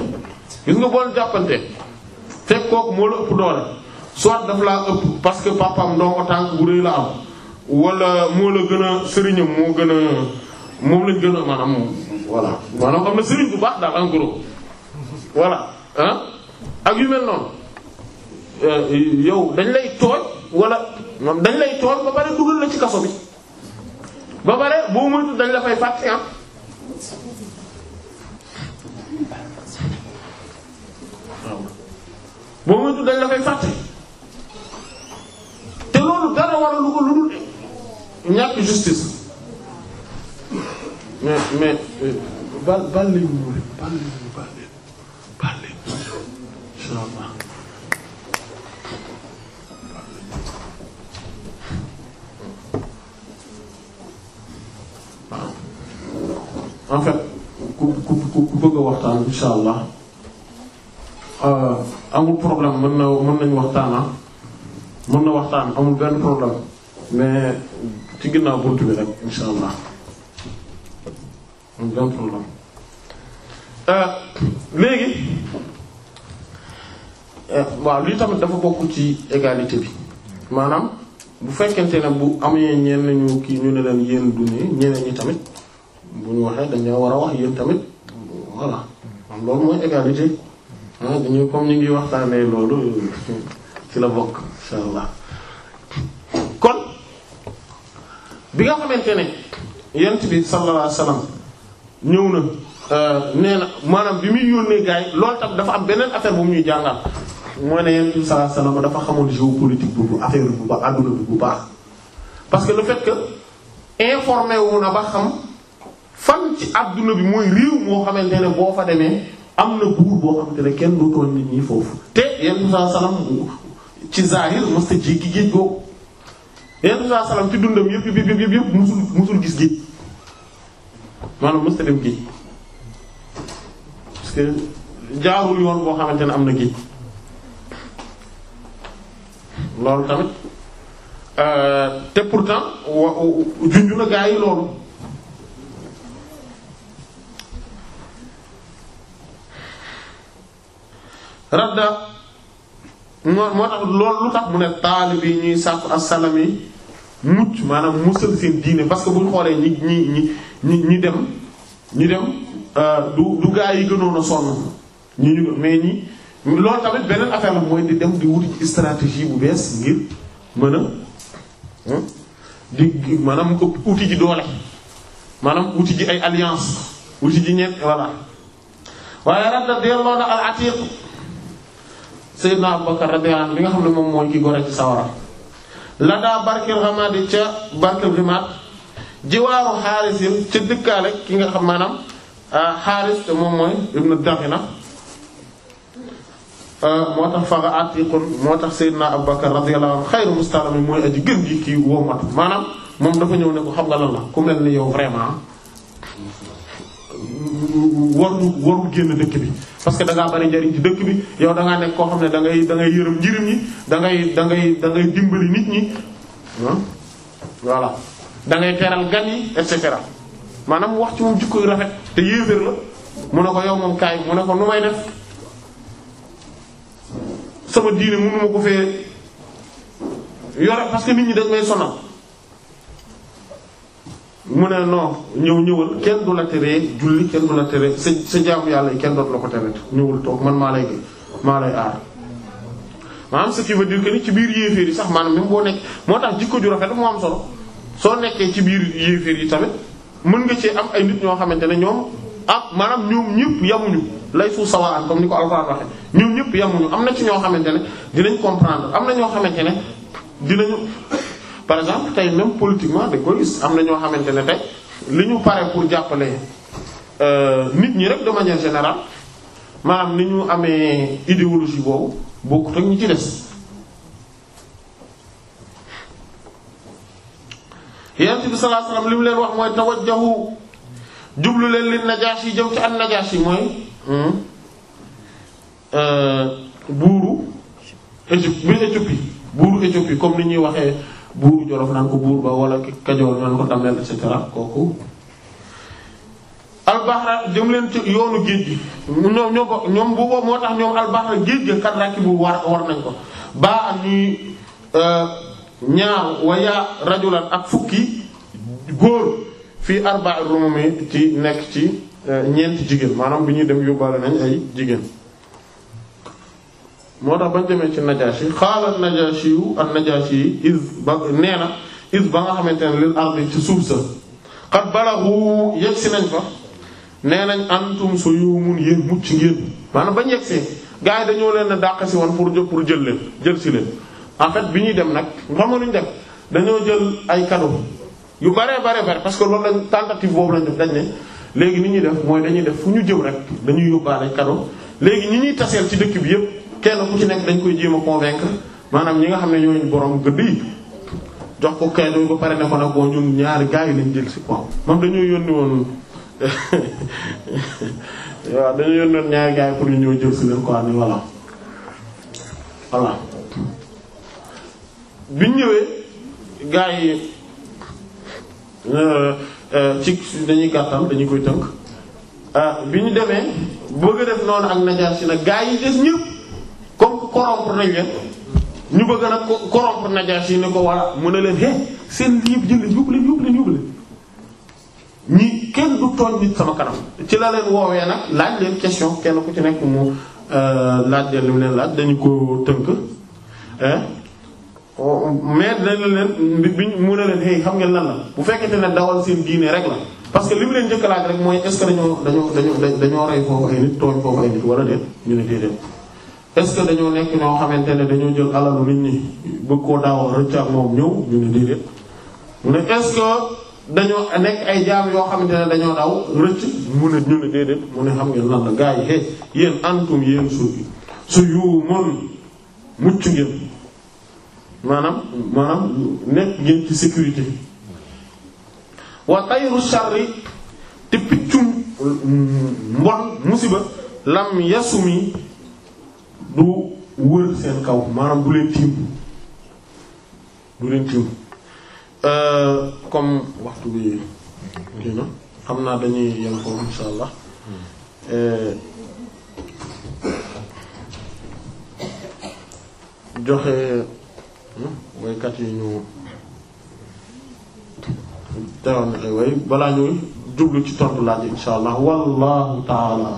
[SPEAKER 2] gis nga bool jàppante fekk kooku moo la ëpp doole soit daf laa ëpp parce que papam ndongo tànk bu rëy la am wala moo la gën a sëriñam moo gën a moom lañ gën a maanaam moom voilà maanaam am na sëriñ bu baax daal en gros voilà ak yu mel noonu euh, yow dañ lay tooñ wala moom dañ lay tooñ ba pare dugal la ci kaso bi ba pare boo moytu dañ la fay fàtte ah boo dañ la fay fàtte te loolu dara waralu ko lu dul ñàkk justice mais mais euh, bal bal leen ñu rek bal leen ñu bal leen bal allah en fait ku ku ku bëgg a waxtaan insha allah euh, amul problème mën na mën nañu waxtaana ah. mën na waxtaan amul benn problème mais ci ginnaaw bunt bi rek insha allah Euh, léegi euh, waaw lii tamit dafa bokk ci égalité bi maanaam bu fekkente ne bu amee ñenn ñu kii ñu ne leen yéen duni ñeneen ñi tamit bu ñu waxee dañoo war a wax yéen tamit voilà loolu mooy égalité ah comme ñu ngi waxtaanee loolu ci la bokk insha allah kon bi nga xamante ne yent bi sallallahu alayhi ñëw na euh, nee na maanaam bi muy yónnee gars yi loolu tam dafa am beneen affaire bu mu ñuy jàngal mooy ne yéen bi sallallahu alayhi dafa xamoon géopolitique bu bu affaire bu baax adduna bi bu baax parce que le fait que na ba fan ci bi mooy réew moo xamante ne boo fa demee am na buur boo xamante ne kenn du tooñ nit foofu te yéen bi sallallahu alayhi ci zahir mës ta jéggi géej ci dundam yëpp gis géej maanaam mës ta dem géej yoon boo xamante ne am na gi loolu tamit euh, te pourtant wa junju na gaa yi loolu radda moo moo tax loolu lu tax mu ne taalib bi ñuy sàkku assalam yi mucc maanaam musal seen diine parce que bu ñu xoolee ñi ñi ñi ñi ñi dem ñi dem euh, du du gaa yi gënoon a sonn ñu ñu mais ñi loolu tamit beneen affaire la mooy di dem di wuti ci stratégie bu bees ngir mën a di maanaam uti ji doole maanaam uti ji ay alliance uti ji ñett voilà waaye radiyallahu al atiq sayyidna Abubakar radiyallahu li nga xam ne moom mooy ki gore ci sawara la daa barkeel xamaadi ca barkeel ximaat jiwaaru xaarisin ca dëkkaale ki nga xam maanaam ah, xaaris te moom mooy ibnu daxina ah, moo tax faga atiqun moo tax sayyidina abubakar radiyallahu anhu xayru mustalami mooy aji gën ji kii woomat maanaam moom dafa ñëw ne ko xam nga lan la ku mel ni yow vraiment waru waru génn dëkk bi parce que da ngaa bari njariñ ci dëkk bi yow da ngaa nekk koo xam ne da ngay da ngay yërëm njëriñ ñi dangay ngay da ngay da ngay dimbali nit ñi hmm? voilà dangay ngay gan yi et cetera maanaam wax ci moom jikko rafet te yéeféer la mu ne ko yow moom kaay mu ne ko nu may def sama diine mënu ko fee yore parce nit ñi dañ may sonal. mu ne non ñëw ñëwal kenn du la teree julli kenn du la teree sa sa jaamu yàlla yi kenn dootu la ko tere ñëwul toog man maa lay maa lay aar maanaam ce qui veut dire que ni ci biir yéeféer yi sax maanaam même boo moo tax jikko ju rafet moo am soo nekkee ci biir yéeféer yi tamit mën nga ci am ay nit ñoo xamante ne ñoom ah maanaam ñoom ñëpp yamuñu lay suuf sa sawaan comme ni ko Alxuraan waxe ñoom ñëpp yamuñu am na ci ñoo xamante ne dinañ comprendre am na ñoo xamante ne dinañu par exemple tey même politiquement da ko gis am na ñoo xamante ne tey li ñu pare pour jàppale euh, nit ñi rek de manière générale maanaam ni ñu amee idéologie boobu bokkut ak ñu ci des. yonent bi sallallahu alayhi li mu leen wax mooy tawajjahu jublu leen li Najaashi jëm am an yi mooy hmm, euh, buuru Éthiopie bi Éthiopie buuru Éthiopie comme ni ñuy waxee. buuru Jolof naan ko buur ba wala Kajoor naan ko Damel et cetera kooku. albaxra jëm leen yoonu géej gi ñoom ñoo ko ñoom bu moo tax ñoom albaxra géej gi kat bu war war nañ ko baax am ñuy euh, ñaar waya rajulan ak fukki góor fii arba'i rumumi ci nekk ci euh, ñeenti jigéen maanaam bi ñuy dem yóbbaale nañ ay jigéen moo tax bañ demee ci Najaashi xaala Najaashi yu ak Najaashi yi is ba nee na is ba nga xamante ne leen ardi ci suuf sa xat balaxu yegg si nañ fa nee nañ antum sa yowmun yéen mucc ngeen maanaam bañ yegg si gars dañoo leen dàq si woon pour jë pour jël leen jël si leen en bi ñuy dem nag ma xama ñu def dañoo jël ay cadeau yu bare bare bare parce que loolu lañ tentative boobu lañ def dañ ne léegi ni ñuy def mooy dañuy def fu ñu jëm rek dañuy yóbbaale cadeau léegi ñi ñuy taseel ci dëkk bi yépp kenn ku ci nekk dañ koy jéem a convaincre maanaam ñi nga xam ne ñooñu borom gëdd yi jox ko kayit ba pare ne ko nag bon ñun ñaari gars yi lañ jël si quoi moom dañoo yónni woon waaw dañoo yónni woon ñaari gaa yi pour ñu ñëw jël si leen quoi ni ñëwee gars yi euh, euh, ci dañuy gàttal dañuy koy tënk ah, bi ñu demee bëgg def noonu ak Najaasi nag yi des ñëpp. comme corrompre nañ leen ñu bëgg nag corrompre Najaasi ne ko walla mën a leen hé seen yëpp jël yóbbu leen yóbbu leen yóbbu leen ñi kenn du tooñ nit sama kanam ci la leen woowee nag laaj leen question kenn ku ci nekk mu euh, laaj leen li mu leen laaj dañu ko tënk mais leen bi mu ne leen hey xam ngeen lan la bu fekkente ne dawal seen diine rek la parce que li mu leen njëkk laaj rek mooy est-ce que dañoo dañoo dañoo dañoo rey foofu ay nit tooñ foofu ay nit wala déet ñu ne déedéet est-ce que dañoo nekk ñoo xamante ne dañoo jël alalu nit ñi bëgg koo daaw rëcc moom ñëw ñu ne déedéet ne est dañoo nekk ay jaam yoo xamante ne dañoo daw rëcc mu ne déedéet mu ne xam ngeen lan la gaa yi he yéen antum yéen su su yu mucc ngeen maanaam maanaam nekk ngeen ci sécurité wa tayru sharri te piccum mm, mbon musiba lam yasumi du wër seen kaw maanaam du leen tiim du leen tiim euh, comme waxtu bi kii xam naa dañuy yem foofu insha allah euh, joxe hmm, waykat yi ñu teewoon na ay way balaa ñuy jublu ci tontu laaj insha allah wallahu taala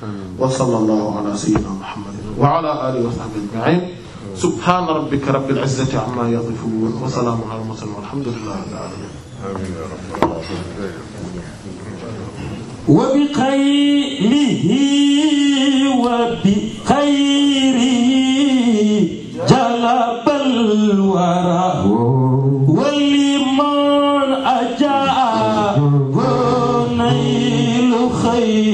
[SPEAKER 2] wa sallallahu ala sayyidina muhammadin wa ala alihi wa sahbihi ajma'in subhana rabbika rabbil izzati amma yasifun wa salamun ala mursalin walhamdulillahi rabbil alamin
[SPEAKER 1] wa bi xayrihi wa bi xayrihi jalabal wara
[SPEAKER 4] والإيمان أجاب
[SPEAKER 1] نيل خير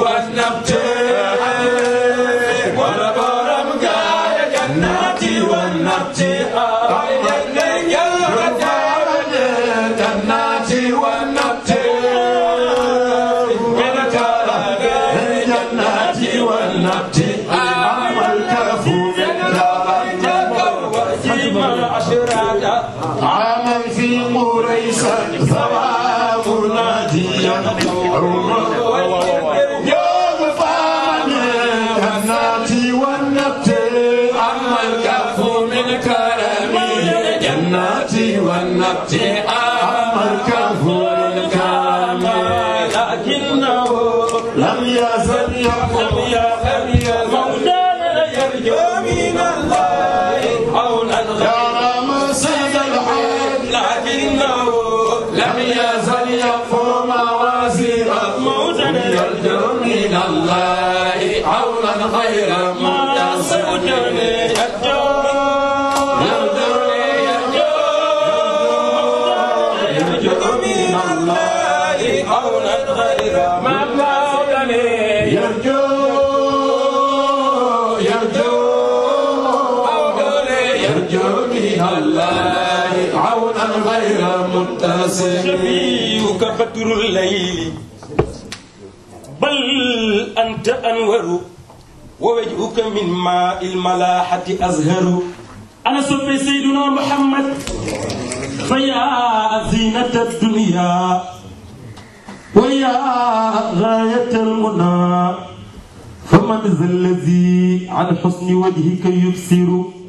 [SPEAKER 4] والنبت
[SPEAKER 1] شفيعك بدر الليل بل أنت أنور ووجهك من ماء الملاحة أزهر أنا صفي سيدنا محمد فيا زينة الدنيا ويا غاية المنى فمن ذا الذي عن حسن وجهك يبصر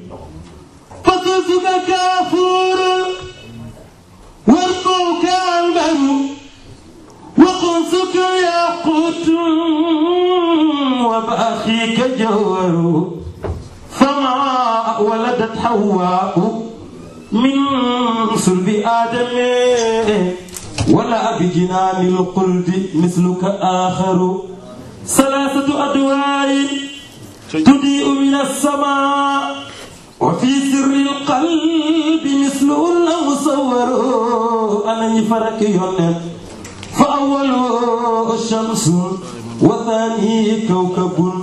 [SPEAKER 1] بنا للقلد مثلك آخر ثلاثة أدواء تضيء من السماء وفي سر القلب مثل مصور أنا فرق يونت فأول الشمس وثاني كوكب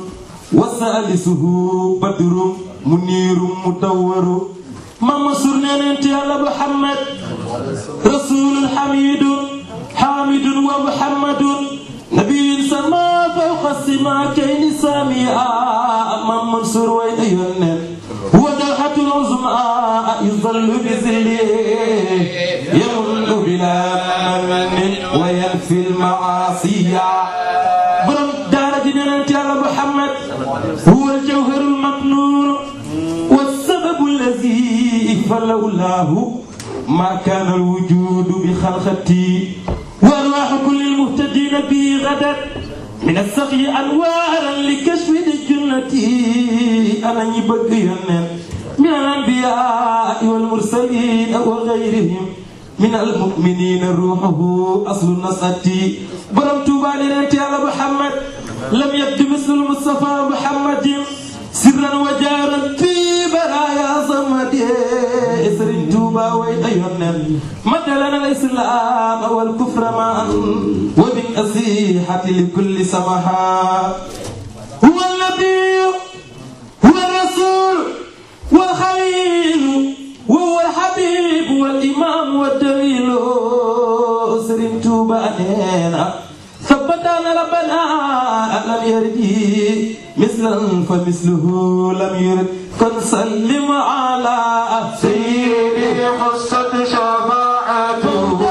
[SPEAKER 1] وثالثه بدر منير مدور ما مسرنا أنت يا محمد رسول حميد حامد ومحمد نبي سما فوق السما كين سامي أمام منصور ويدين هو درحة العظمى يظل بزلي يمن بلا من وينفي المعاصي برم دار جنان على محمد هو الجوهر المكنون والسبب الذي فلولاه ما كان الوجود بخلقتي وأرواح كل المهتدين به غدت من السقي أنوارا لكشف الجنة أنا يبقى يمن من الأنبياء والمرسلين وغيرهم من المؤمنين روحه أصل النصات برمت بالي محمد لم يبدو مثل المصطفى محمد sirran wa jaaran fii baraaya samadee Sëriñ Tuuba way a yoneen matalan al islaam wal kufra maan wa bin nasihati li kulli samaha huwa nabiyu huwa rasul wal xalilu wa huwa al habibu wal imaamu wa dalilu Sëriñ Tuuba nee na sabatana rabbana lam yarji mislan fa misluhu lam yurid kon sallim ala sayyidi xusat
[SPEAKER 4] shafaatuhu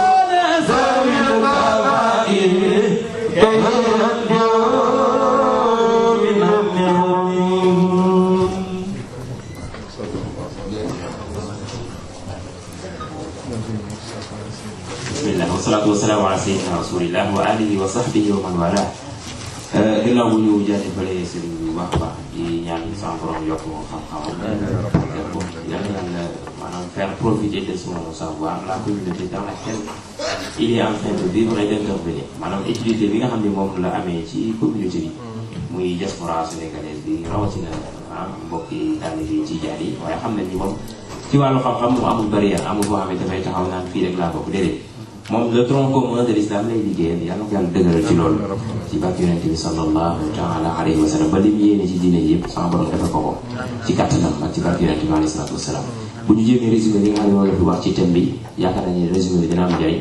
[SPEAKER 1] bismillah wasalaatu wasalaamu ala sayyidina rasulillah wa alihi wa sahbihi wa man walah Euh, ginnaaw bu ñu jaajëfalee sëriñ bi bu baax a baax di ñaan sama borom yokk moom xam bi nga xam ne moom la amee ci communauté bi. Mm. muy diaspora sénégalaise bi rawatina ah mbokki taalibe yi ci jaar yi waaye xam nañ ni moom ci wàllu xam-xam moom amul barrière amul boo xam ne dafay taxaw naan fii rek laa bokk déedéet. moom le tronc commun de l'islam lay liggéeyal yàlla ko yàlla dëgëral ci loolu ci bàkk yonent bi sallallahu taala alayhi wa sallam ba lim yéene ci diine yëpp sama borom defal ko ko ci kàttanam ak ci bàkk yonent bi ñu jéemee résumé li nga wax ci thème bi yaakaar nañu résumé bi dina am njëriñ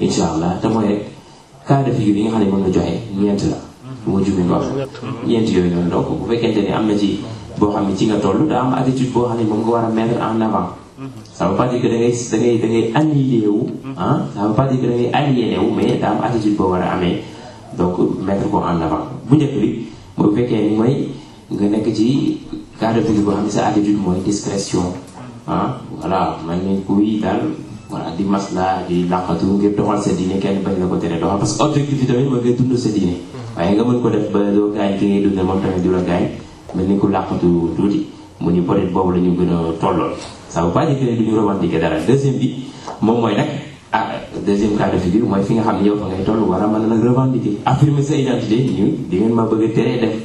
[SPEAKER 1] incha allah te mooy rek cas de yi nga xam ne moom la joxe ñeent la bu ma jumee wax ñeent yooyu noonu donc bu fekkente ni am na ci boo xam ne ci nga toll daa am attitude boo xam ne moom nga war a mettre en ça veut pas dire que da ngay da ngay da ngay annihilé wu. Mm-hmm. ah ça veut attitude boo war a amee donc mettre ko en avant bu njëkk bi mooy bu nga nekk ci cas de figure xam ne sa attitude mooy discrétion ah. di masla di laqatu ngir doxal sa diine la mm-hmm. tuuti boobu la ñu gën a tolloon. ça veut pas dire que ne du ñu revendiquer dara deuxième bi moom mooy nag ah deuxième cas de mooy fi nga xam ne yow fa ngay toll war a mën a nag revendiquer affirmer sa identité ñu di ngeen ma bëgg a teree def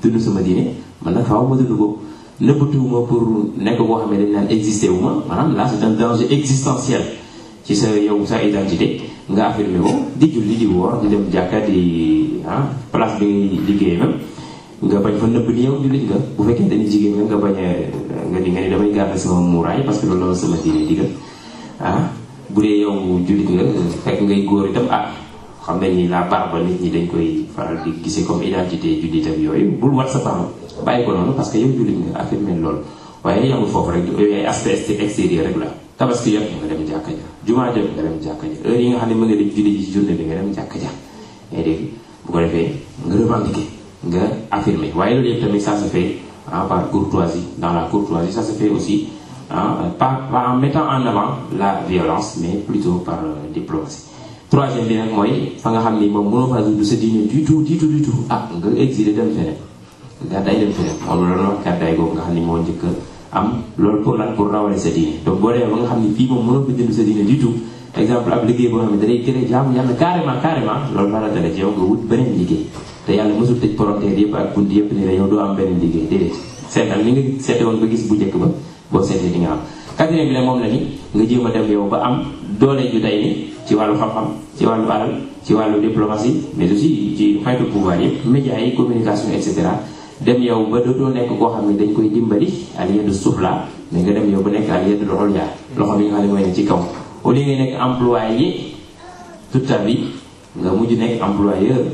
[SPEAKER 1] dund sama diine man nag faaw ma dund ko nëbbatuwuma pour nekk boo xam ne dañ naan existé wu ma maanaam là c'est un danger existentiel ci sa yow sa identité nga affirmer ko di julli di woor di dem jàkka di ah place bi ngay liggéey même nga bañ fa nëbb ni yow jullit nga bu fekkee jigéen nga nga bañ ni nga ni damay gàttal sama muuraay parce que loolu la sama diine digal ah, bu dee yow jullit nga fekk ngay góor ah, xam nañ ni la nit ñi dañ koy faral di gisee comme identité yooyu bul wat sa barba bàyyi ko waaye yamul foofu rek yooyu rek la tabaski yëpp nga dem jàkka ja jumaa jot nga dem jàkka ja heure yi nga xam ne mën nga dem julli ji ci journée bi nga dem jàkk ja ngay eh, dégg bu ko defee nga revendiquer nga affirmer waaye loolu yëpp tamit ça se fait ah, par courtoisie dans la courtoisie ça se fait aussi pas ah, pas en mettant en avant la violence mais plutôt par euh, diplomatie. troisième bi nag mooy fa nga xam ni moom mënoo faa du sa diine du tout du tout du tout ah nga exilé dem feneen gàddaay dem feneen moom loolu wax gàddaay googu nga xam ni moo njëkk am loolu pour lan pour rawale sa diine donc boo demee ba nga xam ni fii moom mënoo fi dund sa diine du tout da lay tere jaamu yàlla carrément carrément loolu te yàlla mësul tëj poroteel yëpp ak bunt yëpp ni la yow doo am benn liggéey déedéet seetal li nga seete woon ba gis bu njëkk ba boo seetee di nga am quatrième bi ne moom la ni nga jéem dem yow ba am doole ju day ni ci wàllu xam-xam ci wàllu alal ci wàllu diplomatie mais aussi ci xaytu pouvoir yëpp médias yi communication et cetera dem yow ba dootoo nekk koo xam ne dañ koy dimbali al yadu sufla mais nga dem yow ba nekk al yadu loxol yaa loxo bi nga xam ne ci kaw au lieu nga nekk nekk employeur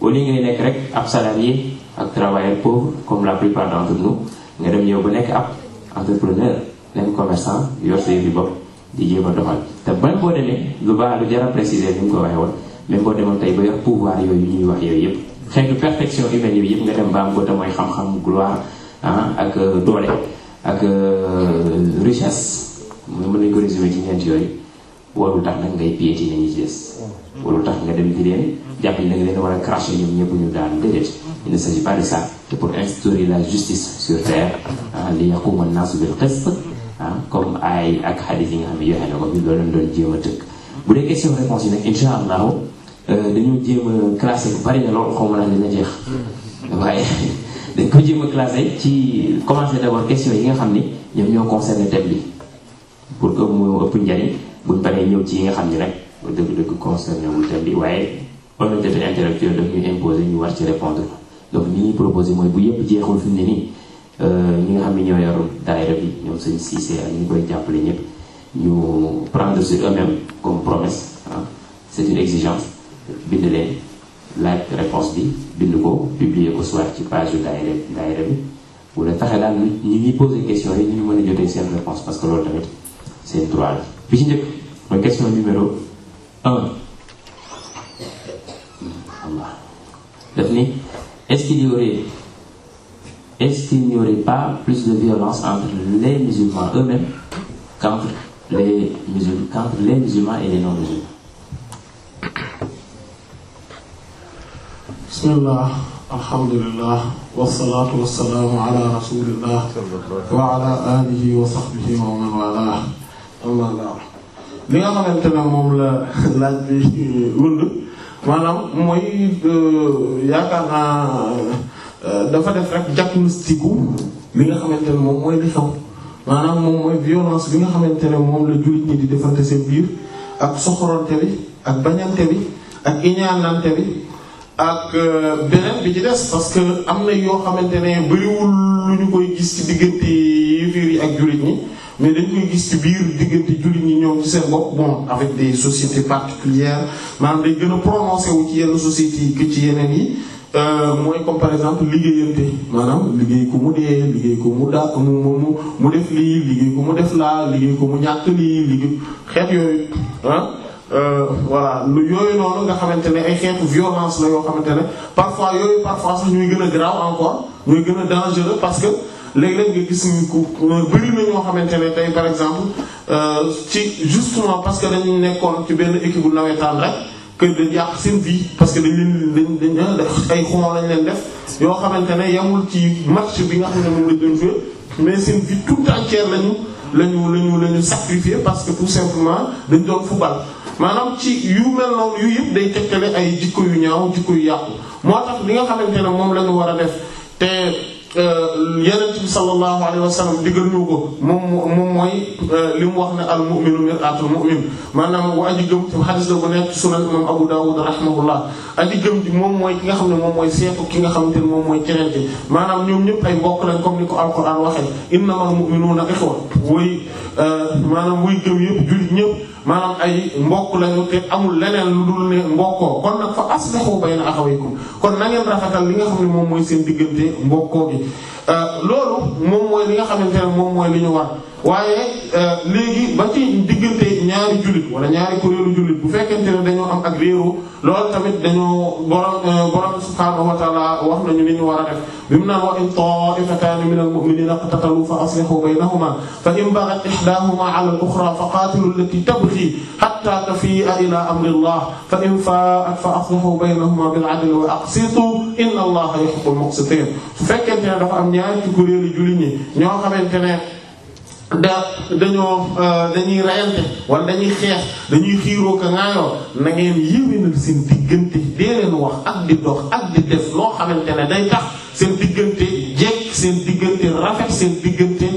[SPEAKER 1] au lieu ngay nekk rek ab salarié ak travailleur pauvre comme la plupart d'entre nous nga dem yow ba nekk ab entrepreneur nekk commerçant yor sa yëfi bopp di jéem a doxal te ban boo demee lu baax lu jar a préciser mu ko waxee woon même boo demoon tey ba yor pouvoir yooyu ñuy wax yooyu yëpp xeetu perfection humaine yooyu yëpp nga dem ba am ko te xam-xam gloire ah ak euh, doole ak mu euh, mën nañu ko résumer ci ñeent yooyu warul tax nag ngay piétiner ñi ci des. warul tax nga dem di leen jàpp ni da nga leen war a craché ñoom ñëpp ñu daanu déedéet. il te pour instaurer la justice sur terre ah, li yaquma ah, nga xam a tëkk. Euh, a waaye dañ ko jéem ci commencé yi nga xam ni ñoom ñoo concerné thème pour que mu ëpp njariñ. buñ paree ñëw ci yi nga xam ni rek dëgg-dëgg concerné wul thème bi waaye honnêteté intellectuelle daf ñu imposé ñu war ci répondre donc ni ñuy proposé mooy bu yëpp jeexul fi mu ne nii ñi nga xam ne ñoo yor daayira bi ñoom sëñ Cissé ak ñu koy jàppale ñëpp ñu prendre sur eux-mêmes comme promesse ah c'est une exigence bind leen laaj réponse bi bind ko publier ko soit ci page yu daayira daayira bi wala taxe daal ñi ñuy poser question yi ñu mën a jotee seen bi ci njëkk mooy question numéro un Allah ni est-ce qu'il y plus de violence entre les musulmans eux-mêmes qu'entre les musulmans qu'entre les musulmans et les non-musulmans
[SPEAKER 2] bismillah alhamdulillah wassalaatu wassalaamu ala rasulillah wa ala alihi wa sahbihi wa man walah allah la li nga xamante ne moom la laaj bi wënd maanaam mooy euh, yaakaar naa euh, dafa def rek diagnostic li nga xamante ne moom mooy li maanaam moom mooy violence bi nga xamante ne moom la jullit ñi di defante seen biir ak soxorante bi ak bañante bi ak iñaanante bi ak euh, beneen bi ci des parce que am na yoo xamante ne bariwul lu ñu koy gis ci diggante yéefar yi ak jullit ñi mais dañ gis ci biir diggante jullit ñi ñoom ci seen bopp bon avec des sociétés particulières maanaam day gën a prononcé wu ci yenn sociétés yi que ci yeneen yi euh, mooy comme par exemple liggéeyante maanaam liggéey ko mu dee liggéey ko mu da mu mu mu def lii liggéey ko mu def laa liggéey ko mu ñàkk lii liggéey xeet yooyu ah voilà lu yooyu noonu nga xamante ne ay xeetu violence la yoo xamante ne parfois yooyu parfois sax ñuy gën a grave encore ñooy gën a dangereux parce que léegi léeg nga gis ñu ku bëri na ñoo xamante ne tey par exemple euh, ci justement parce que dañu nekkoon ci benn équipe bu nawetaan rek que dañ yàq seen vie parce que dañ leen dañ dañ ay xuma lañ leen def yoo xamante ne yamul ci match bi nga xam ne moom lañ doon jouer mais seen vie tout entière lañu lañu lañu lañu sacrifier parce que tout simplement dañ doon football maanaam ci yu mel noonu yu yëpp day tekkale ay jikko yu ñaaw jikko yu yàqu moo tax li nga xamante ne moom lañu war a def te Euh, yonent bi sallallahu alayhi wa sallam digal ñu ko moom moom mooy euh, li mu wax ne al mu'minu mir'atul mu'min maanaam wa aji gëm ci xadis la bu nekk ci sunan imam Abu Dawud rahimahullah aji gëm moom mooy ki nga xam ne moom mooy seetu ki nga xamante ne moom mooy keneen ki maanaam ñoom ñëpp ay mbokk lañ comme ni ko alquran waxee innamal mu'minuna ikhwa way euh, maanaam way gëm yëpp jullit ñëpp maanaam ay mbokk lañu te amul leneen lu dul ne mbokkoo kon nag fa aslihu bayna axawaykum kon na ngeen li nga xam ne moom mooy seen diggante mbokkoo gi Euh, loolu moom mooy li nga xamante ne moom mooy li ñu war waaye euh, léegi ba ci diggante ñaari jullit wala ñaari kuréelu jullit bu fekkente ne dañoo am ak réeroo loolu tamit dañoo borom euh, borom subhaanahu wa ta'ala wax nañu li ñu war a def bi mu naan wa in ta'ifatan min al-mu'minina iqtatalu fa aslihu baynahuma fa in baghat ihdahuma 'ala al-ukhra fa qatilu allati tabghi hatta tafi'a ila amri allah fa in fa'at fa aslihu baynahuma bil 'adli wa aqsitu inna allaha yuhibbul muqsitin su fekkente ne dafa am ñaar ci kuréelu ñoo xamante ne da dañoo euh, dañuy rayante wala dañuy xeex dañuy xiiroo ka ngaayoo na ngeen yéwénal seen diggante dee wax ak di dox ak di def loo xamante ne day tax seen diggante jekk seen diggante rafet seen diggante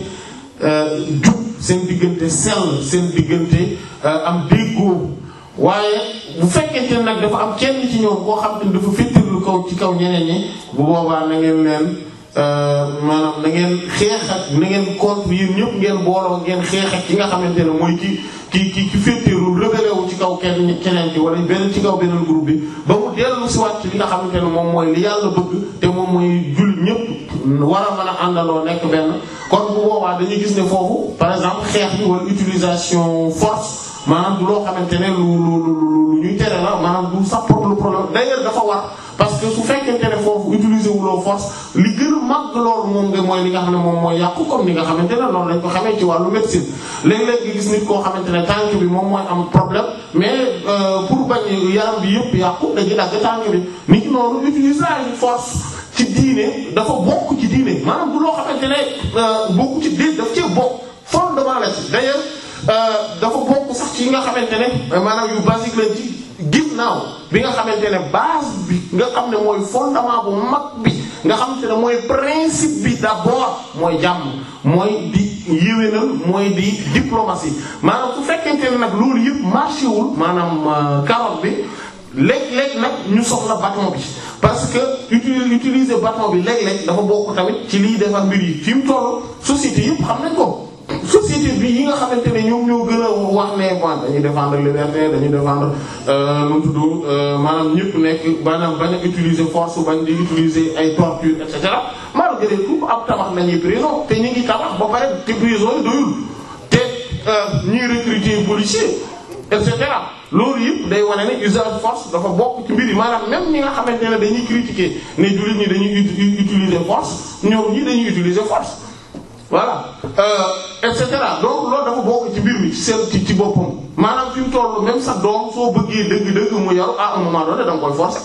[SPEAKER 2] euh, jub seen diggante sell seen diggante euh, am déggoo waaye bu fekkee ne nag dafa am kenn ci ñoom koo xam ne dafa féttirlu kaw ci kaw ñeneen ñi bu boobaa na ngeen leen Euh, maanaam na ngeen xeex ak na ngeen contre yéen ñëpp ngeen booloo ngeen xeex ak ki nga xamante ne mooy ki ki ki ki féeteeru lëgale ci kaw kenn keneen ci wala benn ci kaw beneen groupe bi ba mu dellu si waat ci li nga xamante moom mooy li yàlla bëgg te moom mooy jullit ñëpp war a mën a àndandoo nekk benn. kon bu boobaa dañuy gis ne foofu par exemple xeex bi wala utilisation force. maanaam du loo xamante ne lu lu lu ñuy tere la maanaam du sa propre problème d'ailleurs dafa war parce que su fekkente ne foofu utiliser wuloo force li gën a màgg loolu moom nga mooy li nga xam ne moom mooy yàqu comme ni nga xamante ne loolu lañ ko xamee ci wàllu médecine léeg-léeg nga gis nit koo xamante ne tànk bi moom mooy am problème mais euh, pour bañ yaram bi yëpp yàqu dañuy dagg tànk bi nit ki noonu utiliser ay force ci diine dafa bokk ci diine maanaam du loo xamante ne euh, bokk ci diine daf cee bokk fondement la ci d'ailleurs Euh, dafa bokk sax ci nga xamante ne euh, maanaam yu basique la ci ginnaaw bi nga xamante ne base bi nga xam ne mooy fondement bu mag bi nga xamante ne mooy principe bi d'abord mooy jàmm mooy di yéwénal mooy di diplomatie maanaam su fekkente ne nag loolu yëpp marché wul maanaam euh, carotte bi léeg-léeg nag ñu soxla bâton bi parce que utiliser utiliser bâton bi léeg-léeg dafa bokk tamit ci liy defar mbir yi fi mu tollu société yëpp xam nañ ko. société bi yi nga xamante ne ñoom ñoo gën a wax ne moom dañuy défendre liberté dañuy défendre lu euh, tudd euh, maanaam ñëpp nekk maanaam bañ utiliser force bañ di utiliser ay torture et cetera malgré tout ab tabax nañuy prison te ñu ngi tabax ba pare te prison yi doyul te euh, ñuy recruter policier et cetera loolu yëpp day wane ne usage force dafa bokk ci mbir maanaam même ñi nga xamante ne dañuy critiquer ne jullit ñi dañuy utiliser force ñoom ñi dañuy utiliser voilà euh, et cetera donc loolu dafa bokk ci mbir mi seet ci ci boppam maanaam fi mu toll sa doom soo bëggee dëgg-dëgg mu yaru ah, à un moment donné da koy forcer.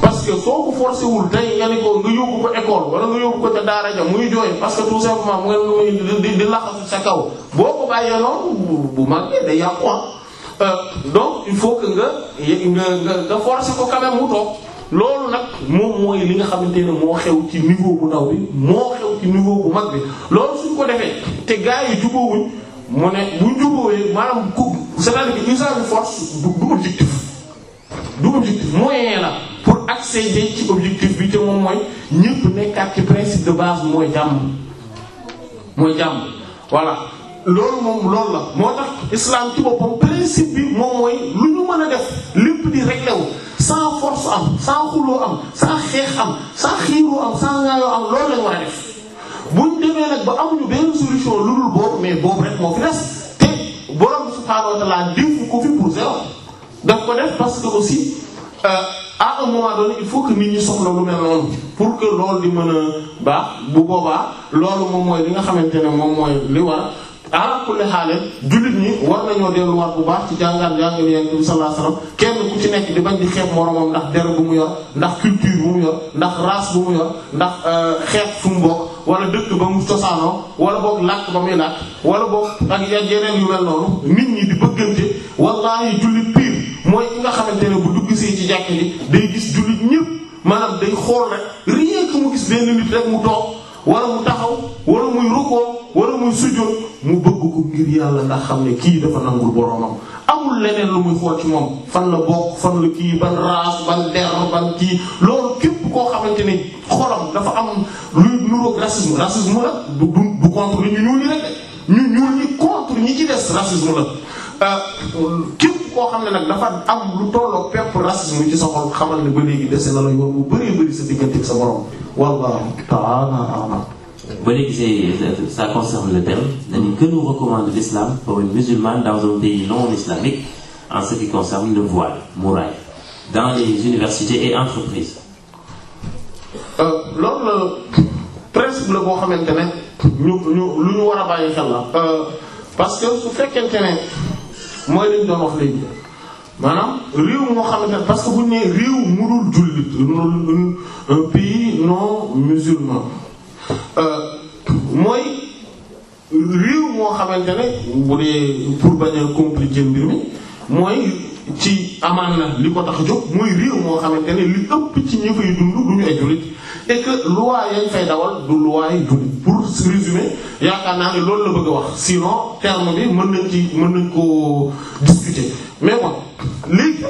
[SPEAKER 2] parce que soo ko forcer wul nga ne ko nga yóbbu ko école wala nga yóbbu ko ca daara ja muy jooy parce que tout simplement mu ngi leen di di laxasu sa kaw boo ko bàyyee noonu bu màggee day yàqu ah. euh, donc il faut que nga nga nga ko quand mu toog. loolu nag moom mooy li nga xamante ne moo xew ci niveau bu ndaw bi moo xew ci niveau bu mag bi loolu suñ ko defee te gaa yi jubóowuñ mu ne bu jubóowee maanaam ku c'est-à-dire que usage force du du objectif du objectif la pour accéder ci objectif bi te mooy ñëpp nekkaat ci principe de base mooy jàmm mooy jàmm voilà loolu moom loolu la moo tax islam ci boppam principe bi moom mooy lu ñu mën a def lépp di rek wu sans force am sans xuloo am sans xeex am sans xiiroo am sans ngaayoo am loolu lañ war def buñ demee nag ba amuñu benn solution lu dul boobu mais boobu rek moo fi des te borom subhaanahu wa ta'aala dénk ko fi pour zéro daf ko def parce que aussi euh, à un moment donné il nit ñi soxla lu mel noonu pour que loolu di mën a baax bu boobaa loolu moom mooy li nga xamante ne moom mooy li war ala kulli xaaleel jullit ñi war nañoo delluwaat bu baax ci jàngaan jàngal Yonent bi sallallahu alayhi wasallam kenn ku ci nekk di bañ di xeeb moromam ndax der bu mu yor ndax culture bu mu yor ndax race bu mu yor ndax euh, xeet fu mu wala dëkk ba mu cosaanoo wala boog làkk ba muy làkk wala boog ak yeneen yu mel noonu nit ñi di bëggante wallaahi jullit piir mooy ki nga xamante ne bu dugg see ci jàkk day gis jullit ñëpp maanaam day xool rek mu gis benn nit wala mu taxaw wala muy rukkoo wala muy sujjóot mu bëgg ko ngir yàlla ndax xam ne kii dafa nangul boroomam amul leneen lu muy xool ci moom fan la bokk fan la kii ban raas ban der ban kii loolu képp koo xamante ni xolam dafa am luy nuroog racisme racisme la du du du contre ñu ñuul ñi rek ñu ñuul ñi contre ñi ci des racisme la képp koo xam ne nag dafa am lu tolloo pepp racisme ci sa ne ba léegi dese na la yoon bu bëree bëri sa diggante borom wallahu ta'ala a'lam
[SPEAKER 1] ba léegi ça concerne le thème dañu que nous recommande l'islam pour une musulmane dans un pays non islamique en ce qui concerne le voile mouraille dans les universités et entreprises
[SPEAKER 2] euh, loolu la principe la boo xamante ne ñu ñu lu ñu war a bàyyi xel la euh, parce que su fekkente ne mooy li ñu doon wax léegi maanaam réew moo xamante ne parce que bu ñu nee réew mënul jullit mënul un pays non musulman euh, mooy réew moo xamante ne bu dee pour bañ a compliquer mbir mooy. ci amaan na li ko tax a jóg mooy réew moo xamante ne li ëpp ci ñi fay dund ñu ay jullit et que yañ fay dawal du loi yi jullit pour résumer yaakaar naa ne loolu la bëgg a wax si terme mën nañ ci mën nañ koo mais bon léegi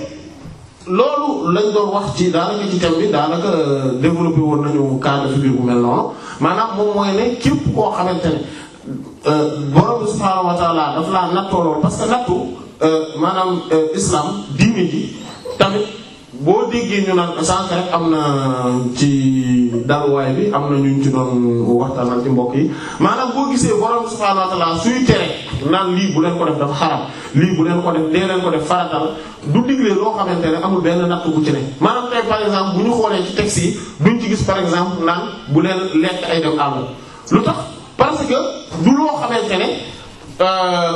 [SPEAKER 2] loolu lañ doon wax ci daanaka ci thème bi daanaka euh, développé woon nañu cas de figure bu mel noonu maanaam moom mooy ne képp koo xamante ne euh, borom subhaanahu wa daf laa nattooloon parce que nattu. Euh, maanaam euh, islam diine ji tamit boo déggee ñu naan sànq rek am na ci daluwaay bi am na ñu ci doon waxtaanal ci mbokk yi maanaam boo gisee borom subhaanahu wa ta'aala suy tere naan lii bu leen ko def dafa xaram lii bu leen ko def dee leen ko def faratal du digle loo xamante ne amul benn natt bu ci ne maanaam tey par exemple bu ñu xoolee ci texte yi duñ ci gis par exemple naan bu leen lekk ay dem àll lu tax parce que du loo xamante ne euh,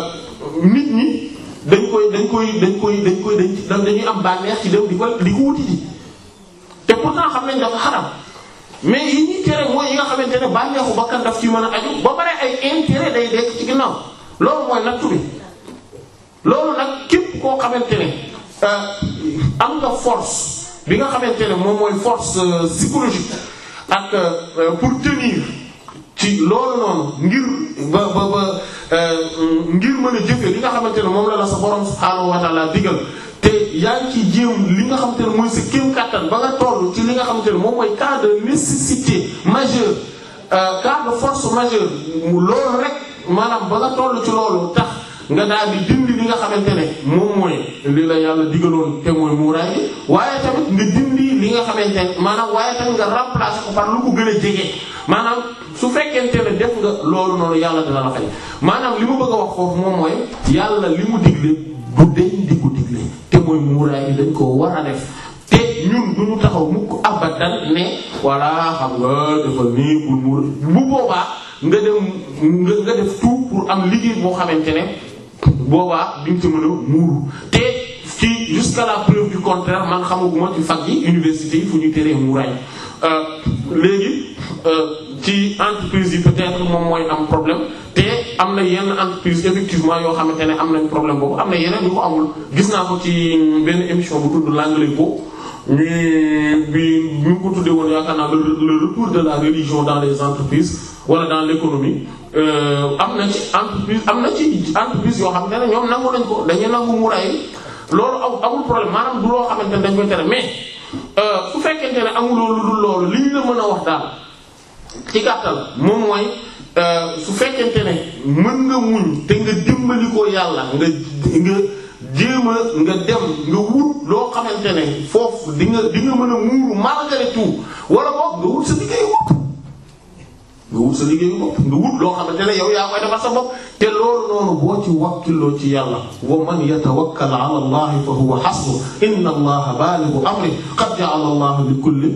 [SPEAKER 2] nit ñi. dañ koy dañ koy dañ koy dañ koy dañ dañuy am bànneex ci dem di koy di ko wuti ji te pourtant xam nañ dafa xaram mais yi ñuy tere mooy yi nga xamante ne bànneexu bakkan daf ci mën a aju ba pare ay intérêt day dekk ci ginnaaw loolu képp koo xamante ne euh, am na force bi nga xamante ne moom mooy force euh, psychologique ak euh, pour tenir ci loolu noonu ngir ba ba ba euh, ngir mën a jëfee li nga xamante ne moom la la sa borom subhaanahu wa ta'ala digal te yaa ci ciy jéem li nga xamante ne mooy sa kéem kattan ba nga ci xamante ne moom mooy cas de nécessité majeure euh, cas de force majeure mu loolu rek maanaam ci loolu tax nga daal li nga xamante ne moom mooy li la yàlla digaloon te mooy muuraay waaye tamit nga dindi li nga xamante ne maanaam waaye tamit nga remplacer ko par lu ko gën a jege maanaam. su fekkente ne def nga loolu noonu yàlla dina la fay maanaam li mu bëgg a wax foofu moom mooy yàlla li mu digle du di ko digle te mooy muuraay bi dañ ko war a def te ñun du ñu taxaw mu
[SPEAKER 1] abadan ne
[SPEAKER 2] voilà xam nga dafa nii pour muur bu boobaa nga dem nga def tout pour am liggéey boo xamante ne boobaa di mu ci mën a muuru te ci jusqu'à la preuve du contraire man xamaguma ci fac yi université yi fu ñuy teree muuraay euh, léegi. Euh, ci entreprise yi peut-être moom mooy am problème te am na yenn entreprise effectivement yoo xamante ne am nañ problème boobu am na yeneen yu amul gis naa ko ci benn émission bu tudd l'anglais ko ñuy bi ñu ko tuddee woon yaakaar naa le retour de la religion dans les euh, am na ci entreprise am na ci entreprise yoo xam ne ñoom nangu nañ ko dañuy nangu muraay loolu amul problème maanaam du loo xamante ne dañ koy tere mais euh, su fekkente ne amuloo lu dul loolu li ñu la mën a wax daal. ci gàttal moom mooy euh, su fekkente ne mën nga muñ te nga dimbali ko yàlla nga nga jéem a nga dem nga wut loo xamante ne foofu di nga di nga mën a muuru malgré tout wala boog nga wut sa liggéeyu bopp nga nga wut loo xamante ne yow yaa koy defal sa bopp te loolu noonu boo ci wakkiloo ci yàlla wa man yatawakkal allah fa huwa hasbu inna allaha balighu amri qad ja'ala allahu li kulli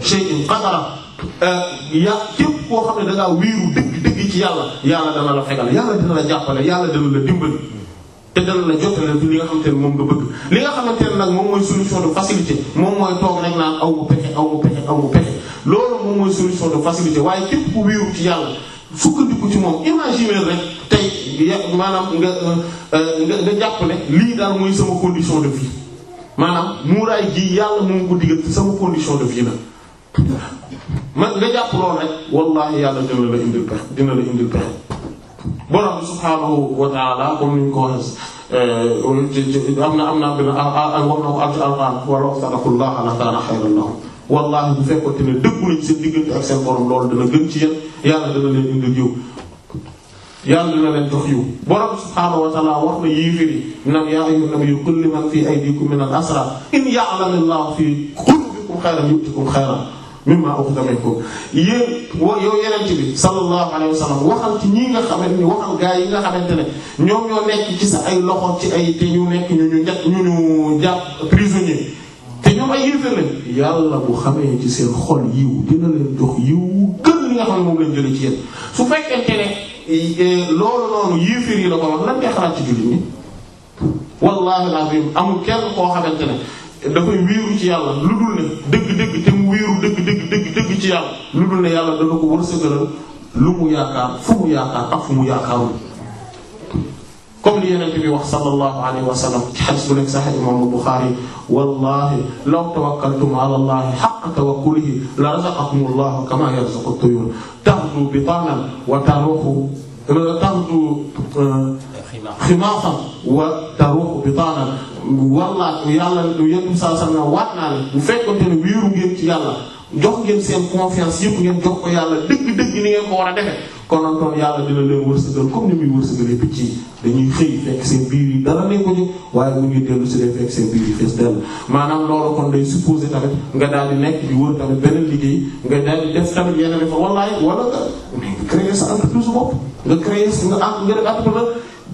[SPEAKER 2] shay'in qadara Euh, ya képp koo xam ne da wiiru dëgg dëgg ci yàlla yàlla dana la fegal yàlla dana la jàppale yàlla dana la dimbali te dana la jotale fi li nga xamante ne moom nga bëgg li nga xamante ne nag moom mooy solution de facilité moom mooy toog rek naa aw ma pexe aw ma pexe aw ma pexe loolu moom mooy solution de facilité waaye képp ku wiiru ci yàlla sukkandiku ci moom imaginer rek tey maanaam nga euh, nga nga jàpp ne lii daal mooy sama condition de vie maanaam muuraay gi yàlla moom ko digal sama condition de man nga jàpp wallahi yàlla dina la indil pexe dina la indil pexe borom subhaanahu wa ta'ala comme ni ñu ko waxee euh, am na am la kana khayran lahum wallahi bu fekkoon ne dëggu nañ seen diggante ak seen borom loolu dina gën ci aydikum min asra in ya'lamu llahu fii qulubikum khayran yu'tikum khayran mimma ukhidha minkum yéen yow yenent bi sallallahu alayhi wa sallam waxal ci ñi nga xamante ni waxal gaa yi nga xamante ne ñoom ñoo nekk ci sa ay loxo ci ay te ñu nekk ñu ñu njat ñu ñu jàpp prisonnier te ñoom ay yéefér lañ yàlla bu xamee ci seen xol yiw dina leen jox yiw gën li nga moom lañ jëlee ci eh, yi la ko wax lan ngay ci jullit ñi wallahi alazim amul kenn koo xamante ne dafay wéeru ci yàlla lu dul ne dëgg-dëgg te mu wéeru dëgg-dëgg dëgg dëgg ci yàlla lu dul ne yàlla dana ko wërsëgalal lu mu yaakaar fu mu yaakaar ak fu mu yaakaarul comme li yenente bi wax sallallahu alayhi wa sallam ci hadith bu nekk sahih imam al-Bukhari wallahi law tawakkaltum ala allahi haqqa tawakkulihi la razaqakum allah kama yarzuqu at-tuyur taghdu bitanan wa taruhu taghdu khimasan euh, wa taruhu bitanan walla yàlla yéen saa saa na waat naa leen bu fekkonte ne wéeru ngeen ci yàlla jox ngeen ko yàlla dëgg-dëgg ni ngeen ko war a ko jóg si day fekk seen biir yi fees dell maanaam loolu kon day supposé tamit nga daal di nekk di wër tamit beneen liggéey nga daal di def tamit yeneen fa wallaay wala nga créer sa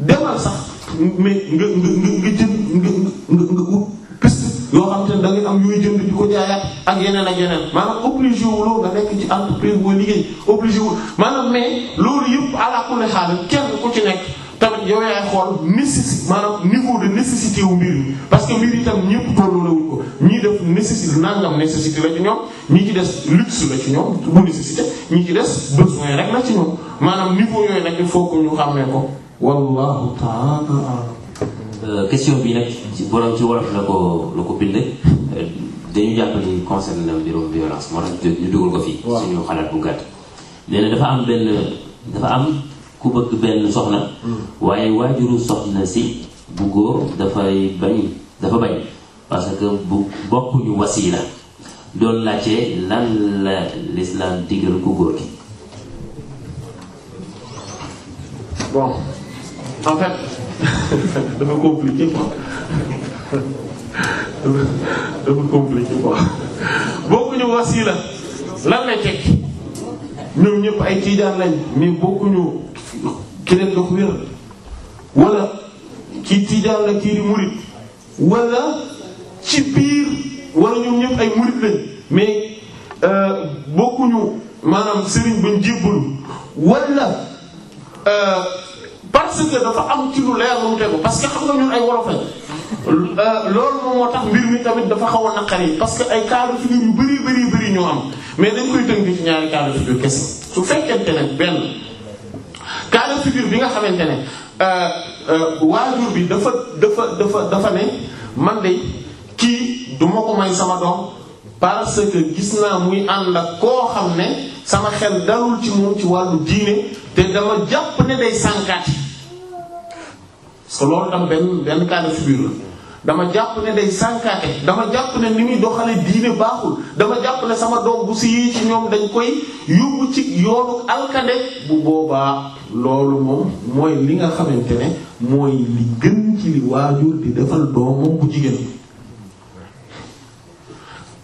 [SPEAKER 2] demal sax mais nga nga nga jënd nga nga ut piste yoo xam te ne da jënd di ko jaayaat ak yeneen ak yeneen maanaam obligé wu loo nga nekk ci entreprise boo liggéey obligé wu maanaam mais loolu yëpp ala kulli xaalis kenn ku ci nekk tamit yow yaay xool nécessité maanaam niveau de nécessité wu mbir yi parce que mbir yi tam ñëpp tolloo la wuñ ko ñii def nécessité nangam nécessité la ci ñoom ñii ci des luxe la ci ñoom bu nécessité ñii ci des besoin rek la ci ñoom maanaam niveau yooyu
[SPEAKER 1] Euh, question bi nag borom ci wolof la ko la ko bind euh, dañu jàpp ni concerne na mbirum violence moo tax ñu dugal ko fii suñu xalaat bu gàtt dafa am benn dafa am ku bëgg benn soxna hmm. waaye waajuru soxna si bu góor dafay bañ dafa bañ parce que bu bokkuñu wasiila doon laajte lan la lislaam digal ku góor gi
[SPEAKER 2] dafa compliqué quoi dafa compliqué quoi bokkuñu wasila lan lay tekki ñoom ñëpp ay tiijaan lañ mais bokkuñu ki leen dox wér wala kii tiijaan la kii di murid wala ci biir wala ñoom ñëpp ay murid lañ mais euh, bokkuñu maanaam sëriñ bañ jébbalu wala euh, parce que dafa am ci lu leer parce que xam nga ñun ay wolof lañ euh, loolu moom moo tax mbir mi tamit dafa xaw a naqari parce que ay cas de figure bari bari ñoo am mais dañ koy tënk ci ñaari cas de figure kese su fekkente ne benn cas de bi nga xamante ne euh, euh, waajur bi dafa dafa dafa dafa ne man de kii du ma ko may sama doom parce que gis naa muy ànd ak koo xam ne sama xel dalul ci moom ci wàllu diine te dama jàpp ne day sànkaati parce que loolu tam benn benn cas de figure la dama jàpp ne day sànkaate dama jàpp ne ni muy doxale diine baaxul dama jàpp ne sama doom bu si ci ñoom dañ koy yóbbu ci yoonu alkade bu boobaa loolu moom mooy li nga xamante ne mooy li gën ci li waajur di defal doomam bu jigéen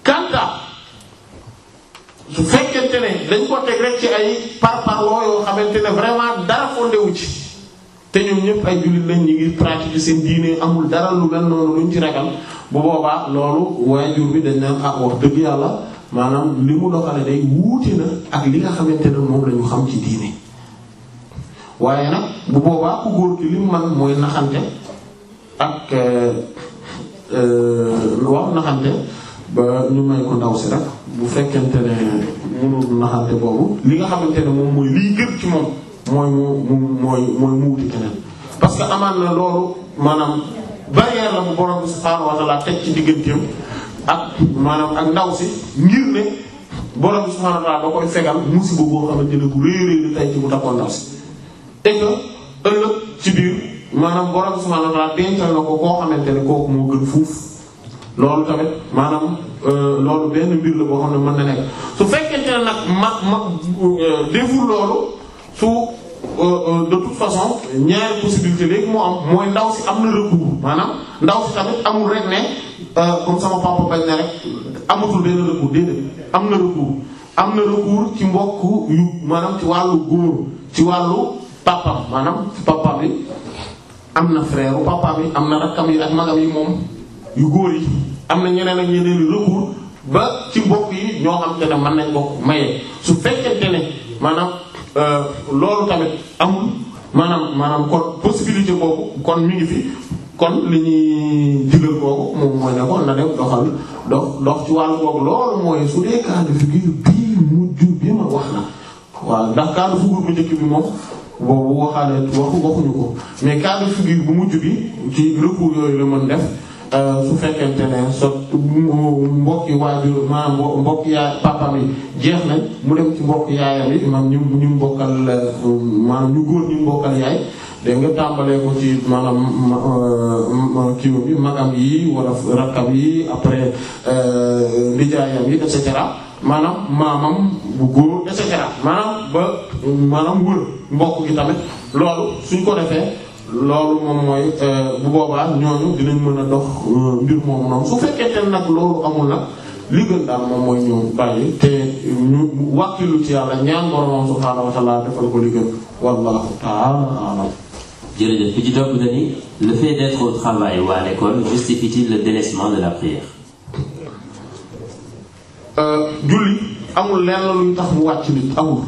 [SPEAKER 2] kanta su fekkente ne dañ ko teg rek ci ay parparloo yoo xamante ne vraiment dara fondé wu ci te ñoom ñëpp ay jullit lañ ñu ngi pratiquer seen diine amul dara lu mel noonu luñ ci ragal bu boobaa loolu waajur bi dañ naan ah wax dëgg yàlla maanaam li mu doxale day wuute na ak li nga xamante ne moom xam ci diine. waaye nag bu boobaa ku mooy naxante ak euh, euh, wax naxante ba ñu may ndaw si rek bu fekkente li nga xamante ci moom. mooy mooy mooy mu wuti keneen parce que amaan na loolu maanaam barrière la bu borom ci digganteem maanaam ak ndaw si ngir ne borom bi subhaanahu bu rëy rëy la ci biir maanaam borom bi subhaanahu xamante ne kooku moo gën fuuf loolu euh, nekk su fekkente ne nag ma ma euh, deful loolu su. Euh, euh, de toute façon ñaari possibilité léegi moo am mooy ndaw si am na recours maanaam ndaw si tamit amul rek ne euh, comme sama papa bañ ne rek am na recours na recours ci mbokk yu maanaam ci wàllu góor ci wàllu papa maanaam ci bi am na frère bu papa bi am na rakkam yi ak magam yi moom yu góor yi am na ñeneen ak ñeneen recours ba ci mbokk yi ñoo xam te ne mën nañ bokk maye su fekkente ne maanaam. Euh, loolu tamit amul maanaam maanaam kon possibilité boobu kon mi ngi fi kon li ñuy digal kooku moom mooy ne kon na dem doxal dox dox ci wàllu boobu loolu mooy su dee cas de figure mujj bi ma wax na waaw ndax cas de figure bu njëkk bi moom boobu waxaale waxuñu ko mais cas de bu mujj bi ci recours yooyu la mën def Euh, su fekkente ne so mbokki waajur maanaam mbokki yaay papam yi jeex nañ mu dem ci mbokk yaayam yi maanaam ñu ñu mbokkal euh, maanaam ñu góor ñu mbokkal yaay dégg nga tàmbalee ko ci maanaam euh, kii bi magam yi wala rakkam yi après nijaayam yi et cetera maanaam maamam bu góor et cetera maanaam ba maanaam wër mbokk gi tamit loolu suñ ko defee. loolu moom mooy euh, bu boobaa ñooñu dinañ mën a dox euh, mbir moomu noonu su fekkente nag loolu amul nag li gën daal moom mooy ñu bàyyi te ñu wàkkilu ci yàlla ñaan boroomam subhaanahu wa ta'aala defal ko li gën wallahu ta'aala a'lam jërëjëf fi ci
[SPEAKER 5] topp
[SPEAKER 1] nga ni le fait d'être au travail ou à l'école justifie-t-il le délaissement de la
[SPEAKER 2] euh, luy tax mu wàcc nit amul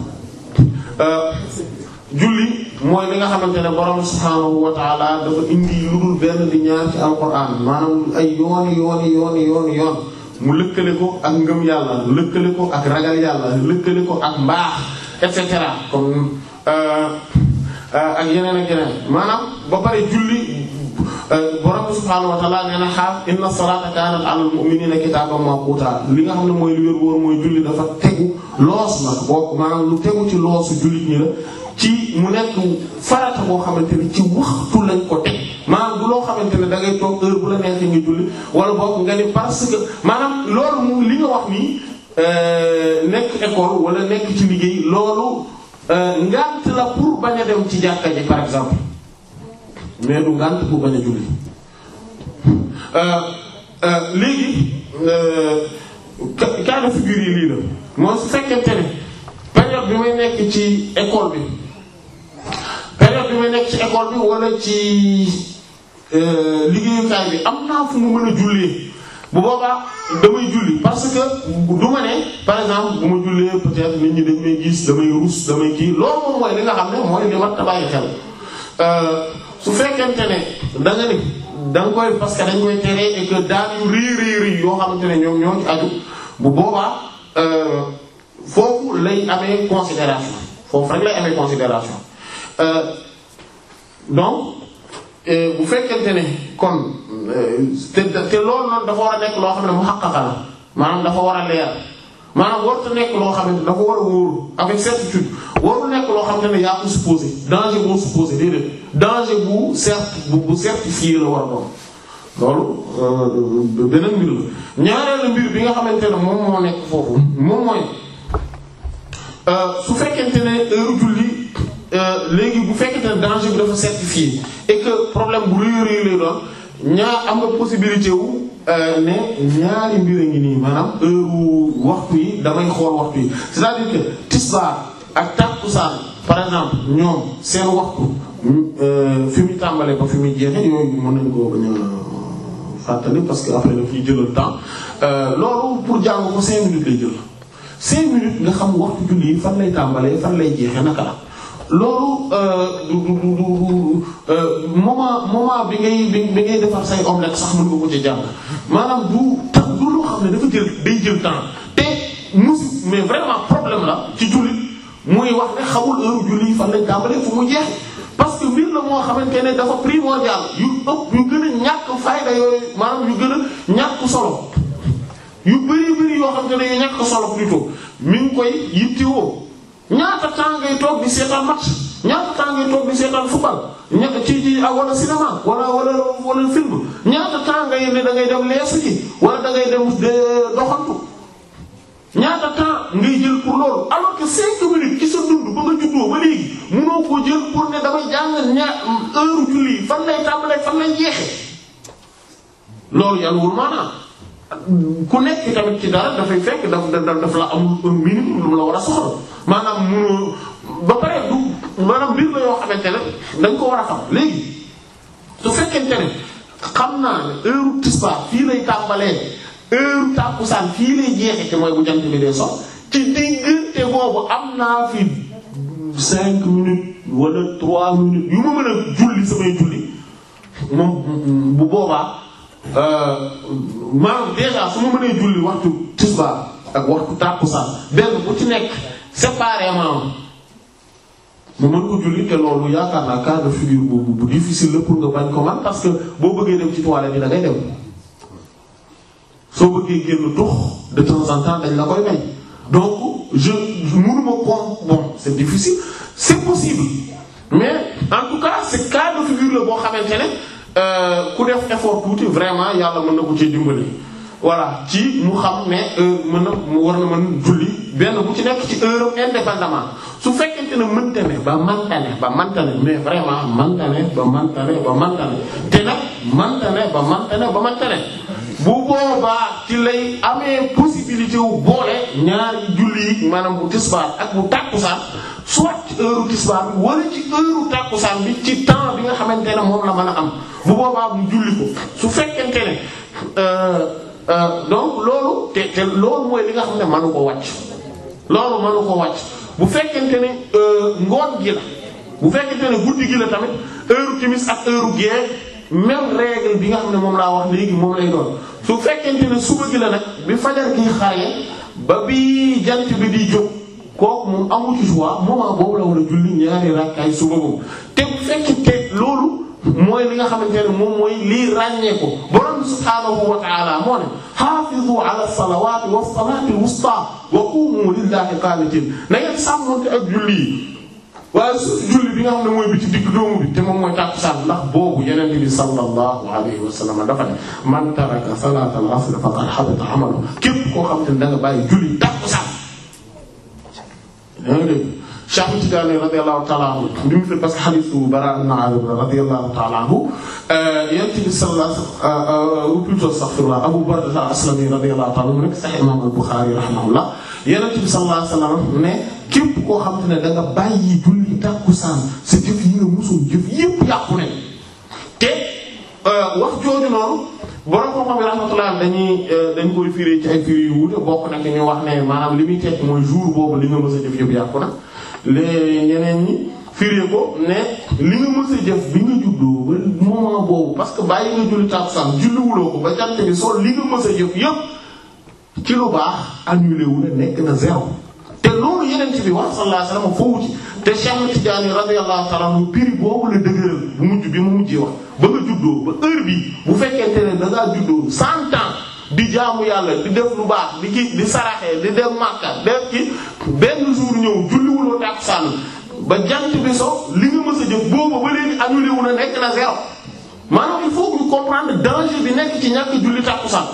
[SPEAKER 2] julli. mooy li nga xamante ne borom subhaanahu wa taala dafa indi lu dul benn di ñaar ci alquran maanaam ay yooni yooni yooni yooni yoon mu lëkkale ko ak ngëm yàlla lëkkale ko ak ragal yàlla lëkkale ko ak mbaax et cetera comme euh, euh, ak yeneen ak yeneen maanaam ba pare julli euh, borom subhaanahu wa taala nee na xaaf inna salaata kaanat alal mu'miniina kitaaban mawquuta li nga xam ne mooy li wér wóor mooy julli dafa tegu loos la bokk maanaam lu tegu ci loosu jullit ci mu nekk farata boo xamante ni ci waxtu lañ ko teg maanaam du loo xamante ne da ngay toog heure bu la neexee nga julli wala boog nga ni parce que maanaam loolu moom li nga wax nii euh, nekk école wala nekk ci liggéey loolu euh, ngant la pour bañ a dem ci jàkka ji par exemple mais du ngant pour bañ a julli euh, léegi cas de figure yi lii la moo su fekkente ne période bi may nekk ci école bi période bi may nekk ci école bi wala ci euh, liggéeyukaay bi am naa fu ma mën a jullee bu boobaa damay julli parce que du ne par exemple bu ma jullee peut-être ñi dañ may gis damay rus damay kii loolu moom mooy li nga xam ne mooy li war a xel euh, su fekkente ne da nga ni koy parce dañ koy tere et que yu rëy rëy yoo xamante ne ñoom ñoo ci aju bu boobaa euh, foofu lay amee considération foofu rek lay amee considération Euh, donc euh, bu fekkente ne kon euh, te te loolu noonu dafa war a nekk loo xam ne mu xaqaqa la maanaam dafa war a leer maanaam warut nekk loo ne dafa war a wóoru avec certitude warul nekk loo xam ne yaa ko supposé danger boo supposé déedéet danger bu cert bu certifié la war a doon loolu beneen mbir la ñaareelu mbir bi nga xamante ne moom moo nekk foofu moom mooy su fekkente ne heure julli Euh, léegi bu fekkente ne danger bi dafa certifié et problème bu rëy a rëy lay doon ñaar am nga possibilité wu euh, ne ñaari mbir a ngi nii maanaam heure waxtu yi damay xool waxtu yi c'est-à-dire que tisbaar ak takkusaan par exemple ñoom seen waxtu euh, fi muy tàmbalee ko fi muy jeexee yooyu mën nañ koo bañ a fàttali parce que après daf ñuy jëlal temps loolu pour jàng ko cinq minutes lay jël cinq minutes nga xam waxtu julli yi fan lay tàmbalee fan lay jeexee loolu euh, du du du euh, moment moment bi ngay bi ngay defar say omelette sax mën nga ko ci jàng maanaam du tax du loo xam ne dafa jël day jël temps te musi mais vraiment problème la ci jullit muy wax ne xamul heure julli fan lañ tàmbalee fu mu jeex parce que mbir la moo xamante ne dafa primordial yu ëpp yu gën a ñàkk fayda yooyu maanaam yu gën a ñàkk solo yu bari bari yoo xam ne yu ñàkk solo plutôt mi ngi koy yittewoo ñaata temps ngay toog di seetaan match ñaata temps ngay toog di seetaan football ña ci ci ah, wala cinéma wala wala wala film ñaata temps ngay ne da dem leesu ji wala da ngay dem doxantu ñaata temps ngay jël pour loolu alors que cinq minutes ci sa dund ba nga juddoo ba léegi mënoo koo jël pour ne damay jàng ña heure julli fan lay tàmbalee fan lay jeexee loolu yàlla wul maanaam ku nekk tamit ci dara dafay fekk daf daf la am minimum lu la war a maanaam mënoo ba pare du maanaam mbir la yoo xamante ne dañ ko war a xam léegi su fekkente ne xam naa ne heure tisbaar fii lay tàmbalee heure tàkkusaan fii lay jeexee te mooy bu jant bi dee so ci diggante boobu am naa fi cinq minutes wala trois minutes yu ma mën a julli samay julli moom bu boobaa euh, maanaam déjà su ma mënee julli waxtu tisbaar ak waxtu tàkkusaan benn bu ci nekk séparément mu mën ko julli te loolu yaakaar naa cas de figure boobu bu difficile la pour nga bañ ko man parce que boo bëggee dem ci toilette bi da ngay dem soo bëggee génn tux de temps en temps dañ la koy may donc je mënuma kon bon c'est difficile c'est possible mais en tout cas de figure la boo xamante ne euh, ku def effort tuuti vraiment yàlla mën na ko ci dimbali voilà ci mu xam ne heure mën na mu war na mën julli benn bu ci nekk ci heure indépendamment su fekkente ne mëntane ba ba mantane mais vraiment mantane ba mantane ba mantane te nag mantane ba mantane ba mantane bu boobaa ci lay amee possibilité boole ñaari julli yi maanaam bu tisbaar ak bu tàkkusaan soit ci heure tisbaar bi wala ci heure tàkkusaan bi ci temps bi nga xamante ne moom la mën a am bu boobaa mu julli ko su fekkente ne euh, Euh, donc loolu te te loolu mooy li nga xam ne mënu koo wàcc loolu mënu koo wàcc bu fekkente ne euh, ngoon gi la bu fekkente ne guddi gi la tamit heure timis ak heure gée même règle bi nga xam ne moom laa wax léegi moom lay doon su fekkente ne suba gi la nag bi fajar gi xaree ba bi jant bi di jóg kooku moom amu ci choix moment boobu la war a julli ñaari rakkaay suba boobu te bu fekkente loolu. mooy li nga xamante ne moom mooy lii ràññee ko borom subhaanahu wa ta'ala moo ne xaafizu ala salawaati wa salaati wusta wa qumu lillahi qaanitiin na ngeen sàmmonte ak julli yi waaye su julli bi nga xam ne mooy bi ci digg doomu bi te moom mooy tàkkusaan ndax boobu yeneen bi sallallahu alayhi wa sallam dafa ne man taraka salaata al-asr faqad habita amalu képp koo xam te ne da nga bàyyi julli tàkkusaan Cheikh Tidiane radiyallahu ta'ala anhu li mu fi parce que hadithu Bara ibn Azib radiyallahu ta'ala anhu euh, yonent bi sallallahu alayhi wa euh, euh, plutôt astaghfirullah Abu Bakr al-Aslami radiyallahu ta'ala anhu nekk Sahih Imam al-Bukhari rahimahullah yonent bi sallallahu alayhi wa sallam ne képp koo xam te ne da nga bàyyi julli tàkkusaan sa jëf yi nga musul jëf yépp yàqu ne te wax jooju noonu borom xam-xam yi rahmatullah dañuy dañ koy firé ci ay firi yu wuute bokk na ci ñu wax ne maanaam li muy tekki mooy jour boobu li nga mës a jëf yëpp yàqu na les ñeneen ñi firé ko ne li nga mës jëf bi nga juddoo ba moment boobu parce que bàyyi nga julli tàkkusaan julliwuloo ko ba jant bi sol li nga mës a jëf yépp ci lu baax annulé wu la nekk na zéro te loolu yeneen ci bi wax sallallahu alayhi foofu te Cheikh Tidiane radiyallahu ta'ala anhu boobu la dëgëral bu mujj bi mu mujjee wax ba nga juddoo ba heure bi bu fekkente ne da ngaa juddoo cent ans di jaamu yàlla di def lu baax di ki di saraxee di dem Makka def ci benn jour ñëw julliwuloo tàkkusaan ba jant bi so li nga mës a jëf booba ba léegi annulé wu na nekk na zéro maanaam il faut ñu comprendre danger bi nekk ci ñàkk julli tàkkusaan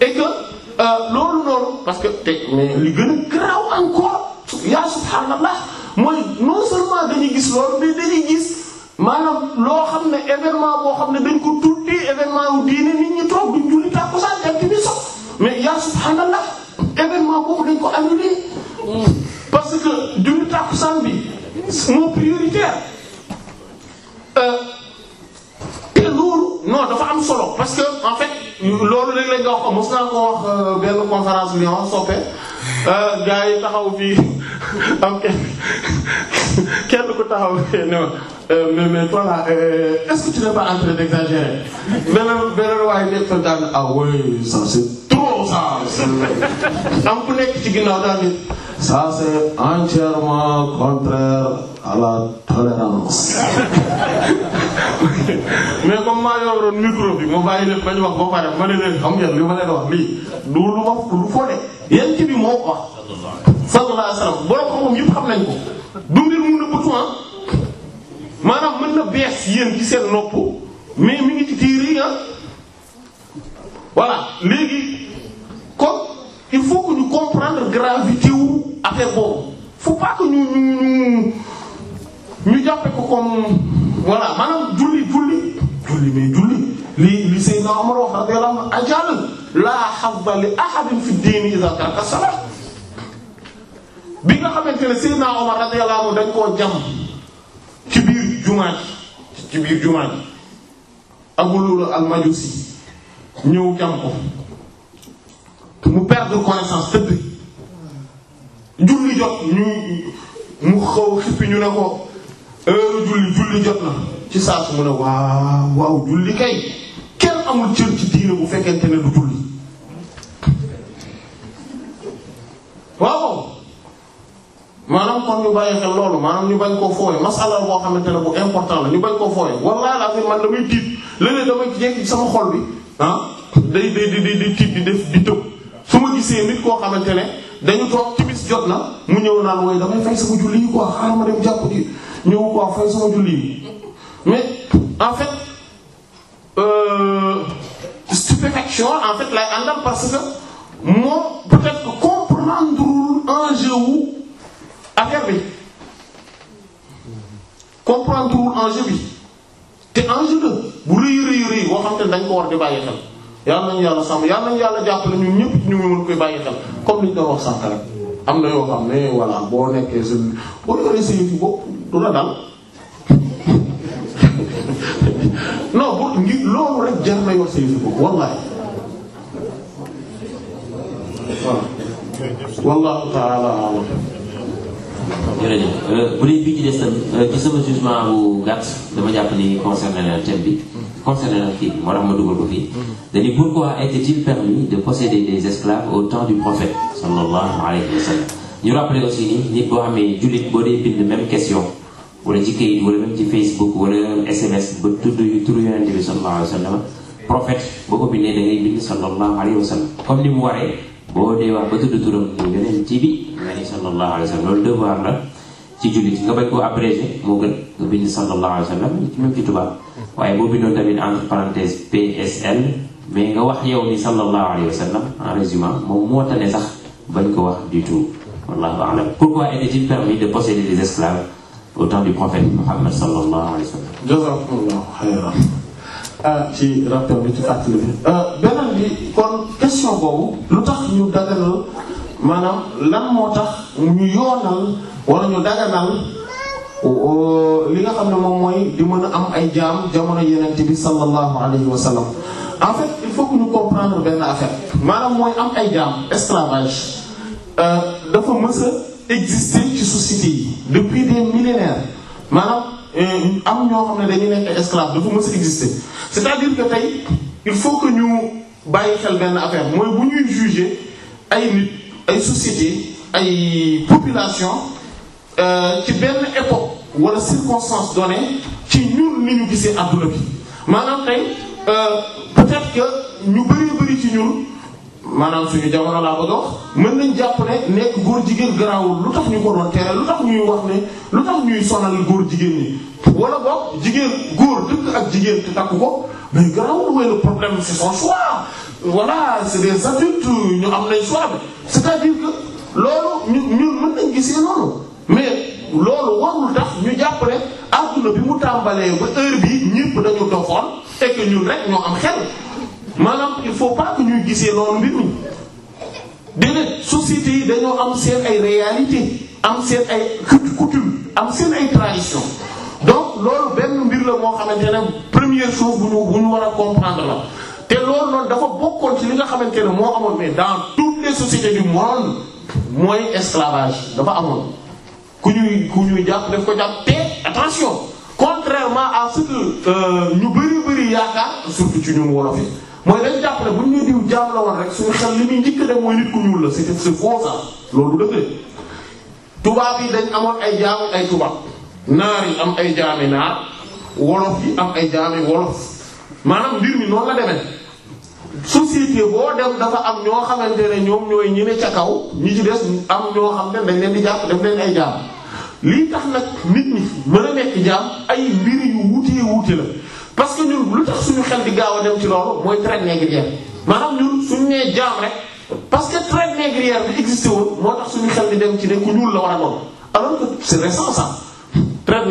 [SPEAKER 2] et que euh, loolu noonu parce que te mais li gën a encore yaa subhaanallah mooy non seulement dañuy gis loolu mais dañuy gis maanaam loo xam ne événement boo xam ne dañ ko tuddee événement wu diine nit ñi toog duñ julli tàkkusaan dem ci biir sax mais yaa subhaanallah événement boobu dañ ko annulé parce que julli tàkkusaan bi moo prioritaire euh, te loolu non dafa am solo parce que en fait loolu léeg-léeg nga wax mos naa ko wax euh, benn conférence Lyon soppe Ah, ga yi taxaw fii am kenn kenn ku taxaw fii non euh, mais mais voilà euh, est-ce que tu n'es pas en train d'exagérer beneen beneen waaye nekk daal ah oui ça trop nekk ci ginnaaw daal di ça c'est entièrement contraire à la tolérance mais comme maa yoroon bi ma bàyyi leen bañ ba pare ma ne leen ma lii du lu wax lu fo de bi moo ko wax sallallahu alayhi wasallam borom xam-xam yëpp ko du mbir mu nëbb tuan maanaam mën na bees yéen ci seen nopp mais mi ngi ci tiir yi ah voilà léegi kon il faut que ñu comprendre gravité wu affaire boobu faut pas que ñu ñu ñu jàppe ko comme voilà maanaam julli julli julli mais julli li li Seydina Omar wax radiyallahu ajal laa hazza li ahadin fi diini idha taraka salat bi nga xamante ne Seydina Omar radiyallahu anhu dañ koo jam ci biir jumaa ji ci biir jumaa ji Abu Lulu al ñëw jam ko mu perdre connaissance tëdd julli jot ñu mu xaw xippi ñu ne ko julli julli jot na ci saa su mu ne waaw waaw julli kay kenn amul cër ci diine bu fekkente ne du julli waaw maanaam kon ñu bàyyi xel loolu maanaam ñu bañ koo fooye masala boo xamante ne bu important la ñu bañ koo fooye wallaahi la man damay tiit leneen damay jékki sama xol bi ah, day day day day tiit di def di tëb su ma gisee nit koo xamante ne dañu toog timis jot na mu ñëw naan mooy damay fay sama julli yi quoi xaaral ma dem jàpp ji ñëw quoi fay sama julli yi mais en fait euh, stupéfaction en fait lay àndal parce que moom peut-être que comprendre enjeu wu affaire bi comprendre enjeu bi te enjeu la bu rëy rëy rëy boo xam te ne dañ ko war di bàyyi xel. yàlla nañu yàlla sàmm yàlla nañu yàlla jàppale ñun ñëpp ñu mën koy bàyyi xel comme li ñu doon wax sànq rek am na yoo xam ne voilà boo nekkee sa boo yoree sa yëfu bopp du la dal non bu ngi loolu rek jar na yor sa yëfu bopp wallahi wallahu ta'ala
[SPEAKER 1] a'lam euh, bu dee bii ci des tam euh, sama jugement bu gàtt dama jàpp ni concerné na thème bi concerné nag kii bi moo tax ma dugal ko fii dañu pourquoi était-il permis de des esclaves au du prophète sallallahu alayhi wa sallam ñu rappelé aussi ni nit boo xamee jullit boo dee bind même question wala ci kayit wala même ci Facebook wala SMS ba tudd turu yonente bi sallallahu alayhi wa sallam prophète boo ko bindee comme ni mu waree boo dee wax ba tudd turam yonent bi nga ni sallallahu alayhi wa loolu devoir la ci jullit nga bañ koo abrégé moo gën nga bind sallallahu alayhi waaye boo bindoon tamit entre PSL mais nga wax yow ni sallallahu alayhi wa sallam en moom moo tane sax bañ ko wax du tout wallahu alam pourquoi était-il permis de posséder des esclaves au du prophète Muhammad sallallahu alayhi wa
[SPEAKER 2] sallam Euh, ci rapport bi ci fàttali bi euh, beneen bi kon question boobu lu tax ñu daganal maanaam lan moo tax ñu yoonal wala ñu daganal li nga xam ne moom mooy di mën a am ay jaam jamono yenente bi sallallahu alayhi wa sallam en fait il faut ñu comprendre benn affaire maanaam mooy am ay jaam esclavage euh, dafa mës a ci société yi depuis des millénaires maanaam Euh, am ñoo xam ne dañuy nekk esclave dafa mës a exister c'est-à-dire que tey il faut que ñu bàyyi xel benn affaire mooy bu ñuy juger ay nit ay société ay population euh, ci benn eto wala circonstance donnée ci ñun ni ñu gisee adduna bi maanaam tey euh, peut-être que ñu bari bari ci ñun. maanaam suñu jamono laa bëgg a mën nañ jàpp ne nekk góor jigéen garaawul lu tax ñu ko doon tere lu tax ñuy wax ne lu tax ñuy sonal góor jigéen ñi wala boog jigéen góor dëkk ak jigéen te takku ko mais garaawul wala problème c'est son choix voilà c'est des adultes ñu am nañ choix bi c'est-à-dire que loolu ñu ñun mën nañ gisee loolu mais loolu warul tax ñu jàpp ne adduna bi mu tàmbalee ba heure bi ñëpp dañu doxoon et que ñun rek ñoo am xel maanaam il faut pas que ñuy gisee noonu mbir mi déedéet sociétés yi dañoo am seen ay réalité am seen ay coutume am seen ay tradition donc loolu benn mbir la moo xamante ne première chose bu ñu bu war a comprendre la te loolu noonu dafa bokkoon ci li nga xamante ne moo amoon mais dans toutes les sociétés du monde mooy esclavage dafa amoon ku ñuy ku ñuy jàpp daf ko jàpp te attention contrairement à ce euh, ñu bari bari yaakaar surtout ci ñun yi mooy dañu jàpp bu ñu nee diw jaam la woon rek suñu xel li muy njëkk dem mooy nit ku ñuul la c'est c'est faux loolu du tubaab yi dañ amoon ay jaam ay tubaab naar yi am ay jaami naar am ay jaami wolof maanaam mbir mi noonu la demee société boo dem dafa am ñoo xamante ne ñoom ñooy ñi ne ca kaw ñi ci des am ñoo xam ne dañ leen di jàpp def leen ay jaam lii tax nag nit ñi mën a nekk jaam ay mbir yu wutee wuute la. parce que ñun lu tax suñu xel di gaaw a dem ci loolu mooy traite négrière maanaam ñun suñu nee jaam rek parce que traite négrière bi existé woon moo tax suñu xel di dem ci ne ku ñuul la war a doon alors que c'est récent euh, xamante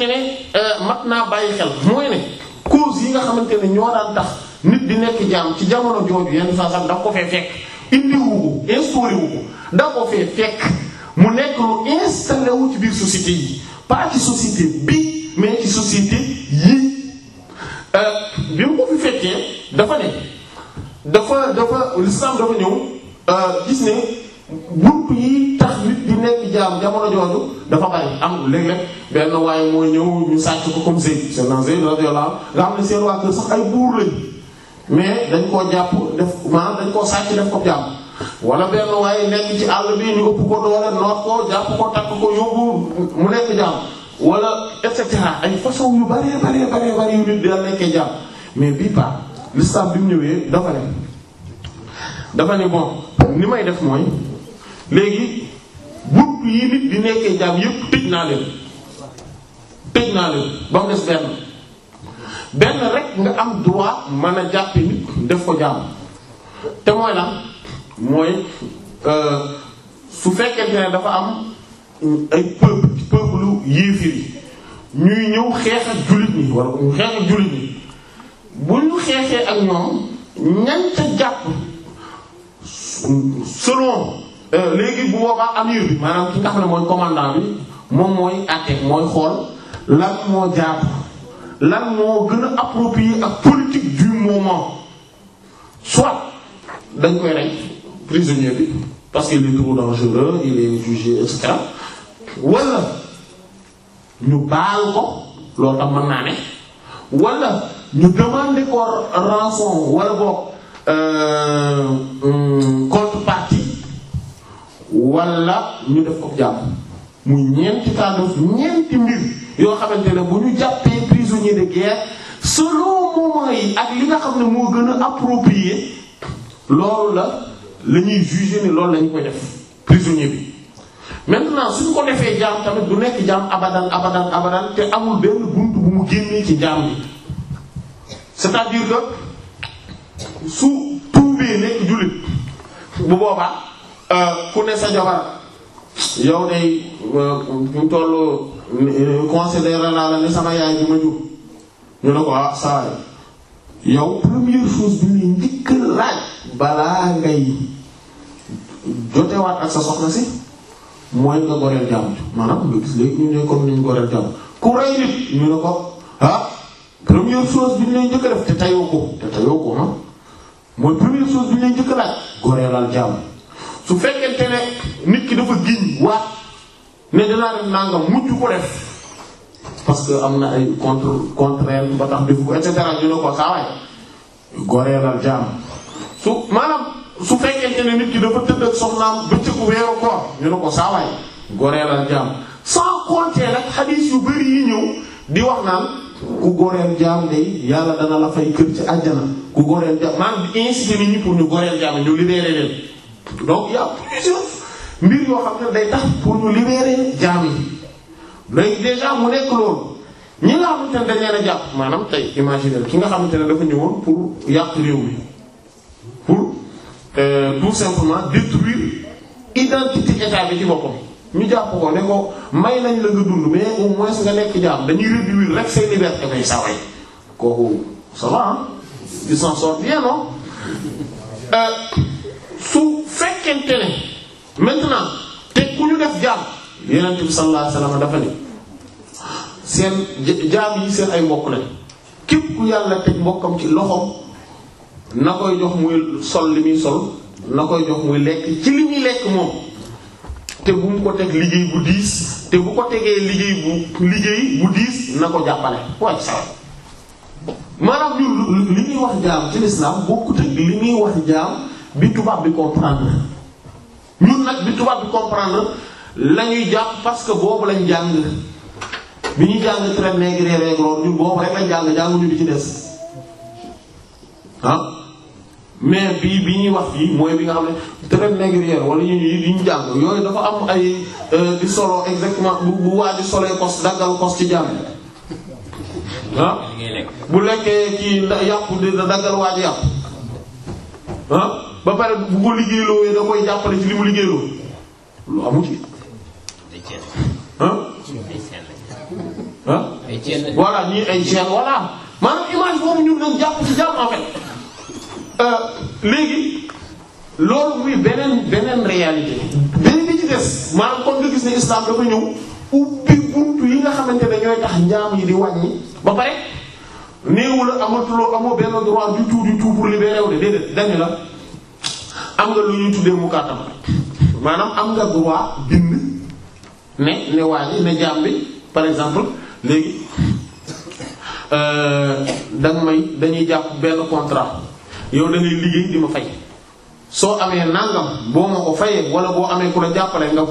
[SPEAKER 2] ne euh, mat naa bàyyi xel mooy yi nga xamante ne ñoo daan tax nit di nekk jaam ci jamono jooju yenn saa sax daf ko fee fekk. indiwu ko instauré wu ko da ko fee fekk mu nekk lu installé wu ci biir société yi pas ci bi mais ci société yi euh, bi mu ko fi fekkee dafa ne dafa dafa l'islam dafa ñëw euh, gis ne buntu yi tax nit di nekk jaam jamono jooju dafa bari am léeg-léeg benn waaye mooy ñëw ñu sàcc ko comme Zayd seen Zayd radiyallahu nga xam ne seen waa kër sax ay buur lañu mais dañ koo jàpp def maanaam dañ koo sàcc def ko jàmm wala benn waaye nekk ci àll bi ñu ëpp ko doole noot ko jàpp ko takk ko yóbbu mu nekk jàmm wala et cetera ay façon yu bare bare bare yu nit dina nekkee jàmm mais bii pas l'islam bi ñëwee dafa ne dafa ne bon ni may def mooy léegi bunt yi nit di nekkee jàmm yëpp tëj naa leen tëj naa leen ba des benn benn rek nga am droit mën a jàpp nit def ko jàmm te mooy lan mooy euh, su fekkente ne dafa am ay peuple peuple yéefir yi ñuy ñëw xeex ak jullit ñi wala ñu xeex jullit ñi bu ñu xeexee ak ñoom ñanta jàpp selon euh, léegi bu boobaa amir bi maanaam ki nga mooy commandant bi moom mooy àtte mooy xool lan moo jàpp lan moo gën a approprié ak politique du moment soit dañ koy rey prisonnier bi parce qu'il est trop dangereux il est jugé et cetera wala ñu baal ko loolu tam mën naa ne wala ñu demander ko rançon wala boog euh, contrepartie wala ñu def ko jàmm muy ñeenti tàllus ñeenti mbir yoo xamante ne bu ñu jàppee prisonnier de guerre selon moment yi ak li nga xam ne moo gën a approprié loolu la la ñuy juger ni loolu la ñu koy def prisonnier bi maintenant suñ ko defee jaam tamit du nekk jaam abadan abadan abadan te amul benn bunt bu mu génnee ci jaam bi c'est-à-dire que su tuubee nekk jullit bu boobaa euh, ku ne sa jabar yow day ñu euh, toll euh, considéré naa la ni sama yaay bi ma jur ñu ne ko ah saa yow première chose bi ñuy njëkk laaj balaa ngay jotewaat ak sa soxna si mooy nga goreel jàmm maanaam nga gis léegi ñu ne comme ni ñu goreel jàmm ku rey nit ñu ne ko ah première chose bi ñu lay njëkk ah, laaj goreelal jàmm su fekkente ne nit ki dafa giñ waat ne dinaa def nangam mujj ko def parce que am na ay contre contraire ba tax def ko ñu ne ko saawaay goreelal jaam su maanaam su xadiis yu bari yi ñëw di wax naan ku goreel jaam day yàlla dana la fay kër ci àjjana ku goreel jaam maanaam di inciter nit ñi pour ñu goreel jaam ñu libéré leen donc y a plusieurs mbir yoo xam ne day tax pour ñu libérer jaam yi léegi déjà mu nekk loolu ñi nga xamante ne dañ leen jàpp maanaam tey imaginer ki nga xamante ne dafa ñëwoon pour yàq réew mi pour euh, tout simplement détruire identité bi ci boppam ñu jàpp ko ne ko may nañ la nga dund mais au moins nga nekk jaam dañuy réduire rek say liberté may kooku ça va il s'en sort bien euh, su fekkente ne maintenant te ku ñu def jaam yonent bi sallallahu alayhi wasallam dafa ni seen jaam yi seen ay mbokk lañ képp ku yàlla teg mbokkam ci loxoom na koy jox muy sol li muy sol na koy jox muy lekk ci li muy lekk moom te bu mu ko teg liggéey bu diis te bu ko tegee liggéey bu liggéey bu diis na ko jàppale waaye sax maanaam ñun li ñuy wax jaam ci l'islam bokkut ak li ñuy wax jaam bi tubaab bi comprendre ñun nag bi tubaab comprendre la ñuy jàpp parce que boobu lañ jàng bi ñuy jàng traite négrier rek loolu ñun boobu rek lañ jàng jànguñu bi ci des ah. mais bii bi ñuy wax fii mooy bi nga xam ne traite négrier wala ñu yi ñu jàng yooyu dafa am ay euh, di solo exactement bu bu waa di solee kos daggal kos ci jàng ah bu lekkee ci yàpp di waa ji yàpp ah ba pare bu ko liggéeyloo da koy jàppale ci li mu liggéeyloo
[SPEAKER 1] lu amu ci. ah. ah. voilà
[SPEAKER 2] ñii ay chaîne voilà ñu doon jàpp ci jàmm en euh, léegi loolu muy beneen beneen réalité. beneen bi ci des maanaam kon nga gis ne islam dafa ñëw ubbi buntu yi nga xamante ne ñooy tax njaam yi di wàññi ba pare néewu la amatuloo amoo benn droit du tout du tout pour libérer wu de déedéet dañu la. am nga lu ñuy tuddee mukataba maanaam am nga droit bind ne ne waa ji ne jaam bi par exemple léegi euh, danga may dañuy jàpp benn contrat yow da ngay liggéey di ma fay soo amee nangam boo ma ko fayee wala boo amee ku la jàppale nga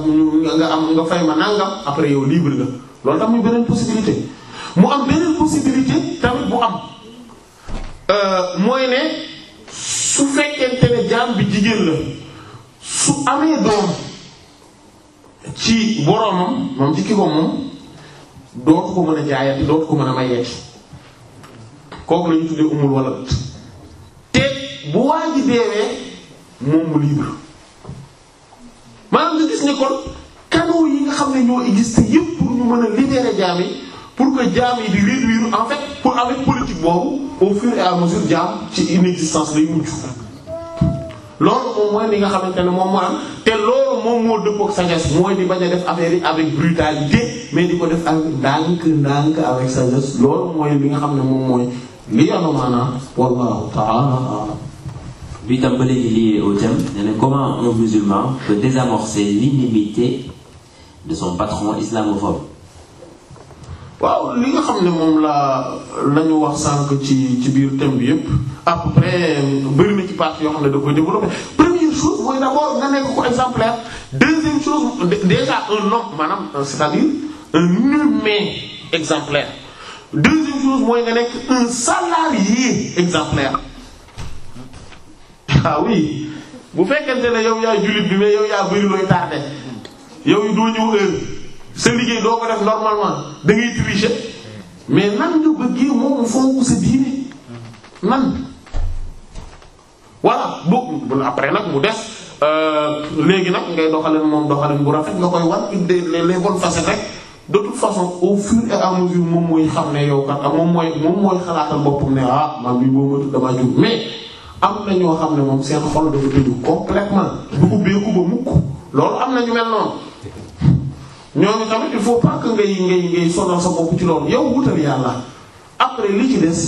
[SPEAKER 2] nga am nga fay ma nangam après yow libre nga loolu tam muy beneen possibilité mu am beneen possibilité tamit bu am euh, mooy ne. su fekkee ne jaam bi jigéen la su amee doom ci boroomam moom ci ki ko moom dootu ko mën a jaayati dootu ko mën a mayeeti kooku lañu tuddee umul walat te bu waa ji deewee moom mu libre maanaam nga gis ne kon canaux yi nga xam ne ñoo existé yépp pour ñu mën a libérer jaam pour que jaam yi di réduire en fait pour avec politique boobu au fur et à jaam ci inexistence lay mujj loolu moom mooy li nga xamante ne moom moo te loolu moom moo dëppook sagesse mooy di bañ a def affaire yi avec brutalité mais di ko def avec ndànk ndànk avec sagesse loolu mooy li nga xam ne moom mooy li yàlla maanaam wallahu
[SPEAKER 1] ta'ala bi tam ba léegi lié au thème nee na comment musulman peut désamorcer l'inimité de son patron islamophobe
[SPEAKER 2] waaw li nga xam ne moom laa lañu wax sànq ci ci biir thème bi yépp à peu ci parties yoo xam ne da koy développer première chose mooy d'abord nga nekk ko exemplaire deuxième chose déjà un homme maanaam euh, c'est-à-dire un exemplaire deuxième chose mooy nga nekk un salarié exemplaire ah oui bu fekkente ne yow yaa jullit bi mais yow yaa bëri looy tardé yow doo ñëw heure sa liggéey doo ko def normalement da ngay mais nan nga bëggee moom mu fonk sa diine nan voilà bu après nag mu des euh, léegi nag ngay doxalin moom doxalin bu rafet nga koy wan une des les bonnes facettes rek de toute façon au fur et à mesure moom mooy xam ne yow kat moom mooy moom mooy xalaatal boppam ne ah man bii boo ma damaa jur mais am na ñoo xam ne moom seen xol dafa tëju complètement du ubbeeku ba mukk loolu am na ñu mel noonu. ñooñu tamit il faut pas que ngay ngay ngay sonal sa bopp ci loolu yow wutal yàlla après li ci des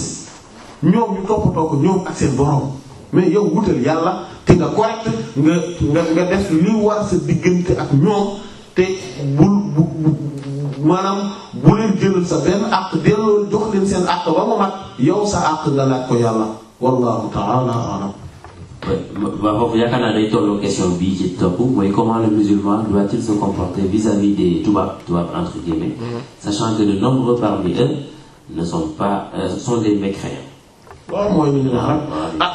[SPEAKER 2] ñoom ñu toppatoo ko ñoom ak seen borom mais yow wutal yàlla te nga correct nga nga nga def li war sa diggante ak ñoom te bul bu maanaam bu leen jëlal sa benn àq delloo jox leen seen àq ba mu mat yow sa àq nga laaj ko yàlla wallahu
[SPEAKER 1] ta'ala waaw foofu yaakaar naa day tolloo question bii ci topp mooy comment le musulman doit-il se comporter vis-à-vis des tubaab tubaab entre guillemets mhm. sachant que de nombreux parmi eux ne sont pas euh, sont des mécréants.
[SPEAKER 2] waaw ah, ah,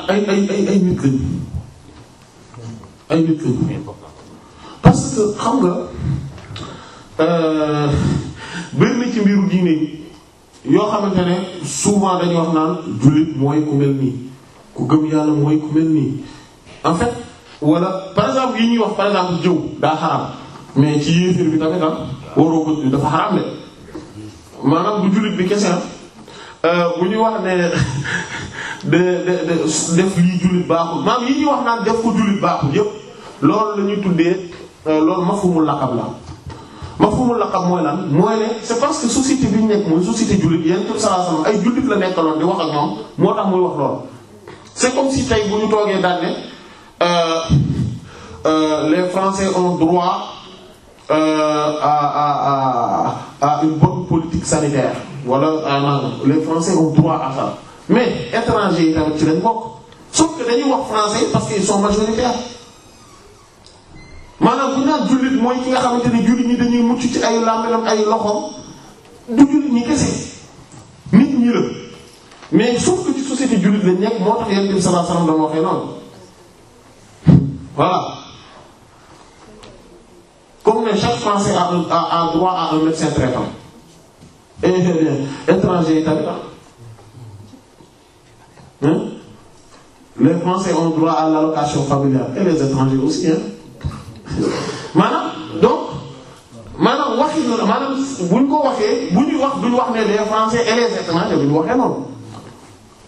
[SPEAKER 2] parce que xam nga euh, bëri na ci mbiru diine yoo ne souvent dañu wax naan jullit mooy ku mel ku gëm yàlla mooy ku mel nii en fait wala par exemple yi ñuy wax par exemple jëw daa mais ci yéeféer bi tamit am ah, waroo ko dafa xaraam de maanaam bu jullit bi kese ah. euh, bu ñuy wax ne de de def lii jullit baaxul maanaam yi ñuy wax naa naan def ko jullit baaxul yëpp lool la ñuy tuddee euh, loolu mafhumul laqab la mafhumul laqab mooy lan mooy ne c'est parce que société bi ñu nekk mooy société jullit yenn sallallahu alayhi ay jullit la nekkaloon di wax ak ñoom moo tax wax loolu c'est comme si tey bu ñu toogee daan ne euh, euh, les Français ont droit euh, à à à à une bonne politique sanitaire wala voilà, les Français ont droit à ça mais étrangers yi tamit ci lañ bokk sauf dañuy wax français parce qu'ils sont majoritaires maanaam bu naan jullit mooy ki nga xamante ne jullit ñi dañuy mucc ci ay làmmiñam ay loxoom du jullit ñi kese nit ñi la. mais sauf que ci société jullit lañ nekk moo tax yonent bi sallallahu alayhi wasallam dama waxee noonu voilà comme ne chaque Français a un a droit à un médecin traitant étranger yi tamit ah. les Français ont droit à l'allocation familiale et les étrangers aussi ah maanaam
[SPEAKER 3] donc maanaam waxi
[SPEAKER 2] maanaam buñ ko waxee bu ñu wax duñ wax ne les Français et les étrangers buñ waxee noonu.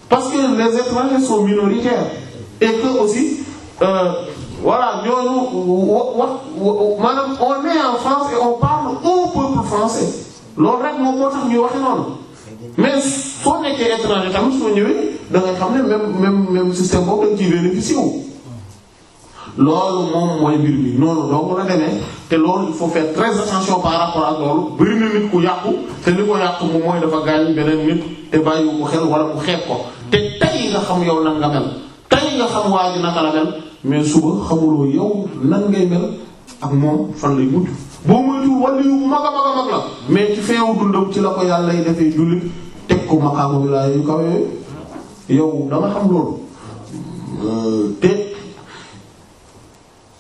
[SPEAKER 2] parce que les étrangers sont minoritaires et aussi euh, voilà ñooñu wa maanaam on est en France et on parle peuple français loolu rek moom moo tax ñu waxe noonu mais soo nekkee étranger tamit soo ñëwee da xam ne même même système boobu dañ ciy bénéficier wu. loolu moom mooy mbir bi noonu donc la demee te loolu il faut faire très par rapport ak loolu bari na nit ku yàqu te li ko yàqu moom mooy dafa gaañ beneen nit te bàyyiwu ko xel wala mu te tey nga xam yow nan nga mel tey nga xam waa ji naka la mel mais suba xamuloo yow nan ngay mel ak moom fan lay mujj boo moytuwul wala yu mag a mag a mag la mais ci feewu dundam ci la ko yàlla yi defee jullit teg ko maqaama bi yu kaw yow dama xam loolu euh, te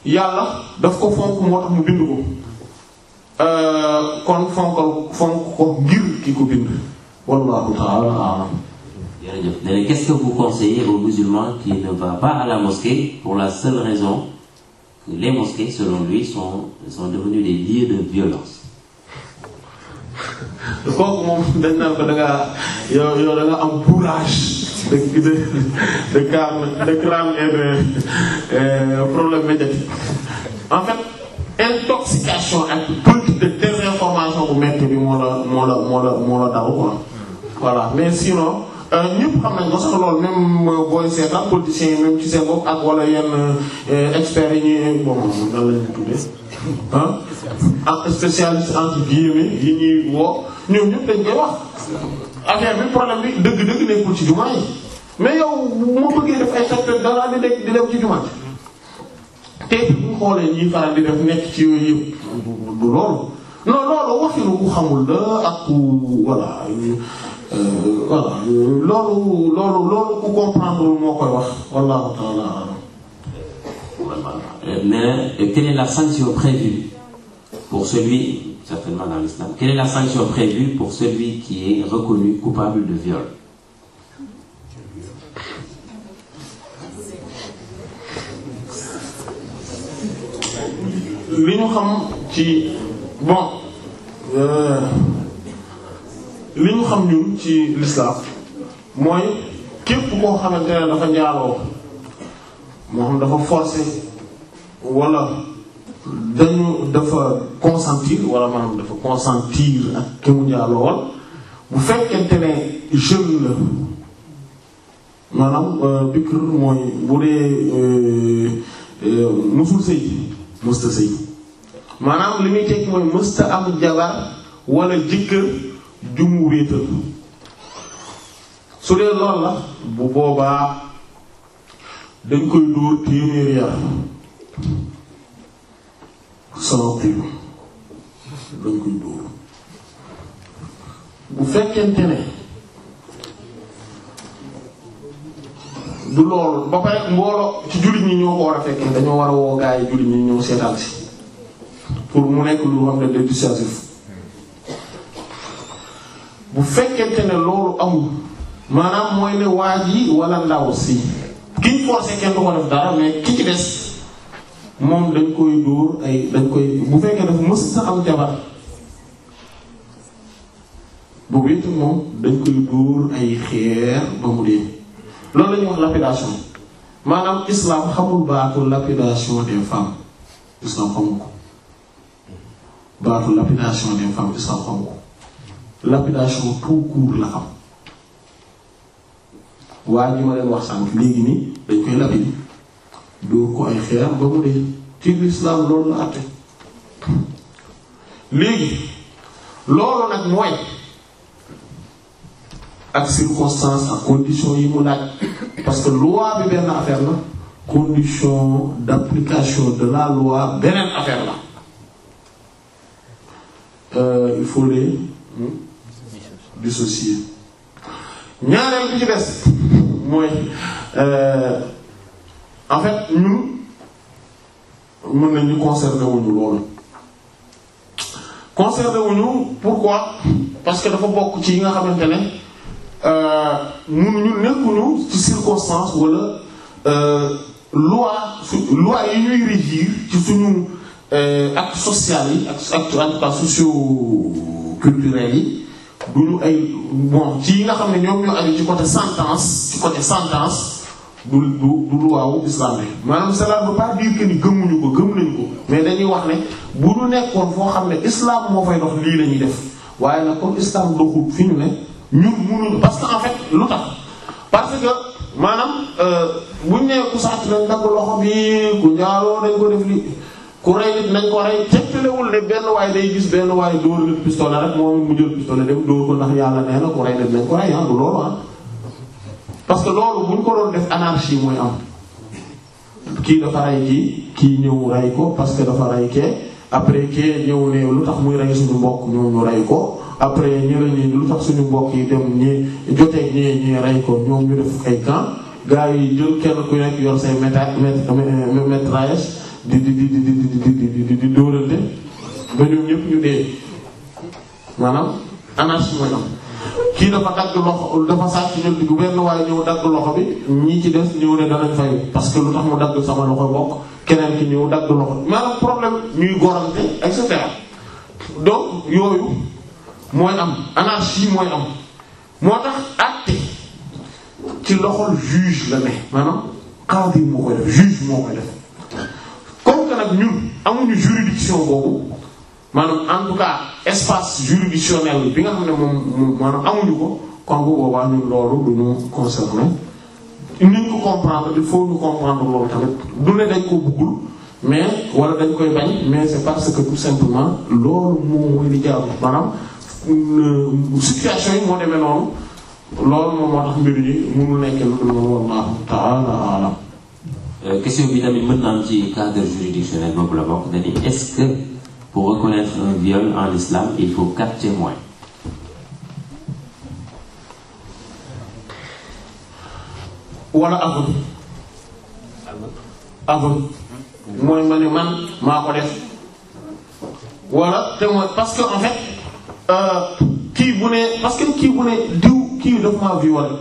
[SPEAKER 2] yàlla daf ko fonk
[SPEAKER 3] moo tax mu bind ko euh, kon fonkal fonk ko ngir ki ko
[SPEAKER 1] bind wallahu ta'ala a'lam jërëjëf qu'est-ce que vous conseillez aux musulmans qui ne va pas à la mosquée pour la seule raison les mosquées selon lui sont sont devenues des de violence.
[SPEAKER 2] kooku moom dañ naan ko da ngaa yow yow de de de de euh, problème médiatique en fait intoxication ak politique de désinformation bu métti bi moo la moo la moo la moo la daw quoi voilà mais sinon. Euh, ñëpp xam nañ parce que loolu même euh, booy seetaan politiciens yi même ci seen bopp ak wala yenn euh, experts yi ñuy bon nan la ñuy tuddee koy wax. affaire bi problème bi dëgg-dëgg nekkul ci jumaa yi mais yow moo bëggee def ay secteurs dara di nekk di dem ci jumaa yi te bu xoolee ñuy faral di def nekk ci yëpp du loolu non loolu waxinu xamul la ak ku voilà. Euh, voilà loolu loolu loolu ku comprendre moo koy wax
[SPEAKER 1] wallahu ta'ala euh, mais euh, quelle est la sanction prévue pour celui certainement dans l'islam quelle est la sanction prévue pour celui qui est reconnu coupable de viol
[SPEAKER 2] li ñu xam ci bon. li ñu xam ñun ci l'islam mooy képp koo xamante ne dafa njaaloo moo xam dafa forcé wala dañu dafa consentir wala maanaam dafa consentir ak ki mu njaaloo wal bu fekkente ne jeune la maanaam bikr euh, mooy bu dee euh, euh, musul sëy mësta sëy maanaam li muy tekki mooy mësta jabar wala jëkkër jumu wéetal su dee lool la bu boobaa dañ koy dóor téeméer yar sama kiiru dañ koy dóor
[SPEAKER 3] bu fekkente ne
[SPEAKER 2] du loolu ba pare mbooloo ci jullit ñi ñoo ko war a fekkee dañoo war a woo gaa ñi ñëw seetaan pour mu nekk lu xam ne de dissuasif bu fekkente ne loolu amul maanaam mooy ne waa yi walla ndaw si kiñ forcé kenn du def dara mais ki ci des moom dañ koy dóor ay dañ koy bu fekkee dafa mës sa am jabar bu wéetu moom dañ koy dóor ay xeer ba mu dee loolu la wax lapidation maanaam islam xamul baatu lapidation des femmes islam xamu ko baatu lapidation des femmes islam xamu ko lapidation tout court la xam waa ji ma leen wax sànq léegi nii dañ koy lapider dóor ko xeer ba mu dee ci lislaam loolu la àtte léegi loolu nag mooy ak circonstance ak condition yi mu laaj parce que loi bi benn affaire la condition d'application de la loi beneen affaire la euh, dissocier ñaareel bi ci des mooy euh, en fait ñun mën nañu concerné wuñu loolu concerné wuñu pourquoi parce que dafa bokk ci yi nga xamante ne mun euh, ñu nekkuñu ci circonstance wala euh, loi loi yi ñuy régir ci suñu ak social yi ak acte en tout socio culturel yi duñu ay bon ci yi nga xam ne ñoom ñoo aju ci côté sentence ci côté sentence du du du luwaawu islam maanaam cela veut pas dire que ni gëmuñu ko gëm nañu ko mais dañuy wax ne bu ñu nekkoon foo xam ne islam moo fay dox lii la def waaye nag comme islam doxul fi ñu ne ñun mënuñu parce que en fait lu tax parce que maanaam euh, buñ ne ku sàcc dañ dagg loxo bi ku njaaloo dañ ko def lii. ku rey nit nañ ko rey tegtalewul ne benn waay day gis benn waay dóor nit pistolet rek moom mu jël pistolet dem dóor ko ndax yàlla nee na ku rey nit nañ ko rey ah loolu ah. parce que loolu buñ ko doon def anarchie mooy am kii dafa rey kii kii ñëw rey ko parce que dafa rey après kee ñëw ne muy rey suñu mbokk après suñu mbokk yi dem ñi joteeg ko ñoom ñu kenn ku yor say méta métraillage di di di di di di di dóorante ba ñoom ñëpp ñu dee maanaam anarchie am kii dafa dagg loxo dafa sàcc ñun di benn waaye ñëw dagg loxo bi ñii ci des ñëw ne danañ fay parce que lu tax mu dagg sama loxo bokk keneen ki ñëw dagg loxo maanaam problème ñuy gorante et cetera donc yooyu mooy am anarchie mooy am moo tax àtte ci loxol juge la ne maanaam kaw bi moo koy def juge moo koy def. que nag ñun amuñu juridiction boobu maanaam en tout cas espace juridictionnel bi nga xam ne moom maanaam amuñu ko kon bu boobaa ñun loolu du ñu concerné il faut ñu comprendre loolu tamit du ne dañ ko bëggul mais wala dañ koy bañ mais c'est parce que tout simplement loolu moom mooy li jaaru euh, situation yi moo demee noonu loolu moom moo tax mbir yi mënul nekk lu dul wallahu
[SPEAKER 1] ta'ala a'lam Euh, question bi tamit mën na am ci cadre juridictionnel boobu la bokk dañuy est-ce que pour reconnaître un viol en islam il faut quatre témoins.
[SPEAKER 2] wala amul. amul. mooy ma ne man maa ko def. wala témoin parce que en fait euh, kii bu ne parce que kii bu ne diw kii dafa maa violé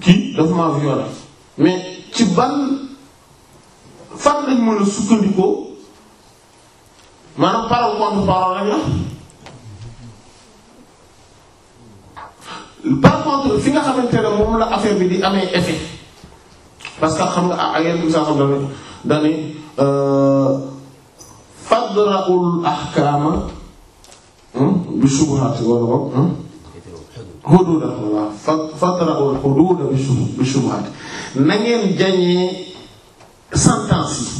[SPEAKER 2] kii dafa maa violé mais. ci ban fan lañ mën a sukkandikoo maanaam parole contre parole lañ la par contre fi nga xamante ne moom la affaire bi di amee effet parce que xam nga ah yenn saa xam ne dañuy euh, fadra'ul ahkaama hmm, bi shubhat wala xuduudahu waaw fatra'u xuduuda bi shubuhaat na ngeen jañee sentence yi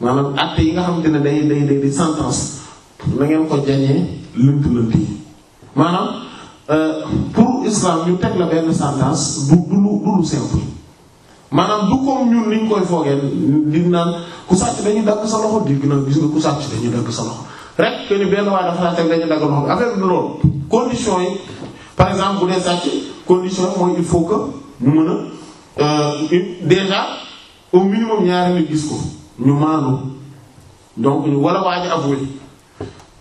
[SPEAKER 2] maanaam acte yi nga xamante ne day day day di sentence na ngeen ko jañee lënt-lënt yi maanaam euh, pour islam ñu teg la benn sentence du du lu du lu maanaam du comme ñun niñ koy foogee di ku sàcc dañuy dagg sa loxo dégg naa gis nga ku sàcc dañuy dagg sa loxo rek que benn waay dafa laa teg dañuy dagg loxo bi loolu condition yi. par exemple bu dee sàcc condition mooy il faut que ñu mën a euh, déjà au minimum ñaari nit gis ko ñu maandu donc ñu war a waaj avouer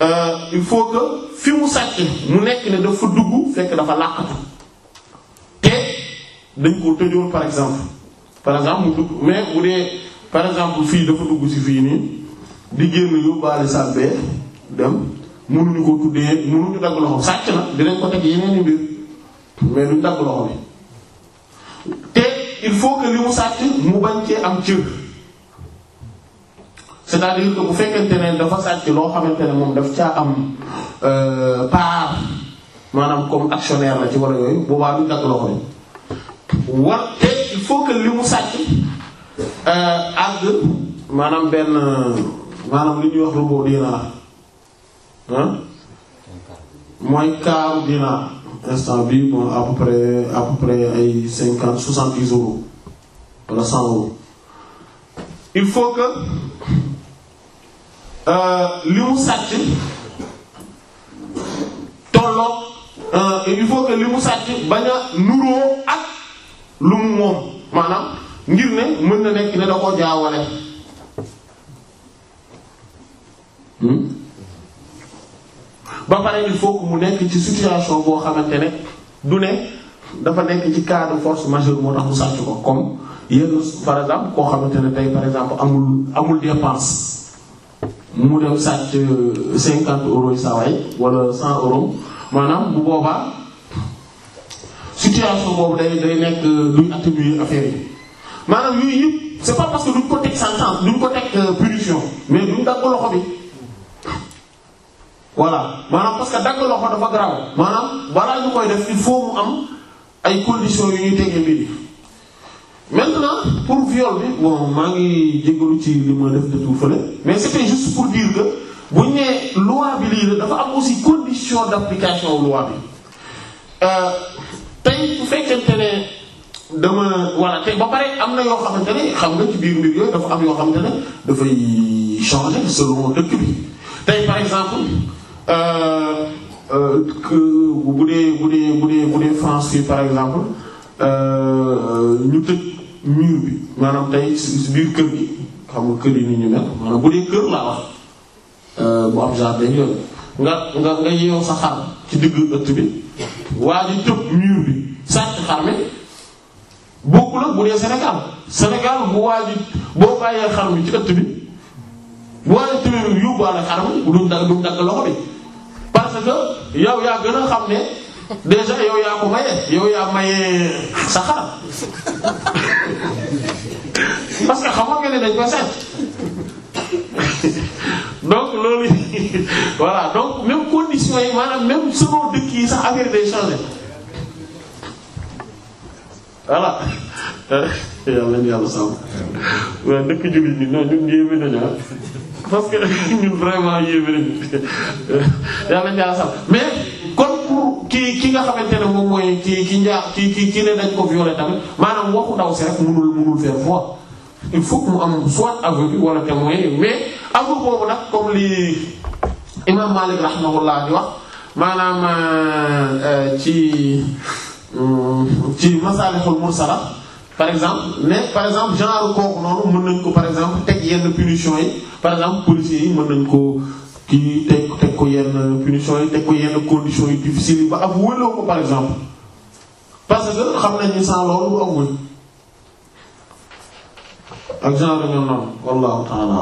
[SPEAKER 2] euh, il faut que fi mu sàcc mu nekk ne dafa dugg fekk dafa làqatu te dañ ko tëjoon par exemple par exemple mu dugg mais bu dee par exemple fii dafa dugg ci fii nii di génn yóbbaale sàbbee dem mënuñu koo tuddee mënuñu dagg loxo sàcc na dinañ ko teg yeneen i mbir mais duñ dagg loxo bi te il faut que li mu sàcc mu bañ cee am cër c'est-à-dire que bu fekkente ne dafa sàcc loo xamante ne moom daf caa am euh, part maanaam comme actionnaire la ci wala yooyu boobaa duñ dagg loxo bi war te il faut que li mu sàcc euh, àgg maanaam benn maanaam li ñuy wax ruboo diina la mooy quart dinaar instant bi bon à peu près à ay cinquante soixante dix euros wala cent euros il faut que euh, li mu sàcc tolloog euh, il faut que li mu sàcc bañ a nuroo ak lu mu moom maanaam ngir ne mën na nekk da koo jaawale. Hmm? ba pare il faut mu nekk ci situation boo xamante ne du ne dafa nekk ci cas de force majeure moo tax sàcc ko comme yenn par exemple koo xamante ne tey par exemple amul amul dépense mu dem sàcc euh, cinquante euros yi saa waay wala cent euros maanaam bu boobaa situation boobu day day nekk euh, luy atténuer affaire yi maanaam yooyu yëpp c'est pas parce que duñ ko teg sentence duñ ko teg euh, punition mais duñ dagg loxo bi. voilà maanaam parce que dagg loxo dafa garaaw maanaam balaa ñu koy def il faut mu am ay conditions yu ñuy tegee mbir yi maintenant pour viol bi bon maa ngi jégalu ci li ma def de fële mais c'était juste pour dire que bu ñu nee loi bi lii la dafa am aussi condition d'application loi bi euh, tey bu fekkente ne. dama voilà te ba pare am na yoo xamante ne xam nga ci biir mbir yooyu dafa am yoo xamante ne dafay changer selon dëkk bi tey par exemple Euh, euh, bu dee bu dee bu dee bu dee France fii par exemple euh, ñu tëj mur bi maanaam tey si biir kër gi xam nga kër yi ni ñu mel maanaam bu dee kër laa wax bu am jardin yooyu nga nga nga yeew sa xar ci digg ëtt bi waa tëb mur bi sàcc xar mi bokku la bu dee Sénégal Sénégal bu waa ji boo bàyyee xar mi ci ëtt bi bu waa ji tëbee yóbbaale xar dagg loxo bi parce que yow yaa gën xam ne déjà yow yaa ko maye yaa maye sa xar parce que xamoon nga ne dañ ko seet donc loolu voilà donc même condition maanaam même selon dëkk yi sax affaire day changer voilà yàlla yàlla sàmm waaye dëkk jullit ñi noonu ñun yéeme nañu ah. parce que ñun vraiment yéeme yàlla ñaar sax mais kon pour ki nga xamante ne moom mooy ki ki ki ki ki ne dañ ko violé tamit maanaam waxu ndaw si rek mënul mënul faire il faut que mu am soit aveu wala témoin mais aveu boobu nag comme li imam Malik rahimahullah di wax maanaam euh, euh, ci hmm, ci masalihul mursala par exemple mais par exemple genre kooku noonu mën nañ ko par exemple teg yenn punition yi par exemple policiers yi mën nañ koo kii teg teg ko yenn punition yi teg ko yenn conditions yi difficiles yi ba ab wëloo ko par exemple parce que xam nañ ni sans loolu du amul
[SPEAKER 1] ak genre ñoom noonu wallahu ta'ala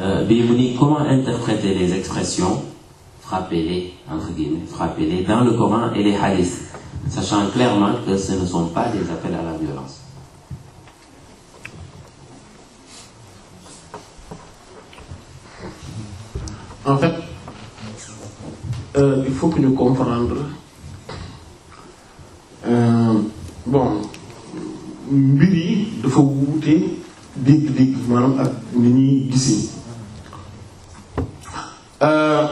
[SPEAKER 1] euh, bii mu ni comment interpréter les expressions frappez-les entre guillemets frappez-les dans le Coran et les hadiths sachant clairement que ce ne sont pas des appels à la violence.
[SPEAKER 2] En fait, euh, il faut que nous comprendre. Euh, bon mbir yi dafa wuute dégg-dégg maanaam ak ni ñuy gisi euh,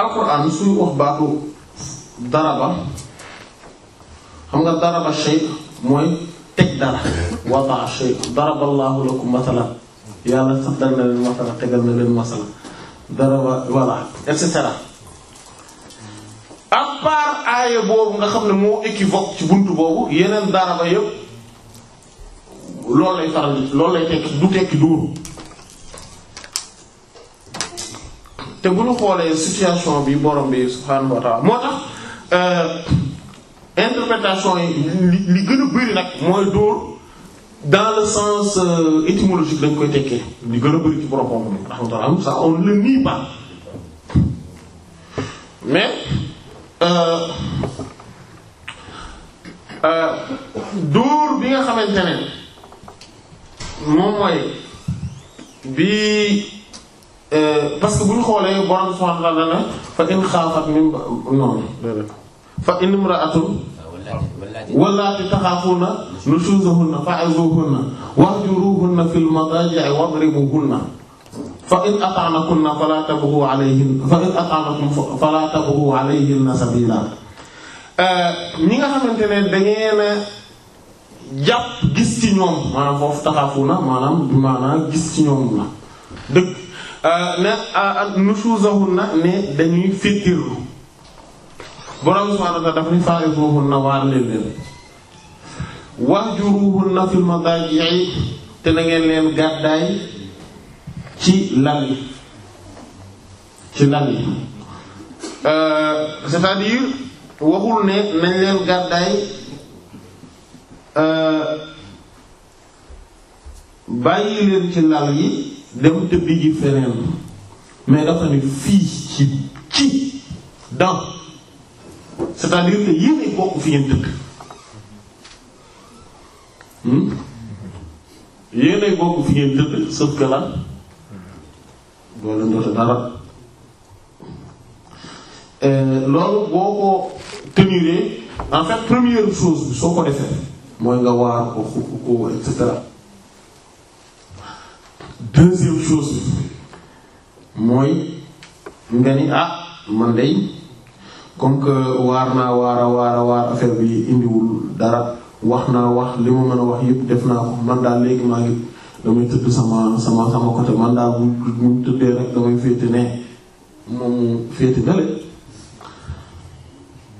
[SPEAKER 2] alquran suy wax baatu daraba xam nga daraba shay mooy teg dara wada shay daraba allahu lakum masala yàlla sax dal na leen masala tegal na leen masala daraba voilà et cetera aaya boobu nga xam ne moo équivoque ci buntu boobu yeneen daraba yëpp loolu lay faral loolu lay tekki du tekki duuru te bu ñu xoolee situation bi borom bi subhaanahu wa moo tax euh, interprétation yi li gën a bëri nag mooy dóor dans le sens euh, étymologique lañ koy tekkee li gën a bëri ci borom moom rahmatullah ça on le nie pas mais euh, dóor bi nga xamante ne moom mooy bi Euh, parce que bu ñu xoolee borom subhanahu wa fa in xaafat min non fa in imra'atun wallaati taxaafuuna nushuuzahunna fa'izuuhunna wahjuruuhunna fil madaaji'i wadribuuhunna fa in ata'nakunna falaa tabghu alayhinna fa in ata'nakum falaa tabghu alayhinna sabiilaa euh, ñi nga xamante ne dangeen jàpp gis ci ñoom maanaam foofu taxaafuuna maanaam maanaam gis ci ñoom la dëgg ne na ne dañuy féttirlu borom subhaanahu wa ta'aala dafa ni faarizuhunna waar leen leen wahjuruhunna fil madaaji'i te na leen gàddaay ci lal yi ci lal yi euh, c'est-à-dire waxul ne nañ leen gàddaay euh, bàyyi leen ci lal yi dem tëbbi ji feneen mais dafa ne fii ci ci dans c'est-à-dire que bokk fi ngeen dëkk hmm? yéenay euh, loolu boo ko teniree en fait première chose bi soo ko defee mooy nga waar ko xupp ko et cetera deuxième chose bi mooy nga ni ah man day comme que waar naa waara waara waar affaire bi indiwul dara wax naa wax li ma mën a wax yëpp def naa ko man daal léegi maa ngi damay tëdd sama sama sama côté man daal bu tëddee rek damay féete ne moom féete dale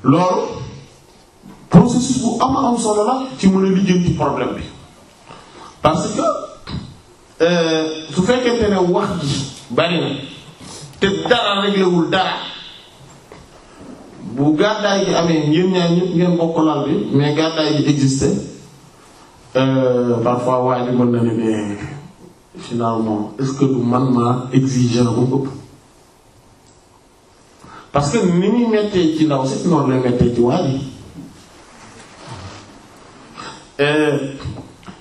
[SPEAKER 2] loolu processus bu am am solo la ci mën a lijjanti problème bi parce que Euh, su fekkente ne wax ji bari na te dara réglewul dara bu gàddaay gi amee yéen ñaar ñëpp ngeen bokk lal bi mais gàddaay gi existe euh, parfois waa ji mën na ne mais finalement que du man maa parce que ni muy mettee ci ndaw si noonu lay mettee ci waa ji euh,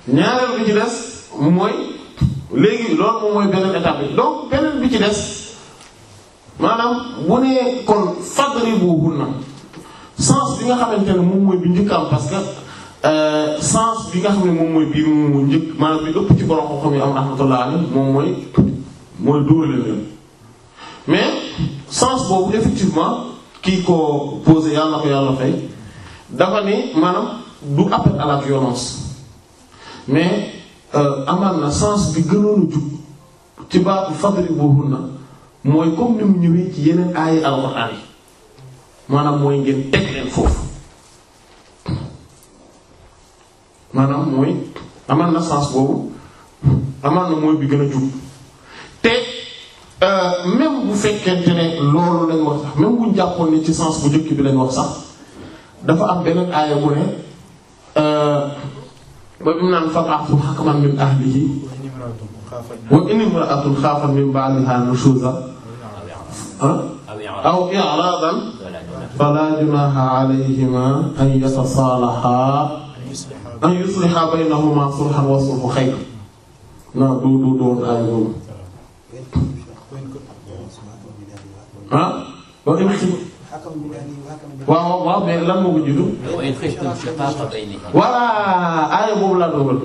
[SPEAKER 2] des mooy léegi loolu moom mooy beneen étape bi donc beneen bi ci des maanaam bu nee kon fadribuhunna sens bi nga xamante ne moom mooy bi njëkk am parce que euh, sens bi nga xam ne moom mooy bi mu njëkk maanaam bi ëpp ci borom xam-xam yi am rahmatullah alayhi moom mooy mooy dóorale leen mais sens boobu effectivement kii ko posé yàlla na ko yàlla fay dafa ne maanaam du appel à la violence mais Euh, amaan na sens bi gënoon a jub ci baatu na mooy comme ni mu ñëwee ci yeneen aaya alxuraan yi maanaam mooy ngeen teg leen foofu maanaam mooy amaan na sens boobu amaan na mooy bi gën a jub te euh, même bu fekkente ne loolu lañ wax sax même buñ jàppoon ne ci sens bu njëkk bi lañ wax sax dafa am beneen aaya bu ne euh, ba bi mu naan fal axtu xakaman min ahlihi wa in imra'atun xaafat min ba'liha nushuzan ah, aw i'radan fala junaha alayhima an yatasalaha an yusliha baynahuma sulhan wa sulhu xayr non du du doon ay boobu ah waaw waaw mais lan moo ko juddu. wa in xiftum shiqaaqa baynihima. voilà aaya boobu laa dogal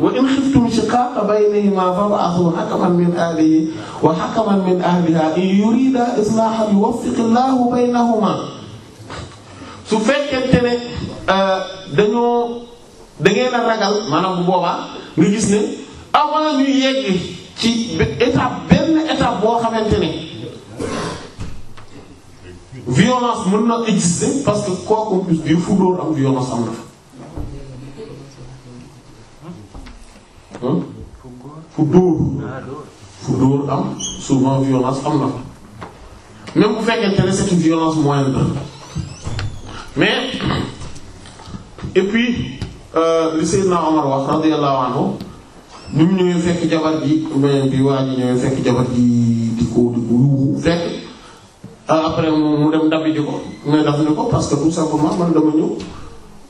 [SPEAKER 2] wa min ahlihi wa hakaman min ahlihaa in yuriidaa islaahan yuwaffiq Allaahu baynahumaa su fekkente ne euh, dañoo da ngeen a ragal maanaam bu nga gis ne avant ñu yegg ci benn étape boo xamante ne. violence mën na exister parce que quoi qu'on fu dóor am violence am na fa fu dóor fu dóor am souvent violence am na fa même bu fekkente ne c'est une violence moindre mais et puis euh, li Seydina Omar wax radiyallahu anhu ni mu ñëwee fekk jabar ji mais bi waa ji fekk jabar ji di ko di yuuxu fekk Euh, après mu dem ndabi ji ko mais daf ne ko parce que tout simplement man dama ñëw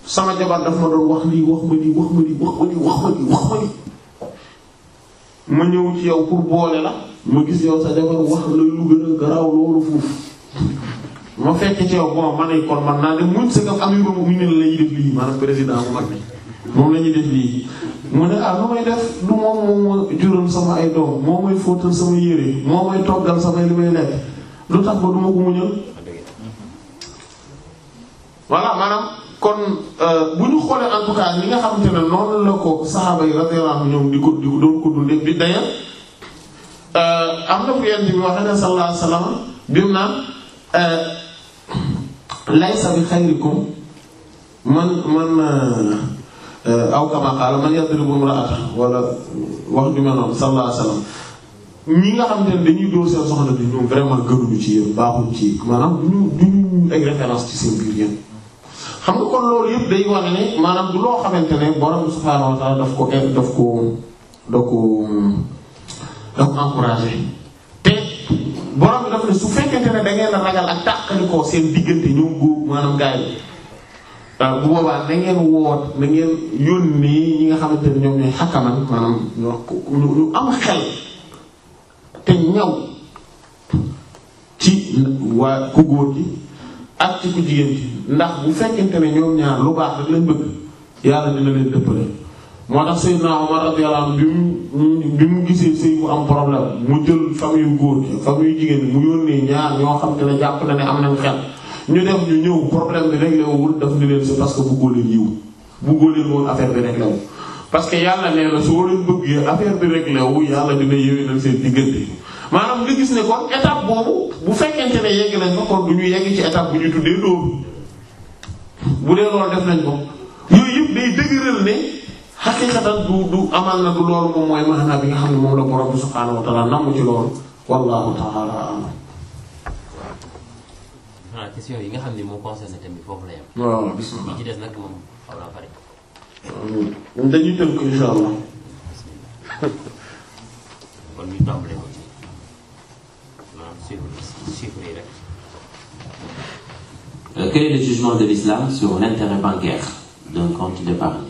[SPEAKER 2] sama jabar daf ma doon wax lii wax ma lii wax ma lii wax ma lii ma lii la ma gis yow sa jabar wax la a garaaw ma fekk mu ne la def lii maanaam président bu mag bi moom la def lii mu ne ah lu may def du moom moo ma jural sama ay doom moo may fóotal sama yére moo may toggal samay li may lekk lu tax ba du ma ko muñal voilà kon euh, bu ñu xoolee en tout cas li nga xamante ne ko saxaaba yi radiyallahu anhum ñoom di ko doon ko dundee di daya euh, am na fu yent bi waxee ne sallallahu alayhi wasallam naan euh, laysa bi xayrikum man man aw kama qaala man yadribu imra'ata wala wax ju mel noonu sallallahu alayhi wasallam ñi nga xam ne dañuy dóor seen soxna di ñoom vraiment gënuñu ci yéen baaxuñ ci maanaam duñu duñu ay référence ci seen biir yéen xam nga ko loolu yëpp day wax ne maanaam du loo xamante ne borom ko daf ko daf ko bi daf ne su fekkente ne da ngeen a ragal ak tàqalikoo seen diggante ñoom góob maanaam gars yi ah, bu boobaa da ngeen woot yónni ñi nga xamante ne ñoom ñooy xakkaman maanaam ñu am xel te ñaw ci waa ku góor gi ak ci ku jigéen gi ndax bu fekkente ne ñoom ñaar lu baax rek lañ bëgg yàlla dina leen dëppale moo tax Seydina Omar radiyallahu anhu bi mu bi mu gisee sëy bu am problème mu jël famille góor gi famille jigéen mu yónnee ñaar ñoo xam te ne jàpp na ne am nañ xel ñu def ñu ñëw problème bi réglé wul daf ni leen c'est parce que bëggoo leen yiw bëggoo leen woon affaire bi réglé wu parce que yàlla nee na soo leen bëggee affaire bi réglé wu yàlla dina yéwénal seen diggante maanaam nga gis ne kon étape boobu bu fekkente ne yegg nañ ko kon ñu yegg ci étape bu ñu tuddee dóor bu dee loolu def nañ ko yooyu yëpp day dëgëral ne. xaqiqatan du du amal na du loolu moom mooy maanaam bi nga xam ne moom la borom bi subhaanahu wa ta'ala namm ci loolu wallahu ta'ala a'lam.
[SPEAKER 1] voilà ah, question yi nga xam ne moo concerné bi foofu la yem.
[SPEAKER 5] waaw
[SPEAKER 3] ñun dañuy tënk insha allah.
[SPEAKER 1] kon ñu tàmbali ko rek. Quel est le jugement de l'islam sur l'intérêt bancaire d'un compte d'épargne?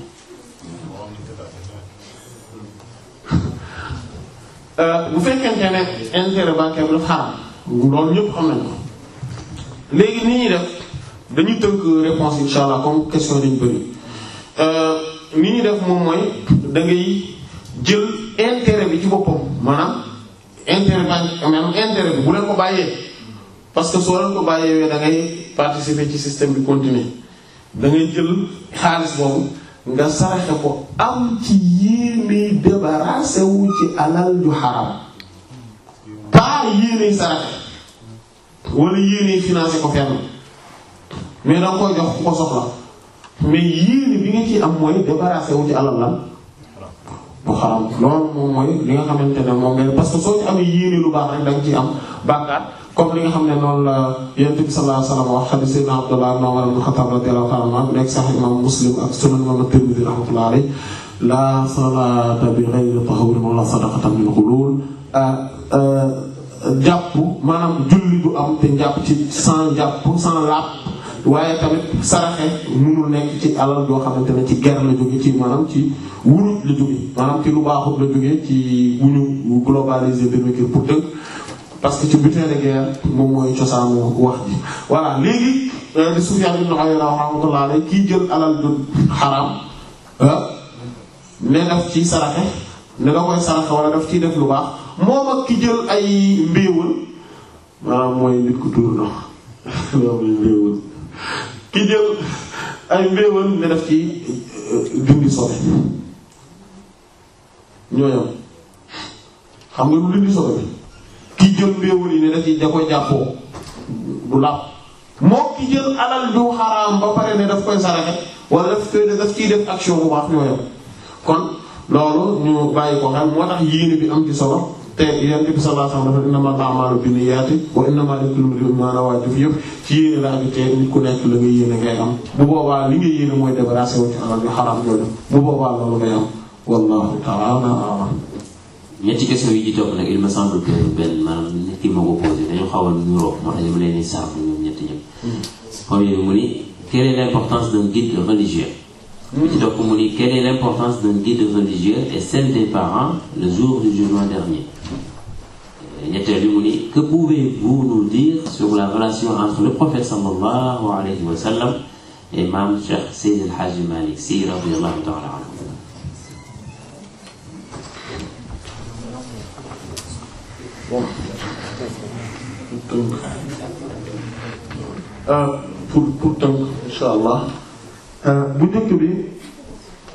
[SPEAKER 2] Euh, bu fekkente ne intérêt bancaire bi dafa xaram loolu ñëpp xam nañ ko léegi ni ñuy def dañuy tënk réponse insha comme question dañu bëri. Euh, ni ñu def moom mooy dangay jël intérêt bi ci boppam maanaam intérêt ba maanaam intérêt bi bu leen ko bàyyee parce que soo leen ko bàyyee da ngay participer ci système bi continuer da ngay jël xaalis boobu nga saraxe ko am ci yéene débarrassé ci alal ju xaram pas yéene saraxe wala yéene financé ko fenn mais da koy jox ku ko soxla. mais yéene bi nga ci am mooy débarrassé wu ci alal lan bu xaram loolu moom mooy li nga xamante ne moom nga parce que soo ci amee yéene lu baax rek da nga ciy am bàkkaat comme li nga xam ne noonu la yonent bi sallallahu alayhi wasallam wax hadith sayyidina Abdullah ibn Umar ibn Khattab radiyallahu ta'ala anhu nekk sahih imam Muslim ak sunan imam Tirmidhi rahmatullahi alayhi la salata bi ghayri tahurin wala sadaqatan min ghulul euh, euh, jàpp maanaam julli du am te jàpp ci sans jàpp sans lapp waaye tamit saraxe mënul nekk ci alal joo xamante ne ci ger la jóge ci maanaam ci wurut la jóge maanaam ci lu baaxut la jóge ci bu ñu globaliser pour dëgg parce que ci butin de moom mooy cosaanu wax ji voilà léegi euh, di Sufyan ibn Uyayna rahmatullah alayhi jël alal du xaraam euh, ne daf ci lu baax moom ak ki jël ay mbéewal maanaam mooy nit ku tur na loolu mbéewal ki jël ay mbéewal ne daf ci euh, dindi sobe ñooñam xam nga lu dindi sobe bi ki jël yi ne daf ci da koy jàppoo du làpp moo ki jël alal ju xaraam ba pare ne daf koy saraxe wala daf koy daf ciy def action bu baax ñooñam kon loolu ñu bàyyi ko xel moo tax yéene bi am ci solo te yonent bi sallallahu alayhi wasallam dafa innamal a'malu binniyaati wa innamaa likulli imri'in maa nawaa jëf ci yéene la ak te nit ku yéene ngay am ci
[SPEAKER 1] alal nag il me semble que benn ma ko posé dañu xaw a nuroo moo ñu ñetti ñëpp. premier bi mu ni quelle est l'importance d'un guide religieux. mu ni quelle est l'importance le jour du jugement dernier. ñetteel bi mu ni que pouvez-vous nous dire sur la relation entre le prophète sallallahu alayhi wa sallam et maam Cheikh Seydi El Hadji Malick Sy radiyallahu taala anhu bon
[SPEAKER 2] euh, pour pour tënk incha allah euh, bu njëkk bi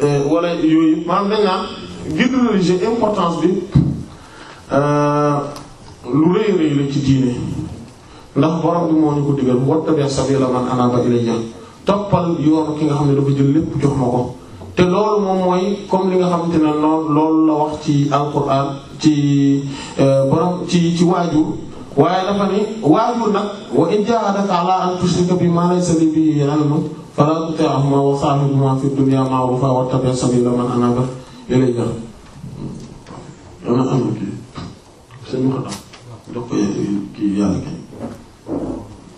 [SPEAKER 2] euh, wala yooyu maanaam dañ naan guide religieux importance bi. lu rëy rëy la ci diine ndax borom bi moo ñu ko digal wattabi' sabila man anaba ilayya toppal yoonu ki nga xam ne dafa jël lépp jox ma ko te loolu moom mooy comme li nga xamante ne noonu loolu la wax ci alquran ci euh, borom ci ci waajur waaye dafa ni waajur nag wa in jahadaka ala an tushrika bima laysa laka bihi ilmun fala tuti'huma wa sahibhuma fid dunya ma'rufa wattabi' sabila man anaba ilayya jox ko kii yàlla kay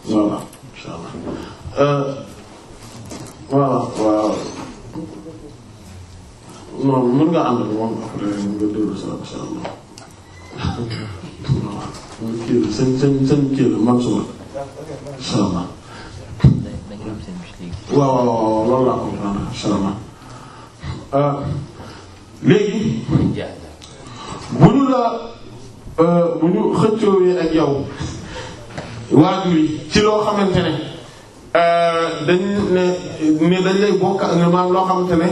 [SPEAKER 2] voilà insha allah euh, voilà waaw non mën nga ànd ak moom après nga déglu sa insha allah waaw kii la seen seen seen man suba insha allah waaw waaw waaw loolu laa comprendre insha allah euh, léegi Euh, bu ñu xëccoowee ak yow waajur yi ci loo xamante ne euh, dañ ne dañ lay bokka ne maam loo xamante ne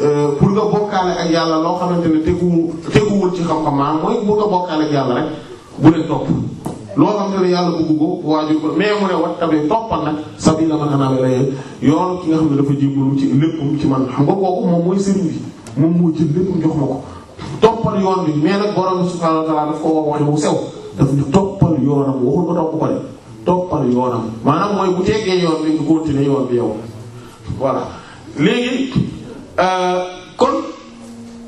[SPEAKER 2] euh, pour nga bokkaale ak yàlla loo xamante ne teguwul teguwul ci xam-xam maam mooy bu bokkaale ak yàlla rek bu leen topp loo xamante ne yàlla bëgg ko waajur ko mais mu ne wat tamit toppal nag sabila man anaba ilayya nga xam ne dafa jébbalu ci léppam ci man xam nga kooku moom mooy sëriñ bi moom moo jël léppam jox ma ko toppal yoon bi mais nag borom subhaanahu wa ta'aala daf ko wax wane wu sew daf ñu toppal yoonam waxul ko toppal yoonam maanaam mooy bu teggee yoon bi nga continuer yoon bi yow voilà léegi euh, kon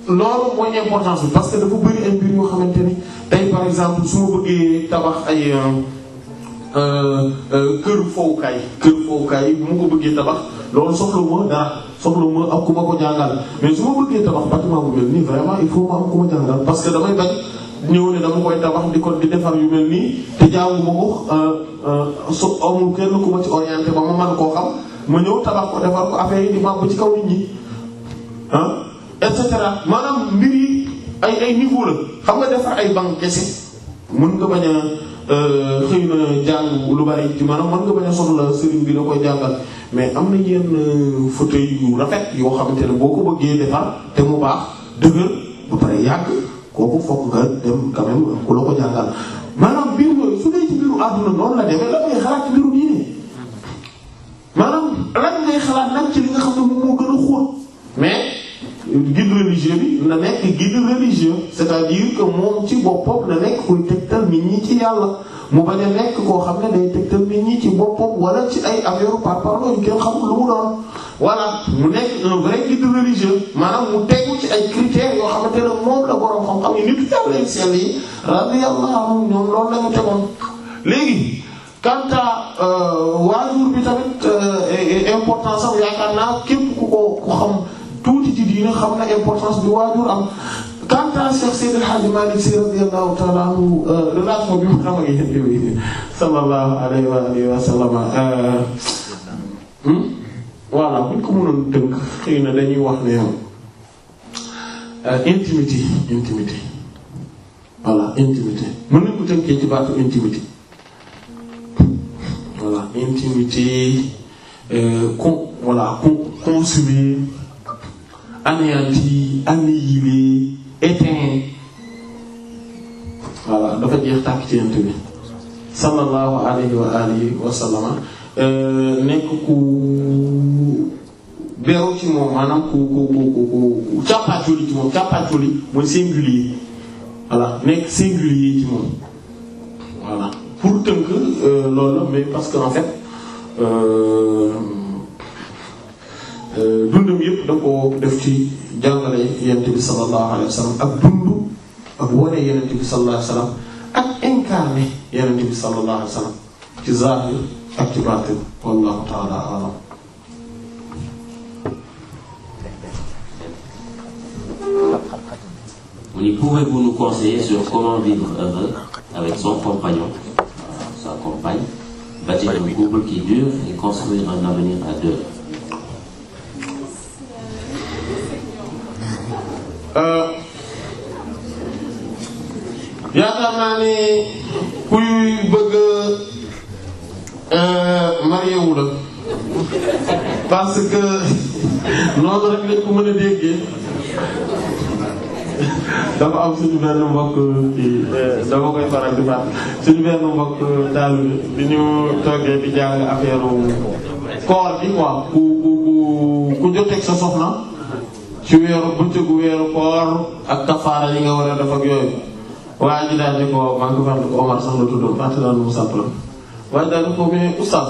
[SPEAKER 2] loolu mooy importance bi parce que dafa bëri ay mbir yoo xamante ni tey par exemple su ma bëggee tabax ay euh, euh, kër fowukaay kër fowukaay bu ma ko bëggee tabax loolu soxla moo dara soxla ma am ku ma ko jàngal mais su ma bëggee tabax bâtiment bu mel nii vraiment il faut ma am ku jàngal parce que damay bañ ñëw ne dama koy tabax di ko di defar yu mel nii te jaamu ma ko euh, euh, su amul kenn ku ma ci orienté ba ma mën koo xam ma ñëw tabax ko defar ko affaire yi di màbb ci kaw ñi ah et cetera maanaam mbir ay ay niveau xam nga defar ay banque kese mën nga bañ a. Euh, xëy na jàng lu bari ci maanaam mën nga bañ a soxla sëriñ bi da koy jàngal mais am na yenn euh, fauteuil yu rafet yoo xamante ne boo ko bëggee defar te mu baax dëgër ba pare yàgg kooku fokk nga dem quand ku la ko jàngal maanaam biir yooyu su dee ci biiru àdduna noonu la demee lan ngay xalaat ci li nga moo gën a xóot mais. guide religieux c'est-à-dire que moom ci boppam na nekk kuy tegtal nit ñi ci yàlla mu bañ a nekk koo xam ne day tegtal nit ñi ci boppam wala ci ay affaire par rapport ak kenn xamul lu mu doon. voilà mu nekk un vrai guide religieux maanaam mu tegu ci ay critères yoo xamante ne moom la borom xam-xam yi nit yàlla yu sell yi radiyallahu anhum ñoom loolu la tegoon léegi. quant à euh, waajur bi tamit euh, important sax yaakaar naa képp ku ko xam. tuuti ci diine xam na importance bi waajur am quant à Cheikh Seydil Hadji Malick Sy radiyallahu ta'ala anhu euh, relation bi mu xam ak yéen bi sallallahu alayhi wa alihi wa sallam euh, hmm? voilà buñ ko mënoon tënk xëy na dañuy wax ne euh, intimité intimité anéanti annihilé éteint voilà dafa jeex tàkk ci yent bi sallallahu alayhi wa alihi wa euh, nekk ku beew ci moom maanaam ku ku ku ku càppaacoli ci moom càppaacoli mooy singulier voilà nekk singulier ci moom voilà pour tënk euh, loolu mais parce que en fait euh, Euh, dundam yëpp da ko def ci jàngale yenent bi sallallahu alayhi wa sallam bi sallallahu alayhi wa sallam bi sallallahu alayhi wa ci zahir ak ci batin wallahu ta'ala a'lam
[SPEAKER 1] Oui, pouvez compagnon, sa compagne, bâtir un couple qui dure et construire un avenir à deux? Euh,
[SPEAKER 2] yaakaar naa ni kuy bëgg euh, marié wu parce que noonu rek lañ ko mën a déggee dafa am suñu benn mbokk ci euh, koy faral di baat suñu benn mbokk daal bi ñu toogee di jàng affaire koor bi quoi ku ku ku ku joteeg sa soxna. ci weeru bëccëgu weeru koor ak kafaara yi nga war a def ak yooyu waa ji daal di ko maa ngi fàttali ko Omar sax la tuddoon fàttali naa ne mu sant la waaye daal di ko mais oustaz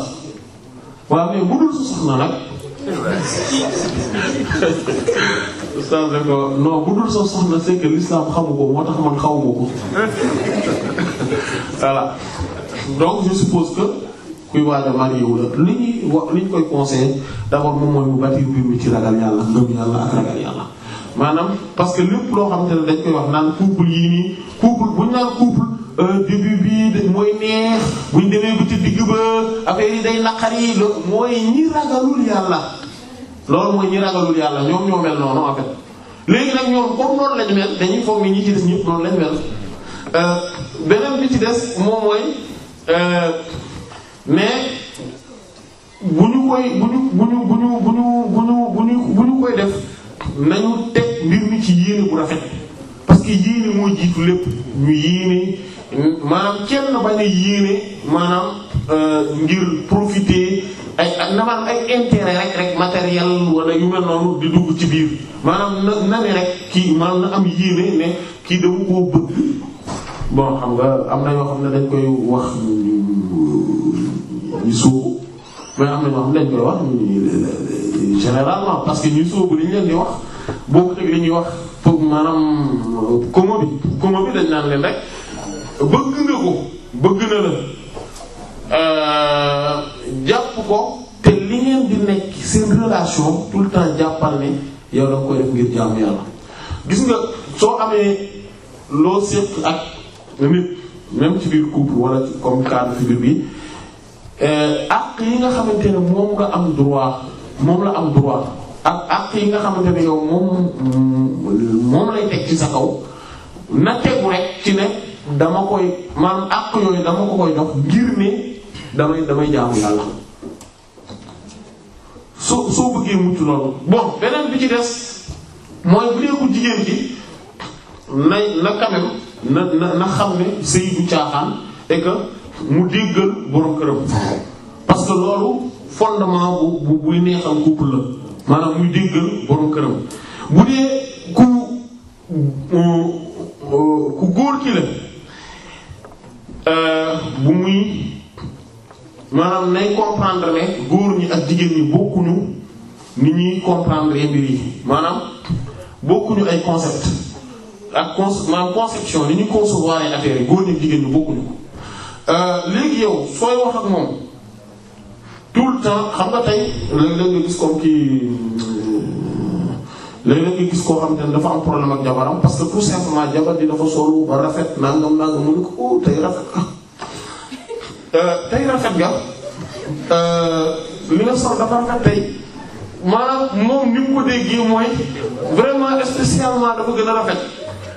[SPEAKER 2] waaw mais budul sa soxna nag oustaz ne ko non budul sa soxna c'est que xamu ko moo tax man xamu ko voilà donc je suppose que. kuy waaj a mariéwu la li ñuy wax li ñu koy conseillé d'abord moom mooy mu bâtir mbir mi ci ragal yàlla parce que lépp loo xam ne dañ koy wax naan couple euh, bi mooy neex yi day naqari mooy ñi ragalul yàlla. loolu mooy ñi ragalul yàlla ñoom ñoo mel noonu en léegi nag ñoom comme noonu lañu mel dañuy ñi ci noonu lañu mel euh, beneen bi ci des moom mooy. Euh, mais bu ñu koy bu ñu bu ñu bu ñu bu ñu bu ñu bu ñu koy def nañu teg mbir mi ci yéene bu rafet parce que yéene moo lépp ñu yéene maanaam kenn bañ a yéene maanaam euh, ngir profiter ay na maanaam ay intérêt rek rek matériel wala yu mel noonu di dugg ci biir maanaam na na ne rek kii maanaam na am yéene ne kii dama koo bëgg bon xam nga am na yoo xam ne dañ koy wax ñu sóobu mais am na ñoo xam ne dañ koy wax ñu sóobu li ñu leen di wax boo ko li ñuy wax pour maanaam komo bi komo bi dañ leen rek bëgg nga euh, te li ngeen di nekk seen relation tout temps jàppal ne yow da koy def ngir jaamu yàlla gis nga soo amee loo séq ak. nit même ci biir couple wala comme cadre figure bi euh, ak yi nga xamante ne moom nga am droit moom la am droit ak ak yi nga xamante ne yow moom moom lay teg ci sa kaw na tegu rek ci ne dama koy damay damay jaamu yàlla soo soo bëggee mucc loolu bon beneen bi ci des mooy bu dee jigéen ci na na quand na na na xam ne sëy du caaxaan et mu déggal borom këram parce que loolu fondement bu bu buy neexal couple la maanaam muy déggal borom këram
[SPEAKER 3] bu dee ku
[SPEAKER 2] ku góor ki la euh, bu muy maanaam nay comprendre ne góor ñi ak jigéen ñi bokkuñu ni ñuy comprendre mbir yi maanaam bokkuñu ay concept ak con maanaam conception ni ñu concevoir ay affaires euh, léegi yow sooy wax ak moom tout le temps xam nga tey léeg-léeg nga gis comme kii léeg-léeg nga gis koo xam ne dafa am problème ak jabaram parce que tout simplement jabar di dafa solu ba rafet nangam nangam mu ne ko oh tey rafet euh, tey rafet nga euh, li dafa rafet tey. maanaam moom ni mu ko déggee mooy vraiment spécialement dafa gën a rafet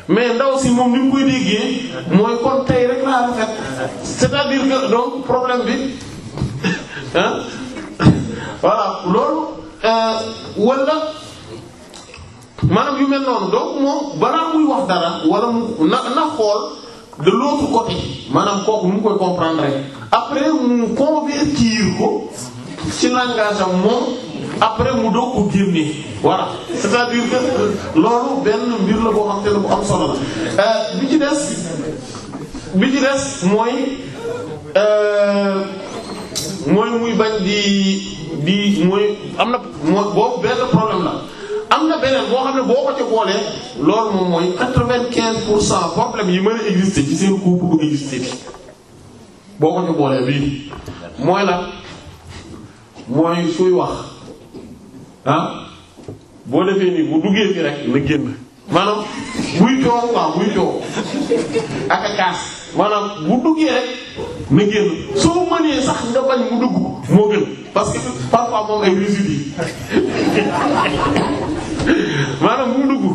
[SPEAKER 2] mais ndaw si moom ni mu koy déggee mooy kon tey rek laa rafet c'est-à-dire que donc problème bi ah voilà loolu euh, wala maanaam yu mel noonu donc moom balaa muy wax dara wala mu na na xool de l'autre côté maanaam kooku mu koy comprendre après mu convertir ko ci langage am moom. après mu doog ko génne voilà c'est-à-dire que euh, loolu benn mbir la boo xam te ne bu am solo la euh, bi ci des bi ci mooy euh, mooy muy bañ di di mooy am na mooy benn problème la am na beneen boo xam ne boo ko ci boolee loolu moom mooy quatre-vingt-quinze pour cent problème yi mën a exister ci seen couple du exister bi boo ko boolee bii mooy la mooy suy wax ah boo defee nii bu duggee fi rek na génn maanaam buy coow waaw buy coow ak a kaas maanaam bu duggee rek na génn soo mënee sax nga bañ mu dugg moo gën parce que parfois moom ay résidus yi maanaam mu dugg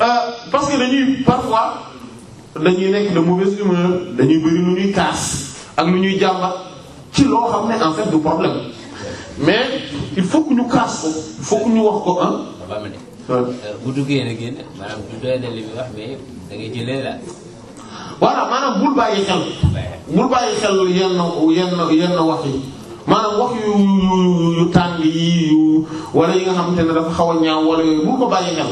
[SPEAKER 2] euh, parce que dañuy parfois dañuy nekk de mauvaise humeur dañuy bëri lu ñuy kaas ak lu ñuy jàmbat ci loo xam ne en fait du problème mais il faut ñu kaas ko il ñu wax ko ah.
[SPEAKER 1] Euh, bu duggee na génn maanaam du da ngay jëlee la.
[SPEAKER 2] voilà maanaam bul bàyyi xel. bul bàyyi xel yenn yenn yenn wax yi maanaam wax yu yu yu tàng yi yu wala yi nga xamante ne dafa xaw a ñaaw wala yooyu bul ko bàyyi xel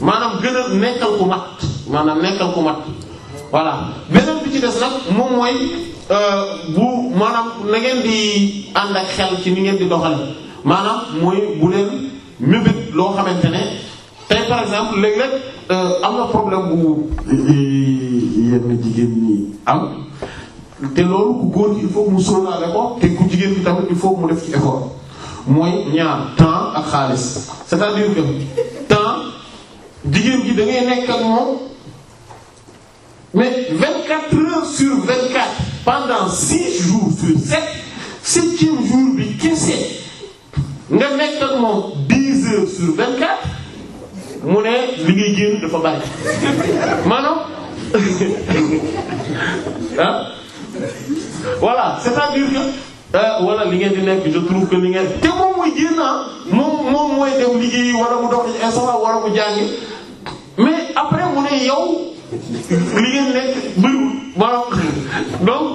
[SPEAKER 2] maanaam gën a nekkal ku mat maanaam nekkal ku mat. voilà beneen bi ci des nag moom mooy euh, bu maanaam na di ànd ak xel ci ni ngeen di doxal maanaam mooy bu leen mébét loo xamante ne tey par exemple léeg-léeg euh, am na problème bu yenn jigéen ñi am te loolu ku góor gi il mu sóolaale ko te ku jigéen bi tamit il faut mu def ci effort mooy ñaar temps ak xaalis cest à temps jigéen gi da ngay moom. mais 24 heures sur 24 pendant 6 jours sur 7 septième jour bi kese nga nekk ak moom 10 heures sur 24 mu ne li ngay dafa bari maanaam ah voilà c'est-à-dire que wala euh, li ngeen di nekk je trouve que li ngeen te moom mooy génn ah moom moom mooy dem liggéeyi wala mu dox ci instant wala mu jàngi mais après mu ne yow. li ngeen nekk bëriwul maanaam donc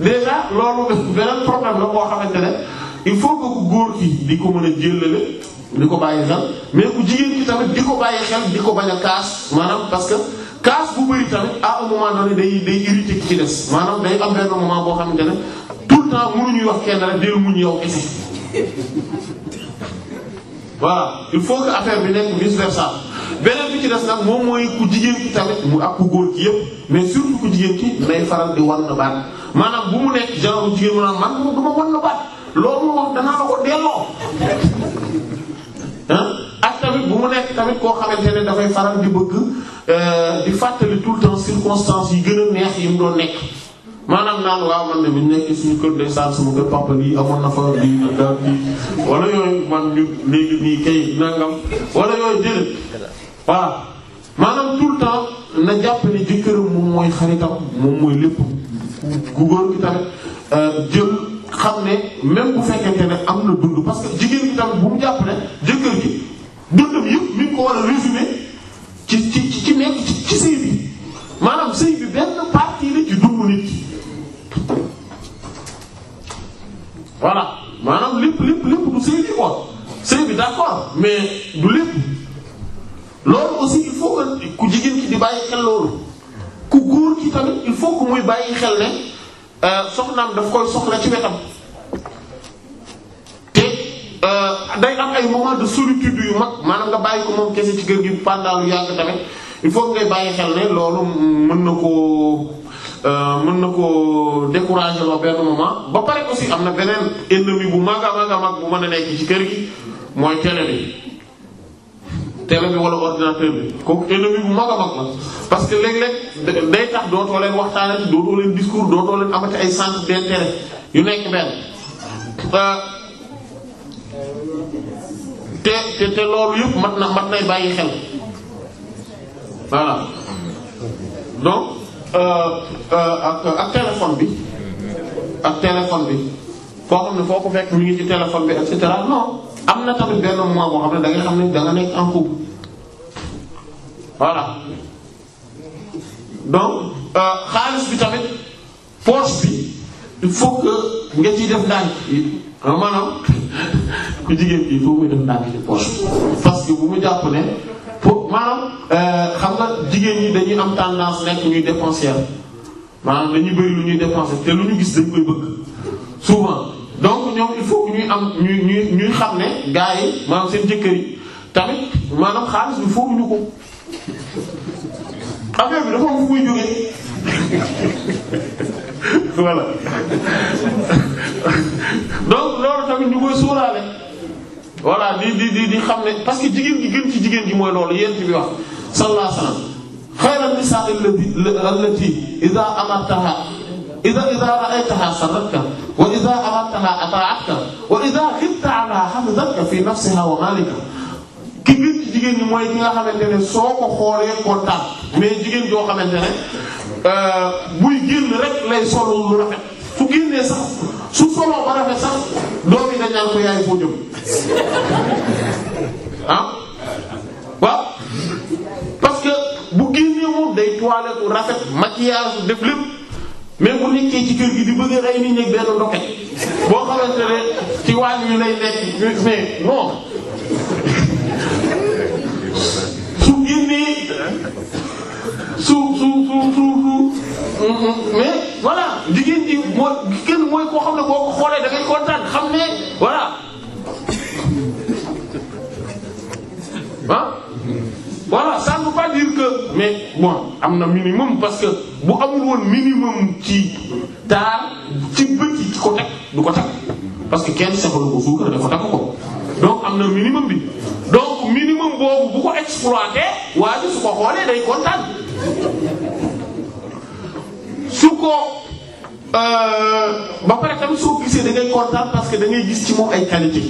[SPEAKER 2] déjà loolu beneen problème la boo xamante ne il faut que ku góor ki di ko mën a di ko bàyyi xel mais ku jigéen ki tamit di ko bàyyi xel di ko bañ a kaas maanaam parce que kaas bu bëri tamit à un moment donné day day irrité ki ci des maanaam day am benn moment boo xamante ne tout le temps ñuy wax kenn rek deel muñ yow kese waaw il faut que affaire bi nekk vice versa beneen bi ci des nag moom mooy ku jigéen ki tamit mu ak ku góor ki yëpp mais surtout ku jigéen ki nay faral di wan na baat maanaam bu mu nekk genre jigéen mu naan man du ma baat loolu moom wax danaa la ko delloo ak tamit bu mu nekk tamit koo xamante ne dafay faral di bëgg euh, di fàttali tout le temps circonstances yi gën a neex yi mu nekk maanaam naan waaw man de bu ñu nekkee suñu kër day saan sama kër papa lii amoon na fa lii daal lii wala yooyu man ñu léegi nii kay nangam wala yooyu déedéet voilà maanaam tout le temps na jàpp ni jëkkëram moom mooy xaritam moom mooy lépp gu góor gi tamit euh, jël xam ne même bu fekkente ne am na dund parce que jigéen gi tamit bu mu jàpp ne jëkkër gi dundam yëpp mi ngi ko war a résumer ci ci ci nekk ci sëy bi maanaam sëy bi benn partie la voilà maanaam lépp lépp lépp du sëy bi quoi sëy bi d'accord mais du lépp loolu aussi il faut que ku jigéen ki di bàyyi xel loolu ku góor ki tamit il faut que muy bàyyi xel ne euh, soxnaam daf koy soxla ci wetam te euh, day am ay moment de solitude yu mag maanaam nga bàyyi ko moom kese ci kër gi pendant yàgg tamit il faut que ngay bàyyi xel ne loolu mën na ko Euh, mën na ko décourager loo benn moment ba pare aussi am na beneen ennemi bu mag a mag a mag bu mën a nekk ci kër gi mooy télé bi télé bi wala ordinateur bi kooku ennemi bu mag a mag parce que léeg-léeg day tax dootoo leen waxtaanati dootoo leen discours dootoo leen amati ay centre d'intérêt yu nekk benn euh, te te te loolu yëpp mat na mat nay bàyyi xel voilà donc Euh, euh, euh, ak téléphone bi ak téléphone bi koo xam ne foo ko fekk mu ngi ci téléphone bi et cetera non am na tamit benn moment boo xam ne da xam ne da nekk en couple voilà donc xaalis bi tamit poche bi il faut que nga ciy def ndànk maanaam ku jigéen bi il faut muy def ci poche bi parce bu mu jàpp ne. pour maanaam euh, xam nga jigéen ñi dañuy am tendance nekk ñuy dépensière maanaam dañuy bëri lu ñuy dépenser te lu ñu gis dañ koy bëgg souvent donc ñoom il faut ñuy am ñuy xam ne gars yi maanaam seen jëkkër yi tamit maanaam xaalis bi foofu ñu ko affaire bi dafa am fu muy jógee voilà donc loolu tamit ñu koy sóoraale. voilà di di di di xam ne parce que jigéen gi gën ci jigéen gi mooy loolu yent bi wax sallallahu alayhi wasallam xayra nisaa allati idha amartaha idha idha ra'aytaha sarratka wa idha amartaha ata'atka wa idha ghibta 'anha hafizatka fi nafsiha wa malika ki gën ci jigéen ñi mooy ki nga xamante ne soo ko xoolee kontaan mais jigéen joo xamante ne euh, buy génn rek lay solo lu rafet su génnee sax su solo ba rafet sax doom yi dañ naan ko yaay foo jëm ah waaw parce que bu génnee moom day toilette rafet maquillage def lépp mais bu nekkee ci kër gi di bëgg ay nit ñi benn ndokke boo xamante ne ci wàll ñu lay nekk mais non su génnee
[SPEAKER 3] su su su su mm, mm, mais
[SPEAKER 2] voilà jigéen ji mooy kenn mooy koo xam ne boo ko xoolee da ngay kontaan xam ne voilà. ah voilà ça ne que mais bon am na minimum parce que bu amul woon minimum ci taar ci bët yi ko teg du ko teg parce que kenn soxalu ko suukar dafa takk ko donc am na minimum bi donc minimum boobu bu ko exploité waa su ko xoolee day kontaan su ko euh, ba pare tamit soo gisee da kontaan parce que da gis ci moom ay qualité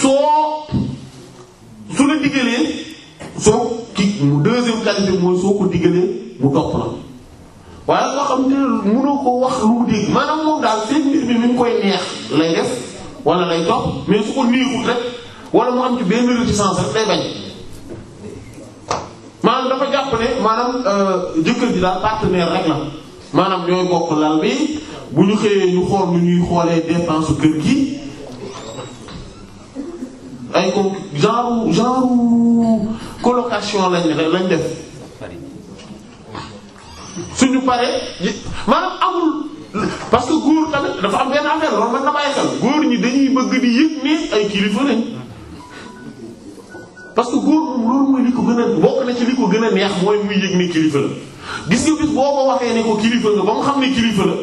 [SPEAKER 2] soo su la digalee soo ki deuxième qualité mooy soo ko digalee mu topp la waaye ko wax lu mu dégg maanaam moom daal seen mbir bi mi ngi koy neex lay def wala lay topp mais su ko néegul rek wala mu am ci benn réticence rek day bañ maanaam dafa jàpp ne maanaam euh, jëkkër ji daal partenaire rek la maanaam ñooy bokk lal bi bu ñu xëyee ñu xool lu ñuy xoolee dépense kër gi ay ko genre
[SPEAKER 3] genre
[SPEAKER 2] colocation lañ lañ def suñu paree maanaam amul parce que góor tamit dafa am benn affaire loolu mën na bàyyi xel góor ñi dañuy bëgg di yëg ne ay kilifa lañ parce que góor ko gën a ci li ko gën a neex mooy muy yëg ne kilifa la gis nga bis boo ko waxee ne ko kilifa nga ba mu xam ne kilifa la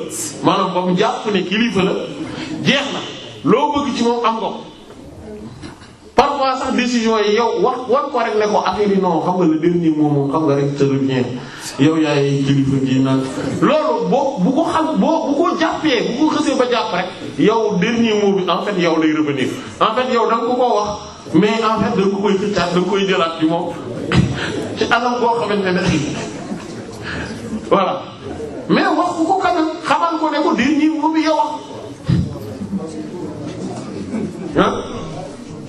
[SPEAKER 2] maanaam ba mu jàpp ne kilifa la jeex na loo bëgg ci moom am nga parfois sax décision yi yow wax wax ko rek ne ko affaire yi xam nga le dernier moom xam nga rek te revient yow yaay kilifa gi nag loolu boo bu ko xam boo bu ko jàppee bu ko xësee ba jàpp rek yow dernier mot bi en fait yow lay revenir en fait yow da ko wax mais en fait da koy xëccaat da koy jëlaat ci moom ci anam boo xamante ne voilà mais wax ku ko kanam xamal ko ne ko dernier mot bi yow wax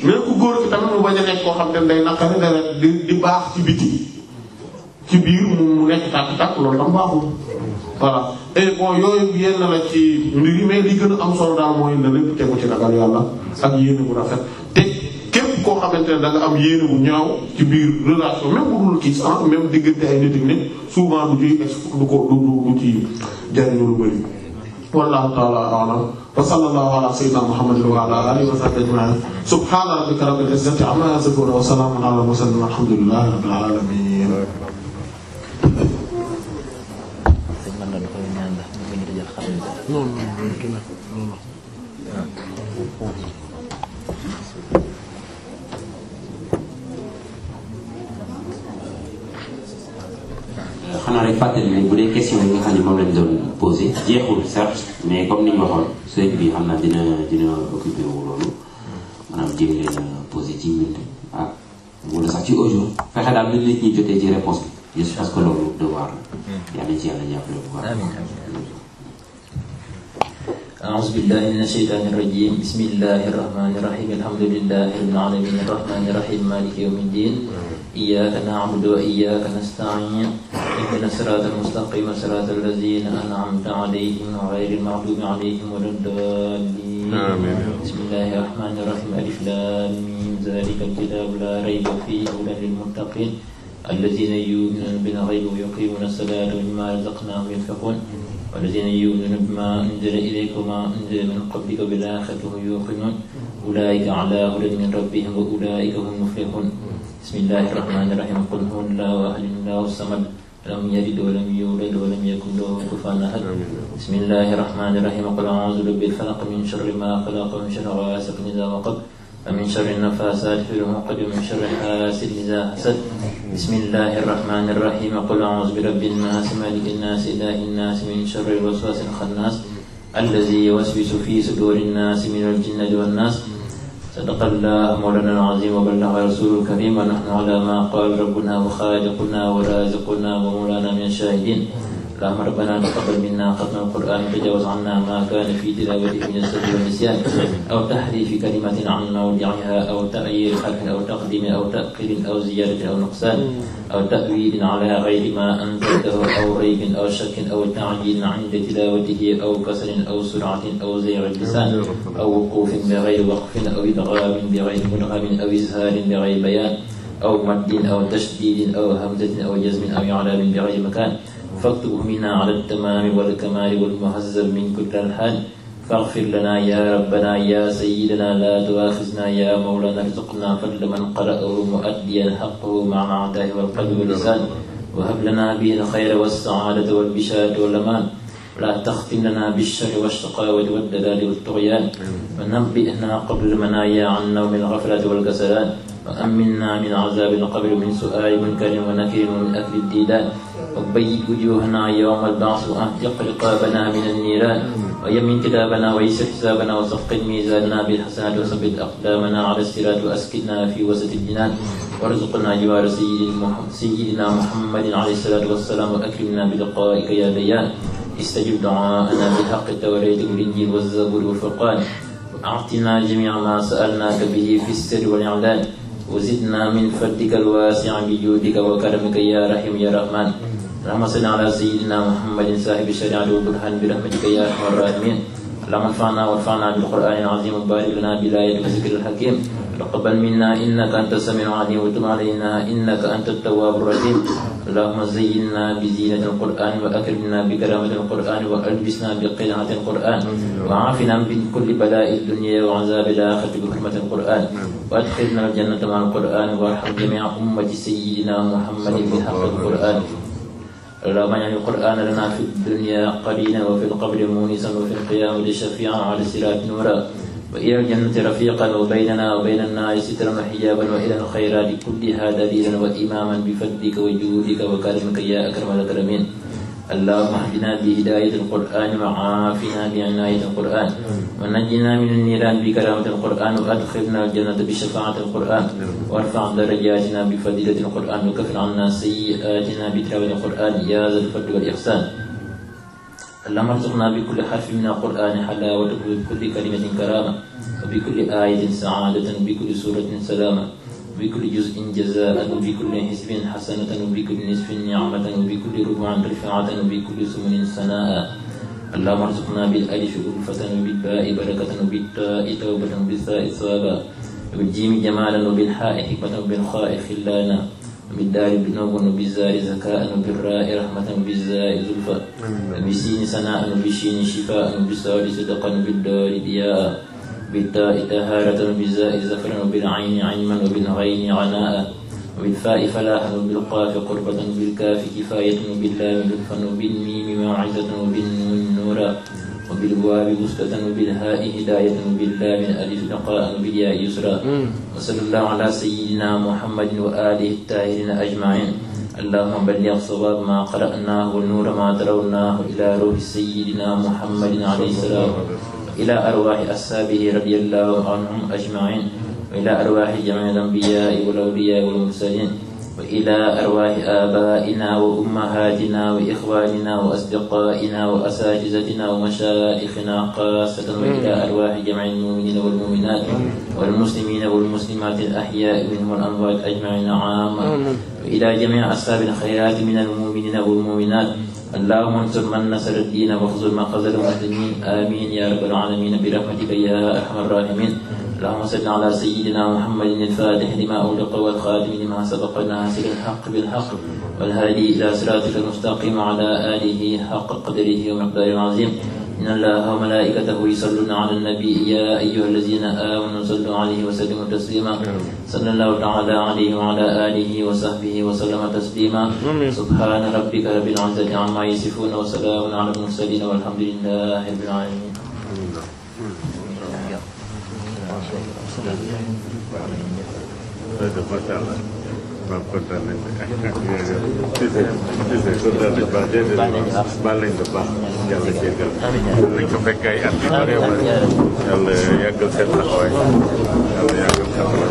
[SPEAKER 2] même ku góor ki tamit mu bañ a nekk koo xam te day naqari dara di di baax ci biti ci biir mu nekk tàkk-tàkk loolu tam baaxul voilà et bon yooyu yenn la ci mbir li gën a am solo mooy na lépp tegu ci ragal yàlla ak yéene bu rafet te képp koo xamante ne da am yéene bu ñaaw ci biir relation même bu dul kii sax ah, même diggante ay nit nit souvent du ciy du ko du du ci jariñu lu bari wallahu ta'ala a'lam wa sallallahu ala sayyidina muhammadin wa ala alihi wa sahbihi ajma'in subhana rabbika rabbil izzati amma yasifun wa salamun ala mursalin walhamdulillahi rabbil alamin
[SPEAKER 1] xanaa rek fàttali ne bu dee question yi nga xam ne moom lañ doon posé jeexul certes mais comme ni ñu waxoon sëñ bi xam naa dina dina occupé wu loolu maanaam jéem leen a posé ci ñun ah, sax ci audio fexe daal lu nit ñi jotee ci réponse bi je pense que loolu devoir la hmm. yàlla ci yàlla jàppale bu baax
[SPEAKER 5] أعوذ بالله من الشيطان الرجيم بسم الله الرحمن الرحيم الحمد لله رب العالمين الرحمن الرحيم مالك يوم الدين إياك نعبد وإياك نستعين اهدنا الصراط المستقيم صراط الذين أنعمت عليهم غير المغضوب عليهم ولا الضالين آمين بسم الله الرحمن الرحيم ألف لام ذلك الكتاب لا ريب فيه هدى للمتقين الذين يؤمنون بالغيب ويقيمون الصلاة ومما رزقناهم ينفقون والذين يؤمنون بما أنزل إليك وما أنزل من قبلك وبالآخرة هم يوقنون أولئك على هدى من ربهم وأولئك هم المفلحون بسم الله الرحمن الرحيم قل هو الله أحد الله الصمد لم يلد ولم يولد ولم يكن له كفوا أحد بسم الله الرحمن الرحيم قل أعوذ برب الفلق من شر ما خلق ومن شر غاسق إذا وقب ومن شر النفاثات في العقد ومن شر حاسد إذا حسد بسم الله الرحمن الرحيم قل أعوذ برب الناس مالك الناس إله الناس من شر الوسواس الخناس الذي يوسوس في صدور الناس من الجنة والناس صدق الله مولانا العظيم وبلغ رسوله الكريم ونحن على ما قال ربنا وخالقنا ورازقنا ومولانا من الشاهدين اللهم ربنا تقبل منا ختم القرآن تجاوز عنا ما كان في تلاوته من السر والنسيان أو تحريف كلمة عن موضعها أو تأيير حرف أو تقديم أو تأخير أو زيادة أو نقصان أو تأويل على غير ما أنزلته أو ريب أو شك أو تعجيل عند تلاوته أو كسر أو سرعة أو زيغ اللسان أو وقوف بغير وقف أو إدغام بغير مدغم أو إزهار بغير بيان أو مد أو تشديد أو همزة أو جزم أو إعراب بغير مكان فاكتبنا على التمام والكمال والمهذب من كل الحال فاغفر لنا يا ربنا يا سيدنا لا تؤاخذنا يا مولانا ارزقنا فضل من قرأه مؤديا حقه مع الأعداء والقلب واللسان وهب لنا به الخير والسعادة والبشارة والأمان لا تختم لنا بالشر والشقاوة والدلال والطغيان ونبئنا قبل المنايا عن نوم الغفلة والكسلان وأمنا من عذاب القبر من سؤال منكر ونكير من أكل الديدان وبيد وجوهنا يوم البعث وأحرق رقابنا من النيران ويمن كتابنا ويسر حسابنا وثقل ميزاننا بالحسنات وثبت أقدامنا على الصراط وأسكننا في وسط الجنان وارزقنا جوار سيدنا محمد عليه الصلاة والسلام وأكرمنا بلقائك يا ديان استجب دعاءنا بحق التوريد والإنجيل والزبور والفرقان وأعطنا جميع ما سألناك به في السر والإعلان وزدنا من فضلك الواسع بجودك وكرمك يا رحيم يا رحمن اللهم صل على سيدنا محمد صاحب الشريعة والبرهان برحمتك يا أرحم الراحمين اللهم انفعنا وارفعنا بالقرآن العظيم وبارك لنا بالآية والذكر الحكيم تقبل منا إنك أنت السميع العليم وتب علينا إنك أنت التواب الرحيم اللهم زينا بزينة القرآن وأكرمنا بكرامة القرآن وألبسنا بقناعة القرآن وعافنا من كل بلاء الدنيا وعذاب الآخرة بحرمة القرآن وأدخلنا الجنة مع القرآن وارحم جميع أمة سيدنا محمد بحق القرآن اللهم اجعل القرآن لنا في الدنيا قرينا وفي القبر مونسا وفي القيامة شفيعا على الصراط نورا وإلى الجنة رفيقا وبيننا وبين النار سترا وحجابا وإلى الخيرات كلها دليلا وإماما بفضلك وجودك وكرمك يا أكرم الأكرمين اللهم اهدنا بهداية القرآن وعافنا بعناية القرآن ونجنا من النيران بكرامة القرآن وأدخلنا الجنة بشفاعة القرآن وارفع درجاتنا بفضيلة القرآن وكفر عنا سيئاتنا بتلاوة القرآن يا ذا الفضل والإحسان اللهم ارزقنا بكل حرف من القرآن حلاوة وبكل كلمة كرامة وبكل آية سعادة وبكل سورة سلامة وبكل جزء جزاء وبكل حزب حسنة وبكل نصف نعمة وبكل ربع رفعة وبكل سمن سناء اللهم ارزقنا بالألف ألفة وبالباء بركة وبالتاء توبة وبالثاء ثوابا وبالجيم جمالا وبالحاء حكمة وبالخاء خلانا بالدار بنوبن وبالزاء زكاء وبالراء رحمة وبالزاء زلفى وبالسين سناء وبالشين شفاء وبالصاد صدقا وبالدار ضياء بالتاء طهارة وبالزاء زفرا وبالعين علما وبالغين عناء وبالفاء فلاحا وبالقاف قربة وبالكاف كفاية وباللام لطفا وبالميم موعظة وبالنون نورا بالواو مفتتن بالهاء هداية باللام الألف لقاء بالياء يسرا وصلى الله على سيدنا محمد وآله الطاهرين أجمعين اللهم بلغ صواب ما قرأناه والنور ما تروناه إلى روح سيدنا محمد عليه السلام إلى أرواح أصحابه رضي الله عنهم أجمعين وإلى أرواح جميع الأنبياء والأولياء والمرسلين وإلى أرواح آبائنا وأمهاتنا وإخواننا وأصدقائنا وأساتذتنا ومشايخنا خاصة وإلى أرواح جميع المؤمنين والمؤمنات والمسلمين والمسلمات الأحياء منهم والأموات أجمعين عاما وإلى جميع أصحاب الخيرات من المؤمنين والمؤمنات اللهم انصر من نصر الدين واخذل من خذل المسلمين آمين يا رب العالمين برحمتك يا أرحم الراحمين اللهم صل على سيدنا محمد الفاتح لما أغلق والخاتم لما سبق ناصر الحق بالحق والهادي إلى صراطك المستقيم على آله حق قدره ومقداره العظيم إن الله وملائكته يصلون على النبي يا أيها الذين آمنوا صلوا عليه وسلموا تسليما صلى الله تعالى عليه وعلى آله وصحبه وسلم تسليما سبحان ربك رب العزة عما يصفون وسلام على المرسلين والحمد لله رب العالمين
[SPEAKER 4] formation dëgg kontaan na waaw kontaan nañ
[SPEAKER 2] baal nañ la baax
[SPEAKER 3] yàlla jéggal nañ ko fekk ay at yu bëree bëri yàlla yàggal seen taxawaay yàlla yàggal